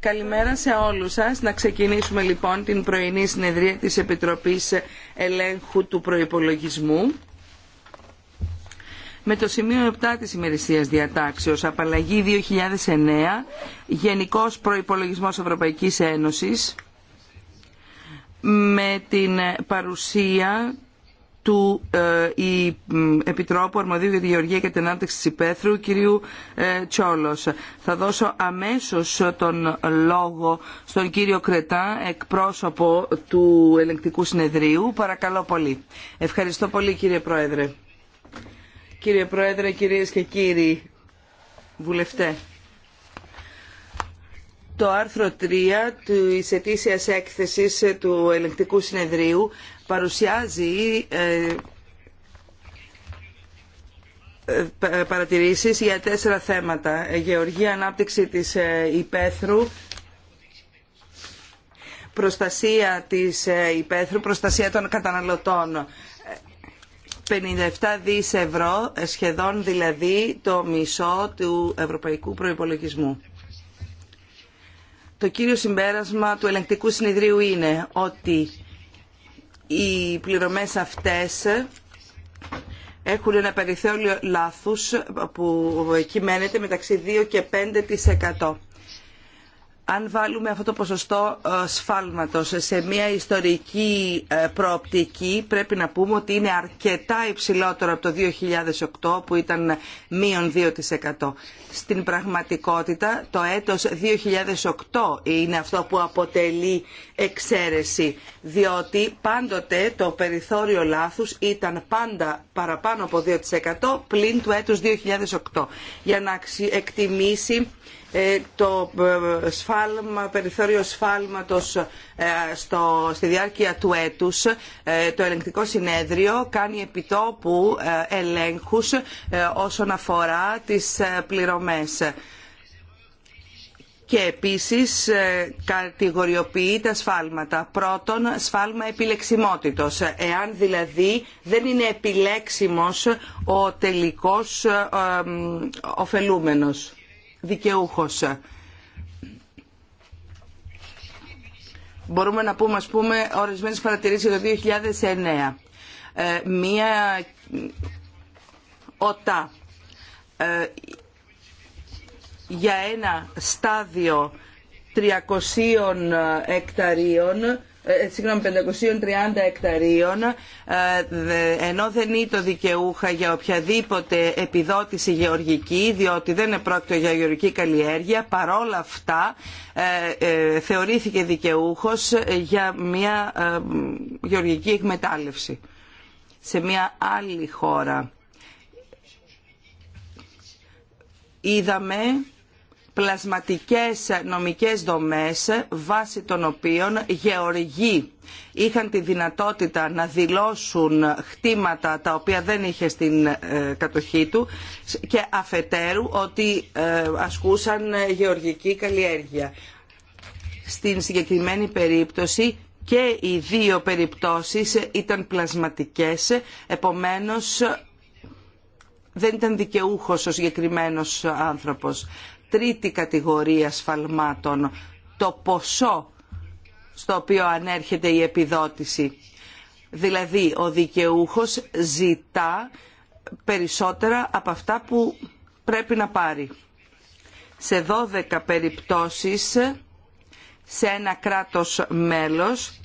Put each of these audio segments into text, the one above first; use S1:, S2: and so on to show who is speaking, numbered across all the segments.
S1: Καλημέρα σε όλους σας. Να ξεκινήσουμε λοιπόν την πρωινή συνεδρία της Επιτροπής Ελέγχου του Προϋπολογισμού. Με το σημείο 7 της ημερησίας διατάξεως, απαλλαγή 2009, Γενικός Προϋπολογισμός Ευρωπαϊκής Ένωσης, με την παρουσία του ε, Επιτρόπου Αρμοδίου για τη Γεωργία και την Ανάπτυξη της Υπέθρου, κυρίου ε, Τσόλος. Θα δώσω αμέσως τον λόγο στον κύριο Κρετά, εκπρόσωπο του Ελεγκτικού Συνεδρίου. Παρακαλώ πολύ. Ευχαριστώ πολύ κύριε Πρόεδρε. Κύριε Πρόεδρε, κυρίες και κύριοι βουλευτέ. Το άρθρο 3 της ετήσιας έκθεσης του Ελεγκτικού Συνεδρίου παρουσιάζει ε, ε, παρατηρήσεις για τέσσερα θέματα. Ε, γεωργία, ανάπτυξη της υπαίθρου, προστασία της υπαίθρου, προστασία των καταναλωτών. 57 δις ευρώ, σχεδόν δηλαδή το μισό του ευρωπαϊκού προϋπολογισμού. Το κύριο συμπέρασμα του ελεγκτικού συνεδρίου είναι ότι οι πληρωμές αυτές έχουν ένα περιθώριο λάθους που εκεί μένεται μεταξύ 2 και 5% αν βάλουμε αυτό το ποσοστό ε, σφάλματος σε μια ιστορική ε, προοπτική πρέπει να πούμε ότι είναι αρκετά υψηλότερο από το 2008 που ήταν μείον 2%. Στην πραγματικότητα το έτος 2008 είναι αυτό που αποτελεί εξαίρεση διότι πάντοτε το περιθώριο λάθους ήταν πάντα παραπάνω από 2% πλην του έτους 2008 για να εκτιμήσει ε, το ε, σφάλμα, περιθώριο σφάλματος ε, στο, στη διάρκεια του έτους το ελεγκτικό συνέδριο κάνει επιτόπου ελέγχους όσον αφορά τις πληρωμές και επίσης κατηγοριοποιεί τα σφάλματα. Πρώτον, σφάλμα επιλεξιμότητος, εάν δηλαδή δεν είναι επιλέξιμος ο τελικός ωφελούμενος δικαιούχος. Μπορούμε να πούμε, ας πούμε, ορισμένες παρατηρήσεις το 2009. Ε, μία ΟΤΑ ε, για ένα στάδιο 300 εκταρίων ε, ε, συγγνώμη, 530 εκταρίων, ε, ενώ δεν είναι το δικαιούχα για οποιαδήποτε επιδότηση γεωργική, διότι δεν επρόκειτο για γεωργική καλλιέργεια, παρόλα αυτά θεωρήθηκε δικαιούχος για μια γεωργική εκμετάλλευση σε μια άλλη χώρα. Είδαμε πλασματικές νομικές δομές βάσει των οποίων γεωργοί είχαν τη δυνατότητα να δηλώσουν χτήματα τα οποία δεν είχε στην ε, κατοχή του και αφετέρου ότι ε, ασκούσαν γεωργική καλλιέργεια. Στην συγκεκριμένη περίπτωση και οι δύο περιπτώσεις ήταν πλασματικές, επομένως δεν ήταν δικαιούχος ο συγκεκριμένος άνθρωπος τρίτη κατηγορία σφαλμάτων, το ποσό στο οποίο ανέρχεται η επιδότηση. Δηλαδή, ο δικαιούχος ζητά περισσότερα από αυτά που πρέπει να πάρει. Σε 12 περιπτώσεις, σε ένα κράτος μέλος,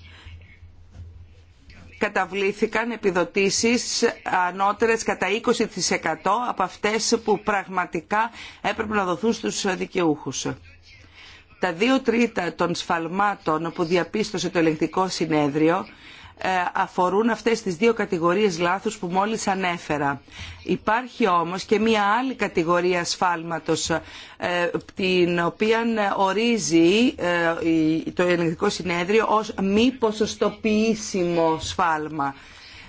S1: καταβλήθηκαν επιδοτήσεις ανώτερες κατά 20% από αυτές που πραγματικά έπρεπε να δοθούν στους δικαιούχους. Τα δύο τρίτα των σφαλμάτων που διαπίστωσε το ελεγκτικό συνέδριο ε, αφορούν αυτές τις δύο κατηγορίες λάθους που μόλις ανέφερα. Υπάρχει όμως και μία άλλη κατηγορία σφάλματος ε, την οποία ορίζει ε, το ελληνικό συνέδριο ως μη ποσοστοποιήσιμο σφάλμα.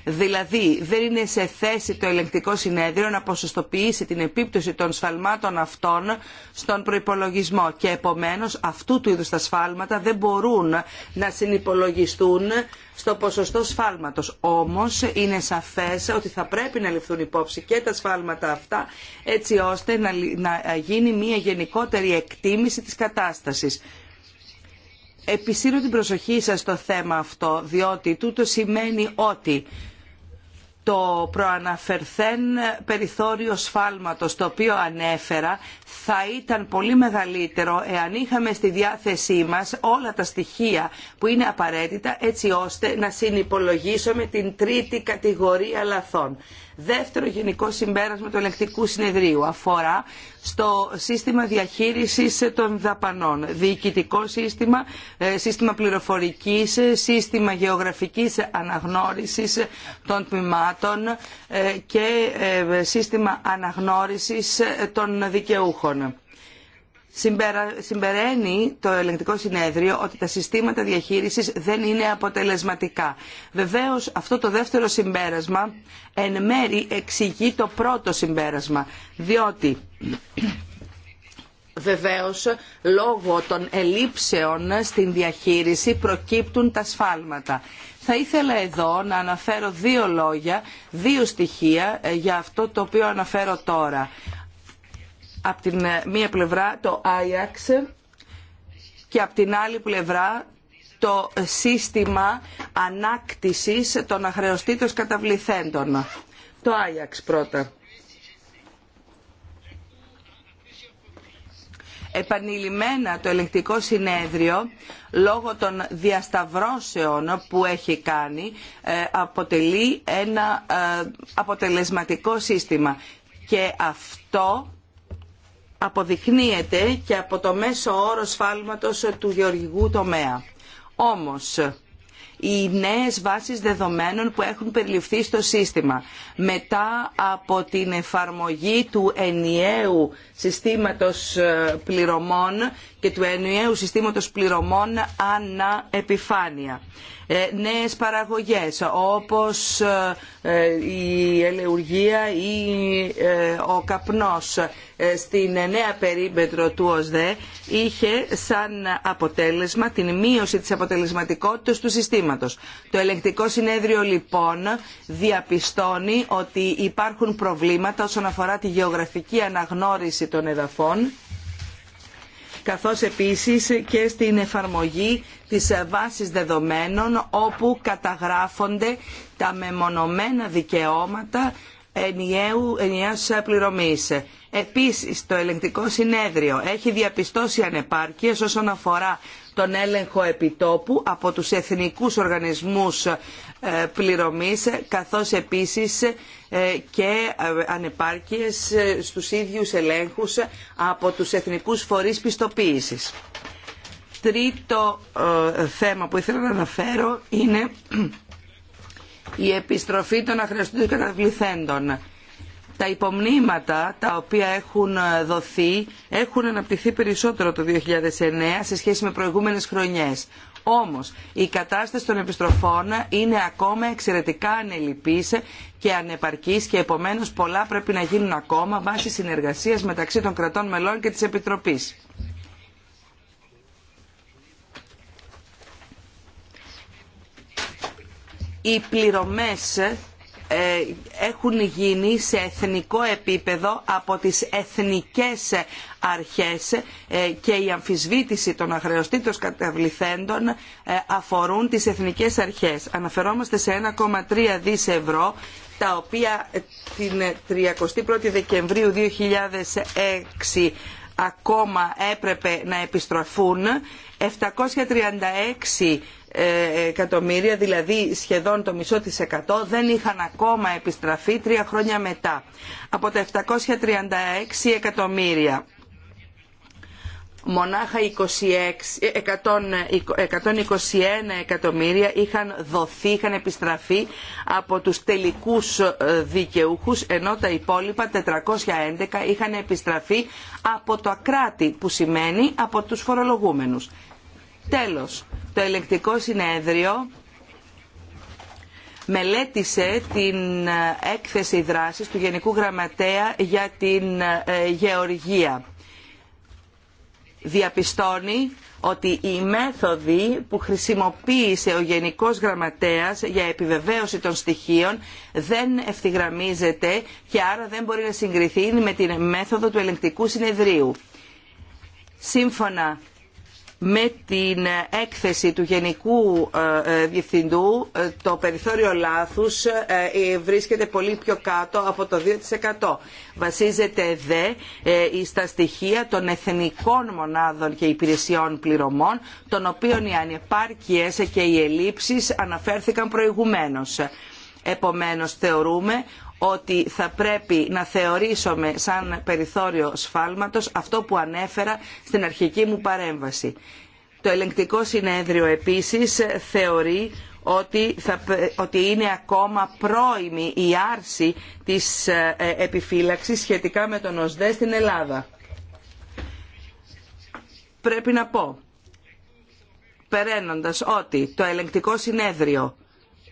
S1: Δηλαδή δεν είναι σε θέση το ελεγκτικό συνέδριο να ποσοστοποιήσει την επίπτωση των σφαλμάτων αυτών στον προϋπολογισμό και επομένως αυτού του είδου τα σφάλματα δεν μπορούν να συνυπολογιστούν στο ποσοστό σφάλματος. Όμως είναι σαφές ότι θα πρέπει να ληφθούν υπόψη και τα σφάλματα αυτά έτσι ώστε να γίνει μια γενικότερη εκτίμηση της κατάστασης. Επισύρω την προσοχή σας στο θέμα αυτό, διότι τούτο σημαίνει ότι το προαναφερθέν περιθώριο σφάλματος το οποίο ανέφερα θα ήταν πολύ μεγαλύτερο εάν είχαμε στη διάθεσή μας όλα τα στοιχεία που είναι απαραίτητα έτσι ώστε να συνυπολογίσουμε την τρίτη κατηγορία λαθών. Δεύτερο γενικό συμπέρασμα του ελεκτικού συνεδρίου αφορά στο σύστημα διαχείρισης των δαπανών, διοικητικό σύστημα, ε, σύστημα πληροφορικής, σύστημα γεωγραφικής αναγνώρισης των τμήματων ε, και ε, σύστημα αναγνώρισης των δικαιούχων συμπεραίνει το ελεγκτικό συνέδριο ότι τα συστήματα διαχείρισης δεν είναι αποτελεσματικά. Βεβαίως αυτό το δεύτερο συμπέρασμα εν μέρη εξηγεί το πρώτο συμπέρασμα, διότι βεβαίως λόγω των ελήψεων στην διαχείριση προκύπτουν τα σφάλματα. Θα ήθελα εδώ να αναφέρω δύο λόγια, δύο στοιχεία ε, για αυτό το οποίο αναφέρω τώρα από την ε, μία πλευρά το Άιαξ και από την άλλη πλευρά το σύστημα ανάκτησης των αχρεωστήτων καταβληθέντων. Το Άιαξ πρώτα. επανειλημμένα το ελεγκτικό συνέδριο λόγω των διασταυρώσεων που έχει κάνει ε, αποτελεί ένα ε, αποτελεσματικό σύστημα και αυτό αποδεικνύεται και από το μέσο όρο σφάλματος του γεωργικού τομέα. Όμως, οι νέες βάσεις δεδομένων που έχουν περιληφθεί στο σύστημα. Μετά από την εφαρμογή του ενιαίου συστήματος ε, πληρωμών και του ενιαίου συστήματος πληρωμών ανά επιφάνεια. Ε, νέες παραγωγές όπως ε, η ελεουργία ή ο καπνός στην νέα περίμετρο του ΟΣΔΕ είχε σαν αποτέλεσμα την μείωση της αποτελεσματικότητας του συστήματος το ελεγκτικό συνέδριο λοιπόν διαπιστώνει ότι υπάρχουν προβλήματα όσον αφορά τη γεωγραφική αναγνώριση των εδαφών καθώς επίσης και στην εφαρμογή της βάσης δεδομένων όπου καταγράφονται τα μεμονωμένα δικαιώματα ενιαίου, ενιαίας πληρωμής. Επίσης, το ελεγκτικό συνέδριο έχει διαπιστώσει ανεπάρκειες όσον αφορά τον έλεγχο επιτόπου από τους εθνικούς οργανισμούς ε, πληρωμής καθώς επίσης ε, και ε, ανεπάρκειες στους ίδιους ελέγχους από τους εθνικούς φορείς πιστοποίησης. Τρίτο θέμα που ήθελα να αναφέρω είναι η επιστροφή των αχρεωστήτων καταβληθέντων τα υπομνήματα τα οποία έχουν ε, δοθεί έχουν αναπτυχθεί περισσότερο το 2009 σε σχέση με προηγούμενες χρονιές. Όμως η κατάσταση των επιστροφών είναι ακόμα εξαιρετικά ανελειπής και ανεπαρκής και επομένως πολλά πρέπει να γίνουν ακόμα βάσει συνεργασίας μεταξύ των κρατών μελών και της Επιτροπής. Οι πληρωμές ε, έχουν γίνει σε εθνικό επίπεδο από τις εθνικές αρχές ε, και η αμφισβήτηση των αχρεωστήτων καταβληθέντων ε, αφορούν τις εθνικές αρχές. Αναφερόμαστε σε 1,3 δις ευρώ τα οποία την 31η Δεκεμβρίου 2006 ακόμα έπρεπε να επιστροφούν 736 ε, εκατομμύρια, δηλαδή σχεδόν το μισό της εκατό, δεν είχαν ακόμα επιστραφεί τρία χρόνια μετά. Από τα 736 εκατομμύρια μονάχα 26, 121 εκατομμύρια είχαν δοθεί, είχαν επιστραφεί από τους τελικούς ε, δικαιούχους, ενώ τα υπόλοιπα 411 είχαν επιστραφεί από το ακράτη, που σημαίνει από τους φορολογούμενους. Τέλος, το ελεκτικό συνέδριο μελέτησε την έκθεση δράσης του Γενικού Γραμματέα για την ε, Γεωργία. Διαπιστώνει ότι η μέθοδη που χρησιμοποίησε ο Γενικός Γραμματέας για επιβεβαίωση των στοιχείων δεν ευθυγραμμίζεται και άρα δεν μπορεί να συγκριθεί με την μέθοδο του ελεγκτικού συνεδρίου. Σύμφωνα με την έκθεση του Γενικού ε, ε, Διευθυντού ε, το περιθώριο λάθους βρίσκεται πολύ πιο κάτω από το 2%. Βασίζεται δε στα στοιχεία των εθνικών μονάδων και υπηρεσιών πληρωμών, των οποίων οι ανεπάρκειες και οι ελλείψεις αναφέρθηκαν προηγουμένως. Επομένως θεωρούμε ότι θα πρέπει να θεωρήσουμε σαν περιθώριο σφάλματος αυτό που ανέφερα στην αρχική μου παρέμβαση. Το ελεγκτικό συνέδριο επίσης θεωρεί ότι, ότι είναι ακόμα πρώιμη η άρση της ε, επιφύλαξης σχετικά με τον ΟΣΔΕ στην Ελλάδα. Πρέπει να πω, περαίνοντας ότι το ελεγκτικό συνέδριο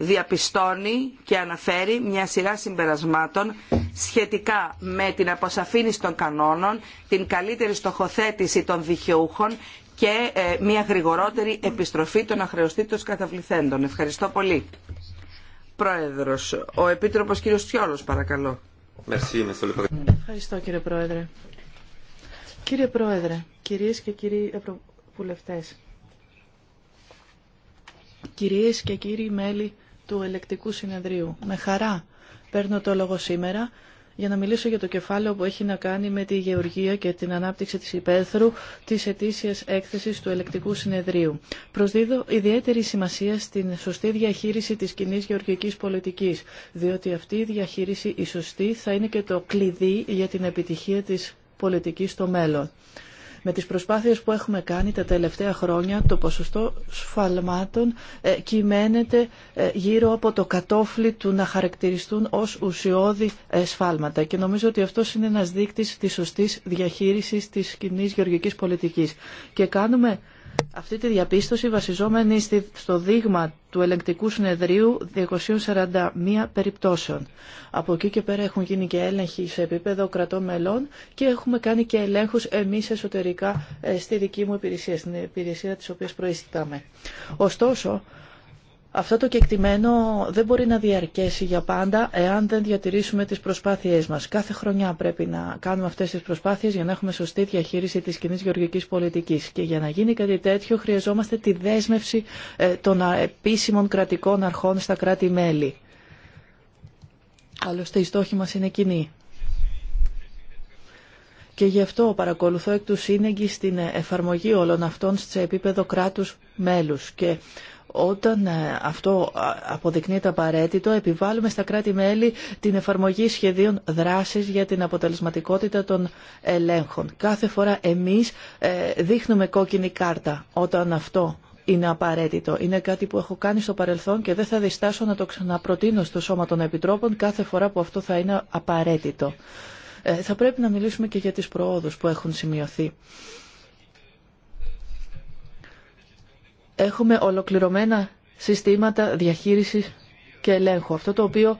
S1: διαπιστώνει και αναφέρει μια σειρά συμπερασμάτων σχετικά με την αποσαφήνιση των κανόνων, την καλύτερη στοχοθέτηση των δικαιούχων και ε, μια γρηγορότερη επιστροφή των αχρεωστήτων καταβληθέντων. Ευχαριστώ πολύ. Πρόεδρος, ο Επίτροπος κ. Στιόλος, παρακαλώ.
S2: Ευχαριστώ κύριε Πρόεδρε. Κύριε Πρόεδρε, κυρίες και κύριοι Ευρωβουλευτές, κυρίες και κύριοι μέλη του Ελεκτικού Συνεδρίου. Με χαρά παίρνω το λόγο σήμερα για να μιλήσω για το κεφάλαιο που έχει να κάνει με τη γεωργία και την ανάπτυξη της υπαίθρου της ετήσιας έκθεσης του Ελεκτικού Συνεδρίου. Προσδίδω ιδιαίτερη σημασία στην σωστή διαχείριση της κοινή γεωργικής πολιτικής, διότι αυτή η διαχείριση η σωστή θα είναι και το κλειδί για την επιτυχία της πολιτικής στο μέλλον. Με τις προσπάθειες που έχουμε κάνει τα τελευταία χρόνια, το ποσοστό σφαλμάτων ε, κυμαίνεται ε, γύρω από το κατόφλι του να χαρακτηριστούν ως ουσιώδη ε, σφάλματα. Και νομίζω ότι αυτό είναι ένας δείκτης της σωστής διαχείρισης της κοινή γεωργικής πολιτικής. Και κάνουμε αυτή τη διαπίστωση βασιζόμενη στο δείγμα του ελεγκτικού συνεδρίου 241 περιπτώσεων. Από εκεί και πέρα έχουν γίνει και έλεγχοι σε επίπεδο κρατών μελών και έχουμε κάνει και ελέγχους εμείς εσωτερικά ε, στη δική μου υπηρεσία, στην υπηρεσία της οποίας προείσταμε. Ωστόσο, αυτό το κεκτημένο δεν μπορεί να διαρκέσει για πάντα εάν δεν διατηρήσουμε τις προσπάθειές μας. Κάθε χρονιά πρέπει να κάνουμε αυτές τις προσπάθειες για να έχουμε σωστή διαχείριση της κοινή γεωργικής πολιτικής. Και για να γίνει κάτι τέτοιο χρειαζόμαστε τη δέσμευση ε, των επίσημων κρατικών αρχών στα κράτη-μέλη. Άλλωστε οι στόχοι μας είναι κοινοί. Και γι' αυτό παρακολουθώ εκ του σύνεγγυ στην ε, εφαρμογή όλων αυτών σε επίπεδο κράτους μέλους. Και όταν ε, αυτό αποδεικνύεται απαραίτητο, επιβάλλουμε στα κράτη-μέλη την εφαρμογή σχεδίων δράσης για την αποτελεσματικότητα των ελέγχων. Κάθε φορά εμείς ε, δείχνουμε κόκκινη κάρτα όταν αυτό είναι απαραίτητο. Είναι κάτι που έχω κάνει στο παρελθόν και δεν θα διστάσω να το ξαναπροτείνω στο Σώμα των Επιτρόπων κάθε φορά που αυτό θα είναι απαραίτητο. Ε, θα πρέπει να μιλήσουμε και για τις προόδους που έχουν σημειωθεί έχουμε ολοκληρωμένα συστήματα διαχείρισης και ελέγχου. Αυτό το οποίο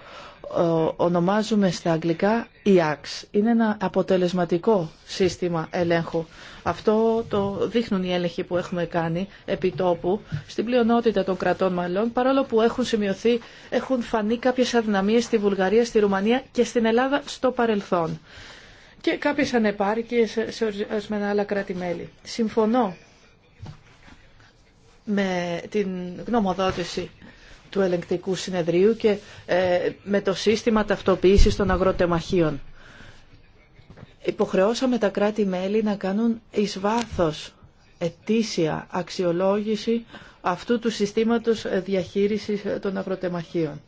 S2: ε, ονομάζουμε στα αγγλικά IACS. E Είναι ένα αποτελεσματικό σύστημα ελέγχου. Αυτό το δείχνουν οι έλεγχοι που έχουμε κάνει επί τόπου στην πλειονότητα των κρατών μαλλών, παρόλο που έχουν σημειωθεί, έχουν φανεί κάποιες αδυναμίες στη Βουλγαρία, στη Ρουμανία και στην Ελλάδα στο παρελθόν. Και κάποιες ανεπάρκειες σε ορισμένα άλλα κράτη-μέλη. Συμφωνώ με την γνωμοδότηση του ελεγκτικού συνεδρίου και ε, με το σύστημα ταυτοποίησης των αγροτεμαχίων. Υποχρεώσαμε τα κράτη-μέλη να κάνουν εις βάθος ετήσια αξιολόγηση αυτού του συστήματος διαχείρισης των αγροτεμαχίων.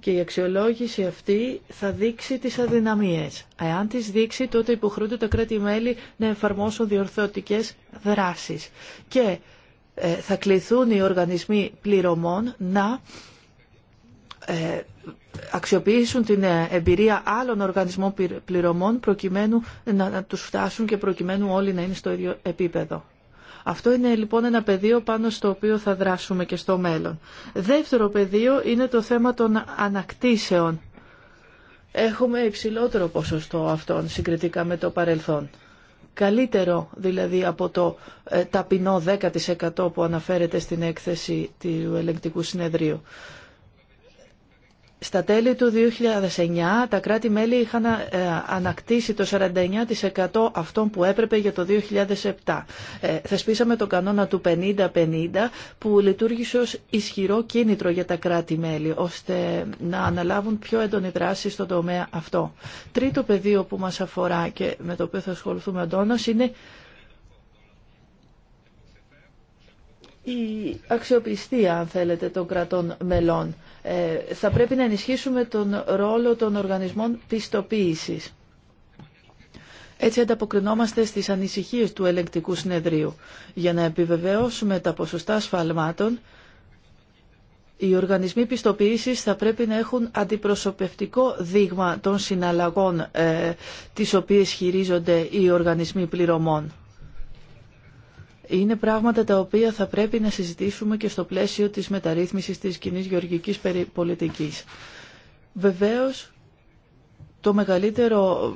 S2: Και η αξιολόγηση αυτή θα δείξει τις αδυναμίες. Εάν τις δείξει, τότε υποχρεούνται τα κράτη-μέλη να εφαρμόσουν διορθωτικές δράσεις. Και ε, θα κληθούν οι οργανισμοί πληρωμών να ε, αξιοποιήσουν την ε, εμπειρία άλλων οργανισμών πληρωμών προκειμένου να τους φτάσουν και προκειμένου όλοι να είναι στο ίδιο επίπεδο. Αυτό είναι λοιπόν ένα πεδίο πάνω στο οποίο θα δράσουμε και στο μέλλον. Δεύτερο πεδίο είναι το θέμα των ανακτήσεων. Έχουμε υψηλότερο ποσοστό αυτών συγκριτικά με το παρελθόν. Καλύτερο δηλαδή από το ε, ταπεινό 10% που αναφέρεται στην έκθεση του ελεγκτικού συνεδρίου. Στα τέλη του 2009 τα κράτη-μέλη είχαν ε, ανακτήσει το 49% αυτών που έπρεπε για το 2007. Ε, θεσπίσαμε τον κανόνα του 50-50 που λειτουργήσε ως ισχυρό κίνητρο για τα κράτη-μέλη ώστε να αναλάβουν πιο έντονη δράση στον τομέα αυτό. Τρίτο πεδίο που μας αφορά και με το οποίο θα ασχοληθούμε αντώνας είναι η αξιοπιστία αν θέλετε των κρατών μελών. Ε, θα πρέπει να ενισχύσουμε τον ρόλο των οργανισμών πιστοποίησης. Έτσι ανταποκρινόμαστε στις ανησυχίες του ελεγκτικού συνεδρίου. Για να επιβεβαιώσουμε τα ποσοστά σφαλμάτων, οι οργανισμοί πιστοποίησης θα πρέπει να έχουν αντιπροσωπευτικό δείγμα των συναλλαγών ε, τις οποίες χειρίζονται οι οργανισμοί πληρωμών είναι πράγματα τα οποία θα πρέπει να συζητήσουμε και στο πλαίσιο της μεταρρύθμισης της κοινή γεωργικής πολιτικής. Βεβαίως, το μεγαλύτερο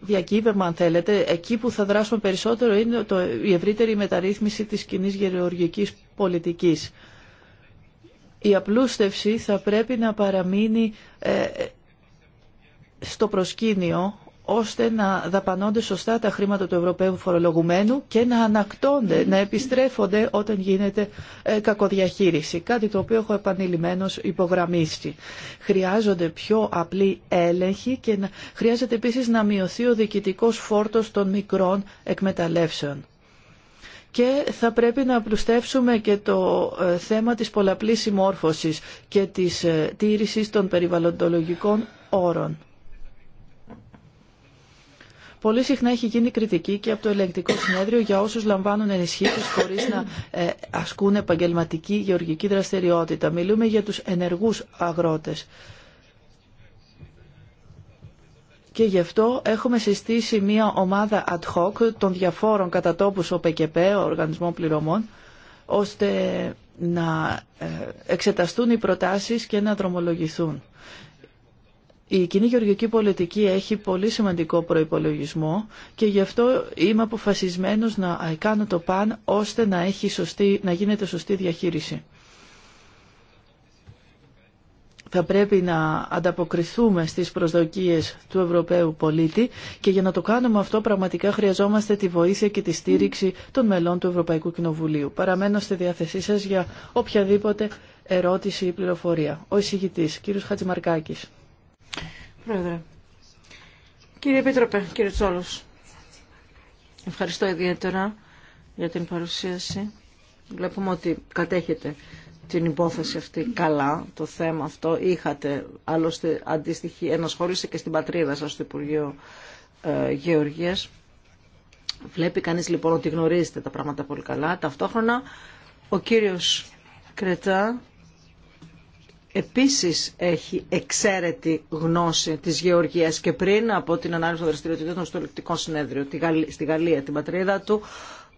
S2: διακύβευμα, αν θέλετε, εκεί που θα δράσουμε περισσότερο είναι το, η ευρύτερη μεταρρύθμιση της κοινή γεωργικής πολιτικής. Η απλούστευση θα πρέπει να παραμείνει ε, ε, στο προσκήνιο ώστε να δαπανώνται σωστά τα χρήματα του Ευρωπαίου φορολογουμένου και να ανακτώνται, να επιστρέφονται όταν γίνεται ε, κακοδιαχείριση. Κάτι το οποίο έχω επανειλημμένως υπογραμμίσει. Χρειάζονται πιο απλή έλεγχη και χρειάζεται επίσης να μειωθεί ο διοικητικός φόρτος των μικρών εκμεταλλεύσεων. Και θα πρέπει να απλουστεύσουμε και το ε, θέμα της πολλαπλής συμμόρφωσης και της ε, τήρησης των περιβαλλοντολογικών όρων. Πολύ συχνά έχει γίνει κριτική και από το ελεγκτικό συνέδριο για όσους λαμβάνουν ενισχύσεις χωρίς να ε, ασκούν επαγγελματική γεωργική δραστηριότητα. Μιλούμε για τους ενεργούς αγρότες. Και γι' αυτό έχουμε συστήσει μια ομάδα ad hoc των διαφόρων κατατόπους ΟΠΕΚΕΠΕ, Οργανισμών Πληρωμών, ώστε να ε, εξεταστούν οι προτάσεις και να δρομολογηθούν. Η κοινή γεωργική πολιτική έχει πολύ σημαντικό προϋπολογισμό και γι' αυτό είμαι αποφασισμένος να κάνω το παν ώστε να, έχει σωστή, να γίνεται σωστή διαχείριση. Θα πρέπει να ανταποκριθούμε στις προσδοκίες του Ευρωπαίου πολίτη και για να το κάνουμε αυτό πραγματικά χρειαζόμαστε τη βοήθεια και τη στήριξη των μελών του Ευρωπαϊκού Κοινοβουλίου. Παραμένω στη διάθεσή σας για οποιαδήποτε ερώτηση ή πληροφορία. Ο εισηγητής, κύριος Χατζημαρκάκης.
S3: Πρόεδρε. Κύριε Επίτροπε, κύριε Τσόλος, ευχαριστώ ιδιαίτερα για την παρουσίαση. Βλέπουμε ότι κατέχετε την υπόθεση αυτή καλά, το θέμα αυτό. Είχατε άλλωστε αντίστοιχη ενασχόληση και στην πατρίδα σας στο Υπουργείο ε, Γεωργίας. Βλέπει κανείς λοιπόν ότι γνωρίζετε τα πράγματα πολύ καλά. Ταυτόχρονα ο κύριος Κρετά επίσης έχει εξαίρετη γνώση της γεωργίας και πριν από την ανάλυση των δραστηριοτήτων στο Ελεκτικό Συνέδριο στη Γαλλία, την πατρίδα του,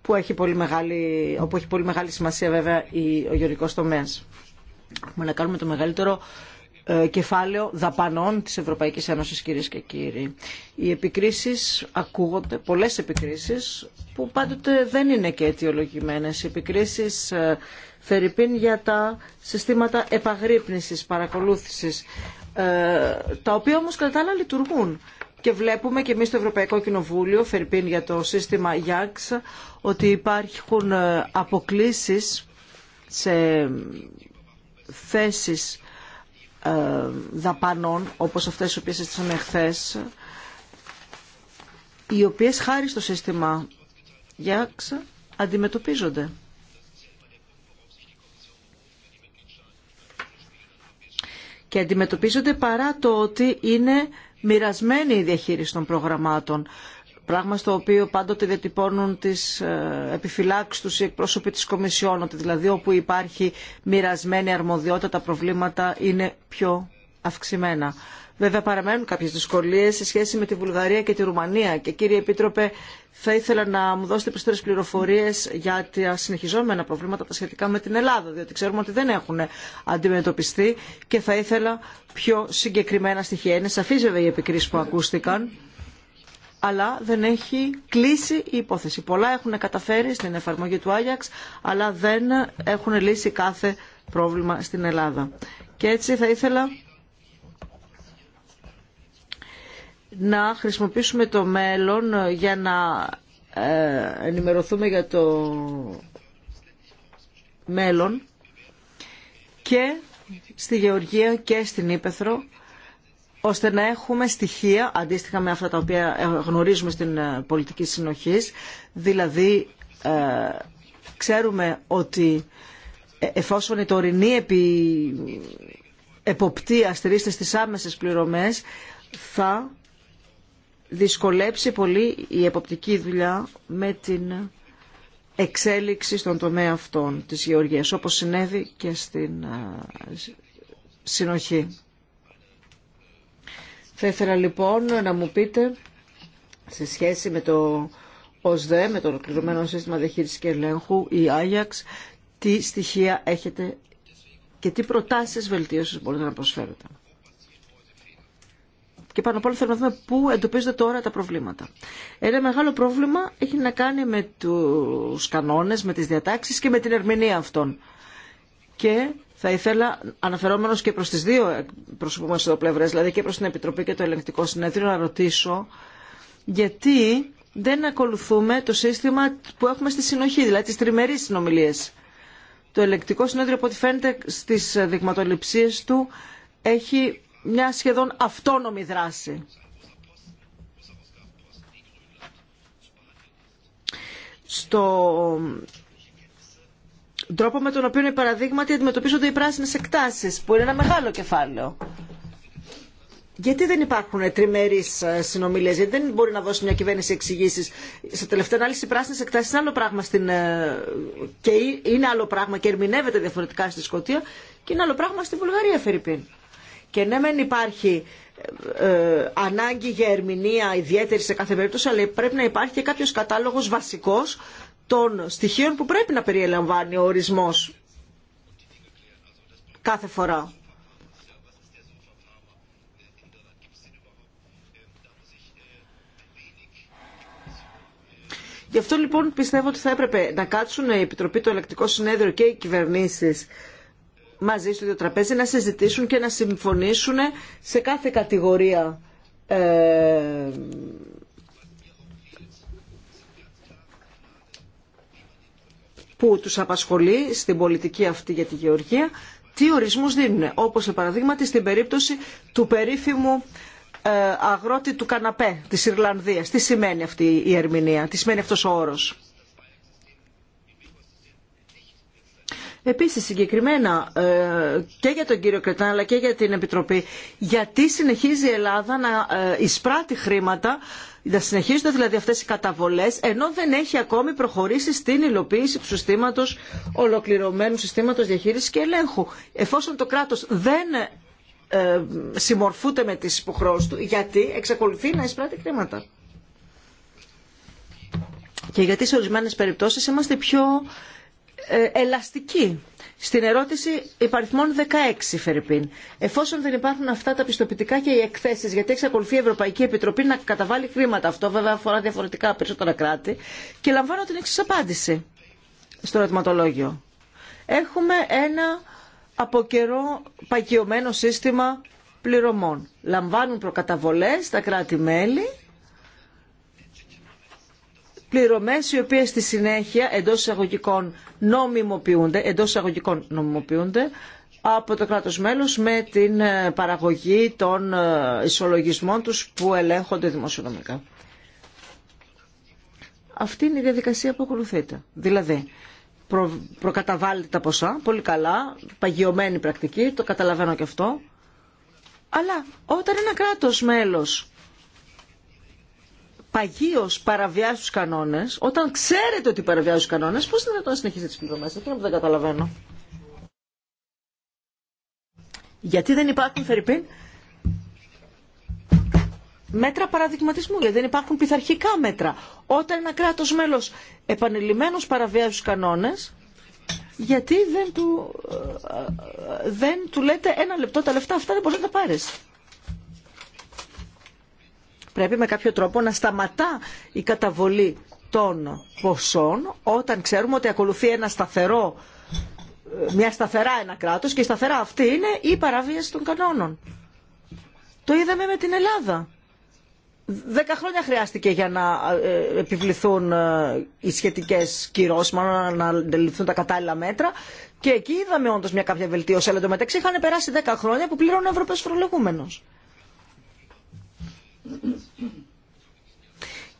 S3: που έχει πολύ μεγάλη, όπου έχει πολύ μεγάλη σημασία βέβαια ο γεωργικός τομέας. Έχουμε να κάνουμε το μεγαλύτερο ε, κεφάλαιο δαπανών της Ευρωπαϊκής Ένωσης κυρίες και κύριοι. Οι επικρίσεις ακούγονται, πολλές επικρίσεις που πάντοτε δεν είναι και αιτιολογημένες. επικρίσεις ε, Φερρυπίν για τα συστήματα επαγρύπνησης, παρακολούθησης, ε, τα οποία όμως κατά λειτουργούν. Και βλέπουμε και εμείς στο Ευρωπαϊκό Κοινοβούλιο, Φερρυπίν για το σύστημα IAX, ότι υπάρχουν ε, αποκλήσεις σε θέσεις ε, δαπανών, όπως αυτές οι οποίες συστήσαμε χθε, οι οποίες χάρη στο σύστημα IAX αντιμετωπίζονται. και αντιμετωπίζονται παρά το ότι είναι μοιρασμένη η διαχείριση των προγραμμάτων. Πράγμα στο οποίο πάντοτε διατυπώνουν τι ε, επιφυλάξει του οι εκπρόσωποι τη Κομισιόν, ότι δηλαδή όπου υπάρχει μοιρασμένη αρμοδιότητα τα προβλήματα είναι πιο αυξημένα. Βέβαια παραμένουν κάποιες δυσκολίες σε σχέση με τη Βουλγαρία και τη Ρουμανία και κύριε Επίτροπε θα ήθελα να μου δώσετε περισσότερες πληροφορίες για τα συνεχιζόμενα προβλήματα τα σχετικά με την Ελλάδα διότι ξέρουμε ότι δεν έχουν αντιμετωπιστεί και θα ήθελα πιο συγκεκριμένα στοιχεία. Είναι σαφής βέβαια οι επικρίσεις που ακούστηκαν αλλά δεν έχει κλείσει η υπόθεση. Πολλά έχουν καταφέρει στην εφαρμογή του Άγιαξ, αλλά δεν έχουν λύσει κάθε πρόβλημα στην Ελλάδα. Και έτσι θα ήθελα να χρησιμοποιήσουμε το μέλλον ε, για να ε, ενημερωθούμε για το μέλλον και στη Γεωργία και στην Ήπεθρο ώστε να έχουμε στοιχεία αντίστοιχα με αυτά τα οποία ε, γνωρίζουμε στην πολιτική συνοχής δηλαδή ε, ξέρουμε ότι εφόσον η τωρινή επι... εποπτεία στηρίζεται στις άμεσες πληρωμές θα δυσκολέψει πολύ η εποπτική δουλειά με την εξέλιξη στον τομέα αυτών της γεωργίας, όπως συνέβη και στην συνοχή. Θα ήθελα λοιπόν να μου πείτε σε σχέση με το ΟΣΔΕ, με το ολοκληρωμένο σύστημα διαχείρισης και ελέγχου, η Άγιαξ, τι στοιχεία έχετε και τι προτάσεις βελτίωσης μπορείτε να προσφέρετε. Και πάνω απ' όλα θέλουμε να δούμε πού εντοπίζονται τώρα τα προβλήματα. Ένα μεγάλο πρόβλημα έχει να κάνει με τους κανόνες, με τις διατάξεις και με την ερμηνεία αυτών. Και θα ήθελα, αναφερόμενο και προ τι δύο προσωπικέ εδώ πλευρέ, δηλαδή και προ την Επιτροπή και το Ελεγκτικό Συνέδριο, να ρωτήσω γιατί δεν ακολουθούμε το σύστημα που έχουμε στη συνοχή, δηλαδή τι τριμερεί συνομιλίε. Το Ελεγκτικό Συνέδριο, από ό,τι φαίνεται στι δειγματοληψίε του, έχει μια σχεδόν αυτόνομη δράση. Στο τρόπο με τον οποίο οι παραδείγματι αντιμετωπίζονται οι πράσινες εκτάσεις, που είναι ένα μεγάλο κεφάλαιο. Γιατί δεν υπάρχουν τριμερεί ε, συνομιλίε, γιατί δεν μπορεί να δώσει μια κυβέρνηση εξηγήσει. Σε τελευταία ανάλυση, οι πράσινε εκτάσει είναι άλλο πράγμα στην... Ε, και είναι άλλο πράγμα και ερμηνεύεται διαφορετικά στη Σκωτία και είναι άλλο πράγμα στη Βουλγαρία, Φερρυπίν. Και ναι δεν υπάρχει ε, ε, ανάγκη για ερμηνεία ιδιαίτερη σε κάθε περίπτωση, αλλά πρέπει να υπάρχει και κάποιος κατάλογος βασικός των στοιχείων που πρέπει να περιελαμβάνει ο ορισμός κάθε φορά. Γι' αυτό λοιπόν πιστεύω ότι θα έπρεπε να κάτσουν η Επιτροπή, το Ελεκτικό Συνέδριο και οι κυβερνήσεις μαζί στο ίδιο τραπέζι να συζητήσουν και να συμφωνήσουν σε κάθε κατηγορία ε, που τους απασχολεί στην πολιτική αυτή για τη γεωργία, τι ορισμούς δίνουν. Όπως, σε παραδείγμα, στην περίπτωση του περίφημου ε, αγρότη του καναπέ της Ιρλανδίας. Τι σημαίνει αυτή η ερμηνεία, τι σημαίνει αυτός ο όρος. Επίσης συγκεκριμένα ε, και για τον κύριο Κρετάν αλλά και για την Επιτροπή γιατί συνεχίζει η Ελλάδα να ε, εισπράττει χρήματα να συνεχίζονται δηλαδή αυτές οι καταβολές ενώ δεν έχει ακόμη προχωρήσει στην υλοποίηση του συστήματος ολοκληρωμένου συστήματος διαχείρισης και ελέγχου. Εφόσον το κράτος δεν ε, συμμορφούνται με τις υποχρεώσεις του γιατί εξακολουθεί να εισπράττει χρήματα. Και γιατί σε ορισμένες περιπτώσεις είμαστε πιο ε, ελαστική. Στην ερώτηση υπαριθμών 16, Φερρυπίν. Εφόσον δεν υπάρχουν αυτά τα πιστοποιητικά και οι εκθέσει, γιατί εξακολουθεί η Ευρωπαϊκή Επιτροπή να καταβάλει χρήματα, αυτό βέβαια αφορά διαφορετικά περισσότερα κράτη, και λαμβάνω την εξή απάντηση στο ερωτηματολόγιο. Έχουμε ένα από καιρό παγιωμένο σύστημα πληρωμών. Λαμβάνουν προκαταβολές τα κράτη-μέλη πληρωμές οι οποίες στη συνέχεια εντός εισαγωγικών νομιμοποιούνται, εντός εισαγωγικών νομιμοποιούνται από το κράτος μέλος με την ε, παραγωγή των ε, ισολογισμών τους που ελέγχονται δημοσιονομικά. Αυτή είναι η διαδικασία που ακολουθείται. Δηλαδή, προ, προκαταβάλλεται τα ποσά, πολύ καλά, παγιωμένη πρακτική, το καταλαβαίνω και αυτό. Αλλά όταν ένα κράτος μέλος Παγίος παραβιάζει τους κανόνες, όταν ξέρετε ότι παραβιάζει τους κανόνες, πώς είναι δυνατόν να συνεχίζετε τις αυτό Εκείνο που δεν καταλαβαίνω. Γιατί δεν υπάρχουν, Φερρυπίν, μέτρα παραδειγματισμού, γιατί δεν υπάρχουν πειθαρχικά μέτρα. Όταν ένα κράτος μέλος επανειλημμένο παραβιάζει τους κανόνες, γιατί δεν του, ε, ε, ε, δεν του λέτε ένα λεπτό τα λεφτά αυτά δεν μπορείς να τα πάρεις πρέπει με κάποιο τρόπο να σταματά η καταβολή των ποσών όταν ξέρουμε ότι ακολουθεί ένα σταθερό, μια σταθερά ένα κράτος και η σταθερά αυτή είναι η παραβίαση των κανόνων. Το είδαμε με την Ελλάδα. Δέκα χρόνια χρειάστηκε για να ε, επιβληθούν ε, οι σχετικές κυρώσεις, μάλλον να αντιληφθούν τα κατάλληλα μέτρα και εκεί είδαμε όντως μια κάποια βελτίωση. Αλλά μεταξύ είχαν περάσει δέκα χρόνια που πλήρωνε ο Ευρωπαίος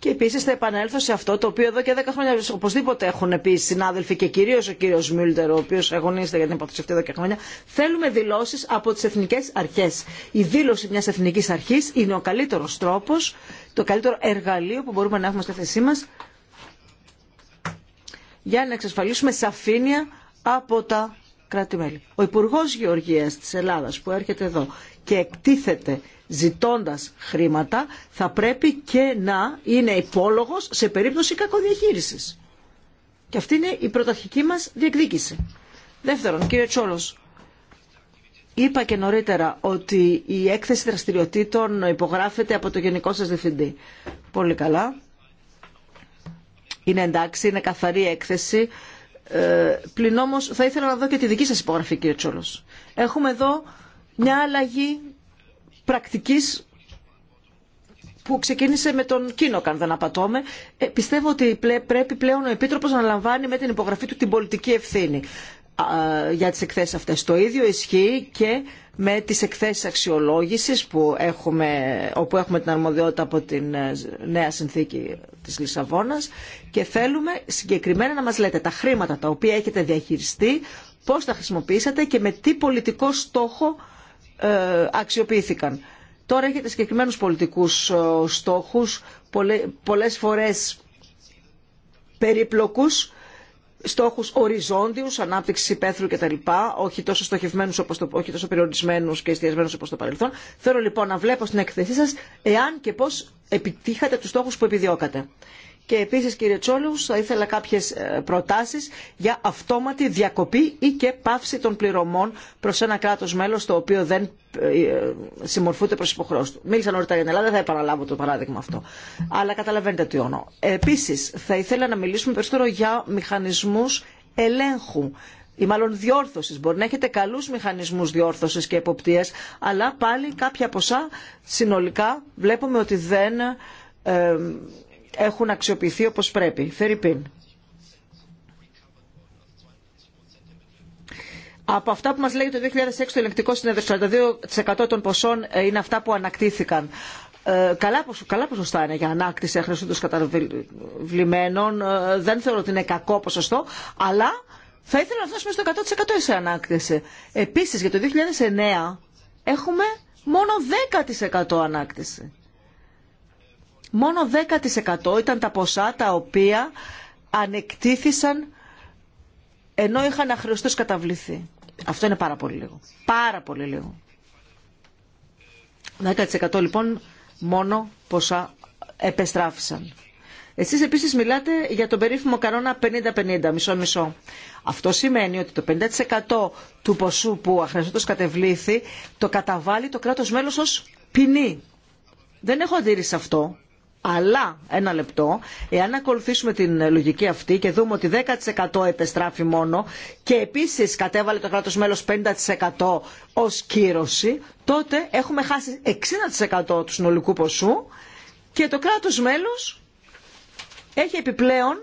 S3: και επίση θα επανέλθω σε αυτό το οποίο εδώ και 10 χρόνια οπωσδήποτε έχουν πει οι συνάδελφοι και κυρίω ο κύριο Μιλτερ ο οποίο αγωνίζεται για την υπόθεση αυτή εδώ και χρόνια. Θέλουμε δηλώσει από τι εθνικέ αρχέ. Η δήλωση μια εθνική αρχή είναι ο καλύτερο τρόπο, το καλύτερο εργαλείο που μπορούμε να έχουμε στη θέσή μα για να εξασφαλίσουμε σαφήνεια από τα κράτη-μέλη. Ο Υπουργό Γεωργία τη Ελλάδα που έρχεται εδώ και εκτίθεται ζητώντα χρήματα, θα πρέπει και να είναι υπόλογο σε περίπτωση κακοδιαχείριση. Και αυτή είναι η πρωταρχική μα διεκδίκηση. Δεύτερον, κύριε Τσόλο, είπα και νωρίτερα ότι η έκθεση δραστηριοτήτων υπογράφεται από το Γενικό σα Διευθυντή. Πολύ καλά. Είναι εντάξει, είναι καθαρή έκθεση ε, πλην όμως θα ήθελα να δω και τη δική σας υπογραφή κύριε Τσόλος. Έχουμε εδώ μια αλλαγή πρακτικής που ξεκίνησε με τον Κίνοκαν, δεν απατώμε. Ε, πιστεύω ότι πρέπει πλέον ο Επίτροπος να λαμβάνει με την υπογραφή του την πολιτική ευθύνη για τις εκθέσεις αυτές. Το ίδιο ισχύει και με τις εκθέσεις αξιολόγησης που έχουμε, όπου έχουμε την αρμοδιότητα από την ε, νέα συνθήκη της Λισαβόνας και θέλουμε συγκεκριμένα να μας λέτε τα χρήματα τα οποία έχετε διαχειριστεί, πώς τα χρησιμοποιήσατε και με τι πολιτικό στόχο ε, αξιοποιήθηκαν. Τώρα έχετε συγκεκριμένους πολιτικούς ε, στόχους, πολλές φορές περίπλοκους, Στόχου οριζόντιου, ανάπτυξη υπαίθρου κτλ. Όχι τόσο στοχευμένους, το, όχι τόσο περιορισμένους και εστιασμένους όπως το παρελθόν. Θέλω λοιπόν να βλέπω στην εκθεσή σας εάν και πώς επιτύχατε τους στόχους που επιδιώκατε. Και επίσης κύριε Τσόλου θα ήθελα κάποιες ε, προτάσεις για αυτόματη διακοπή ή και πάυση των πληρωμών προς ένα κράτος μέλος το οποίο δεν ε, ε, συμμορφούνται προς υποχρεώσεις του. Μίλησα νωρίτερα για την Ελλάδα, δεν θα επαναλάβω το παράδειγμα αυτό. Αλλά καταλαβαίνετε τι όνο. Επίσης θα ήθελα να μιλήσουμε περισσότερο για μηχανισμούς ελέγχου ή μάλλον διόρθωση. Μπορεί να έχετε καλού μηχανισμού διόρθωση και εποπτεία, αλλά πάλι κάποια ποσά συνολικά βλέπουμε ότι δεν έχουν αξιοποιηθεί όπως πρέπει. Θερυπίν. Από αυτά που μας λέει το 2006 το ελεγκτικό συνέδριο, 42% των ποσών ε, είναι αυτά που ανακτήθηκαν. Ε, καλά, καλά ποσοστά είναι για ανάκτηση των καταβλημένων. Ε, δεν θεωρώ ότι είναι κακό ποσοστό, αλλά θα ήθελα να φτάσουμε στο 100% σε ανάκτηση. Επίσης για το 2009 έχουμε μόνο 10% ανάκτηση μόνο 10% ήταν τα ποσά τα οποία ανεκτήθησαν ενώ είχαν αχρεωστώς καταβληθεί. Αυτό είναι πάρα πολύ λίγο. Πάρα πολύ λίγο. 10% λοιπόν μόνο ποσά επεστράφησαν. Εσείς επίσης μιλάτε για τον περίφημο κανόνα 50-50, μισό-μισό. Αυτό σημαίνει ότι το 50% του ποσού που αχρεωστώς κατεβλήθη το καταβάλει το κράτος μέλος ως ποινή. Δεν έχω αντίρρηση σε αυτό. Αλλά, ένα λεπτό, εάν ακολουθήσουμε την λογική αυτή και δούμε ότι 10% επεστράφει μόνο και επίσης κατέβαλε το κράτος μέλος 50% ως κύρωση, τότε έχουμε χάσει 60% του συνολικού ποσού και το κράτος μέλος έχει επιπλέον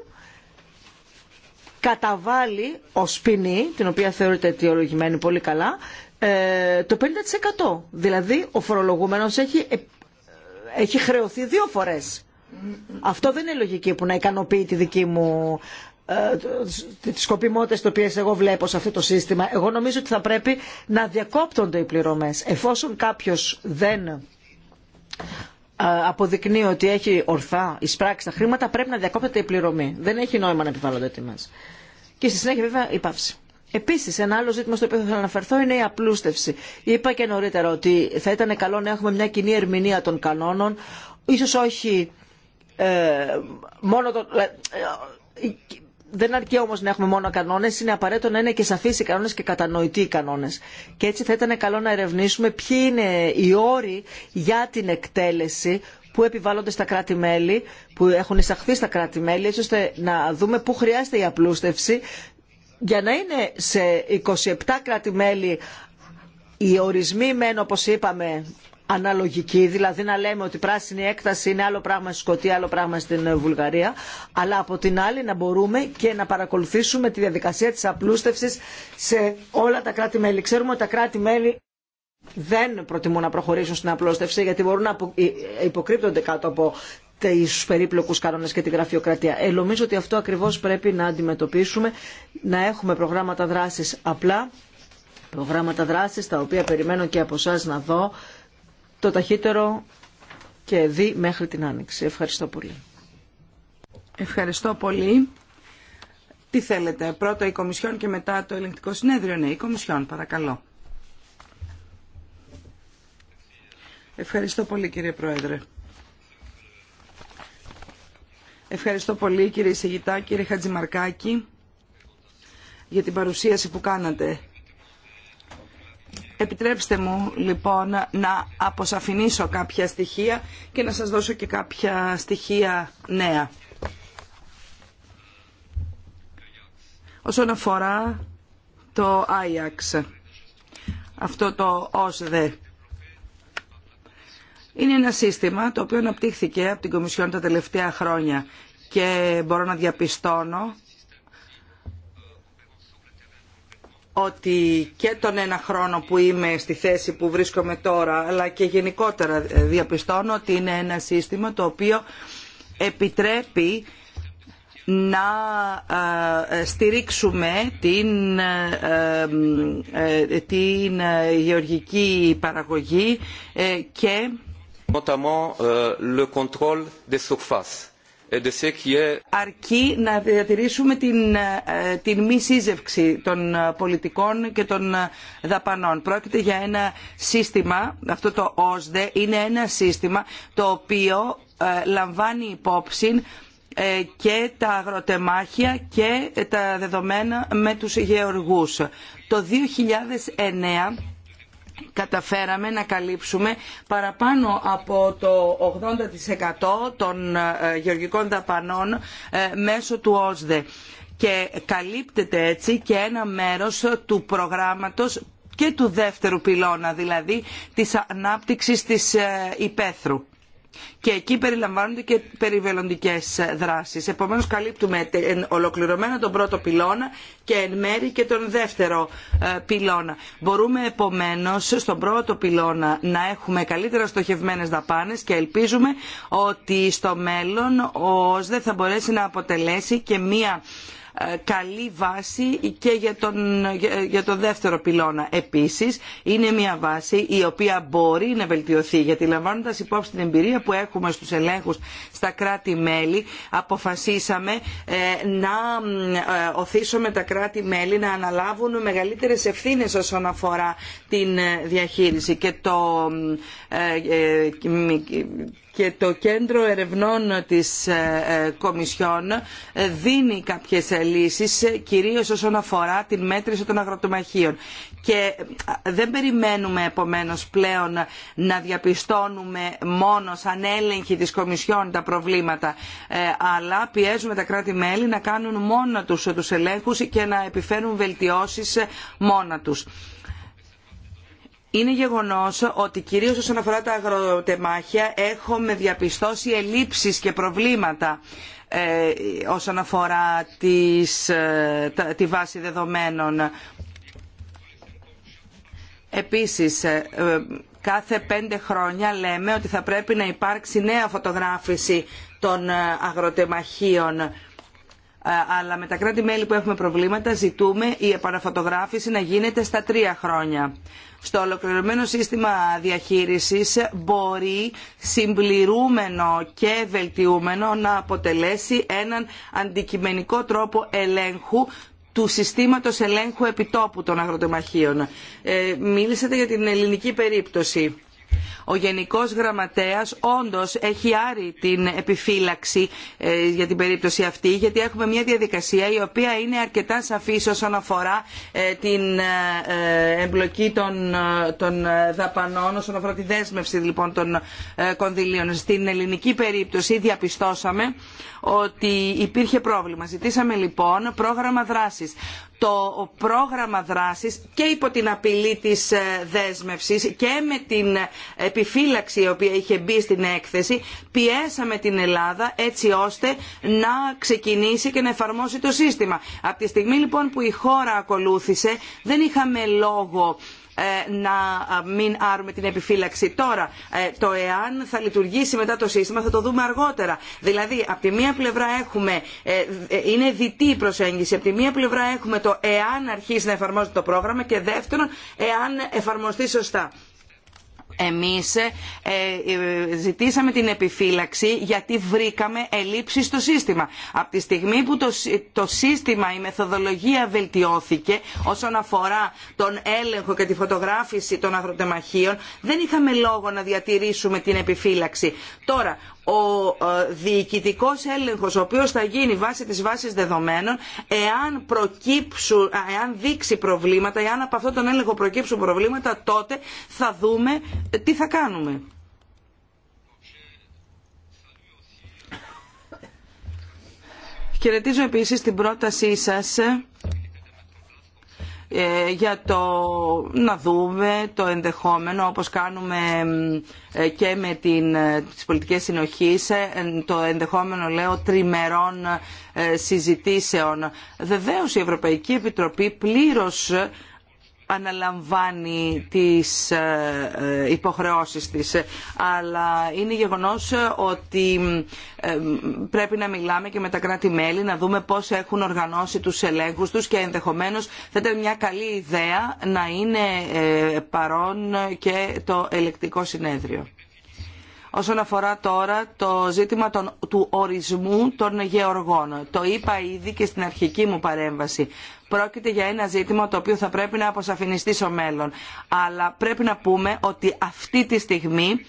S3: καταβάλει ως ποινή, την οποία θεωρείται αιτιολογημένη πολύ καλά, ε, το 50%. Δηλαδή ο φορολογούμενος έχει έχει χρεωθεί δύο φορές. Αυτό δεν είναι λογική που να ικανοποιεί τη δική μου ε, τι σκοπιμότητε τι οποίε εγώ βλέπω σε αυτό το σύστημα. Εγώ νομίζω ότι θα πρέπει να διακόπτονται οι πληρωμές. Εφόσον κάποιος δεν ε, αποδεικνύει ότι έχει ορθά εισπράξει τα χρήματα, πρέπει να διακόπτεται η πληρωμή. Δεν έχει νόημα να επιβάλλονται τιμέ. Και στη συνέχεια βέβαια η πάυση. Επίση, ένα άλλο ζήτημα στο οποίο θα ήθελα να αναφερθώ είναι η απλούστευση. Είπα και νωρίτερα ότι θα ήταν καλό να έχουμε μια κοινή ερμηνεία των κανόνων, ίσω όχι ε, μόνο το, ε, ε, δεν αρκεί όμως να έχουμε μόνο κανόνε, είναι απαραίτητο να είναι και σαφείς οι κανόνε και κατανοητοί οι κανόνε. Και έτσι θα ήταν καλό να ερευνήσουμε ποιοι είναι οι όροι για την εκτέλεση που επιβάλλονται στα κράτη-μέλη, που έχουν εισαχθεί στα κράτη-μέλη, έτσι ώστε να δούμε πού χρειάζεται η απλούστευση, για να είναι σε 27 κράτη-μέλη οι ορισμοί μεν όπως είπαμε αναλογική, δηλαδή να λέμε ότι πράσινη έκταση είναι άλλο πράγμα στη Σκωτία, άλλο πράγμα στην ε, Βουλγαρία, αλλά από την άλλη να μπορούμε και να παρακολουθήσουμε τη διαδικασία της απλούστευσης σε όλα τα κράτη-μέλη. Ξέρουμε ότι τα κράτη-μέλη δεν προτιμούν να προχωρήσουν στην απλούστευση γιατί μπορούν να ε, ε, υποκρύπτονται κάτω από τους περίπλοκους κανόνες και τη γραφειοκρατία. Ε, ότι αυτό ακριβώς πρέπει να αντιμετωπίσουμε, να έχουμε προγράμματα δράσης απλά, προγράμματα δράσης τα οποία περιμένω και από εσά να δω το ταχύτερο και δει μέχρι την Άνοιξη. Ευχαριστώ πολύ.
S1: Ευχαριστώ πολύ. Τι θέλετε, πρώτα η Κομισιόν και μετά το ελεγκτικό συνέδριο. Ναι, η Κομισιόν, παρακαλώ. Ευχαριστώ πολύ κύριε Πρόεδρε. Ευχαριστώ πολύ κύριε Σιγητά, κύριε Χατζημαρκάκη για την παρουσίαση που κάνατε. Επιτρέψτε μου λοιπόν να αποσαφηνίσω κάποια στοιχεία και να σας δώσω και κάποια στοιχεία νέα. Όσον αφορά το Ajax, αυτό το ΩΣΔΕ, είναι ένα σύστημα το οποίο αναπτύχθηκε από την Κομισιόν τα τελευταία χρόνια και μπορώ να διαπιστώνω ότι και τον ένα χρόνο που είμαι στη θέση που βρίσκομαι τώρα, αλλά και γενικότερα διαπιστώνω ότι είναι ένα σύστημα το οποίο επιτρέπει να ε, στηρίξουμε την, ε, ε, την γεωργική παραγωγή και
S2: notamment le contrôle des
S1: αρκεί να διατηρήσουμε την, ε, την μη σύζευξη των ε, πολιτικών και των ε, δαπανών. Πρόκειται για ένα σύστημα, αυτό το ΩΣΔΕ είναι ένα σύστημα το οποίο λαμβάνει υπόψη και τα αγροτεμάχια και τα δεδομένα με τους γεωργούς. Το 2009 καταφέραμε να καλύψουμε παραπάνω από το 80% των ε, γεωργικών δαπανών ε, μέσω του ΟΣΔΕ και καλύπτεται έτσι και ένα μέρος του προγράμματος και του δεύτερου πυλώνα, δηλαδή της ανάπτυξης της ε, υπαίθρου και εκεί περιλαμβάνονται και περιβαλλοντικές δράσεις. Επομένως καλύπτουμε ολοκληρωμένα τον πρώτο πυλώνα και εν μέρη και τον δεύτερο ε, πυλώνα. Μπορούμε επομένως στον πρώτο πυλώνα να έχουμε καλύτερα στοχευμένες δαπάνες και ελπίζουμε ότι στο μέλλον ο ΟΣΔΕ θα μπορέσει να αποτελέσει και μία ε, καλή βάση και για τον, για δεύτερο πυλώνα. Επίσης, είναι μια βάση η οποία μπορεί να βελτιωθεί, γιατί λαμβάνοντας υπόψη την εμπειρία που έχουμε στους ελέγχους στα κράτη-μέλη, αποφασίσαμε ε, να ε, οθήσουμε τα κράτη-μέλη να αναλάβουν μεγαλύτερες ευθύνες όσον αφορά την διαχείριση. Και το και το κέντρο ερευνών της ε, ε, Κομισιόν ε, δίνει κάποιες λύσεις κυρίως όσον αφορά την μέτρηση των αγροτομαχίων και δεν περιμένουμε επομένως πλέον να διαπιστώνουμε μόνο σαν έλεγχη της Κομισιόν τα προβλήματα αλλά πιέζουμε τα κράτη-μέλη να κάνουν μόνα τους τους ελέγχους και να επιφέρουν βελτιώσεις μόνα τους. Είναι γεγονός ότι κυρίως όσον αφορά τα αγροτεμάχια έχουμε διαπιστώσει ελλείψεις και προβλήματα ε, όσον αφορά ε, τη βάση δεδομένων. Επίσης, ε, κάθε πέντε χρόνια λέμε ότι θα πρέπει να υπάρξει νέα φωτογράφηση των αγροτεμαχίων ε, αλλά με τα κράτη-μέλη που έχουμε προβλήματα ζητούμε η επαναφωτογράφηση να γίνεται στα τρία χρόνια. Στο ολοκληρωμένο σύστημα διαχείρισης μπορεί συμπληρούμενο και βελτιούμενο να αποτελέσει έναν αντικειμενικό τρόπο ελέγχου του συστήματος ελέγχου επιτόπου των αγροτεμαχίων. Ε, μίλησατε για την ελληνική περίπτωση ο Γενικός Γραμματέας όντως έχει άρει την επιφύλαξη ε, για την περίπτωση αυτή γιατί έχουμε μια διαδικασία η οποία είναι αρκετά σαφής όσον αφορά ε, την ε, εμπλοκή των δαπανών, όσον αφορά τη δέσμευση λοιπόν των κονδυλίων. Στην ελληνική περίπτωση διαπιστώσαμε ότι υπήρχε πρόβλημα. Ζητήσαμε λοιπόν πρόγραμμα δράσης το πρόγραμμα δράσης και υπό την απειλή της δέσμευσης και με την επιφύλαξη η οποία είχε μπει στην έκθεση πιέσαμε την ελλάδα έτσι ώστε να ξεκινήσει και να εφαρμόσει το σύστημα. από τη στιγμή λοιπόν που η χώρα ακολούθησε δεν είχαμε λόγο ε, να μην άρουμε την επιφύλαξη τώρα. Ε, το εάν θα λειτουργήσει μετά το σύστημα θα το δούμε αργότερα. Δηλαδή, από τη μία πλευρά έχουμε, ε, είναι διτή η προσέγγιση, από τη μία πλευρά έχουμε το εάν αρχίσει να εφαρμόζεται το πρόγραμμα και δεύτερον, εάν εφαρμοστεί σωστά. Εμείς ε, ε, ζητήσαμε την επιφύλαξη γιατί βρήκαμε ελλείψεις στο σύστημα. Από τη στιγμή που το σύστημα, η μεθοδολογία βελτιώθηκε όσον αφορά τον έλεγχο και τη φωτογράφηση των αγροτεμαχίων, δεν είχαμε λόγο να διατηρήσουμε την επιφύλαξη. Τώρα, ο ε, διοικητικός έλεγχος ο οποίος θα γίνει βάσει της βάσης δεδομένων εάν, εάν δείξει προβλήματα, εάν από αυτόν τον έλεγχο προκύψουν προβλήματα τότε θα δούμε ε, τι θα κάνουμε. Χαιρετίζω επίσης την πρότασή σας ε, ε, για το να δούμε το ενδεχόμενο όπως κάνουμε ε, και με την, ε, τις πολιτικές συνοχής το ενδεχόμενο λέω τριμερών συζητήσεων. Βεβαίως η Ευρωπαϊκή Επιτροπή πλήρως αναλαμβάνει τις ε, ε, υποχρεώσεις της αλλά είναι γεγονός ότι ε, πρέπει να μιλάμε και με τα κράτη-μέλη να δούμε πώς έχουν οργανώσει τους ελέγχους τους και ενδεχομένως θα ήταν μια καλή ιδέα να είναι παρόν και το ελεκτικό συνέδριο. Όσον αφορά τώρα το ζήτημα των, του ορισμού των γεωργών. Το είπα ήδη και στην αρχική μου παρέμβαση πρόκειται για ένα ζήτημα το οποίο θα πρέπει να αποσαφινιστεί στο μέλλον. Αλλά πρέπει να πούμε ότι αυτή τη στιγμή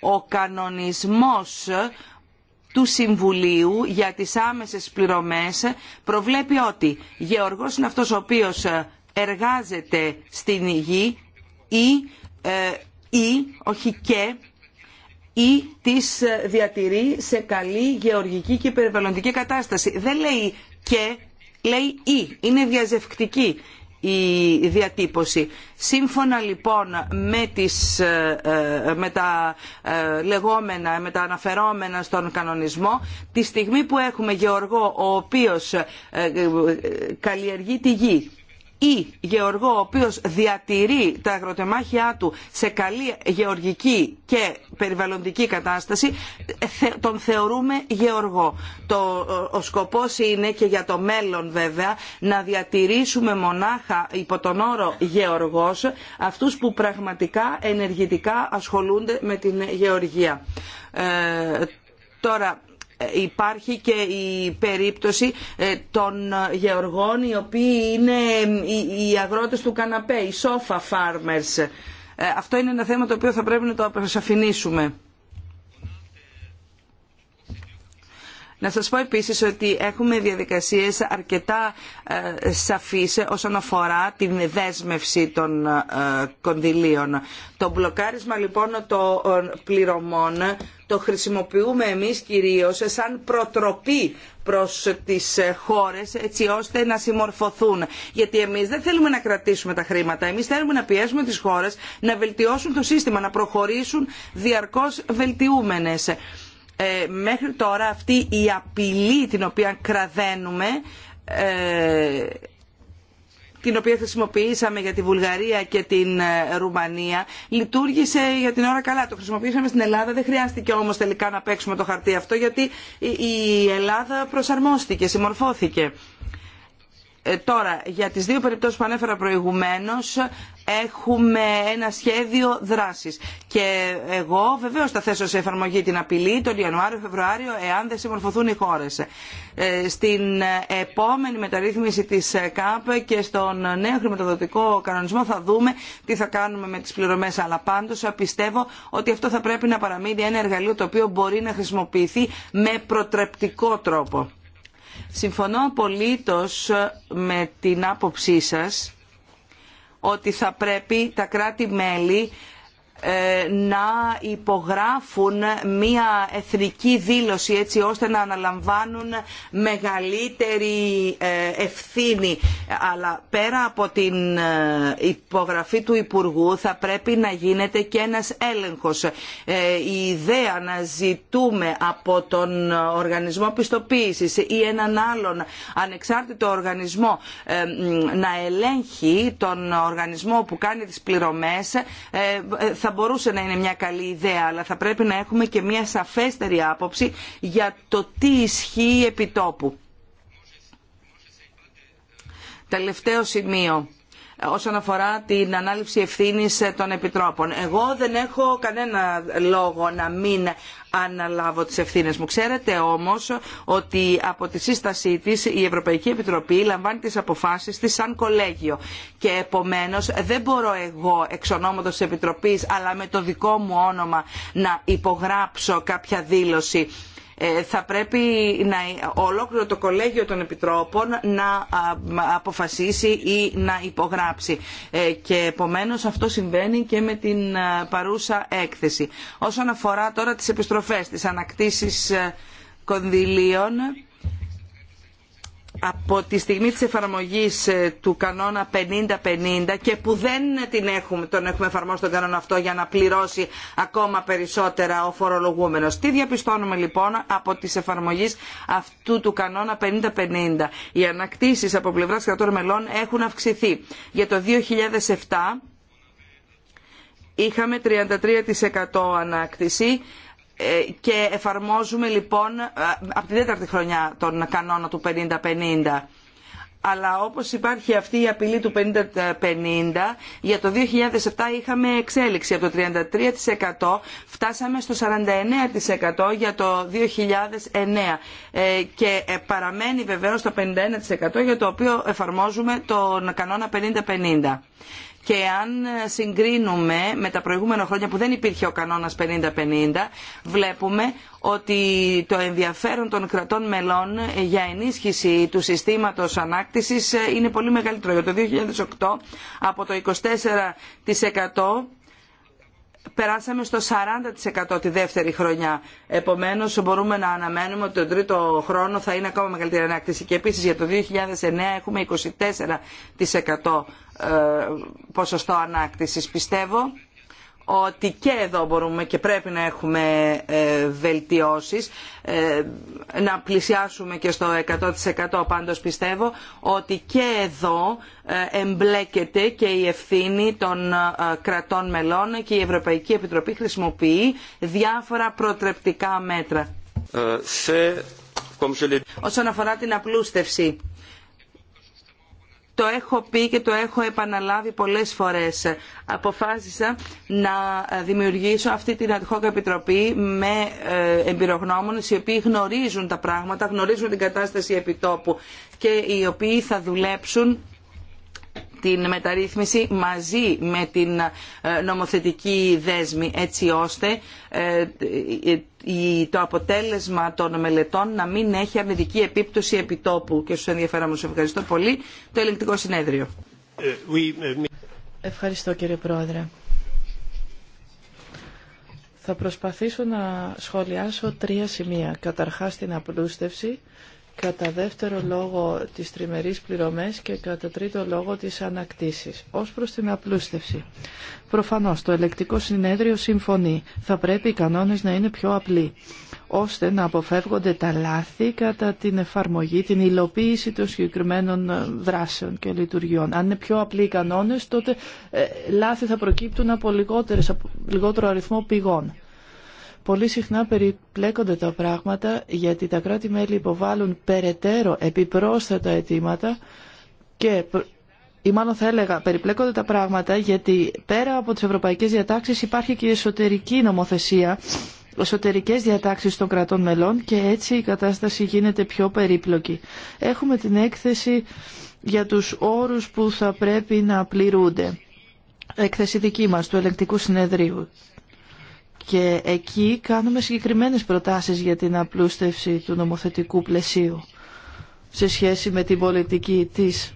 S1: ο κανονισμός του Συμβουλίου για τις άμεσες πληρωμές προβλέπει ότι γεωργός είναι αυτός ο οποίος εργάζεται στην υγεία ή, ε, ή όχι και ή τις διατηρεί σε καλή γεωργική και περιβαλλοντική κατάσταση. Δεν λέει και λέει «ή». Είναι διαζευκτική η διατύπωση. Σύμφωνα λοιπόν με, τις, με τα λεγόμενα, με τα αναφερόμενα στον κανονισμό, τη στιγμή που έχουμε γεωργό ο οποίος καλλιεργεί τη γη ή γεωργό ο οποίος διατηρεί τα αγροτεμάχια του σε καλή γεωργική και περιβαλλοντική κατάσταση τον θεωρούμε γεωργό. Το, ο σκοπός είναι και για το μέλλον βέβαια να διατηρήσουμε μονάχα υπό τον όρο γεωργός αυτούς που πραγματικά ενεργητικά ασχολούνται με την γεωργία. Ε, τώρα υπάρχει και η περίπτωση ε, των γεωργών οι οποίοι είναι ε, οι αγρότες του καναπέ, οι sofa farmers. Ε, αυτό είναι ένα θέμα το οποίο θα πρέπει να το αφηνήσουμε. Να σας πω επίσης ότι έχουμε διαδικασίες αρκετά ε, σαφείς όσον αφορά την δέσμευση των ε, κονδυλίων. Το μπλοκάρισμα λοιπόν των ε, πληρωμών το χρησιμοποιούμε εμείς κυρίως σαν προτροπή προς τις χώρες έτσι ώστε να συμμορφωθούν. Γιατί εμείς δεν θέλουμε να κρατήσουμε τα χρήματα, εμείς θέλουμε να πιέσουμε τις χώρες να βελτιώσουν το σύστημα, να προχωρήσουν διαρκώς βελτιούμενες. Ε, μέχρι τώρα αυτή η απειλή την οποία κραδένουμε, ε, την οποία χρησιμοποιήσαμε για τη Βουλγαρία και την ε, Ρουμανία, λειτουργήσε για την ώρα καλά. Το χρησιμοποιήσαμε στην Ελλάδα, δεν χρειάστηκε όμως τελικά να παίξουμε το χαρτί αυτό, γιατί η Ελλάδα προσαρμόστηκε, συμμορφώθηκε. Ε, τώρα, για τις δύο περιπτώσεις που ανέφερα προηγουμένως, έχουμε ένα σχέδιο δράσης. Και εγώ βεβαίως θα θέσω σε εφαρμογή την απειλή τον Ιανουάριο-Φεβρουάριο, εάν δεν συμμορφωθούν οι χώρες. Ε, στην επόμενη μεταρρύθμιση της ΚΑΠ και στον νέο χρηματοδοτικό κανονισμό θα δούμε τι θα κάνουμε με τις πληρωμές. Αλλά πάντως πιστεύω ότι αυτό θα πρέπει να παραμείνει ένα εργαλείο το οποίο μπορεί να χρησιμοποιηθεί με προτρεπτικό τρόπο. Συμφωνώ απολύτως με την άποψή σας ότι θα πρέπει τα κράτη-μέλη ε, να υπογράφουν μία εθνική δήλωση έτσι ώστε να αναλαμβάνουν μεγαλύτερη ε, ευθύνη. Αλλά πέρα από την ε, υπογραφή του Υπουργού θα πρέπει να γίνεται και ένας έλεγχος. Η ιδέα να ζητούμε από τον οργανισμό πιστοποίησης ή έναν άλλον ανεξάρτητο οργανισμό να ελέγχει τον οργανισμό που κάνει τις πληρωμές μπορούσε να είναι μια καλή ιδέα, αλλά θα πρέπει να έχουμε και μια σαφέστερη άποψη για το τι ισχύει επιτόπου. τόπου. Τελευταίο σημείο όσον αφορά την ανάληψη ευθύνης των επιτρόπων. Εγώ δεν έχω κανένα λόγο να μην αναλάβω τις ευθύνες μου. Ξέρετε όμως ότι από τη σύστασή της η Ευρωπαϊκή Επιτροπή λαμβάνει τις αποφάσεις της σαν κολέγιο και επομένως δεν μπορώ εγώ εξ ονόματος της Επιτροπής αλλά με το δικό μου όνομα να υπογράψω κάποια δήλωση ε, θα πρέπει να, ε, ολόκληρο το κολέγιο των επιτρόπων να αποφασίσει ή να υπογράψει ε, και επομένως αυτό συμβαίνει και με την παρούσα έκθεση. Όσον αφορά τώρα τις επιστροφές, τις ανακτήσεις κονδυλίων από τη στιγμή της εφαρμογής ε, του κανόνα 50-50 και που δεν την έχουμε, τον έχουμε εφαρμόσει τον κανόνα αυτό για να πληρώσει ακόμα περισσότερα ο φορολογούμενος. Τι διαπιστώνουμε λοιπόν από τις εφαρμογής αυτού του κανόνα 50-50. Οι ανακτήσεις από πλευράς κρατών μελών έχουν αυξηθεί. Για το 2007 είχαμε 33% ανάκτηση ε, και εφαρμόζουμε λοιπόν ε, από την τέταρτη χρονιά τον κανόνα του 50-50. Αλλά όπως υπάρχει αυτή η απειλή του 50-50, για το 2007 είχαμε εξέλιξη. Από το 33% φτάσαμε στο 49% για το 2009 ε, και παραμένει βεβαίως το 51% για το οποίο εφαρμόζουμε τον κανόνα 50-50 και αν συγκρίνουμε με τα προηγούμενα χρόνια που δεν υπήρχε ο κανόνας 50-50 βλέπουμε ότι το ενδιαφέρον των κρατών μελών για ενίσχυση του συστήματος ανάκτησης είναι πολύ μεγαλύτερο. Για το 2008 από το 24% περάσαμε στο 40% τη δεύτερη χρονιά. Επομένως μπορούμε να αναμένουμε ότι τον τρίτο χρόνο θα είναι ακόμα μεγαλύτερη ανάκτηση. Και επίσης για το 2009 έχουμε 24% ε, ποσοστό ανάκτησης. Πιστεύω ότι και εδώ μπορούμε και πρέπει να έχουμε ε, βελτιώσεις, ε, να πλησιάσουμε και στο 100%. Πάντως πιστεύω ότι και εδώ εμπλέκεται και η ευθύνη των κρατών μελών και η Ευρωπαϊκή Επιτροπή χρησιμοποιεί διάφορα προτρεπτικά μέτρα.
S2: Ε, σε...
S1: Όσον αφορά την απλούστευση το έχω πει και το έχω επαναλάβει πολλές φορές. Αποφάσισα να δημιουργήσω αυτή την ad επιτροπή με ε, εμπειρογνώμονες οι οποίοι γνωρίζουν τα πράγματα, γνωρίζουν την κατάσταση επιτόπου και οι οποίοι θα δουλέψουν την μεταρρύθμιση μαζί με την ε, νομοθετική δέσμη έτσι ώστε ε, το αποτέλεσμα των μελετών να μην έχει αρνητική επίπτωση επιτόπου και στους ενδιαφέραμους. Ευχαριστώ πολύ. Το ελεγκτικό συνέδριο.
S2: Ε, ευχαριστώ κύριε Πρόεδρε. Θα προσπαθήσω να σχολιάσω τρία σημεία. Καταρχάς την απλούστευση κατά δεύτερο λόγο τις τριμερείς πληρωμές και κατά τρίτο λόγο τις ανακτήσεις. Ως προς την απλούστευση. Προφανώς το ελεκτικό συνέδριο συμφωνεί. Θα πρέπει οι κανόνες να είναι πιο απλοί, ώστε να αποφεύγονται τα λάθη κατά την εφαρμογή, την υλοποίηση των συγκεκριμένων ε, δράσεων και λειτουργιών. Αν είναι πιο απλοί οι κανόνες, τότε ε, λάθη θα προκύπτουν από, από λιγότερο αριθμό πηγών. Πολύ συχνά περιπλέκονται τα πράγματα γιατί τα κράτη-μέλη υποβάλλουν περαιτέρω επιπρόσθετα αιτήματα και ή μάλλον θα έλεγα περιπλέκονται τα πράγματα γιατί πέρα από τις ευρωπαϊκές διατάξεις υπάρχει και η εσωτερική νομοθεσία εσωτερικές διατάξεις των κρατών μελών και έτσι η κατάσταση γίνεται πιο περίπλοκη. Έχουμε την έκθεση για τους όρους που θα πρέπει να πληρούνται. Έκθεση δική μας του ελεγκτικού συνεδρίου. Και εκεί κάνουμε συγκεκριμένες προτάσεις για την απλούστευση του νομοθετικού πλαισίου σε σχέση με την πολιτική της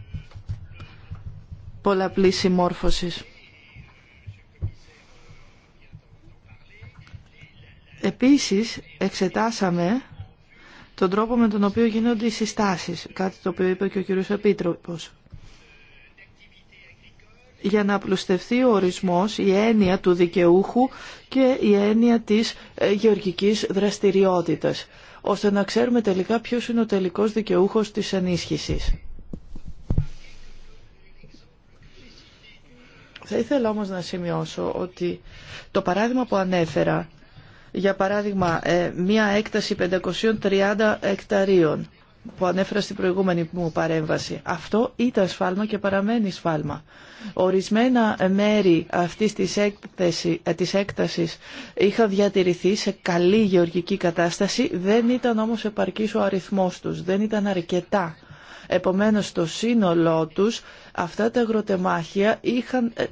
S2: πολλαπλής συμμόρφωσης. Επίσης, εξετάσαμε τον τρόπο με τον οποίο γίνονται οι συστάσεις, κάτι το οποίο είπε και ο κ. Επίτροπος για να απλουστευτεί ο ορισμός, η έννοια του δικαιούχου και η έννοια της ε, γεωργικής δραστηριότητας, ώστε να ξέρουμε τελικά ποιος είναι ο τελικός δικαιούχος της ενίσχυσης. Θα ήθελα όμως να σημειώσω ότι το παράδειγμα που ανέφερα, για παράδειγμα ε, μια έκταση 530 εκταρίων, που ανέφερα στην προηγούμενη μου παρέμβαση. Αυτό ήταν σφάλμα και παραμένει σφάλμα. Ορισμένα μέρη αυτής της, έκθεση, ε, της έκτασης είχαν διατηρηθεί σε καλή γεωργική κατάσταση, δεν ήταν όμως επαρκής ο αριθμός τους, δεν ήταν αρκετά. Επομένως, το σύνολό τους αυτά τα αγροτεμάχια είχαν ε,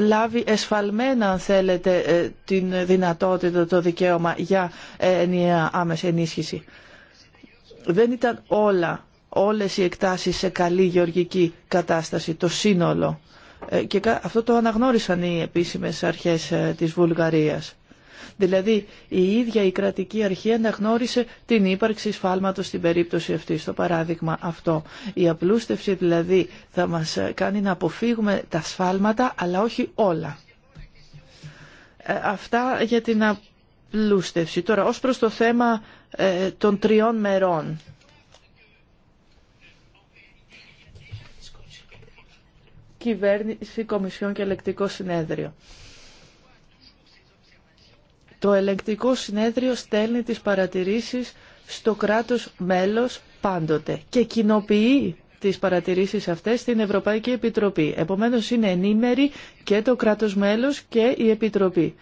S2: λάβει εσφαλμένα αν θέλετε ε, την δυνατότητα το δικαίωμα για ενιαία άμεση ενίσχυση δεν ήταν όλα, όλες οι εκτάσεις σε καλή γεωργική κατάσταση, το σύνολο. Ε, και αυτό το αναγνώρισαν οι επίσημες αρχές ε, της Βουλγαρίας. Δηλαδή η ίδια η κρατική αρχή αναγνώρισε την ύπαρξη σφάλματος στην περίπτωση αυτή, στο παράδειγμα αυτό. Η απλούστευση δηλαδή θα μας ε, κάνει να αποφύγουμε τα σφάλματα, αλλά όχι όλα. Αυτά για την απλούστευση. Τώρα, ως προς το θέμα ε, των τριών μερών. Κυβέρνηση, Κομισιόν και Ελεκτικό Συνέδριο. Το Ελεκτικό Συνέδριο στέλνει τις παρατηρήσεις στο κράτος μέλος πάντοτε και κοινοποιεί τις παρατηρήσεις αυτές στην Ευρωπαϊκή Επιτροπή. Επομένως είναι ενήμερη και το κράτος μέλος και η Επιτροπή.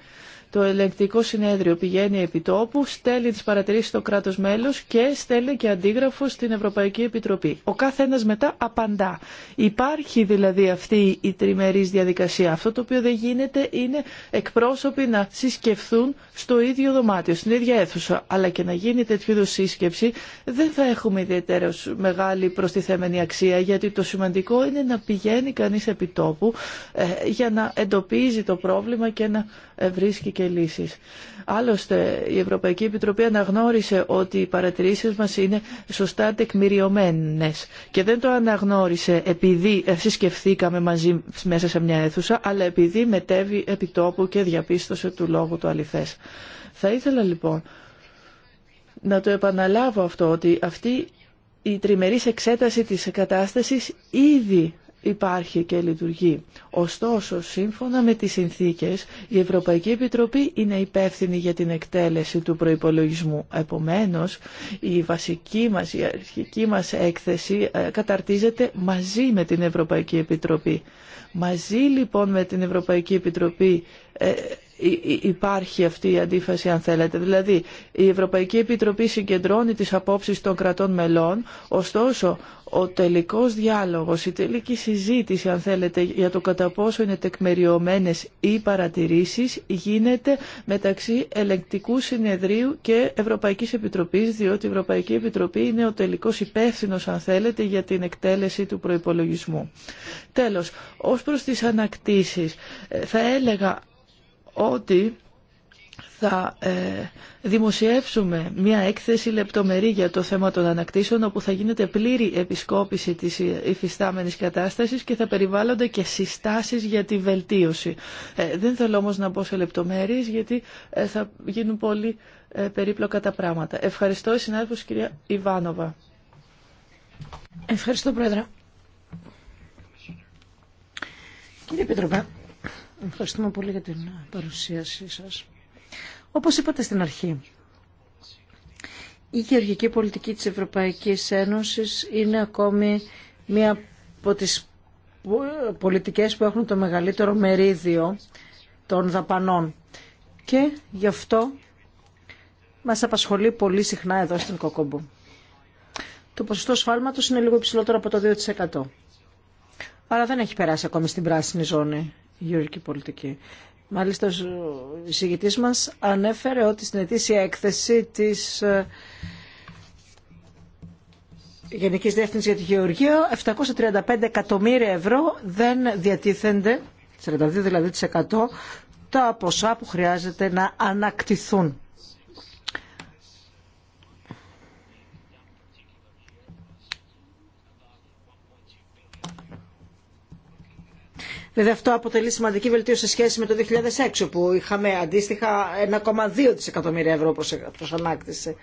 S2: Το ελεγκτικό συνέδριο πηγαίνει επί τόπου, στέλνει τις παρατηρήσεις στο κράτος μέλος και στέλνει και αντίγραφο στην Ευρωπαϊκή Επιτροπή. Ο κάθε μετά απαντά. Υπάρχει δηλαδή αυτή η τριμερής διαδικασία. Αυτό το οποίο δεν γίνεται είναι εκπρόσωποι να συσκεφθούν στο ίδιο δωμάτιο, στην ίδια αίθουσα. Αλλά και να γίνει τέτοιου είδου σύσκεψη δεν θα έχουμε ιδιαίτερα μεγάλη προστιθέμενη αξία γιατί το σημαντικό είναι να πηγαίνει κανείς επί τόπου ε, για να εντοπίζει το πρόβλημα και να βρίσκει και λύσεις. Άλλωστε, η Ευρωπαϊκή Επιτροπή αναγνώρισε ότι οι παρατηρήσεις μας είναι σωστά τεκμηριωμένες και δεν το αναγνώρισε επειδή ε, συσκεφθήκαμε μαζί μέσα σε μια αίθουσα, αλλά επειδή μετέβη επιτόπου και διαπίστωσε του λόγου του αληθές. Θα ήθελα λοιπόν να το επαναλάβω αυτό, ότι αυτή η τριμερής εξέταση της κατάστασης ήδη υπάρχει και λειτουργεί. Ωστόσο, σύμφωνα με τις συνθήκες, η Ευρωπαϊκή Επιτροπή είναι υπεύθυνη για την εκτέλεση του προϋπολογισμού. Επομένως, η βασική μας, η αρχική μας έκθεση ε, καταρτίζεται μαζί με την Ευρωπαϊκή Επιτροπή. Μαζί λοιπόν με την Ευρωπαϊκή Επιτροπή ε, υπάρχει αυτή η αντίφαση αν θέλετε. Δηλαδή η Ευρωπαϊκή Επιτροπή συγκεντρώνει τις απόψεις των κρατών μελών, ωστόσο ο τελικός διάλογος, η τελική συζήτηση αν θέλετε για το κατά πόσο είναι τεκμεριωμένες οι παρατηρήσεις γίνεται μεταξύ ελεγκτικού συνεδρίου και Ευρωπαϊκής Επιτροπής διότι η Ευρωπαϊκή Επιτροπή είναι ο τελικός υπεύθυνο αν θέλετε για την εκτέλεση του προϋπολογισμού. Τέλος, ως προς τις ανακτήσεις ε, θα έλεγα ότι θα ε, δημοσιεύσουμε μια έκθεση λεπτομερή για το θέμα των ανακτήσεων όπου θα γίνεται πλήρη επισκόπηση της υφιστάμενης κατάστασης και θα περιβάλλονται και συστάσεις για τη βελτίωση. Ε, δεν θέλω όμως να μπω σε λεπτομέρειες γιατί ε, θα γίνουν πολύ περίπλοκα τα πράγματα. Ευχαριστώ συνάδελφος κυρία Ιβάνοβα. Ευχαριστώ Πρόεδρε.
S3: Κύριε Πετροβά. Ευχαριστούμε πολύ για την παρουσίασή σας. Όπως είπατε στην αρχή, η γεωργική πολιτική της Ευρωπαϊκής Ένωσης είναι ακόμη μία από τις πολιτικές που έχουν το μεγαλύτερο μερίδιο των δαπανών. Και γι' αυτό μας απασχολεί πολύ συχνά εδώ στην Κοκομπού. Το ποσοστό σφάλματος είναι λίγο υψηλότερο από το 2%. Άρα δεν έχει περάσει ακόμη στην πράσινη ζώνη γεωργική πολιτική. Μάλιστα, ο εισηγητή μας ανέφερε ότι στην ετήσια έκθεση της ε, Γενικής διεύθυνση για τη Γεωργία 735 εκατομμύρια ευρώ δεν διατίθενται, 42 δηλαδή τα ποσά που χρειάζεται να ανακτηθούν Βέβαια αυτό αποτελεί σημαντική βελτίωση σε σχέση με το 2006 που είχαμε αντίστοιχα 1,2 δισεκατομμύρια ευρώ προς ανάκτηση.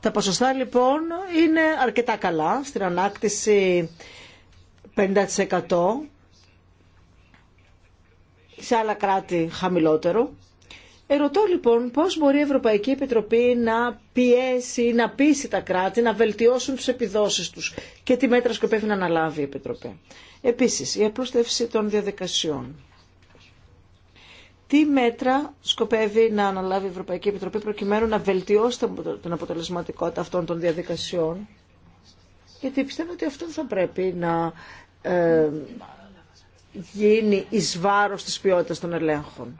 S3: Τα ποσοστά λοιπόν είναι αρκετά καλά στην ανάκτηση 50% σε άλλα κράτη χαμηλότερο Ερωτώ λοιπόν πώς μπορεί η Ευρωπαϊκή Επιτροπή να πιέσει, να πείσει τα κράτη, να βελτιώσουν τις επιδόσεις τους και τι μέτρα σκοπεύει να αναλάβει η Επιτροπή. Επίσης, η απλούστευση των διαδικασιών. Τι μέτρα σκοπεύει να αναλάβει η Ευρωπαϊκή Επιτροπή προκειμένου να βελτιώσει την αποτελεσματικότητα αυτών των διαδικασιών. Γιατί πιστεύω ότι αυτό θα πρέπει να ε, γίνει εις βάρος της ποιότητας των ελέγχων.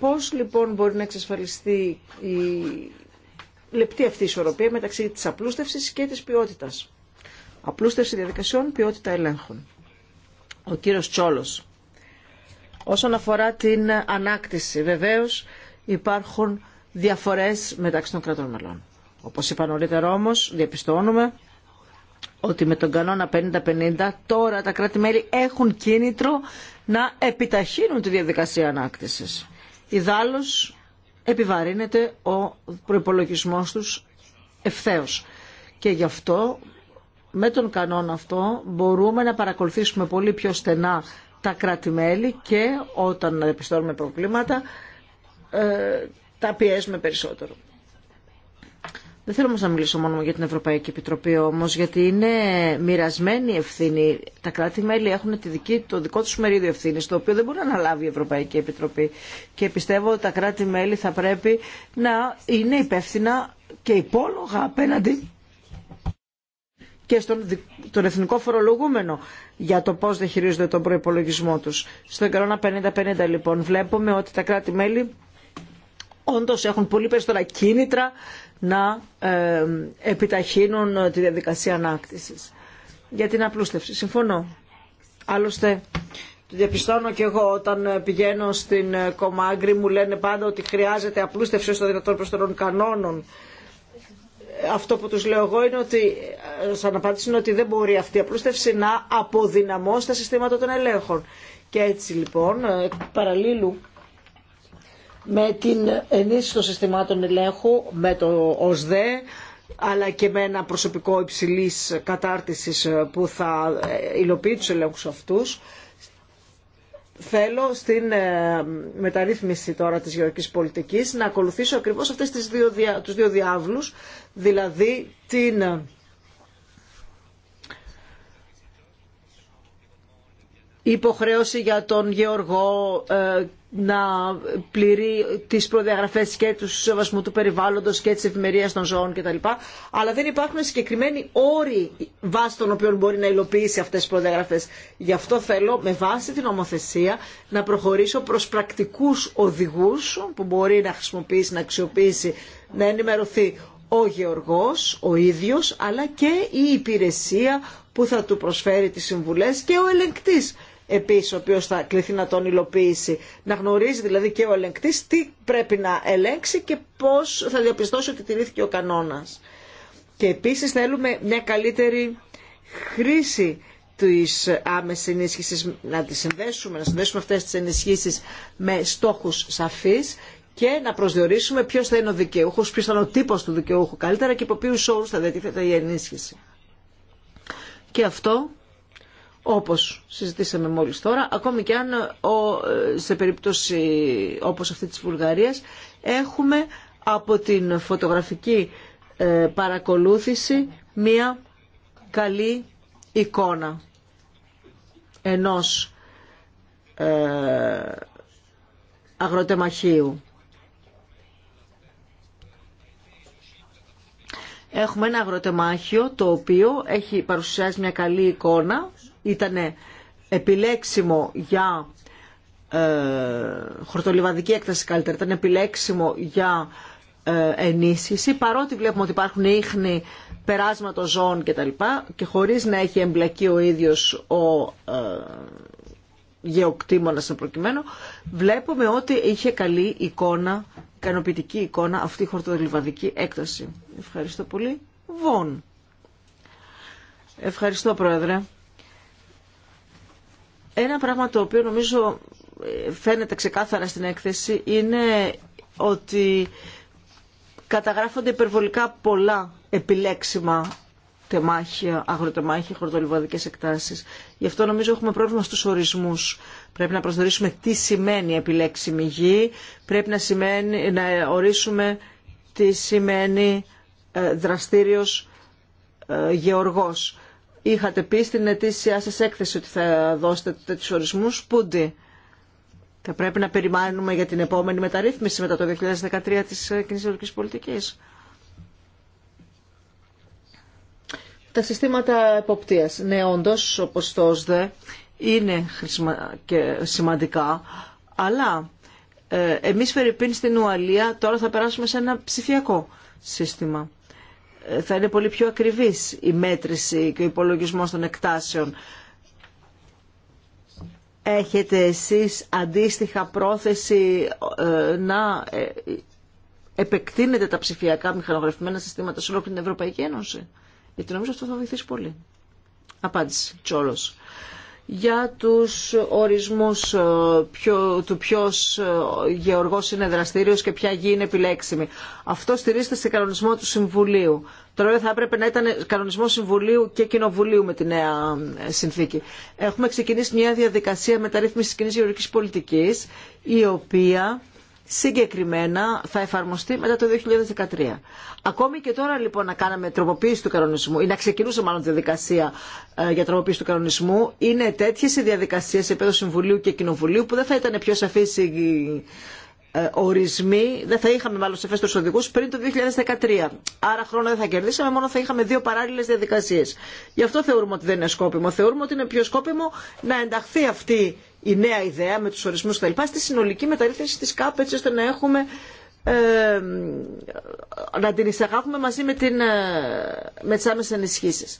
S3: Πώς λοιπόν μπορεί να εξασφαλιστεί η λεπτή αυτή ισορροπία μεταξύ της απλούστευσης και της ποιότητας. Απλούστευση διαδικασιών, ποιότητα ελέγχων. Ο κύριος Τσόλος. Όσον αφορά την ανάκτηση, βεβαίως υπάρχουν διαφορές μεταξύ των κρατών μελών. Όπως είπα νωρίτερα όμως, διαπιστώνουμε ότι με τον κανόνα 50-50 τώρα τα κράτη-μέλη έχουν κίνητρο να επιταχύνουν τη διαδικασία ανάκτησης. Ιδάλλως επιβαρύνεται ο προϋπολογισμός τους ευθέως. Και γι' αυτό με τον κανόνα αυτό μπορούμε να παρακολουθήσουμε πολύ πιο στενά τα κράτη-μέλη και όταν επιστώνουμε προβλήματα ε, τα πιέζουμε περισσότερο. Δεν θέλω όμως να μιλήσω μόνο για την Ευρωπαϊκή Επιτροπή όμως, γιατί είναι μοιρασμένη η ευθύνη. Τα κράτη-μέλη έχουν τη δική, το δικό του μερίδιο ευθύνη, το οποίο δεν μπορεί να αναλάβει η Ευρωπαϊκή Επιτροπή. Και πιστεύω ότι τα κράτη-μέλη θα πρέπει να είναι υπεύθυνα και υπόλογα απέναντι και στον, τον εθνικό φορολογούμενο για το πώς διαχειρίζονται τον προϋπολογισμό τους. Στον κανόνα 50-50 λοιπόν βλέπουμε ότι τα κράτη-μέλη όντως έχουν πολύ περισσότερα κίνητρα να ε, επιταχύνουν τη διαδικασία ανάκτησης. Για την απλούστευση. Συμφωνώ. Άλλωστε, το διαπιστώνω και εγώ όταν ε, πηγαίνω στην ε, Κομάγκρη μου λένε πάντα ότι χρειάζεται απλούστευση το δυνατόν προς των κανόνων. Αυτό που τους λέω εγώ είναι ότι, σαν απάντηση είναι ότι δεν μπορεί αυτή η απλούστευση να αποδυναμώσει τα συστήματα των ελέγχων. Και έτσι λοιπόν, παραλίλου με την ενίσχυση των συστημάτων ελέγχου, με το ΟΣΔΕ, αλλά και με ένα προσωπικό υψηλής κατάρτισης που θα υλοποιεί τους ελέγχους αυτούς. Θέλω στην ε, μεταρρύθμιση τώρα της γεωργικής πολιτικής να ακολουθήσω ακριβώς αυτές τις δύο, τους δύο διάβλους, δηλαδή την ε, υποχρέωση για τον γεωργό ε, να πληρεί τι προδιαγραφέ και του σεβασμού του περιβάλλοντο και τη ευημερία των ζώων κτλ. Αλλά δεν υπάρχουν συγκεκριμένοι όροι βάσει των οποίων μπορεί να υλοποιήσει αυτέ τι προδιαγραφέ. Γι' αυτό θέλω με βάση την νομοθεσία να προχωρήσω προ πρακτικού οδηγού που μπορεί να χρησιμοποιήσει, να αξιοποιήσει, να ενημερωθεί ο γεωργός, ο ίδιος, αλλά και η υπηρεσία που θα του προσφέρει τις συμβουλές και ο ελεγκτής επίσης ο οποίος θα κληθεί να τον υλοποιήσει. Να γνωρίζει δηλαδή και ο ελεγκτής τι πρέπει να ελέγξει και πώς θα διαπιστώσει ότι τηρήθηκε ο κανόνας. Και επίσης θέλουμε μια καλύτερη χρήση τη άμεση ενίσχυση, να τη συνδέσουμε, να συνδέσουμε αυτές τις ενισχύσεις με στόχους σαφείς και να προσδιορίσουμε ποιο θα είναι ο δικαιούχο, ποιο θα είναι ο τύπο του δικαιούχου καλύτερα και υπό ποιου όρου θα διατίθεται η ενίσχυση. Και αυτό όπως συζητήσαμε μόλις τώρα, ακόμη και αν ε, σε περίπτωση όπως αυτή της Βουλγαρίας έχουμε από την φωτογραφική ε, παρακολούθηση μία καλή εικόνα ενός ε, αγροτεμαχίου. Έχουμε ένα αγροτεμάχιο το οποίο έχει παρουσιάσει μια καλή εικόνα ήταν επιλέξιμο για ε, χορτολιβαδική έκταση καλύτερα, ήταν επιλέξιμο για ε, ενίσχυση, παρότι βλέπουμε ότι υπάρχουν ίχνη περάσματο ζώων κτλ. Και, και χωρίς να έχει εμπλακεί ο ίδιος ο ε, σε βλέπουμε ότι είχε καλή εικόνα, ικανοποιητική εικόνα αυτή η χορτολιβαδική έκταση. Ευχαριστώ πολύ. Βον. Ευχαριστώ Πρόεδρε. Ένα πράγμα το οποίο νομίζω ε, φαίνεται ξεκάθαρα στην έκθεση είναι ότι καταγράφονται υπερβολικά πολλά επιλέξιμα τεμάχια, αγροτεμάχια, χορτολιβαδικές εκτάσεις. Γι' αυτό νομίζω έχουμε πρόβλημα στους ορισμούς. Πρέπει να προσδορίσουμε τι σημαίνει επιλέξιμη γη, πρέπει να, σημαίνει, να ορίσουμε τι σημαίνει ε, δραστήριος ε, γεωργός είχατε πει στην ετήσια σας έκθεση ότι θα δώσετε τέτοιους ορισμούς. Πούντι. Θα πρέπει να περιμένουμε για την επόμενη μεταρρύθμιση μετά το 2013 της ε, κοινής πολιτικής. Τα συστήματα εποπτείας. Ναι, όντως, όπως το είναι και σημαντικά, αλλά ε, εμείς φερειπίν στην Ουαλία τώρα θα περάσουμε σε ένα ψηφιακό σύστημα θα είναι πολύ πιο ακριβής η μέτρηση και ο υπολογισμός των εκτάσεων. Έχετε εσείς αντίστοιχα πρόθεση ε, να ε, επεκτείνετε τα ψηφιακά μηχανογραφημένα συστήματα σε όλη την Ευρωπαϊκή Ένωση. Γιατί νομίζω αυτό θα βοηθήσει πολύ. Απάντηση, Τσόλος για τους ορισμούς ε, ποιο, του ποιος ε, γεωργός είναι δραστήριος και ποια γη είναι επιλέξιμη. Αυτό στηρίζεται σε κανονισμό του Συμβουλίου. Τώρα θα έπρεπε να ήταν κανονισμό Συμβουλίου και Κοινοβουλίου με τη νέα ε, συνθήκη. Έχουμε ξεκινήσει μια διαδικασία μεταρρύθμισης κοινής γεωργικής πολιτικής, η οποία συγκεκριμένα θα εφαρμοστεί μετά το 2013. Ακόμη και τώρα λοιπόν να κάναμε τροποποίηση του κανονισμού ή να ξεκινούσε μάλλον τη διαδικασία ε, για τροποποίηση του κανονισμού είναι τέτοιε οι διαδικασίε σε επίπεδο Συμβουλίου και Κοινοβουλίου που δεν θα ήταν πιο σαφείς οι ε, ορισμοί, δεν θα είχαμε μάλλον του οδηγούς πριν το 2013. Άρα χρόνο δεν θα κερδίσαμε, μόνο θα είχαμε δύο παράλληλες διαδικασίες. Γι' αυτό θεωρούμε ότι δεν είναι σκόπιμο. Θεωρούμε ότι είναι πιο σκόπιμο να ενταχθεί αυτή η νέα ιδέα με τους ορισμούς κτλ. στη συνολική μεταρρύθμιση της ΚΑΠ έτσι ώστε να έχουμε ε, να την εισαγάγουμε μαζί με, την, ε, με τις άμεσες ενισχύσεις.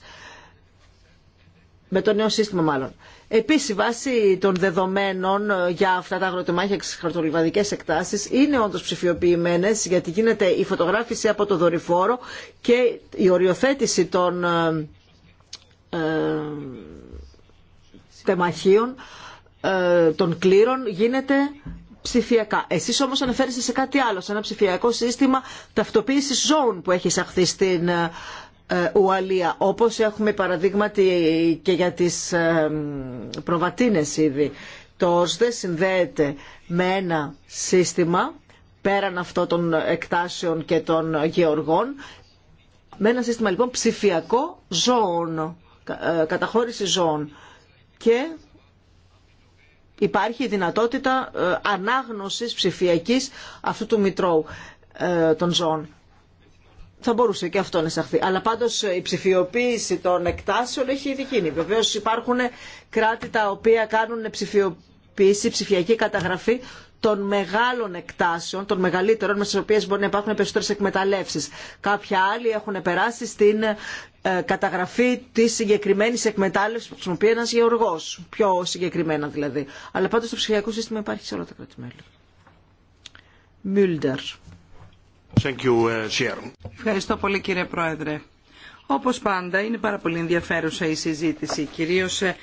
S3: Με το νέο σύστημα μάλλον. Επίσης, βάση των δεδομένων ε, για αυτά τα αγροτεμάχια και χαρτολιβαδικές εκτάσεις είναι όντως ψηφιοποιημένες γιατί γίνεται η φωτογράφηση από το δορυφόρο και η οριοθέτηση των ε, τεμαχίων ε, των κλήρων γίνεται ψηφιακά. Εσεί όμω αναφέρεστε σε κάτι άλλο, σε ένα ψηφιακό σύστημα ταυτοποίηση ζώων που έχει εισαχθεί στην ε, ε, Ουαλία. Όπω έχουμε παραδείγματι και για τι προβατίνε ήδη. Το ΩΣΔΕ συνδέεται με ένα σύστημα πέραν αυτό των εκτάσεων και των γεωργών, με ένα σύστημα λοιπόν ψηφιακό ζώων, καταχώρηση ζώων. Και υπάρχει δυνατότητα ε, ανάγνωσης ψηφιακής αυτού του μητρώου ε, των ζώων. Θα μπορούσε και αυτό να εισαχθεί. Αλλά πάντως ε, η ψηφιοποίηση των εκτάσεων έχει ήδη γίνει. Βεβαίως υπάρχουν κράτη τα οποία κάνουν ψηφιοποίηση, ψηφιακή καταγραφή των μεγάλων εκτάσεων, των μεγαλύτερων, με τι οποίε μπορεί να υπάρχουν περισσότερε εκμεταλλεύσει. Κάποια άλλοι έχουν περάσει στην ε, καταγραφή τη συγκεκριμένη εκμετάλλευσης που χρησιμοποιεί ένα γεωργό. πιο συγκεκριμένα δηλαδή. Αλλά πάντως το ψηφιακό σύστημα υπάρχει σε όλα τα κράτη-μέλη. Μιούλντερ.
S1: Ε, Ευχαριστώ πολύ κύριε Πρόεδρε. Όπως πάντα είναι πάρα πολύ ενδιαφέρουσα η συζήτηση, κυρίως ε,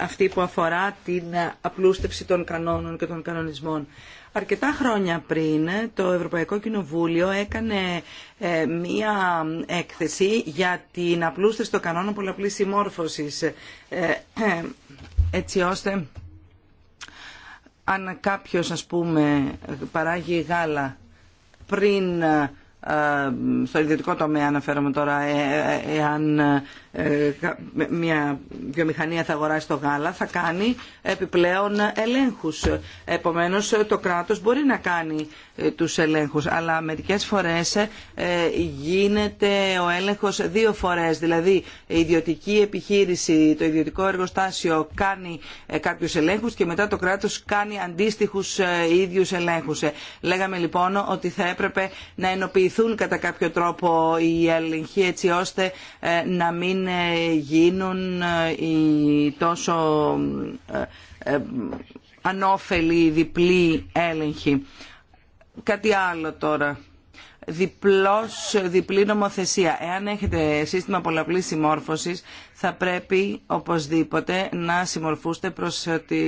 S1: αυτή που αφορά την απλούστευση των κανόνων και των κανονισμών. Αρκετά χρόνια πριν το Ευρωπαϊκό Κοινοβούλιο έκανε ε, μία έκθεση για την απλούστευση των κανόνων πολλαπλής συμμόρφωσης ε, ε, έτσι ώστε αν κάποιος ας πούμε παράγει γάλα πριν στο ιδιωτικό τομέα αναφέρομαι τώρα εάν ε, μια βιομηχανία θα αγοράσει το γάλα θα κάνει επιπλέον ελέγχους. Επομένως το κράτος μπορεί να κάνει ε, τους ελέγχους αλλά μερικές φορές ε, γίνεται ο έλεγχος δύο φορές. Δηλαδή η ιδιωτική επιχείρηση, το ιδιωτικό εργοστάσιο κάνει κάποιους ελέγχους και μετά το κράτος κάνει αντίστοιχους ίδιους ελέγχους. Λέγαμε λοιπόν ότι θα έπρεπε να ενοποιηθούν κατά κάποιο τρόπο οι έλεγχοι έτσι ώστε να μην ε, γίνουν ε, οι τόσο ε, ανώφελοι διπλή έλεγχοι. Κάτι άλλο τώρα. Διπλός, διπλή νομοθεσία. Εάν έχετε σύστημα πολλαπλής συμμόρφωσης, θα πρέπει οπωσδήποτε να συμμορφούστε προς, τη,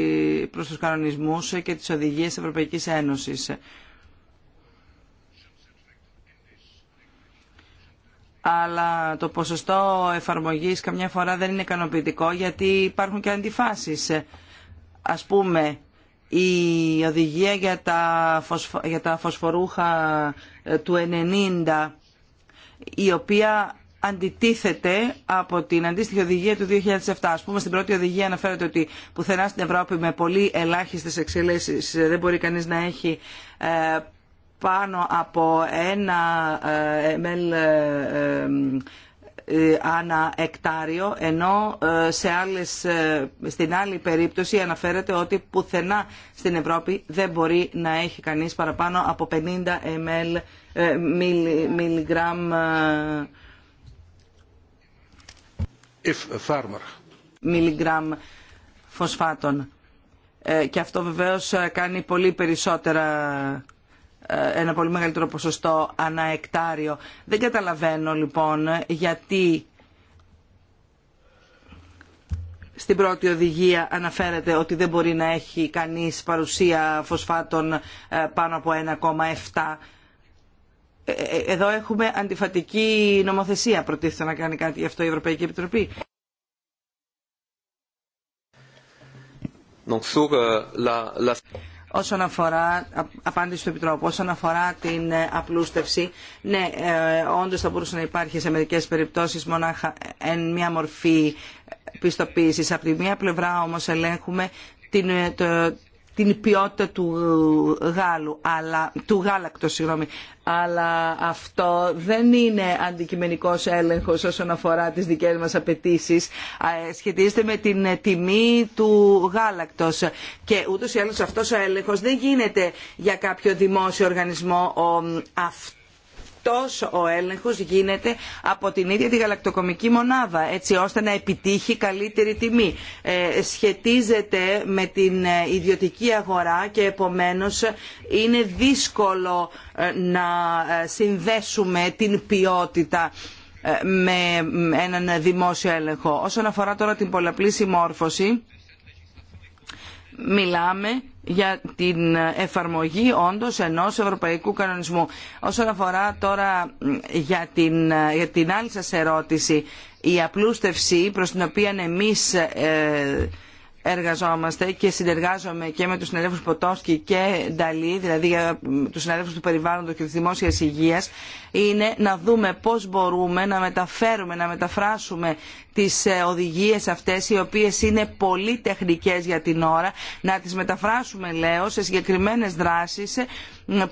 S1: προς τους κανονισμούς και τις οδηγίες Ευρωπαϊκής Ένωσης. αλλά το ποσοστό εφαρμογής καμιά φορά δεν είναι ικανοποιητικό γιατί υπάρχουν και αντιφάσεις. Ας πούμε, η οδηγία για τα, φωσφορούχα ε, του 90, η οποία αντιτίθεται από την αντίστοιχη οδηγία του 2007. Ας πούμε, στην πρώτη οδηγία αναφέρεται ότι πουθενά στην Ευρώπη με πολύ ελάχιστες εξελίξεις δεν μπορεί κανείς να έχει ε, πάνω από ένα ml ε, ε, ε, ανά εκτάριο ενώ σε άλλες, στην άλλη περίπτωση αναφέρεται ότι πουθενά στην Ευρώπη δεν μπορεί να έχει κανείς παραπάνω από 50 ml μιλιγκράμμ φωσφάτων. Και αυτό βεβαίως κάνει πολύ περισσότερα ε, ένα πολύ μεγαλύτερο ποσοστό ανά εκτάριο. Δεν καταλαβαίνω λοιπόν γιατί στην πρώτη οδηγία αναφέρεται ότι δεν μπορεί να έχει κανείς παρουσία φωσφάτων ε, πάνω από 1,7. Ε, εδώ έχουμε αντιφατική νομοθεσία. Προτίθεται να κάνει κάτι γι' αυτό η Ευρωπαϊκή Επιτροπή. Euh, όσον αφορά, απάντηση του Επιτρόπου, όσον αφορά την ε, απλούστευση, ναι, ε, όντως θα μπορούσε να υπάρχει σε μερικές περιπτώσεις μονάχα εν μια μορφή πιστοποίησης. Από τη μία πλευρά όμως ελέγχουμε την, ε, το, την ποιότητα του ε, γάλου, αλλά, του γάλακτος, συγγνώμη. Αλλά αυτό δεν είναι αντικειμενικός έλεγχος όσον αφορά τις δικές μας απαιτήσει. Ε, σχετίζεται με την ε, τιμή του γάλακτος. Και ούτως ή άλλως αυτός ο έλεγχος δεν γίνεται για κάποιο δημόσιο οργανισμό. Αυτό αυτός ο έλεγχος γίνεται από την ίδια τη γαλακτοκομική μονάδα έτσι ώστε να επιτύχει καλύτερη τιμή. Ε, σχετίζεται με την ε, ιδιωτική αγορά και επομένως είναι δύσκολο ε, να συνδέσουμε την ποιότητα με έναν δημόσιο έλεγχο. Όσον αφορά τώρα την πολλαπλή συμμόρφωση μιλάμε για την εφαρμογή όντως ενός ευρωπαϊκού κανονισμού. Όσον αφορά τώρα για την, για την άλλη σας ερώτηση, η απλούστευση προς την οποία εμείς ε, εργαζόμαστε και συνεργάζομαι και με τους συναδέλφους Ποτόσκι και Νταλή, δηλαδή για τους συναδέλφους του περιβάλλοντος και της δημόσιας υγείας, είναι να δούμε πώς μπορούμε να μεταφέρουμε, να μεταφράσουμε τις ε, οδηγίες αυτές οι οποίες είναι πολύ τεχνικές για την ώρα να τις μεταφράσουμε λέω σε συγκεκριμένες δράσεις ε,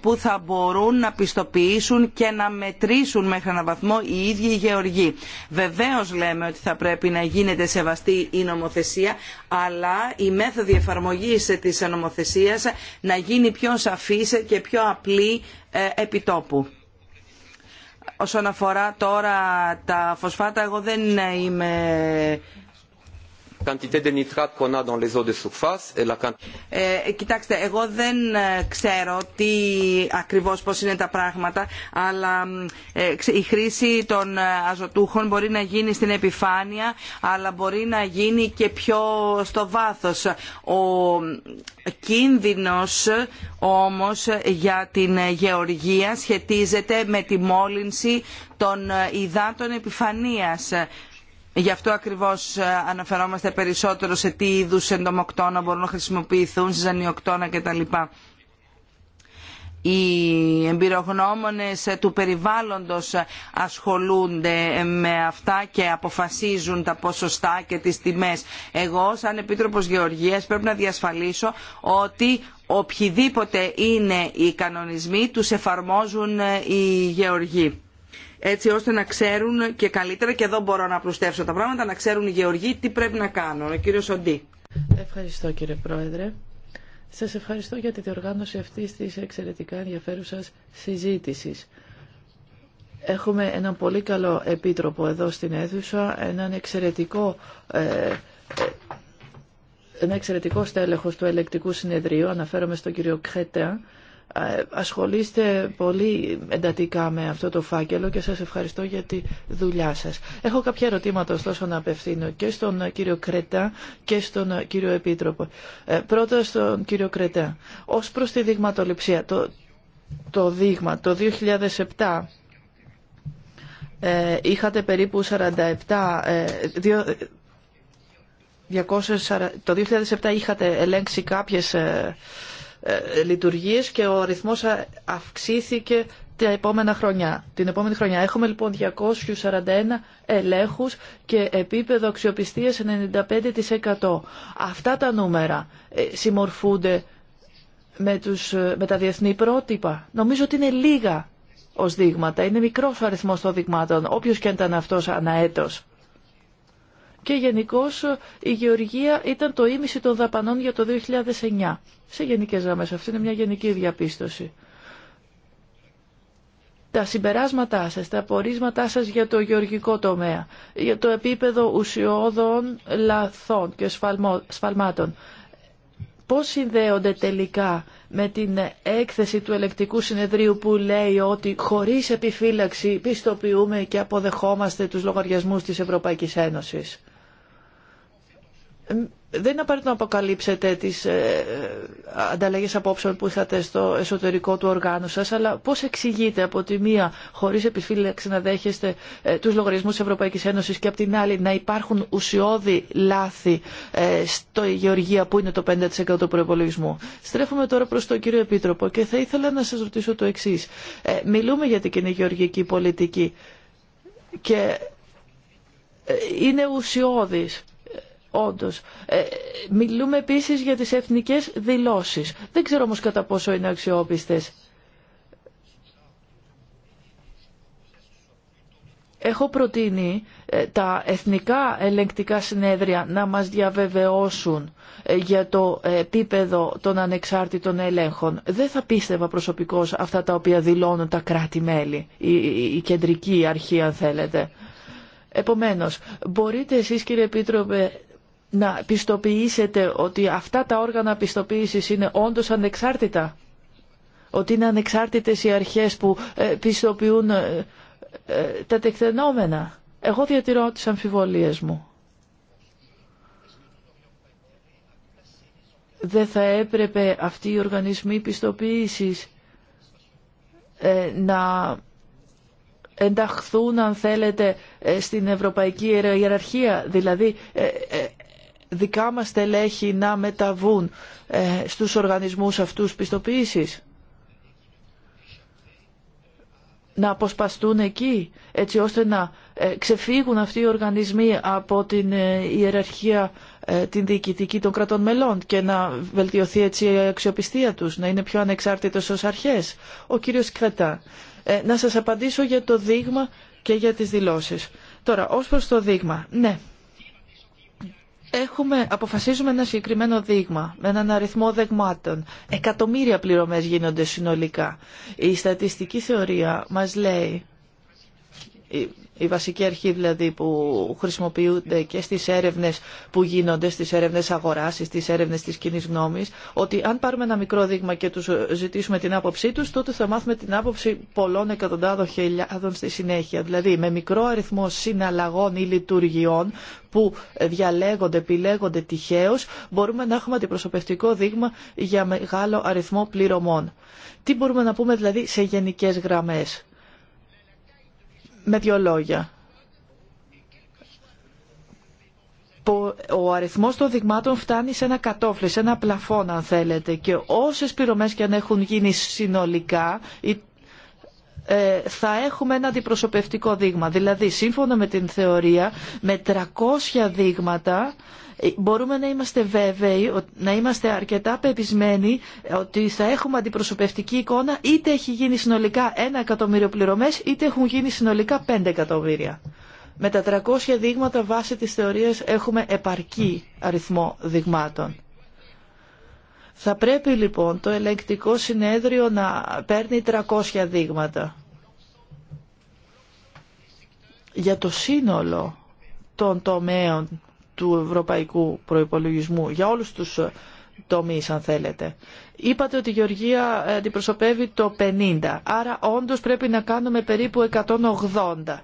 S1: που θα μπορούν να πιστοποιήσουν και να μετρήσουν μέχρι έναν βαθμό οι ίδιοι οι γεωργοί. Βεβαίως λέμε ότι θα πρέπει να γίνεται σεβαστή η νομοθεσία, αλλά η μέθοδη εφαρμογής της νομοθεσίας να γίνει πιο σαφής και πιο απλή ε, επιτόπου. Όσον αφορά τώρα τα φωσφάτα, εγώ δεν είμαι κοιτάξτε, εγώ δεν ε, ξέρω τι ακριβώς πώς είναι τα πράγματα, αλλά ε, η χρήση των ε, αζωτούχων μπορεί να γίνει στην επιφάνεια, αλλά μπορεί να γίνει και πιο στο βάθος. Ο κίνδυνος όμως για την γεωργία σχετίζεται με τη μόλυνση των υδάτων επιφανείας Γι' αυτό ακριβώς ε, αναφερόμαστε περισσότερο σε τι είδους εντομοκτώνα μπορούν να χρησιμοποιηθούν, ζανιοκτώνα κτλ. Οι εμπειρογνώμονες του περιβάλλοντος ασχολούνται με αυτά και αποφασίζουν τα ποσοστά και τις τιμές. Εγώ σαν Επίτροπος Γεωργίας πρέπει να διασφαλίσω ότι οποιοδήποτε είναι οι κανονισμοί τους εφαρμόζουν ε, οι γεωργοί έτσι ώστε να ξέρουν και καλύτερα και εδώ μπορώ να απλουστεύσω τα πράγματα, να ξέρουν οι γεωργοί τι πρέπει να κάνουν. Ο κύριος
S2: Ευχαριστώ κύριε Πρόεδρε. Σας ευχαριστώ για τη διοργάνωση αυτής της εξαιρετικά ενδιαφέρουσα συζήτησης. Έχουμε έναν πολύ καλό επίτροπο εδώ στην αίθουσα, έναν εξαιρετικό ε, ε ένα εξαιρετικό στέλεχος του ελεκτικού συνεδρίου, αναφέρομαι στον κύριο Κρέτεα, ε, ασχολείστε πολύ εντατικά με αυτό το φάκελο και σας ευχαριστώ για τη δουλειά σας. Έχω κάποια ερωτήματα ωστόσο να απευθύνω και στον κύριο Κρετά και στον κύριο Επίτροπο. Ε, πρώτα στον κύριο Κρετά. Ως προς τη δειγματοληψία, το, το δείγμα το 2007 ε, είχατε περίπου 47, ε, 240, το 2007 είχατε ελέγξει κάποιες ε, ε, λειτουργίες και ο αριθμός αυξήθηκε τα επόμενα χρονιά. Την επόμενη χρονιά έχουμε λοιπόν 241 ελέγχους και επίπεδο αξιοπιστίας 95%. Αυτά τα νούμερα ε, συμμορφούνται με, τους, ε, με τα διεθνή πρότυπα. Νομίζω ότι είναι λίγα ως δείγματα. Είναι μικρός ο αριθμός των δειγμάτων, όποιος και αν ήταν αυτός αναέτος και γενικώ η γεωργία ήταν το ίμιση των δαπανών για το 2009. Σε γενικές γραμμέ, αυτή είναι μια γενική διαπίστωση. Τα συμπεράσματά σας, τα απορίσματά σας για το γεωργικό τομέα, για το επίπεδο ουσιώδων λαθών και σφαλμάτων, πώς συνδέονται τελικά με την έκθεση του ελεκτικού συνεδρίου που λέει ότι χωρίς επιφύλαξη πιστοποιούμε και αποδεχόμαστε τους λογαριασμούς της Ευρωπαϊκής Ένωσης δεν είναι απαραίτητο να αποκαλύψετε τις ε, ε, ανταλλαγές απόψεων που είχατε στο εσωτερικό του οργάνου σας, αλλά πώς εξηγείτε από τη μία χωρίς επιφύλαξη να δέχεστε ε, τους τη της Ευρωπαϊκής Ένωσης και από την άλλη να υπάρχουν ουσιώδη λάθη ε, στο Γεωργία που είναι το 5% του προπολογισμού. Στρέφουμε τώρα προς τον κύριο Επίτροπο και θα ήθελα να σα ρωτήσω το εξή: ε, μιλούμε για την κοινή γεωργική πολιτική και ε, είναι ουσιώδης Όντως. Ε, μιλούμε επίσης για τις εθνικές δηλώσεις. Δεν ξέρω όμως κατά πόσο είναι αξιόπιστες. Έχω προτείνει ε, τα εθνικά ελεγκτικά συνέδρια να μας διαβεβαιώσουν ε, για το επίπεδο των ανεξάρτητων ελέγχων. Δεν θα πίστευα προσωπικώς αυτά τα οποία δηλώνουν τα κράτη-μέλη, η, κεντρική αρχή αν θέλετε. Επομένως, μπορείτε εσείς κύριε Επίτροπε να πιστοποιήσετε ότι αυτά τα όργανα πιστοποίησης είναι όντως ανεξάρτητα. Ότι είναι ανεξάρτητες οι αρχές που ε, πιστοποιούν ε, ε, τα τεκτενόμενα. Εγώ διατηρώ τις αμφιβολίες μου. Δεν θα έπρεπε αυτοί οι οργανισμοί πιστοποίησης να ενταχθούν, αν θέλετε, στην ευρωπαϊκή ιεραρχία. Δηλαδή, δικά μας τελέχη να μεταβούν ε, στους οργανισμούς αυτούς πιστοποίησης. Να αποσπαστούν εκεί έτσι ώστε να ε, ξεφύγουν αυτοί οι οργανισμοί από την ε, ιεραρχία την διοικητική των κρατών μελών και να βελτιωθεί έτσι η αξιοπιστία τους, να είναι πιο ανεξάρτητος ως αρχές. Ο κύριος Κρετά, να σας απαντήσω για το δείγμα και για τις δηλώσεις. Τώρα, ως προς το δείγμα, ναι, έχουμε, αποφασίζουμε ένα συγκεκριμένο δείγμα, με έναν αριθμό δεγμάτων. Εκατομμύρια πληρωμές γίνονται συνολικά. Η στατιστική θεωρία μας λέει η βασική αρχή δηλαδή που χρησιμοποιούνται και στις έρευνες που γίνονται, στις έρευνες αγοράς, στις έρευνες της κοινή γνώμης, ότι αν πάρουμε ένα μικρό δείγμα και τους ζητήσουμε την άποψή τους, τότε θα μάθουμε την άποψη πολλών εκατοντάδων χιλιάδων στη συνέχεια. Δηλαδή με μικρό αριθμό συναλλαγών ή λειτουργιών που διαλέγονται, επιλέγονται τυχαίω, μπορούμε να έχουμε αντιπροσωπευτικό δείγμα για μεγάλο αριθμό πληρωμών. Τι μπορούμε να πούμε δηλαδή σε γενικές γραμμές με δύο λόγια. Ο αριθμός των δειγμάτων φτάνει σε ένα κατόφλι, σε ένα πλαφόν αν θέλετε και όσες πληρωμές και αν έχουν γίνει συνολικά ε, θα έχουμε ένα αντιπροσωπευτικό δείγμα. Δηλαδή, σύμφωνα με την θεωρία, με 300 δείγματα ε, μπορούμε να είμαστε βέβαιοι, να είμαστε αρκετά πεπισμένοι ε, ότι θα έχουμε αντιπροσωπευτική εικόνα είτε έχει γίνει συνολικά ένα εκατομμύριο πληρωμές είτε έχουν γίνει συνολικά πέντε εκατομμύρια. Με τα 300 δείγματα βάσει της θεωρίας έχουμε επαρκή αριθμό δειγμάτων. Θα πρέπει λοιπόν το ελεγκτικό συνέδριο να παίρνει 300 δείγματα. Για το σύνολο των τομέων του ευρωπαϊκού προϋπολογισμού για όλους τους ε, τομείς αν θέλετε. Είπατε ότι η Γεωργία ε, αντιπροσωπεύει το 50, άρα όντως πρέπει να κάνουμε περίπου 180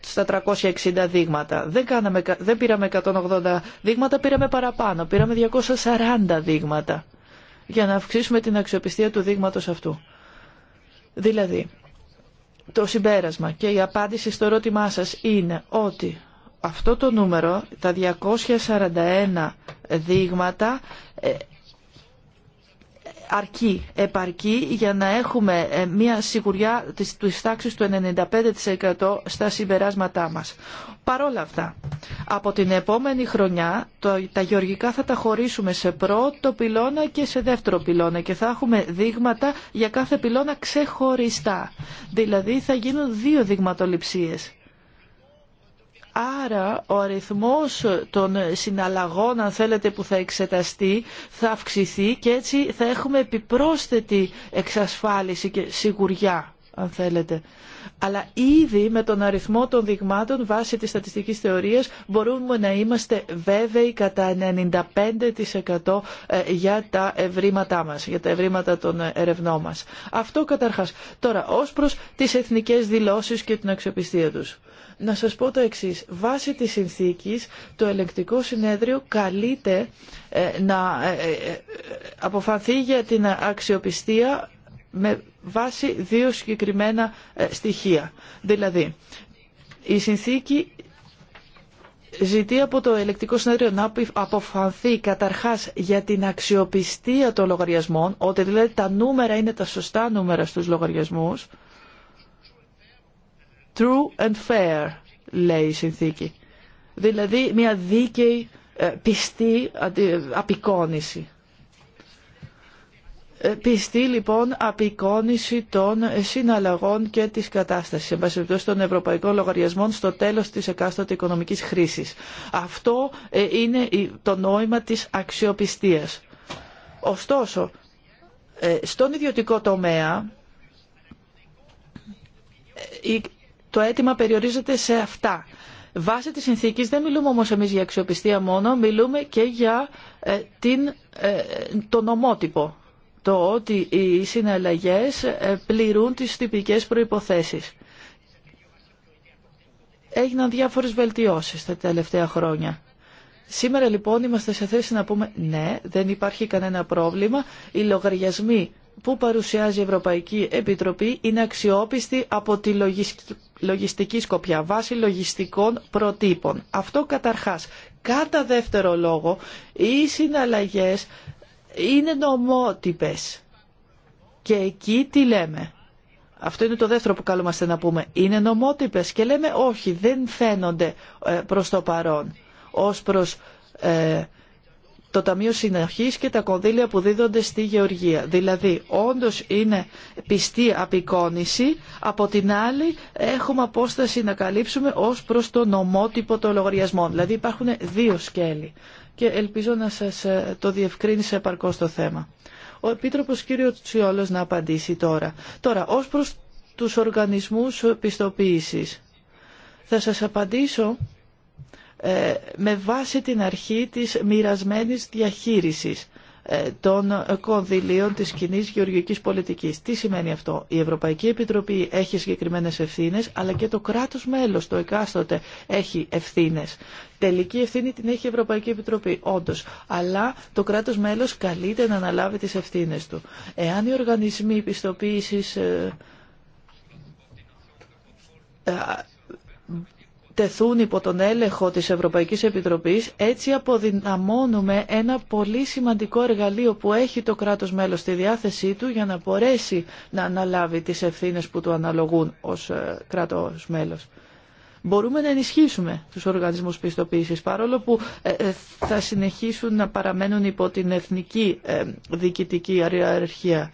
S2: στα 360 δείγματα. Δεν, δεν πήραμε 180 δείγματα, πήραμε παραπάνω, πήραμε 240 δείγματα για να αυξήσουμε την αξιοπιστία του δείγματος αυτού. Δηλαδή, το συμπέρασμα και η απάντηση στο ερώτημά σας είναι ότι αυτό το νούμερο, τα 241 δείγματα, ε, αρκεί, επαρκεί για να έχουμε ε, μια σιγουριά της, της τάξης του 95% στα συμπεράσματά μας. Παρόλα αυτά, από την επόμενη χρονιά τα γεωργικά θα τα χωρίσουμε σε πρώτο πυλώνα και σε δεύτερο πυλώνα και θα έχουμε δείγματα για κάθε πυλώνα ξεχωριστά. Δηλαδή θα γίνουν δύο δειγματοληψίες Άρα ο αριθμός των συναλλαγών, αν θέλετε, που θα εξεταστεί θα αυξηθεί και έτσι θα έχουμε επιπρόσθετη εξασφάλιση και σιγουριά, αν θέλετε. Αλλά ήδη με τον αριθμό των δειγμάτων βάσει της στατιστικής θεωρίας μπορούμε να είμαστε βέβαιοι κατά 95% ε, για τα ευρήματά μας, για τα ευρήματα των ερευνών μας. Αυτό καταρχάς. Τώρα, ως προς τις εθνικές δηλώσεις και την αξιοπιστία τους να σας πω το εξής. Βάσει της συνθήκης, το ελεκτικό συνέδριο καλείται ε, να ε, ε, αποφανθεί για την αξιοπιστία με βάση δύο συγκεκριμένα στοιχεία. Δηλαδή, η συνθήκη ζητεί από το ελεκτικό συνέδριο να αποφανθεί καταρχάς για την αξιοπιστία των λογαριασμών, ότι δηλαδή τα νούμερα είναι τα σωστά νούμερα στους λογαριασμούς, True and fair, λέει η συνθήκη. Δηλαδή μια δίκαιη, ε, πιστή απεικόνηση. Ε, πιστή λοιπόν απεικόνηση των συναλλαγών και της κατάστασης, εμπασχευτώς των ευρωπαϊκών λογαριασμών στο τέλος της εκάστοτε οικονομικής χρήσης. Αυτό ε, είναι το νόημα της αξιοπιστίας. Ωστόσο, στον ιδιωτικό τομέα η το αίτημα περιορίζεται σε αυτά. Βάσει της συνθήκης δεν μιλούμε όμως εμείς για αξιοπιστία μόνο, μιλούμε και για ε, την, ε, το νομότυπο. Το ότι οι συναλλαγές ε, πληρούν τις τυπικές προϋποθέσεις. Έγιναν διάφορες βελτιώσεις τα τελευταία χρόνια. Σήμερα λοιπόν είμαστε σε θέση να πούμε ναι, δεν υπάρχει κανένα πρόβλημα, οι λογαριασμοί που παρουσιάζει η Ευρωπαϊκή Επιτροπή είναι αξιόπιστοι από τη λογιστική λογιστική σκοπιά, βάση λογιστικών προτύπων. Αυτό καταρχάς. Κατά δεύτερο λόγο, οι συναλλαγές είναι νομότυπες. Και εκεί τι λέμε. Αυτό είναι το δεύτερο που καλούμαστε να πούμε. Είναι νομότυπες και λέμε όχι, δεν φαίνονται ε, προς το παρόν ως προς ε, το Ταμείο συνεχή και τα κονδύλια που δίδονται στη Γεωργία. Δηλαδή, όντω είναι πιστή απεικόνηση, από την άλλη έχουμε απόσταση να καλύψουμε ω προ το νομότυπο των λογαριασμών. Δηλαδή υπάρχουν δύο σκέλη και ελπίζω να σα ε, το διευκρίνησε επαρκώ το θέμα. Ο επίτροπο κύριο Τσιόλο να απαντήσει τώρα. Τώρα, ω προ του οργανισμού πιστοποίηση. Θα σας απαντήσω ε, με βάση την αρχή της μοιρασμένη διαχείρισης ε, των κονδυλίων της κοινή γεωργικής πολιτικής. Τι σημαίνει αυτό. Η Ευρωπαϊκή Επιτροπή έχει συγκεκριμένες ευθύνες, αλλά και το κράτος μέλος, το εκάστοτε, έχει ευθύνες. Τελική ευθύνη την έχει η Ευρωπαϊκή Επιτροπή, όντω. Αλλά το κράτος μέλος καλείται να αναλάβει τις ευθύνε του. Εάν οι οργανισμοί πιστοποίησης ε, τεθούν υπό τον έλεγχο της Ευρωπαϊκής Επιτροπής, έτσι αποδυναμώνουμε ένα πολύ σημαντικό εργαλείο που έχει το κράτος μέλος στη διάθεσή του για να μπορέσει να αναλάβει τις ευθύνες που του αναλογούν ως ε, κράτος μέλος. Μπορούμε να ενισχύσουμε τους οργανισμούς πιστοποίησης, παρόλο που ε, ε, θα συνεχίσουν να παραμένουν υπό την εθνική διοικητική αριαρχία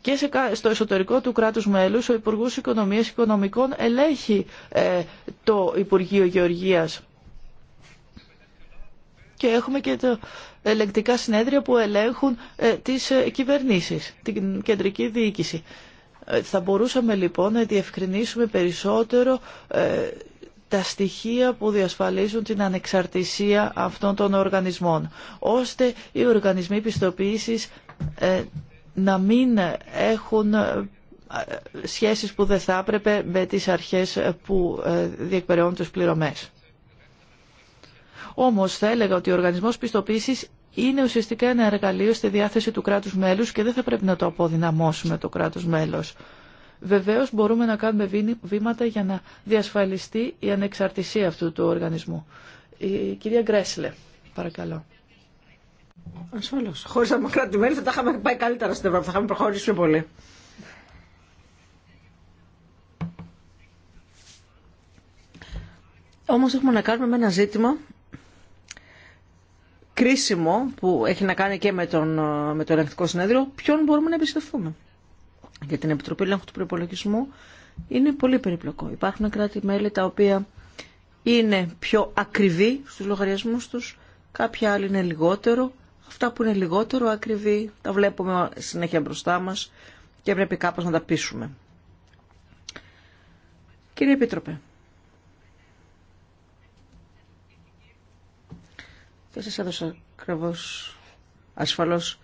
S2: και στο εσωτερικό του κράτους μέλους ο Υπουργός Οικονομίας Οικονομικών ελέγχει ε, το Υπουργείο Γεωργίας. Και έχουμε και το ελεγκτικά συνέδρια που ελέγχουν ε, τις ε, κυβερνήσεις, την κεντρική διοίκηση. Θα μπορούσαμε λοιπόν να διευκρινίσουμε περισσότερο τα στοιχεία που διασφαλίζουν την ανεξαρτησία αυτών των οργανισμών, ώστε οι οργανισμοί πιστοποίησης να μην έχουν ε, σχέσεις που δεν θα έπρεπε με τις αρχές που ε, διεκπαιρεώνουν τους πληρωμές. Όμως θα έλεγα ότι ο οργανισμός πιστοποίησης είναι ουσιαστικά ένα εργαλείο στη διάθεση του κράτους μέλους και δεν θα πρέπει να το αποδυναμώσουμε το κράτος μέλος. Βεβαίως μπορούμε να κάνουμε βήματα για να διασφαλιστεί η ανεξαρτησία αυτού του οργανισμού. Η κυρία Γκρέσλε, παρακαλώ. Ασφαλώ.
S3: Χωρί τα μελη θα τα είχαμε πάει καλύτερα στην Ευρώπη, θα είχαμε προχωρήσει πολύ. Όμως έχουμε να κάνουμε με ένα ζήτημα κρίσιμο που έχει να κάνει και με, τον, ε, με το ελεγχτικό συνέδριο, ποιον μπορούμε να εμπιστευτούμε. Για την Επιτροπή Ελέγχου του Προπολογισμού είναι πολύ περιπλοκό. Υπάρχουν κράτη-μέλη τα οποία είναι πιο ακριβή στους λογαριασμούς τους, κάποια άλλη είναι λιγότερο Αυτά που είναι λιγότερο ακριβή τα βλέπουμε συνέχεια μπροστά μας και πρέπει κάπως να τα πείσουμε. Κύριε Επίτροπε, θα σας έδωσα ακριβώς ασφαλώς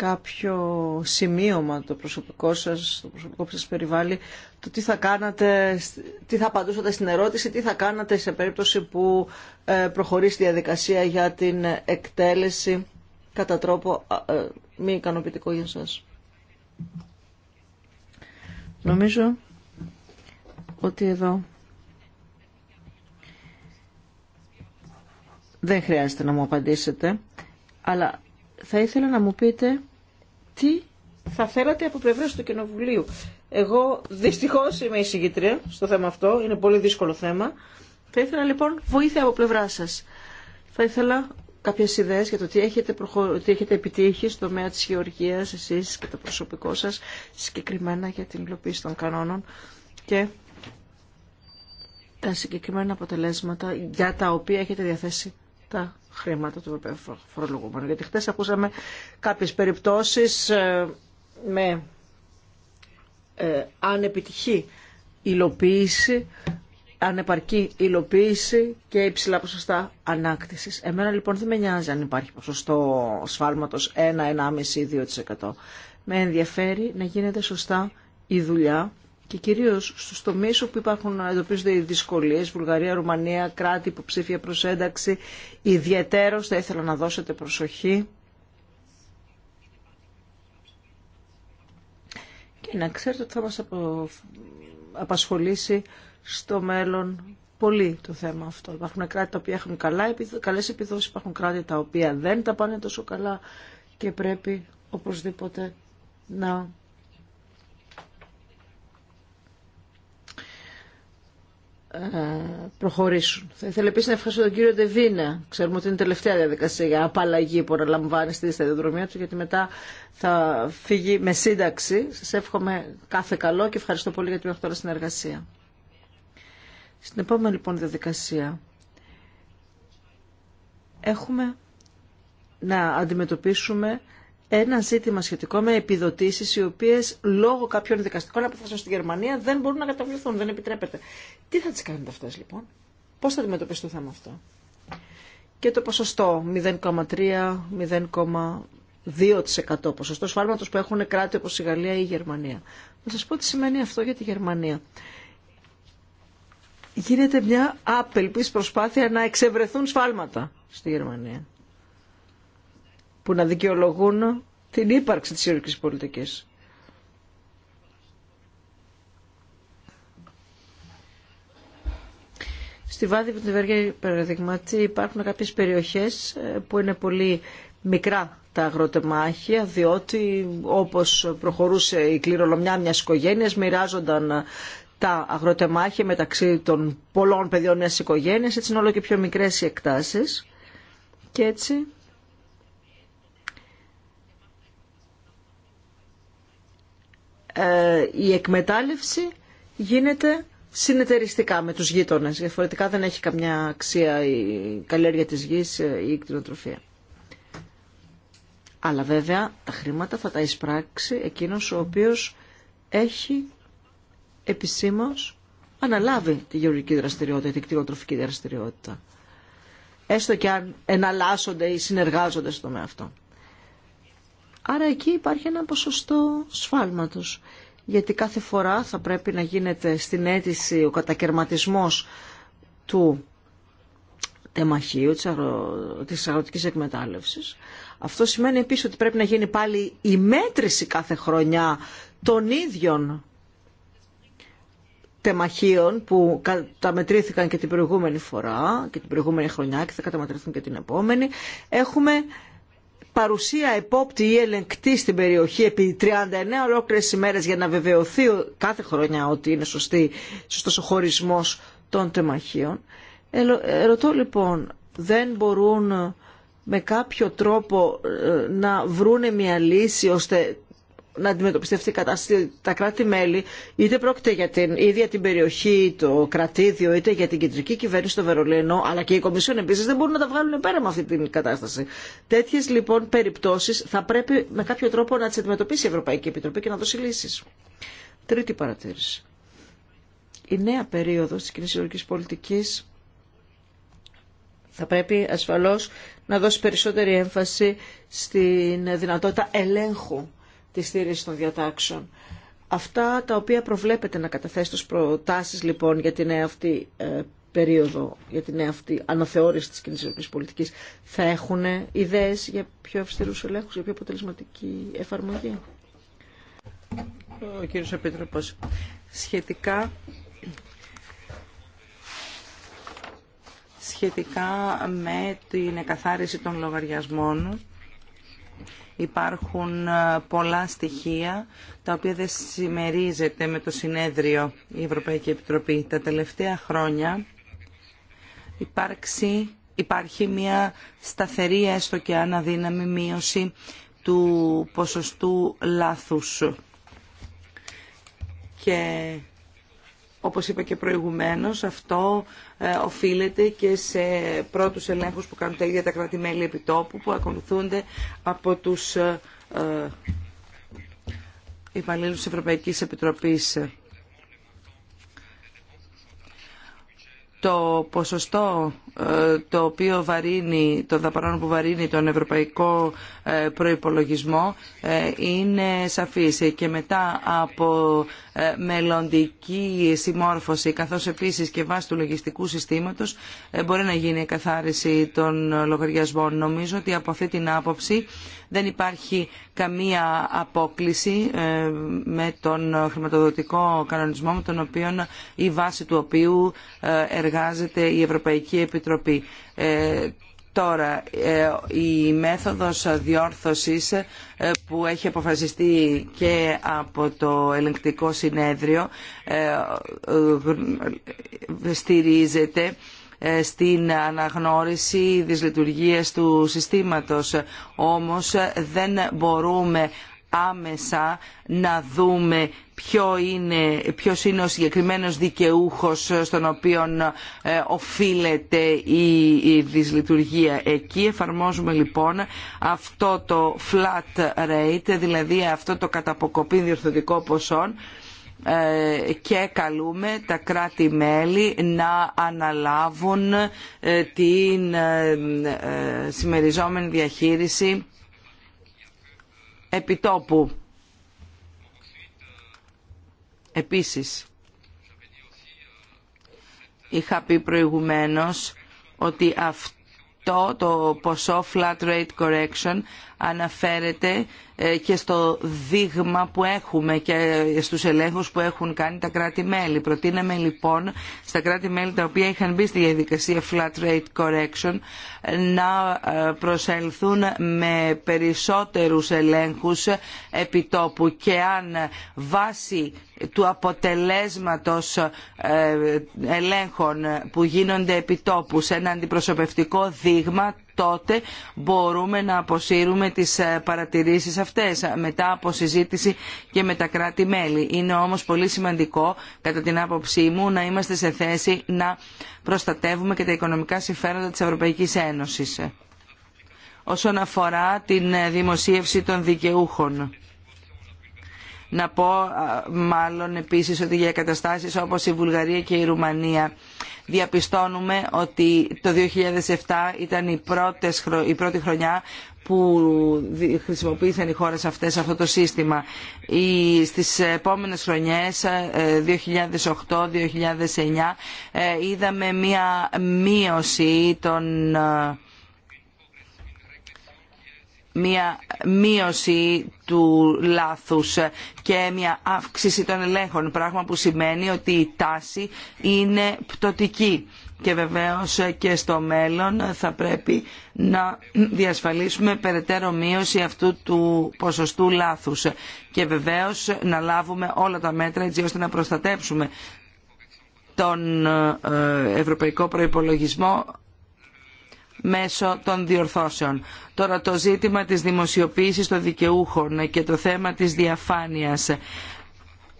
S3: κάποιο σημείωμα το προσωπικό σας, το προσωπικό που σας περιβάλλει, το τι θα κάνατε, τι θα απαντούσατε στην ερώτηση, τι θα κάνατε σε περίπτωση που ε, προχωρήσει η διαδικασία για την εκτέλεση κατά τρόπο ε, μη ικανοποιητικό για σας. Νομίζω ότι εδώ δεν χρειάζεται να μου απαντήσετε, αλλά θα ήθελα να μου πείτε τι θα θέλατε από πλευρά του Κοινοβουλίου. Εγώ δυστυχώ είμαι εισηγήτρια στο θέμα αυτό, είναι πολύ δύσκολο θέμα. Θα ήθελα λοιπόν βοήθεια από πλευρά σα. Θα ήθελα κάποιε ιδέε για το τι έχετε, τι έχετε επιτύχει στο τομέα τη γεωργία εσεί και το προσωπικό σα, συγκεκριμένα για την υλοποίηση των κανόνων και τα συγκεκριμένα αποτελέσματα για τα οποία έχετε διαθέσει τα χρήματα του Ευρωπαίου Φορολογούμενου. Γιατί χθε ακούσαμε κάποιες περιπτώσεις ε, με ε, ανεπιτυχή υλοποίηση, ανεπαρκή υλοποίηση και υψηλά ποσοστά ανάκτηση. Εμένα λοιπόν δεν με νοιάζει αν υπάρχει ποσοστό σφάλματος 1, 1,5 ή 2%. Με ενδιαφέρει να γίνεται σωστά η δουλειά και κυρίως στου τομείς όπου υπάρχουν εντοπίζονται οι δυσκολίες, Βουλγαρία, Ρουμανία, κράτη υποψήφια προς ένταξη, ιδιαίτερω θα ήθελα να δώσετε προσοχή. Και να ξέρετε ότι θα μας απασχολήσει στο μέλλον πολύ το θέμα αυτό. Υπάρχουν κράτη τα οποία έχουν καλά, καλές επιδόσεις, υπάρχουν κράτη τα οποία δεν τα πάνε τόσο καλά και πρέπει οπωσδήποτε να προχωρήσουν. Θα ήθελα επίση να ευχαριστήσω τον κύριο Ντεβίνα. Ξέρουμε ότι είναι τελευταία διαδικασία για απαλλαγή που αναλαμβάνει στη σταδιοδρομία του, γιατί μετά θα φύγει με σύνταξη. Σα εύχομαι κάθε καλό και ευχαριστώ πολύ για την μέχρι τώρα συνεργασία. Στην επόμενη λοιπόν διαδικασία έχουμε να αντιμετωπίσουμε ένα ζήτημα σχετικό με επιδοτήσει, οι οποίε λόγω κάποιων δικαστικών αποφάσεων στη Γερμανία δεν μπορούν να καταβληθούν, δεν επιτρέπεται. Τι θα τι κάνετε αυτέ, λοιπόν, Πώ θα αντιμετωπίσει το θέμα αυτό. Και το ποσοστό 0,3, 0,2% ποσοστό σφάλματος που έχουν κράτη όπω η Γαλλία ή η Γερμανία. Να σα πω τι σημαίνει αυτό για τη Γερμανία. Γίνεται μια άπελπης προσπάθεια να εξευρεθούν σφάλματα στη Γερμανία που να δικαιολογούν την ύπαρξη της ιερικής πολιτικής. Στη Βάδη Βουτεβέργη, παραδειγματί, υπάρχουν κάποιες περιοχές ε, που είναι πολύ μικρά τα αγροτεμάχια, διότι όπως προχωρούσε η κληρολομιά μιας οικογένειας, μοιράζονταν ε, τα αγροτεμάχια μεταξύ των πολλών παιδιών μιας οικογένειας, έτσι είναι όλο και πιο μικρές οι εκτάσεις. Και έτσι Ε, η εκμετάλλευση γίνεται συνεταιριστικά με τους γείτονες. Διαφορετικά δεν έχει καμιά αξία η καλλιέργεια της γης ή ε, η κτηνοτροφία. Αλλά βέβαια τα χρήματα θα τα εισπράξει εκείνος ο οποίος έχει επισήμως αναλάβει τη γεωργική δραστηριότητα, την κτηνοτροφική δραστηριότητα. Έστω και αν εναλλάσσονται ή συνεργάζονται στο με αυτό. Άρα εκεί υπάρχει ένα ποσοστό σφάλματος. Γιατί κάθε φορά θα πρέπει να γίνεται στην αίτηση ο κατακαιρματισμός του τεμαχίου, της, αγρο... αγροτικής εκμετάλλευσης. Αυτό σημαίνει επίσης ότι πρέπει να γίνει πάλι η μέτρηση κάθε χρονιά των ίδιων τεμαχίων που καταμετρήθηκαν και την προηγούμενη φορά και την προηγούμενη χρονιά και θα καταμετρηθούν και την επόμενη. Έχουμε παρουσία επόπτη ή ελεγκτή στην περιοχή επί 39 ολόκληρε ημέρε για να βεβαιωθεί κάθε χρονιά ότι είναι σωστή, σωστός ο χωρισμό των τεμαχίων. Ρωτώ λοιπόν, δεν μπορούν με κάποιο τρόπο ε, να βρούνε μια λύση ώστε να αντιμετωπιστεί αυτή η κατάσταση τα κράτη-μέλη, είτε πρόκειται για την ίδια την περιοχή, το κρατήδιο, είτε για την κεντρική κυβέρνηση στο Βερολίνο, αλλά και η Κομισιόν επίση δεν μπορούν να τα βγάλουν πέρα με αυτή την κατάσταση. Τέτοιε λοιπόν περιπτώσει θα πρέπει με κάποιο τρόπο να τι αντιμετωπίσει η Ευρωπαϊκή Επιτροπή και να δώσει λύσει. Τρίτη παρατήρηση. Η νέα περίοδο τη κοινή πολιτική θα πρέπει ασφαλώς να δώσει περισσότερη έμφαση στην δυνατότητα ελέγχου τη στήριξη των διατάξεων. Αυτά τα οποία προβλέπετε να καταθέσετε ως προτάσεις λοιπόν για την νέα αυτή ε, περίοδο, για την νέα αυτή αναθεώρηση της κοινωνικής πολιτικής, θα έχουν ιδέες για πιο αυστηρούς ελέγχους, για πιο αποτελεσματική εφαρμογή.
S1: Ο κύριος Επίτροπος, σχετικά σχετικά με την εκαθάριση των λογαριασμών Υπάρχουν ε, πολλά στοιχεία τα οποία δεν συμμερίζεται με το συνέδριο η Ευρωπαϊκή Επιτροπή. Τα τελευταία χρόνια υπάρχει μια σταθερή έστω και αναδύναμη μείωση του ποσοστού λάθους όπως είπα και προηγουμένως, αυτό ε, οφείλεται και σε πρώτους ελέγχους που κάνουν τα ίδια τα κρατη επιτόπου, που ακολουθούνται από τους ε, ε, υπαλλήλους της Ευρωπαϊκής Επιτροπής. το ποσοστό ε, το οποίο βαρύνει, το δαπανών που βαρύνει τον ευρωπαϊκό ε, προϋπολογισμό ε, είναι σαφής και μετά από μελλοντική συμμόρφωση καθώς επίσης και βάσει του λογιστικού συστήματος μπορεί να γίνει η καθάριση των λογαριασμών. Νομίζω ότι από αυτή την άποψη δεν υπάρχει καμία απόκληση με τον χρηματοδοτικό κανονισμό με τον οποίο η βάση του οποίου εργάζεται η Ευρωπαϊκή Επιτροπή. Ε, τώρα, ε, η μέθοδος διόρθωσης ε, που έχει αποφασιστεί και από το ελεγκτικό συνέδριο στηρίζεται στην αναγνώριση της λειτουργίας του συστήματος. Όμως δεν μπορούμε άμεσα να δούμε ποιο είναι, ποιος είναι ο συγκεκριμένος δικαιούχος στον οποίο ε, οφείλεται η, η δυσλειτουργία. Εκεί εφαρμόζουμε λοιπόν αυτό το flat rate, δηλαδή αυτό το καταποκοπή διορθωτικό ποσό ε, και καλούμε τα κράτη-μέλη να αναλάβουν ε, την συμμεριζόμενη διαχείριση επιτόπου. Επίσης, είχα πει προηγουμένως ότι αυτό το ποσό flat rate correction αναφέρεται ε, και στο δείγμα που έχουμε και στους ελέγχους που έχουν κάνει τα κράτη-μέλη. Προτείναμε λοιπόν στα κράτη-μέλη τα οποία είχαν μπει στη διαδικασία flat rate correction ε, να ε, προσελθούν με περισσότερους ελέγχους επιτόπου και αν βάσει του αποτελέσματος ελέγχων που γίνονται επιτόπου σε ένα αντιπροσωπευτικό δείγμα τότε μπορούμε να αποσύρουμε τις ε, παρατηρήσεις αυτές ε, μετά από συζήτηση και με τα κράτη-μέλη. Είναι όμως πολύ σημαντικό, κατά την άποψή μου, να είμαστε σε θέση να προστατεύουμε και τα οικονομικά συμφέροντα της Ευρωπαϊκής Ένωσης ε, όσον αφορά την δημοσίευση των δικαιούχων να πω μάλλον επίσης ότι για καταστάσεις όπως η Βουλγαρία και η Ρουμανία διαπιστώνουμε ότι το 2007 ήταν η, η πρώτη χρονιά που χρησιμοποίησαν οι χώρες αυτές αυτό το σύστημα. Στις επόμενες χρονιές, 2008-2009, ε, ε, είδαμε μία μείωση των ε, μια μείωση του λάθους και μια αύξηση των ελέγχων, πράγμα που σημαίνει ότι η τάση είναι πτωτική. Και βεβαίως και στο μέλλον θα πρέπει να διασφαλίσουμε περαιτέρω μείωση αυτού του ποσοστού λάθους και βεβαίως να λάβουμε όλα τα μέτρα έτσι ώστε να προστατέψουμε τον ε, ευρωπαϊκό προϋπολογισμό μέσω των διορθώσεων. Τώρα το ζήτημα της δημοσιοποίησης των δικαιούχων και το θέμα της διαφάνειας.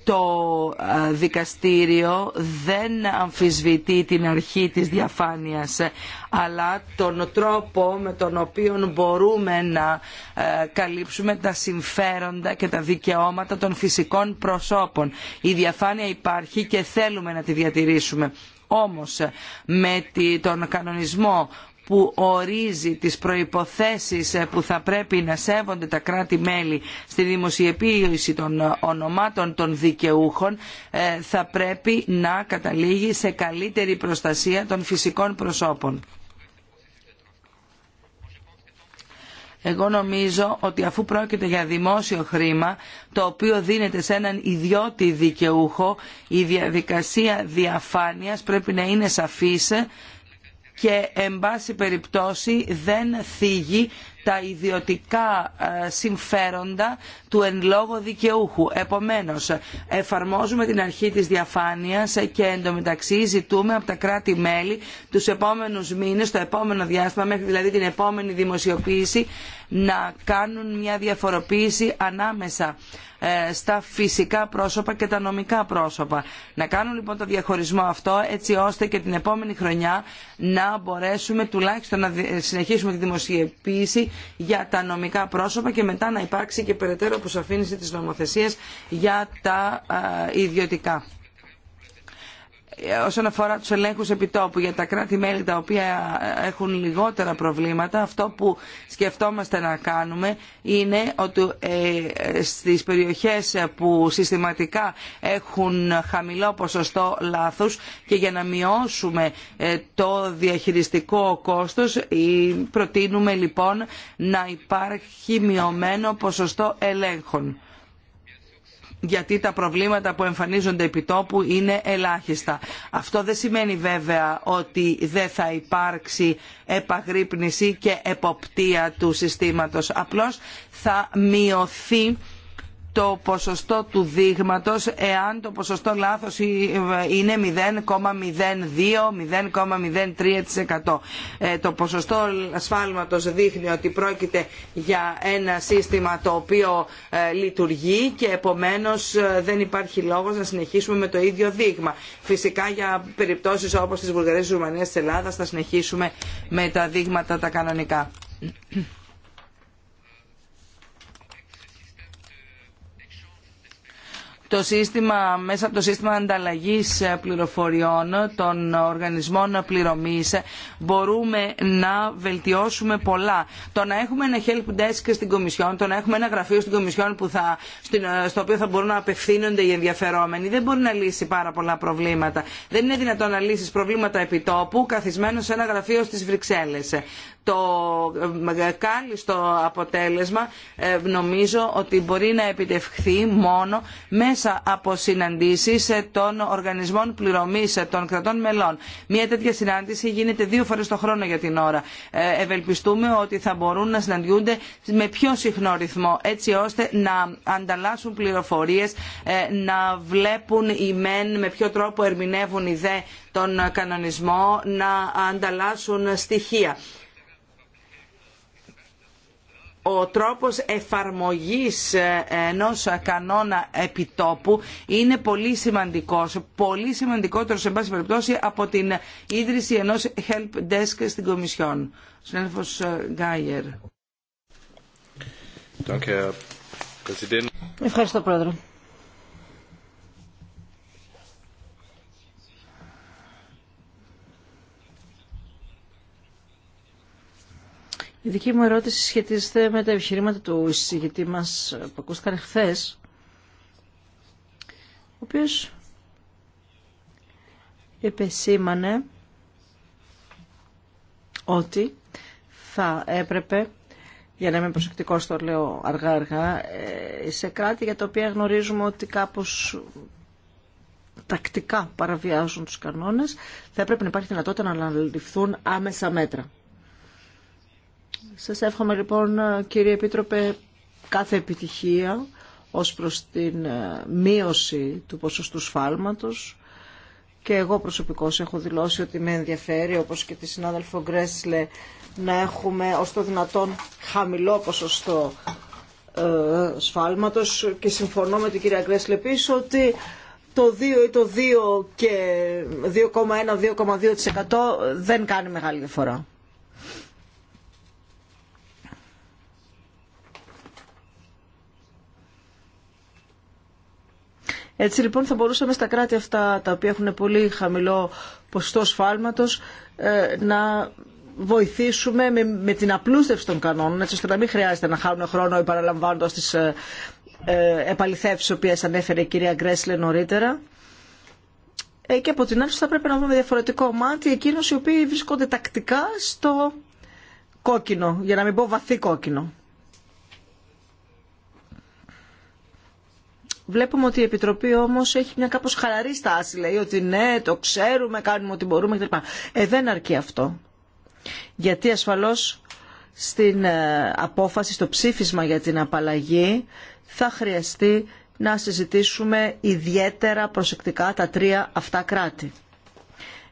S1: Το ε, δικαστήριο δεν αμφισβητεί την αρχή της διαφάνειας, αλλά τον τρόπο με τον οποίο μπορούμε να ε, καλύψουμε τα συμφέροντα και τα δικαιώματα των φυσικών προσώπων. Η διαφάνεια υπάρχει και θέλουμε να τη διατηρήσουμε όμως με τον κανονισμό που ορίζει τις προϋποθέσεις ε, που θα πρέπει να σέβονται τα κράτη-μέλη στη δημοσιοποίηση των ε, ονομάτων των δικαιούχων ε, θα πρέπει να καταλήγει σε καλύτερη προστασία των φυσικών προσώπων. Εγώ νομίζω ότι αφού πρόκειται για δημόσιο χρήμα, το οποίο δίνεται σε έναν ιδιώτη δικαιούχο, η διαδικασία διαφάνειας πρέπει να είναι σαφής και εν πάση περιπτώσει δεν θίγει τα ιδιωτικά ε, συμφέροντα του εν λόγω δικαιούχου. Επομένως, εφαρμόζουμε την αρχή της διαφάνειας και εντωμεταξύ ζητούμε από τα κράτη-μέλη του επόμενους μήνες, το επόμενο διάστημα, μέχρι δηλαδή την επόμενη δημοσιοποίηση, να κάνουν μια διαφοροποίηση ανάμεσα ε, στα φυσικά πρόσωπα και τα νομικά πρόσωπα. Να κάνουν λοιπόν το διαχωρισμό αυτό έτσι ώστε και την επόμενη χρονιά να μπορέσουμε τουλάχιστον να συνεχίσουμε τη δημοσιοποίηση για τα νομικά πρόσωπα και μετά να υπάρξει και περαιτέρω που αποσαφήνιση τις νομοθεσία για τα ιδιωτικά όσον αφορά τους ελέγχους επιτόπου για τα κράτη-μέλη τα οποία έχουν λιγότερα προβλήματα, αυτό που σκεφτόμαστε να κάνουμε είναι ότι ε, στις περιοχές που συστηματικά έχουν χαμηλό ποσοστό λάθους και για να μειώσουμε ε, το διαχειριστικό κόστος ε, προτείνουμε λοιπόν να υπάρχει μειωμένο ποσοστό ελέγχων γιατί τα προβλήματα που εμφανίζονται επί τόπου είναι ελάχιστα. Αυτό δεν σημαίνει βέβαια ότι δεν θα υπάρξει επαγρύπνηση και εποπτεία του συστήματος. Απλώς θα μειωθεί το ποσοστό του δείγματος εάν το ποσοστό λάθος είναι 0,02-0,03%. Ε, το ποσοστό ασφάλματος δείχνει ότι πρόκειται για ένα σύστημα το οποίο ε, λειτουργεί και επομένως ε, δεν υπάρχει λόγος να συνεχίσουμε με το ίδιο δείγμα. Φυσικά για περιπτώσεις όπως της Βουλγαρίας, της Ρουμανίας, της Ελλάδας θα συνεχίσουμε με τα δείγματα τα κανονικά. το σύστημα, μέσα από το σύστημα ανταλλαγής πληροφοριών των οργανισμών πληρωμής μπορούμε να βελτιώσουμε πολλά. Το να έχουμε ένα help desk στην Κομισιόν, το να έχουμε ένα γραφείο στην Κομισιόν που θα, στο οποίο θα μπορούν να απευθύνονται οι ενδιαφερόμενοι δεν μπορεί να λύσει πάρα πολλά προβλήματα. Δεν είναι δυνατόν να λύσεις προβλήματα επιτόπου καθισμένο σε ένα γραφείο στις Βρυξέλλες το κάλλιστο αποτέλεσμα ε, νομίζω ότι μπορεί να επιτευχθεί μόνο μέσα από συναντήσεις ε, των οργανισμών πληρωμής ε, των κρατών μελών. Μία τέτοια συνάντηση γίνεται δύο φορές το χρόνο για την ώρα. Ευελπιστούμε ότι θα μπορούν να συναντιούνται με πιο συχνό ρυθμό έτσι ώστε να ανταλλάσσουν πληροφορίες, να βλέπουν οι μεν με ποιο τρόπο ερμηνεύουν οι δε τον κανονισμό, να ανταλλάσσουν στοιχεία ο τρόπος εφαρμογής ε, ενός κανόνα επιτόπου είναι πολύ σημαντικός, πολύ σημαντικότερο σε πάση περιπτώσει από την ίδρυση ενός help desk στην Κομισιόν. Συνέλεφος ε, Γκάιερ. Ευχαριστώ Πρόεδρε.
S3: Η δική μου ερώτηση σχετίζεται με τα επιχειρήματα του εισηγητή μας που ακούστηκαν χθε, ο οποίος επεσήμανε ότι θα έπρεπε για να είμαι προσεκτικός το λέω αργά αργά, ε, σε κράτη για τα οποία γνωρίζουμε ότι κάπως τακτικά παραβιάζουν τους κανόνες, θα έπρεπε να υπάρχει δυνατότητα να αναλυφθούν άμεσα μέτρα. Σας εύχομαι λοιπόν κύριε Επίτροπε κάθε επιτυχία ως προς την ε, μείωση του ποσοστού σφάλματος και εγώ προσωπικώς έχω δηλώσει ότι με ενδιαφέρει όπως και τη συνάδελφο Γκρέσλε να έχουμε ως το δυνατόν χαμηλό ποσοστό ε, σφάλματος και συμφωνώ με την κυρία Γκρέσλε πίσω ότι το 2 ή το 2 και 2,1-2,2% δεν κάνει μεγάλη διαφορά. Έτσι λοιπόν θα μπορούσαμε στα κράτη αυτά τα οποία έχουν πολύ χαμηλό ποσοστό σφάλματος ε, να βοηθήσουμε με, με την απλούστευση των κανόνων έτσι ώστε να μην χρειάζεται να χάνουν χρόνο επαναλαμβάνοντας τις ε, ε επαληθεύσεις οποίες ανέφερε η κυρία Γκρέσλε νωρίτερα ε, και από την άλλη θα πρέπει να δούμε διαφορετικό μάτι εκείνους οι οποίοι βρίσκονται τακτικά στο κόκκινο, για να μην πω βαθύ κόκκινο. Βλέπουμε ότι η Επιτροπή όμω έχει μια κάπω χαλαρή στάση. Λέει ότι ναι, το ξέρουμε, κάνουμε ό,τι μπορούμε κτλ. Ε, δεν αρκεί αυτό. Γιατί ασφαλώ στην ε, απόφαση, στο ψήφισμα για την απαλλαγή θα χρειαστεί να συζητήσουμε ιδιαίτερα προσεκτικά τα τρία αυτά κράτη.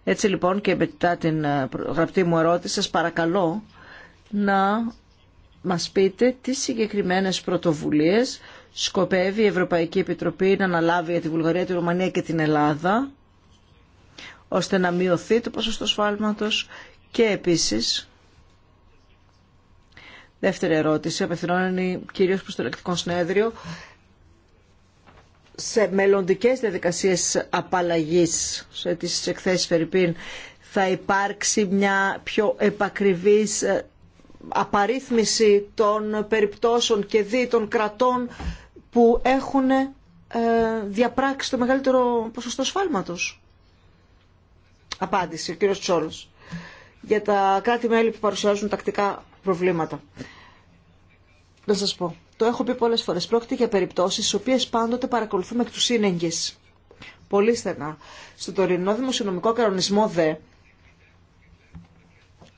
S3: Έτσι λοιπόν και μετά την ε, γραπτή μου ερώτηση σας παρακαλώ να μας πείτε τι συγκεκριμένες πρωτοβουλίες σκοπεύει η Ευρωπαϊκή Επιτροπή να αναλάβει για τη Βουλγαρία, τη Ρουμανία και την Ελλάδα ώστε να μειωθεί το ποσοστό σφάλματος και επίσης δεύτερη ερώτηση απευθυνώνει κυρίως προς το ελεκτικό συνέδριο σε μελλοντικές διαδικασίες απαλλαγής σε τις εκθέσεις Φερρυπίν θα υπάρξει μια πιο επακριβής ε, απαρίθμηση των περιπτώσεων και δι των κρατών που έχουν ε, διαπράξει το μεγαλύτερο ποσοστό σφάλματος. Απάντηση, ο κύριος Τσόλος. Για τα κράτη-μέλη που παρουσιάζουν τακτικά προβλήματα. Να σας πω. Το έχω πει πολλές φορές. Πρόκειται για περιπτώσεις στις οποίες πάντοτε παρακολουθούμε εκ του σύνεγγες. Πολύ στενά. Στο τωρινό δημοσιονομικό κανονισμό δε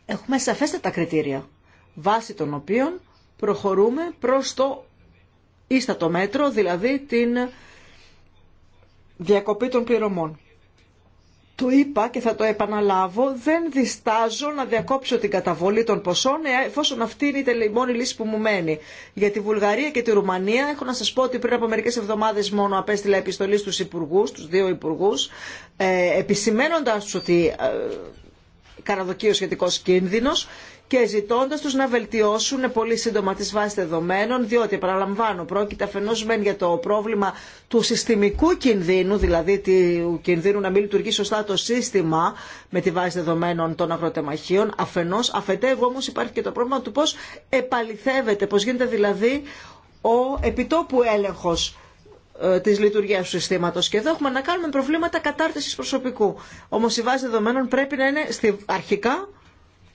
S3: έχουμε σαφέστατα κριτήρια βάσει των οποίων προχωρούμε προς το το μέτρο, δηλαδή την διακοπή των πληρωμών. Το είπα και θα το επαναλάβω, δεν διστάζω να διακόψω την καταβολή των ποσών ε, εφόσον αυτή είναι η μόνη λύση που μου μένει. Για τη Βουλγαρία και τη Ρουμανία έχω να σας πω ότι πριν από μερικές εβδομάδες μόνο απέστειλα επιστολή στους υπουργούς, τους δύο υπουργούς, ε, επισημένοντας ότι ε, καραδοκεί ο σχετικός κίνδυνος και ζητώντα του να βελτιώσουν πολύ σύντομα τι βάσει δεδομένων, διότι, παραλαμβάνω, πρόκειται αφενό μεν για το πρόβλημα του συστημικού κινδύνου, δηλαδή του κινδύνου να μην λειτουργεί σωστά το σύστημα με τη βάση δεδομένων των αγροτεμαχίων, Αφενό, αφετέρου όμω υπάρχει και το πρόβλημα του πώ επαληθεύεται, πώ γίνεται δηλαδή ο επιτόπου έλεγχος ε, της λειτουργίας του συστήματος και εδώ έχουμε να κάνουμε προβλήματα κατάρτισης προσωπικού. Όμως η βάση δεδομένων πρέπει να είναι στη, αρχικά,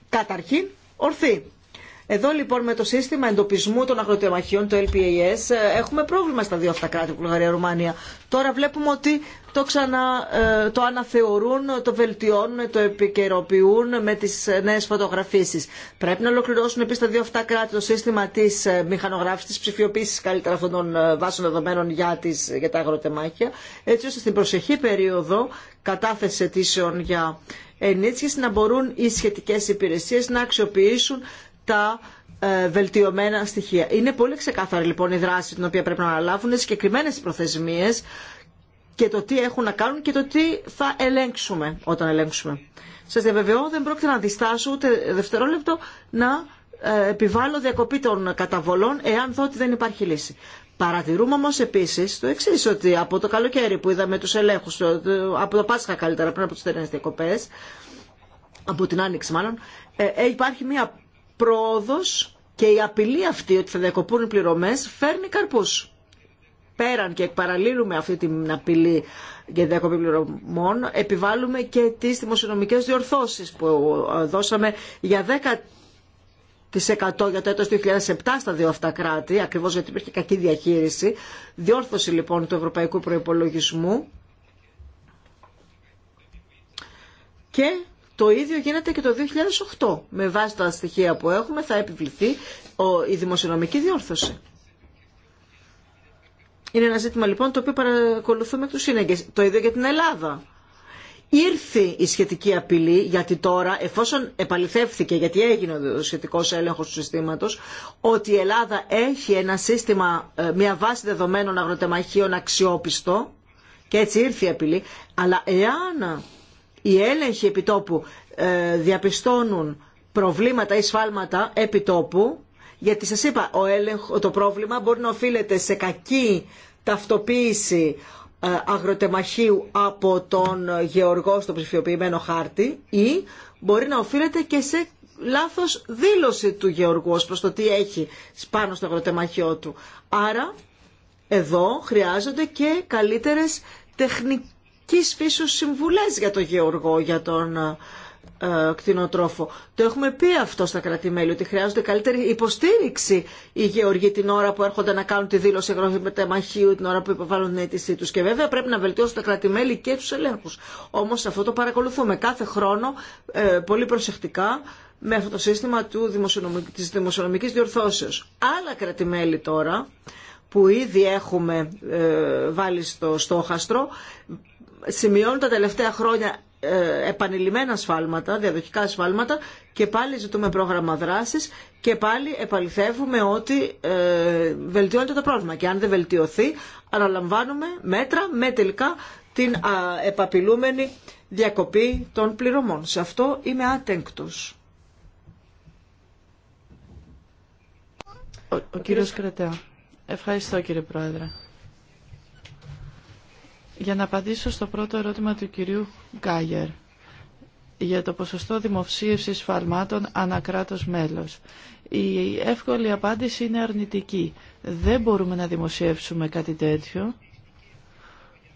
S3: καταρχήν, ορθή. Εδώ λοιπόν με το σύστημα εντοπισμού των αγροτεμαχιών, το LPAS, ε, έχουμε πρόβλημα στα δύο αυτά κράτη, Βουλγαρία, Ρουμάνια. Τώρα βλέπουμε ότι το, ξανα, ε, το αναθεωρούν, το βελτιώνουν, το επικαιροποιούν με τι νέε φωτογραφίσεις. Πρέπει να ολοκληρώσουν επίση τα δύο αυτά κράτη το σύστημα τη ε, μηχανογράφηση, τη ψηφιοποίηση καλύτερα αυτών των βάσεων δεδομένων για, τις, για τα αγροτεμάχια, έτσι ώστε στην προσεχή περίοδο κατάθεση αιτήσεων για ενίσχυση να μπορούν οι σχετικές υπηρεσίες να αξιοποιήσουν τα ε, βελτιωμένα στοιχεία. Είναι πολύ ξεκάθαρη λοιπόν η δράση την οποία πρέπει να αναλάβουν, οι συγκεκριμένε προθεσμίε και το τι έχουν να κάνουν και το τι θα ελέγξουμε όταν ελέγξουμε. Σας διαβεβαιώ, δεν πρόκειται να διστάσω ούτε δευτερόλεπτο να ε, επιβάλλω διακοπή των καταβολών εάν δω ότι δεν υπάρχει λύση. Παρατηρούμε όμω επίση το εξή, ότι από το καλοκαίρι που είδαμε του ελέγχου, από το Πάσχα καλύτερα πριν από τι τεράστιε διακοπέ, από την Άνοιξη μάλλον, ε, ε, υπάρχει μια πρόοδο και η απειλή αυτή ότι θα διακοπούν οι πληρωμέ φέρνει καρπού. Πέραν και εκπαραλύνουμε αυτή την απειλή για διακοπή πληρωμών, επιβάλλουμε και τι δημοσιονομικέ διορθώσει που ε, δώσαμε για 100 για το έτος 2007 στα δύο αυτά κράτη, ακριβώς γιατί υπήρχε κακή διαχείριση. Διόρθωση λοιπόν του ευρωπαϊκού προϋπολογισμού. Και το ίδιο γίνεται και το 2008. Με βάση τα στοιχεία που έχουμε θα επιβληθεί η δημοσιονομική διόρθωση. Είναι ένα ζήτημα λοιπόν το οποίο παρακολουθούμε του σύνεγγες. Το ίδιο για την Ελλάδα ήρθε η σχετική απειλή, γιατί τώρα, εφόσον επαληθεύθηκε, γιατί έγινε ο σχετικό έλεγχο του συστήματο, ότι η Ελλάδα έχει ένα σύστημα, ε, μια βάση δεδομένων αγροτεμαχίων αξιόπιστο, και έτσι ήρθε η απειλή, αλλά εάν οι έλεγχοι επιτόπου ε, διαπιστώνουν προβλήματα ή σφάλματα επιτόπου, γιατί σας είπα, ο το πρόβλημα μπορεί να οφείλεται σε κακή ταυτοποίηση ε, αγροτεμαχίου από τον γεωργό στο ψηφιοποιημένο χάρτη ή μπορεί να οφείλεται και σε λάθος δήλωση του γεωργού ως προς το τι έχει πάνω στο αγροτεμαχιό του. Άρα εδώ χρειάζονται και καλύτερες τεχνικές φύσεως συμβουλές για τον γεωργό, για τον ε, ε, κτηνοτρόφο. Το έχουμε πει αυτό στα κρατημέλη ότι χρειάζονται καλύτερη υποστήριξη οι γεωργοί την ώρα που έρχονται να κάνουν τη δήλωση με μαχείου την ώρα που υποβάλλουν την αίτησή του. Και βέβαια πρέπει να βελτιώσουν τα κρατημέλη και του ελέγχου. Όμω αυτό το παρακολουθούμε κάθε χρόνο ε, πολύ προσεκτικά με αυτό το σύστημα του δημοσιονομικ... της δημοσιονομικής διορθώσεως. Άλλα κρατημέλη τώρα που ήδη έχουμε ε, βάλει στο στόχαστρο σημειώνουν τα τελευταία χρόνια ε, επανειλημμένα σφάλματα, διαδοχικά σφάλματα και πάλι ζητούμε πρόγραμμα δράσης και πάλι επαληθεύουμε ότι ε, βελτιώνεται το πρόβλημα και αν δεν βελτιωθεί αναλαμβάνουμε μέτρα με τελικά την επαπειλούμενη διακοπή των πληρωμών. Σε αυτό είμαι
S2: άτεγκτος. Ο, ο κύριος Κρατέα. Ευχαριστώ κύριε Πρόεδρε. Για να απαντήσω στο πρώτο ερώτημα του κυρίου Γκάγερ για το ποσοστό δημοσίευσης φαρμάτων ανακράτος μέλος. Η εύκολη απάντηση είναι αρνητική. Δεν μπορούμε να δημοσιεύσουμε κάτι τέτοιο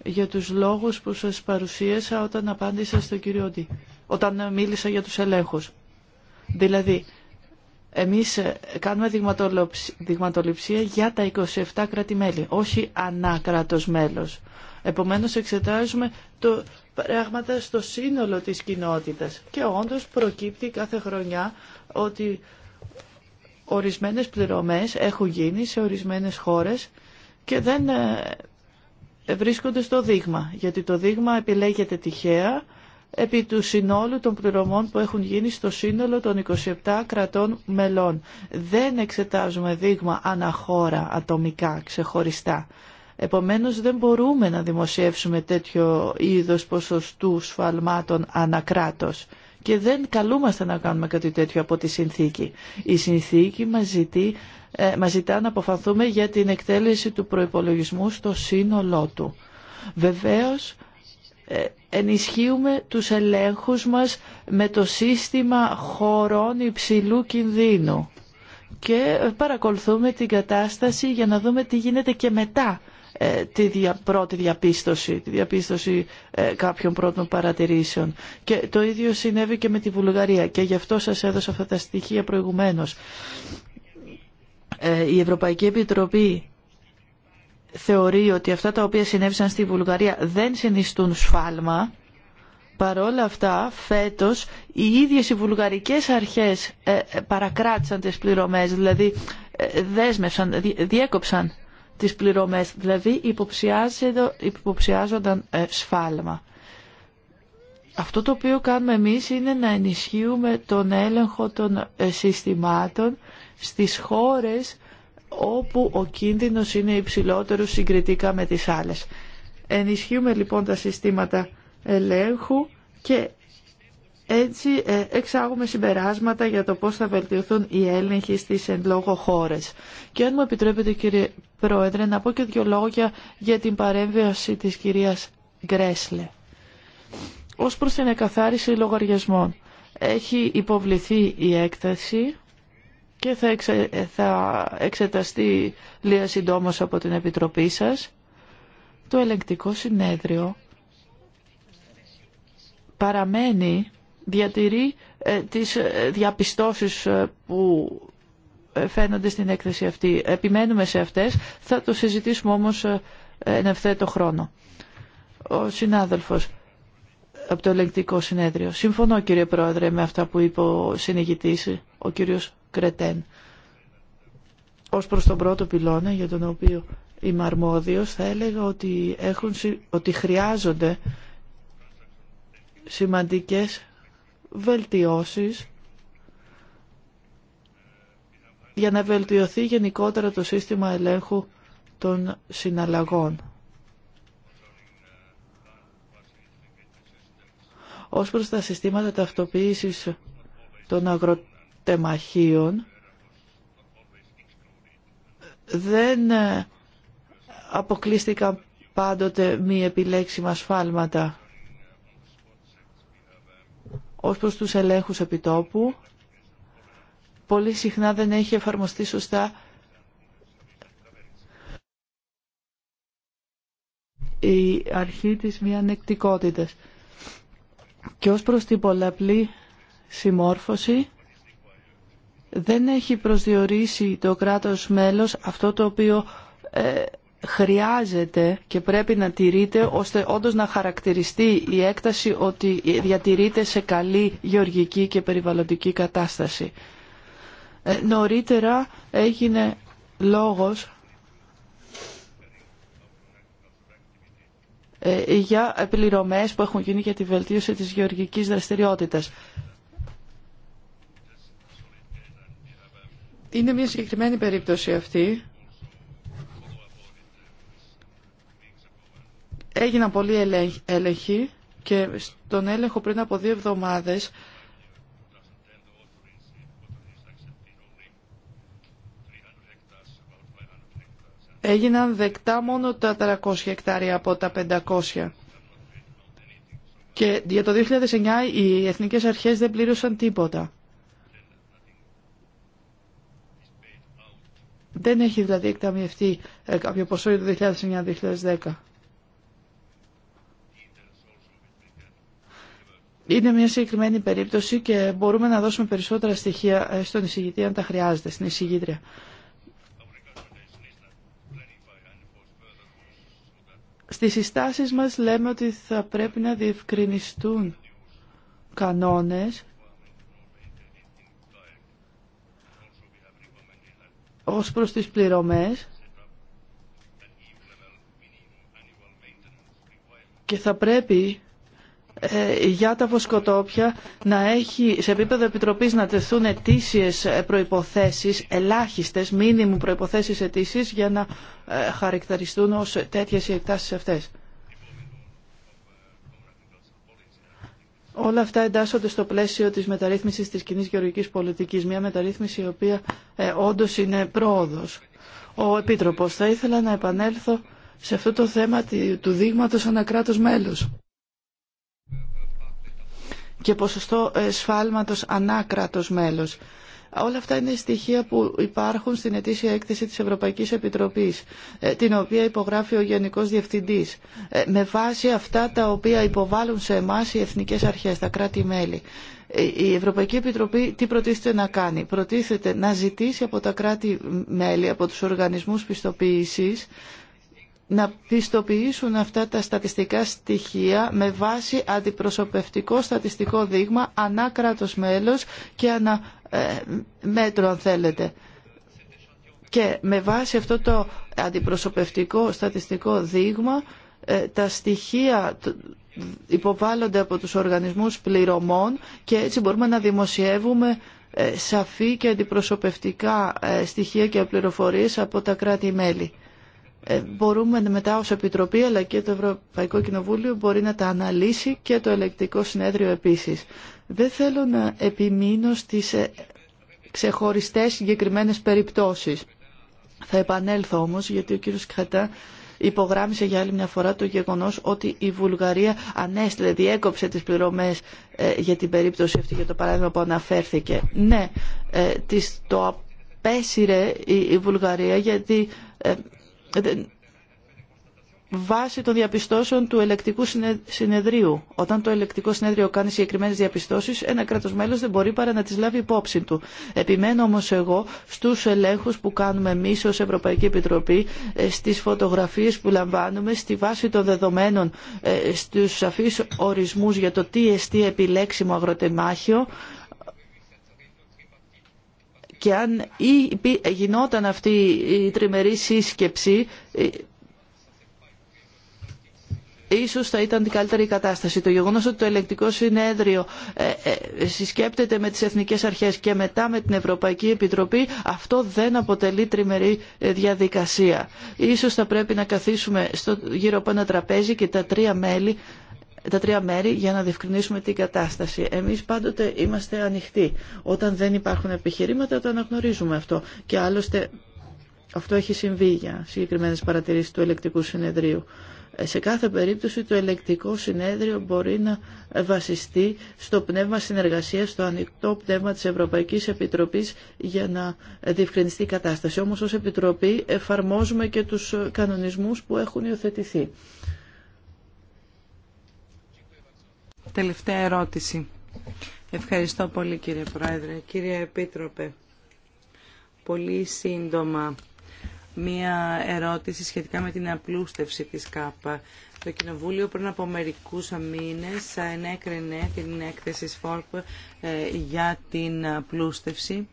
S2: για τους λόγους που σας παρουσίασα όταν απάντησα στον κύριο όταν μίλησα για τους ελέγχους. Δηλαδή, εμείς ε, κάνουμε δειγματοληψία για τα 27 κράτη-μέλη, όχι ανά κράτος μέλος. Επομένως εξετάζουμε το πράγματα στο σύνολο της κοινότητας και όντως προκύπτει κάθε χρονιά ότι ορισμένες πληρωμές έχουν γίνει σε ορισμένες χώρες και δεν ε, βρίσκονται στο δείγμα, γιατί το δείγμα επιλέγεται τυχαία επί του συνόλου των πληρωμών που έχουν γίνει στο σύνολο των 27 κρατών μελών. Δεν εξετάζουμε δείγμα αναχώρα ατομικά, ξεχωριστά. Επομένως δεν μπορούμε να δημοσιεύσουμε τέτοιο είδος ποσοστού σφαλμάτων ανακράτος και δεν καλούμαστε να κάνουμε κάτι τέτοιο από τη συνθήκη. Η συνθήκη μας, ζητεί, ε, μας ζητά να αποφανθούμε για την εκτέλεση του προϋπολογισμού στο σύνολό του. Βεβαίως ε, ενισχύουμε τους ελέγχους μας με το σύστημα χωρών υψηλού κινδύνου και παρακολουθούμε την κατάσταση για να δούμε τι γίνεται και μετά ε, τη πρώτη διαπίστωση, τη διαπίστωση ε, κάποιων πρώτων παρατηρήσεων. Και το ίδιο συνέβη και με τη Βουλγαρία και γι' αυτό σας έδωσα αυτά τα στοιχεία προηγουμένως. Ε, η Ευρωπαϊκή Επιτροπή θεωρεί ότι αυτά τα οποία συνέβησαν στη Βουλγαρία δεν συνιστούν σφάλμα. Παρόλα αυτά, φέτος, οι ίδιες οι βουλγαρικές αρχές παρακράτησαν τις πληρωμές, δηλαδή δέσμευσαν, διέκοψαν τις πληρωμές, δηλαδή υποψιάζονταν ε, σφάλμα. Αυτό το οποίο κάνουμε εμείς είναι να ενισχύουμε τον έλεγχο των ε, συστημάτων στις χώρες όπου ο κίνδυνος είναι υψηλότερο συγκριτικά με τις άλλες. Ενισχύουμε λοιπόν τα συστήματα ελέγχου και έτσι ε, εξάγουμε συμπεράσματα για το πώς θα βελτιωθούν οι έλεγχοι στις εν λόγω χώρες. Και αν μου επιτρέπετε κύριε Πρόεδρε να πω και δύο λόγια για την παρέμβαση της κυρίας Γκρέσλε. Ως προς την εκαθάριση λογαριασμών έχει υποβληθεί η έκταση και θα, θα εξεταστεί λίγα συντόμως από την Επιτροπή σας. Το ελεγκτικό συνέδριο παραμένει διατηρεί ε, τις ε, διαπιστώσεις ε, που φαίνονται στην έκθεση αυτή. Επιμένουμε σε αυτές, θα το συζητήσουμε όμως εν ευθέτω χρόνο. Ο συνάδελφος από το ελεγκτικό συνέδριο. Συμφωνώ κύριε Πρόεδρε με αυτά που είπε ο συνηγητής, ο κύριος Κρετέν. Ως προς τον πρώτο πυλώνα για τον οποίο είμαι αρμόδιος θα έλεγα ότι, ότι χρειάζονται σημαντικές βελτιώσεις για να βελτιωθεί γενικότερα το σύστημα ελέγχου των συναλλαγών. Ως προς τα συστήματα ταυτοποίησης των αγροτεμαχίων, δεν αποκλείστηκαν πάντοτε μη επιλέξιμα σφάλματα ως προς τους ελέγχους επιτόπου. Πολύ συχνά δεν έχει εφαρμοστεί σωστά η αρχή της μη ανεκτικότητας. Και ως προς την πολλαπλή συμμόρφωση δεν έχει προσδιορίσει το κράτος μέλος αυτό το οποίο ε, χρειάζεται και πρέπει να τηρείται ώστε όντως να χαρακτηριστεί η έκταση ότι διατηρείται σε καλή γεωργική και περιβαλλοντική κατάσταση. Ε, νωρίτερα έγινε λόγος ε, για επιληρωμές που έχουν γίνει για τη βελτίωση της γεωργικής δραστηριότητας. Είναι μια συγκεκριμένη περίπτωση αυτή έγιναν πολλοί έλεγχοι και στον έλεγχο πριν από δύο εβδομάδες έγιναν δεκτά μόνο τα 400 εκτάρια από τα 500. Και για το 2009 οι εθνικές αρχές δεν πλήρωσαν τίποτα. Δεν έχει δηλαδή εκταμιευτεί ε, κάποιο ποσό για το 2009-2010. Είναι μια συγκεκριμένη περίπτωση και μπορούμε να δώσουμε περισσότερα στοιχεία ε, στον εισηγητή αν τα χρειάζεται, στην εισηγήτρια. Στις συστάσεις μας λέμε ότι θα πρέπει να διευκρινιστούν κανόνες ως προς τις πληρωμές και θα πρέπει ε, για τα βοσκοτόπια να έχει σε επίπεδο επιτροπής να τεθούν ετήσιες προϋποθέσεις, ελάχιστες μήνυμου προϋποθέσεις ετήσιες για να ε, χαρακτηριστούν ως τέτοιες οι εκτάσεις αυτές. Όλα αυτά εντάσσονται στο πλαίσιο της μεταρρύθμισης της κοινή γεωργικής πολιτικής, μια μεταρρύθμιση η οποία ε, όντως είναι πρόοδος. Ο Επίτροπος, θα ήθελα να επανέλθω σε αυτό το θέμα του δείγματος ανακράτος μέλους και ποσοστό ε, σφάλματος ανάκρατος μέλος. Όλα αυτά είναι στοιχεία που υπάρχουν στην ετήσια έκθεση της Ευρωπαϊκής Επιτροπής, ε, την οποία υπογράφει ο Γενικός Διευθυντής, ε, με βάση αυτά τα οποία υποβάλλουν σε εμάς οι εθνικές αρχές, τα κράτη-μέλη. Η Ευρωπαϊκή Επιτροπή τι προτίθεται να κάνει. Προτίθεται να ζητήσει από τα κράτη-μέλη, από τους οργανισμούς πιστοποίησης, να πιστοποιήσουν αυτά τα στατιστικά στοιχεία με βάση αντιπροσωπευτικό στατιστικό δείγμα ανά κράτος μέλος και ανά ε, μέτρο αν θέλετε. Και με βάση αυτό το αντιπροσωπευτικό στατιστικό δείγμα ε, τα στοιχεία υποβάλλονται από τους οργανισμούς πληρωμών και έτσι μπορούμε να δημοσιεύουμε ε, σαφή και αντιπροσωπευτικά στοιχεία και πληροφορίες από τα κράτη-μέλη. Ε, μπορούμε μετά ως Επιτροπή αλλά και το Ευρωπαϊκό Κοινοβούλιο μπορεί να τα αναλύσει και το Ελεκτικό Συνέδριο επίσης. Δεν θέλω να επιμείνω στις ε, ξεχωριστές συγκεκριμένες περιπτώσεις. Θα επανέλθω όμως γιατί ο κύριος Κατά υπογράμμισε για άλλη μια φορά το γεγονός ότι η Βουλγαρία ανέστηλε, διέκοψε τις πληρωμές ε, για την περίπτωση αυτή για το παράδειγμα που αναφέρθηκε. Ναι, το απέσυρε η Βουλγαρία γιατί ε, βάσει των διαπιστώσεων του ελεκτικού συνεδρίου. Όταν το ελεκτικό συνέδριο κάνει συγκεκριμένε διαπιστώσει, ένα κράτο μέλο δεν μπορεί παρά να τι λάβει υπόψη του. Επιμένω όμω εγώ στου ελέγχου που κάνουμε εμεί ω Ευρωπαϊκή Επιτροπή, ε, στι φωτογραφίε που λαμβάνουμε, στη βάση των δεδομένων, ε, στου σαφεί ορισμού για το τι εστί επιλέξιμο αγροτεμάχιο, και αν γινόταν αυτή η τριμερή σύσκεψη ε, ίσως θα ήταν την καλύτερη κατάσταση. Το γεγονός ότι το ελεκτικό συνέδριο ε, ε, συσκέπτεται με τις εθνικές αρχές και μετά με την Ευρωπαϊκή Επιτροπή, αυτό δεν αποτελεί τριμερή διαδικασία. Ίσως θα πρέπει να καθίσουμε στο, γύρω από ένα τραπέζι και τα τρία μέλη τα τρία μέρη για να διευκρινίσουμε την κατάσταση. Εμεί πάντοτε είμαστε ανοιχτοί. Όταν δεν υπάρχουν επιχειρήματα το αναγνωρίζουμε αυτό. Και άλλωστε αυτό έχει συμβεί για συγκεκριμένε παρατηρήσει του ελεκτικού συνεδρίου. Ε, σε κάθε περίπτωση το ελεκτικό συνέδριο μπορεί να βασιστεί στο πνεύμα συνεργασίας, στο ανοιχτό πνεύμα της Ευρωπαϊκής Επιτροπής για να διευκρινιστεί η κατάσταση. Όμως ως Επιτροπή εφαρμόζουμε και τους κανονισμούς που έχουν υιοθετηθεί. Τελευταία ερώτηση. Ευχαριστώ
S1: πολύ κύριε Πρόεδρε. Κύριε Επίτροπε, πολύ σύντομα μία ερώτηση σχετικά με την απλούστευση της ΚΑΠΑ. Το Κοινοβούλιο πριν από μερικούς μήνες ενέκρινε την έκθεση ΣΦΟΡΠ ε, για την απλούστευση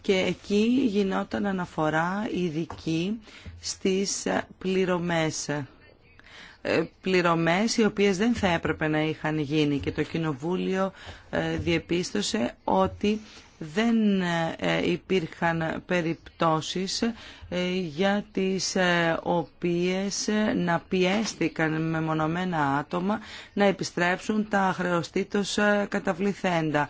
S1: και εκεί γινόταν αναφορά ειδική στις πληρωμές ε, πληρωμές οι οποίες δεν θα έπρεπε να είχαν γίνει και το Κοινοβούλιο ε, διεπίστωσε ότι δεν ε, υπήρχαν περιπτώσεις ε, για τις ε, οποίες να πιέστηκαν μονόμενα άτομα να επιστρέψουν τα χρεωστήτως καταβληθέντα.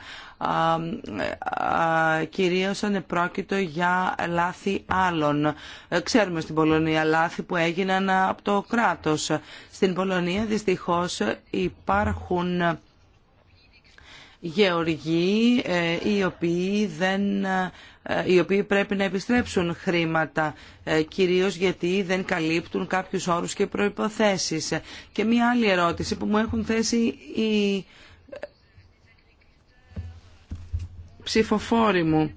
S1: Κυρίως ανεπρόκειτο για λάθη άλλων. Ξέρουμε στην Πολωνία λάθη που έγιναν από το κράτος. Στην Πολωνία δυστυχώς υπάρχουν γεωργοί ε, οι οποίοι, δεν, ε, οι οποίοι πρέπει να επιστρέψουν χρήματα ε, κυρίως γιατί δεν καλύπτουν κάποιους όρους και προϋποθέσεις. Και μία άλλη ερώτηση που μου έχουν θέσει οι ψηφοφόροι μου.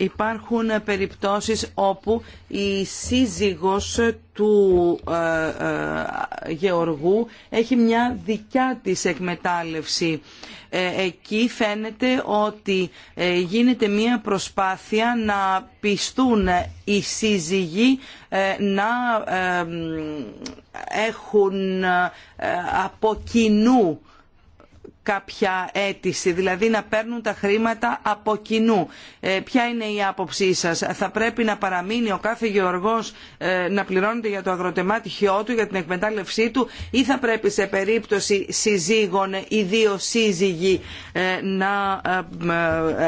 S1: Υπάρχουν περιπτώσεις όπου η σύζυγος του ε, ε, γεωργού έχει μια δικιά της εκμετάλλευση. Ε, εκεί φαίνεται ότι γίνεται μια προσπάθεια να πιστούν οι σύζυγοι να έχουν από κοινού κάποια αίτηση, δηλαδή να παίρνουν τα χρήματα από κοινού. Ε, ποια είναι η άποψή σας, θα πρέπει να παραμείνει ο κάθε γεωργός ε, να πληρώνεται για το αγροτεμάτιχιό του, για την εκμετάλλευσή του ή θα πρέπει σε περίπτωση συζύγων οι δύο σύζυγοι ε, να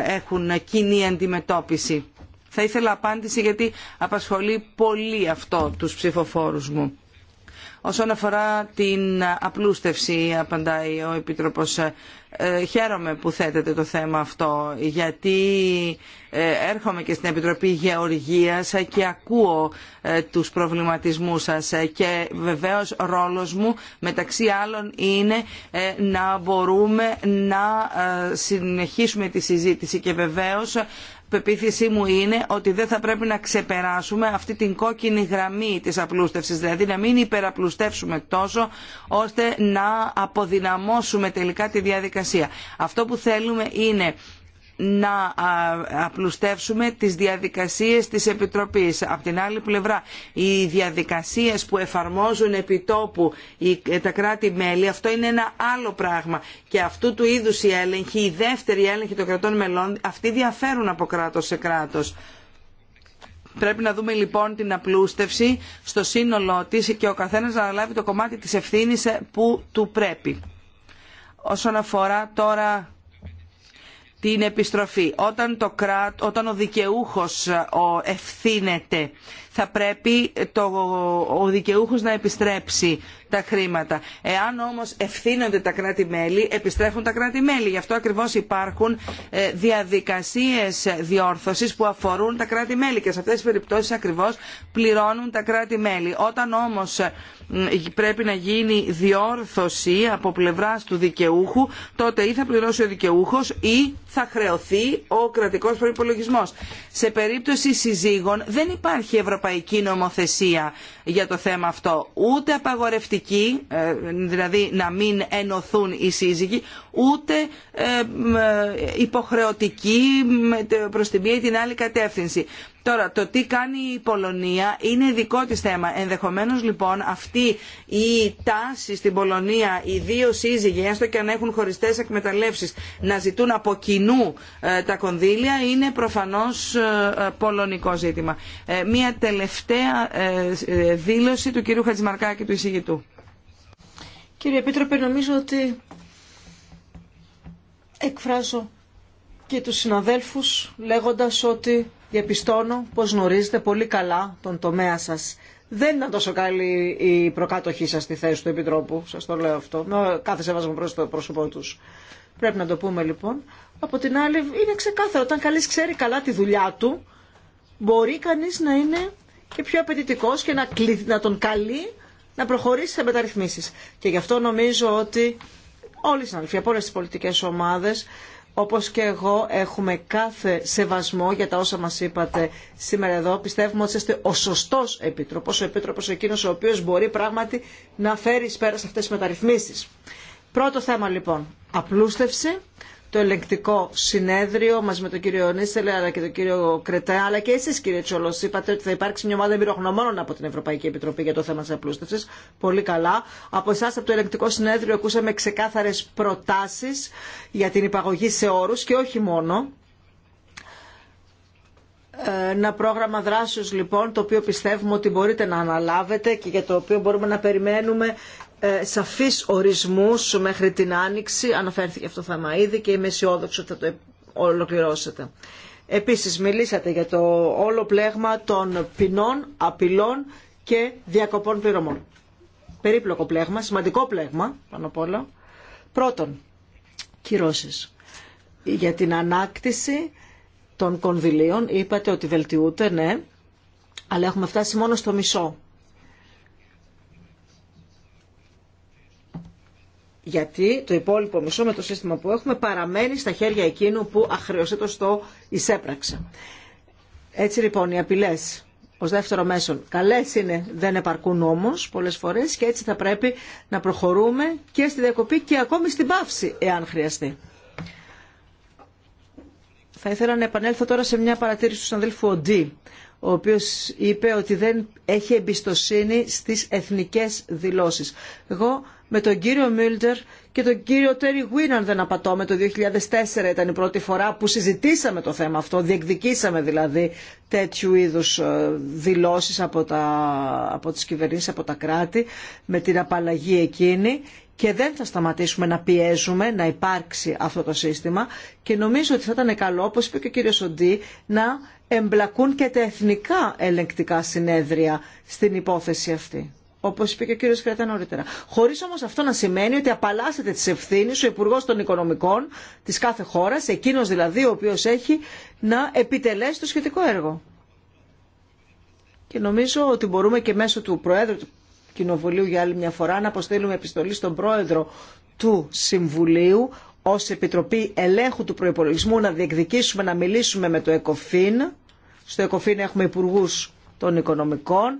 S1: έχουν κοινή αντιμετώπιση. Θα ήθελα απάντηση γιατί απασχολεί πολύ αυτό τους ψηφοφόρους μου. Όσον αφορά την απλούστευση, απαντάει ο Επίτροπος, ε, χαίρομαι που θέτετε το θέμα αυτό, γιατί ε, έρχομαι και στην Επιτροπή Γεωργίας και ακούω ε, τους προβληματισμούς σας και βεβαίως ρόλος μου μεταξύ άλλων είναι να μπορούμε να συνεχίσουμε τη συζήτηση και βεβαίως πεποίθησή μου είναι ότι δεν θα πρέπει να ξεπεράσουμε αυτή την κόκκινη γραμμή της απλούστευσης, δηλαδή να μην υπεραπλουστεύσουμε τόσο ώστε να αποδυναμώσουμε τελικά τη διαδικασία. Αυτό που θέλουμε είναι να απλουστεύσουμε τις διαδικασίες της Επιτροπής. Από την άλλη πλευρά, οι διαδικασίες που εφαρμόζουν επιτόπου ε, τα κράτη-μέλη, αυτό είναι ένα άλλο πράγμα. Και αυτού του είδους η έλεγχη, η δεύτερη έλεγχη των κρατών μελών, αυτοί διαφέρουν από κράτος σε κράτος. Πρέπει να δούμε λοιπόν την απλούστευση στο σύνολό της και ο καθένας να αναλάβει το κομμάτι της ευθύνης ε, που του πρέπει. Όσον αφορά τώρα την επιστροφή. Όταν, το κράτ, όταν ο δικαιούχος ε, ευθύνεται θα πρέπει το, ο δικαιούχος να επιστρέψει τα χρήματα. Εάν όμως ευθύνονται τα κράτη-μέλη, επιστρέφουν τα κράτη-μέλη. Γι' αυτό ακριβώς υπάρχουν ε, διαδικασίες διόρθωσης που αφορούν τα κράτη-μέλη και σε αυτές τις περιπτώσεις ακριβώς πληρώνουν τα κράτη-μέλη. Όταν όμως ε, πρέπει να γίνει διόρθωση από πλευράς του δικαιούχου, τότε ή θα πληρώσει ο δικαιούχος ή θα χρεωθεί ο κρατικός προϋπολογισμός. Σε περίπτωση συζύγων δεν υπάρχει ευρωπαϊκή ευρωπαϊκή νομοθεσία για το θέμα αυτό. Ούτε απαγορευτική, ε, δηλαδή να μην ενωθούν οι σύζυγοι, ούτε ε, ε, υποχρεωτική προς την μία ή την άλλη κατεύθυνση. Τώρα, το τι κάνει η Πολωνία είναι δικό της θέμα. Ενδεχομένως, λοιπόν, αυτή η τάση στην Πολωνία, οι δύο σύζυγοι, έστω και αν έχουν χωριστές εκμεταλλεύσεις, να ζητούν από κοινού ε, τα κονδύλια, είναι προφανώς ε, ε, πολωνικό ζήτημα. μία τελευταία δήλωση του κυρίου Χατζημαρκάκη, του εισηγητού. Κύριε Επίτροπε, νομίζω ότι εκφράζω
S3: και τους συναδέλφους λέγοντας ότι διαπιστώνω πως γνωρίζετε πολύ καλά τον τομέα σας. Δεν ήταν τόσο καλή η προκάτοχή σας στη θέση του Επιτρόπου, σας το λέω αυτό, με κάθε σεβασμό προς το πρόσωπό τους. Πρέπει να το πούμε λοιπόν. Από την άλλη είναι ξεκάθαρο, όταν καλής ξέρει καλά τη δουλειά του, μπορεί κανείς να είναι και πιο απαιτητικό και να, να τον καλεί να προχωρήσει σε μεταρρυθμίσεις. Και γι' αυτό νομίζω ότι όλοι οι συναδελφοί από όλες τις πολιτικές ομάδες όπως και εγώ έχουμε κάθε σεβασμό για τα όσα μας είπατε σήμερα εδώ. Πιστεύουμε ότι είστε ο σωστός επίτροπος, ο επίτροπος εκείνος ο οποίος μπορεί πράγματι να φέρει πέρα σε αυτές τις μεταρρυθμίσεις. Πρώτο θέμα λοιπόν, απλούστευση το ελεγκτικό συνέδριο μας με τον κύριο Νίσελε αλλά και τον κύριο Κρετέ, αλλά και εσείς κύριε Τσόλος είπατε ότι θα υπάρξει μια ομάδα εμπειρογνωμόνων από την Ευρωπαϊκή Επιτροπή για το θέμα της απλούστευσης. Πολύ καλά. Από εσάς από το ελεγκτικό συνέδριο ακούσαμε ξεκάθαρες προτάσεις για την υπαγωγή σε όρους και όχι μόνο. Ε, ένα πρόγραμμα δράσεως λοιπόν το οποίο πιστεύουμε ότι μπορείτε να αναλάβετε και για το οποίο μπορούμε να περιμένουμε ε, σαφείς ορισμούς μέχρι την Άνοιξη. Αναφέρθηκε αυτό το θέμα ήδη και είμαι αισιόδοξο ότι θα το ολοκληρώσετε. Επίσης μιλήσατε για το όλο πλέγμα των ποινών, απειλών και διακοπών πληρωμών. Περίπλοκο πλέγμα, σημαντικό πλέγμα πάνω απ' όλα. Πρώτον, κυρώσεις. Για την ανάκτηση των κονδυλίων είπατε ότι βελτιούται, ναι, αλλά έχουμε φτάσει μόνο στο μισό γιατί το υπόλοιπο μισό με το σύστημα που έχουμε παραμένει στα χέρια εκείνου που αχρεωσίτως το εισέπραξε. Έτσι λοιπόν οι απειλές ω δεύτερο μέσον καλέ είναι, δεν επαρκούν όμω πολλέ φορέ και έτσι θα πρέπει να προχωρούμε και στη διακοπή και ακόμη στην πάυση, εάν χρειαστεί. Θα ήθελα να επανέλθω τώρα σε μια παρατήρηση του συναδέλφου Οντί, ο οποίο είπε ότι δεν έχει εμπιστοσύνη στι εθνικέ δηλώσει. Εγώ με τον κύριο Μίλτερ και τον κύριο Τέρι Γουίν, αν δεν με το 2004 ήταν η πρώτη φορά που συζητήσαμε το θέμα αυτό, διεκδικήσαμε δηλαδή τέτοιου είδους ε, δηλώσεις από, τα, από τις κυβερνήσεις, από τα κράτη, με την απαλλαγή εκείνη και δεν θα σταματήσουμε να πιέζουμε να υπάρξει αυτό το σύστημα και νομίζω ότι θα ήταν καλό, όπως είπε και ο κύριος Σοντή, να εμπλακούν και τα εθνικά ελεγκτικά συνέδρια στην υπόθεση αυτή. Όπω είπε και ο κύριο Κρέτα νωρίτερα. Χωρί όμω αυτό να σημαίνει ότι απαλλάσσεται τη ευθύνη ο Υπουργό των Οικονομικών τη κάθε χώρα, εκείνο δηλαδή ο οποίο έχει να επιτελέσει το σχετικό έργο. Και νομίζω ότι μπορούμε και μέσω του Προέδρου του Κοινοβουλίου για άλλη μια φορά να αποστείλουμε επιστολή στον Πρόεδρο του Συμβουλίου ω Επιτροπή Ελέγχου του Προπολογισμού να διεκδικήσουμε να μιλήσουμε με το ΕΚΟΦΗΝ. Στο ΕΚΟΦΗΝ έχουμε υπουργού των οικονομικών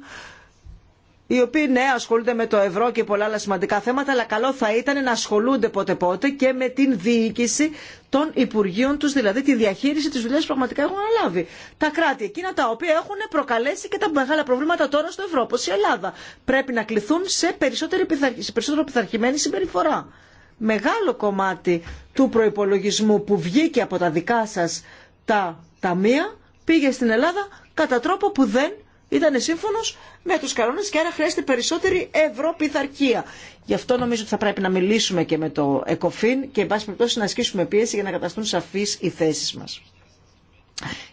S3: οι οποίοι ναι ασχολούνται με το ευρώ και πολλά άλλα σημαντικά θέματα αλλά καλό θα ήταν να ασχολούνται πότε πότε και με την διοίκηση των υπουργείων του, δηλαδή τη διαχείριση τη δουλειά που πραγματικά έχουν αναλάβει. Τα κράτη εκείνα τα οποία έχουν προκαλέσει και τα μεγάλα προβλήματα τώρα στο ευρώ όπω η Ελλάδα πρέπει να κληθούν σε, περισσότερη, σε περισσότερο πειθαρχημένη συμπεριφορά. Μεγάλο κομμάτι του προπολογισμού που βγήκε από τα δικά σα τα ταμεία πήγε στην Ελλάδα κατά τρόπο που δεν ήταν σύμφωνο με του κανόνε και άρα χρειάζεται περισσότερη ευρωπιθαρχία. Γι' αυτό νομίζω ότι θα πρέπει να μιλήσουμε και με το ΕΚΟΦΗΝ και, εν πάση περιπτώσει, να ασκήσουμε πίεση για να καταστούν σαφεί οι θέσει μα.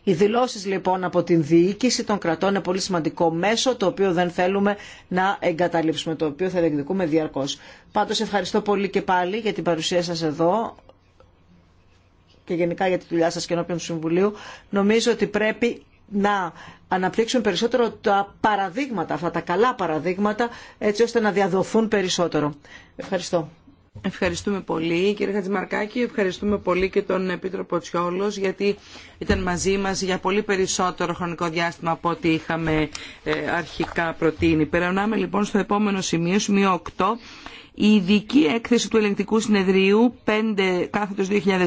S3: Οι δηλώσει λοιπόν από την διοίκηση των κρατών είναι πολύ σημαντικό μέσο το οποίο δεν θέλουμε να εγκαταλείψουμε, το οποίο θα διεκδικούμε διαρκώ. Πάντω ευχαριστώ πολύ και πάλι για την παρουσία σα εδώ και γενικά για τη δουλειά σας και ενώπιον του Συμβουλίου, νομίζω ότι πρέπει να αναπτύξουν περισσότερο τα παραδείγματα, αυτά τα καλά παραδείγματα, έτσι ώστε να διαδοθούν περισσότερο.
S1: Ευχαριστώ. Ευχαριστούμε πολύ κύριε Χατζημαρκάκη, ευχαριστούμε πολύ και τον Επίτροπο Τσιόλος γιατί ήταν μαζί μας για πολύ περισσότερο χρονικό διάστημα από ό,τι είχαμε ε, αρχικά προτείνει. Περανάμε λοιπόν στο επόμενο σημείο, σημείο 8 η ειδική έκθεση του ελεγκτικού συνεδρίου 5 κάθετο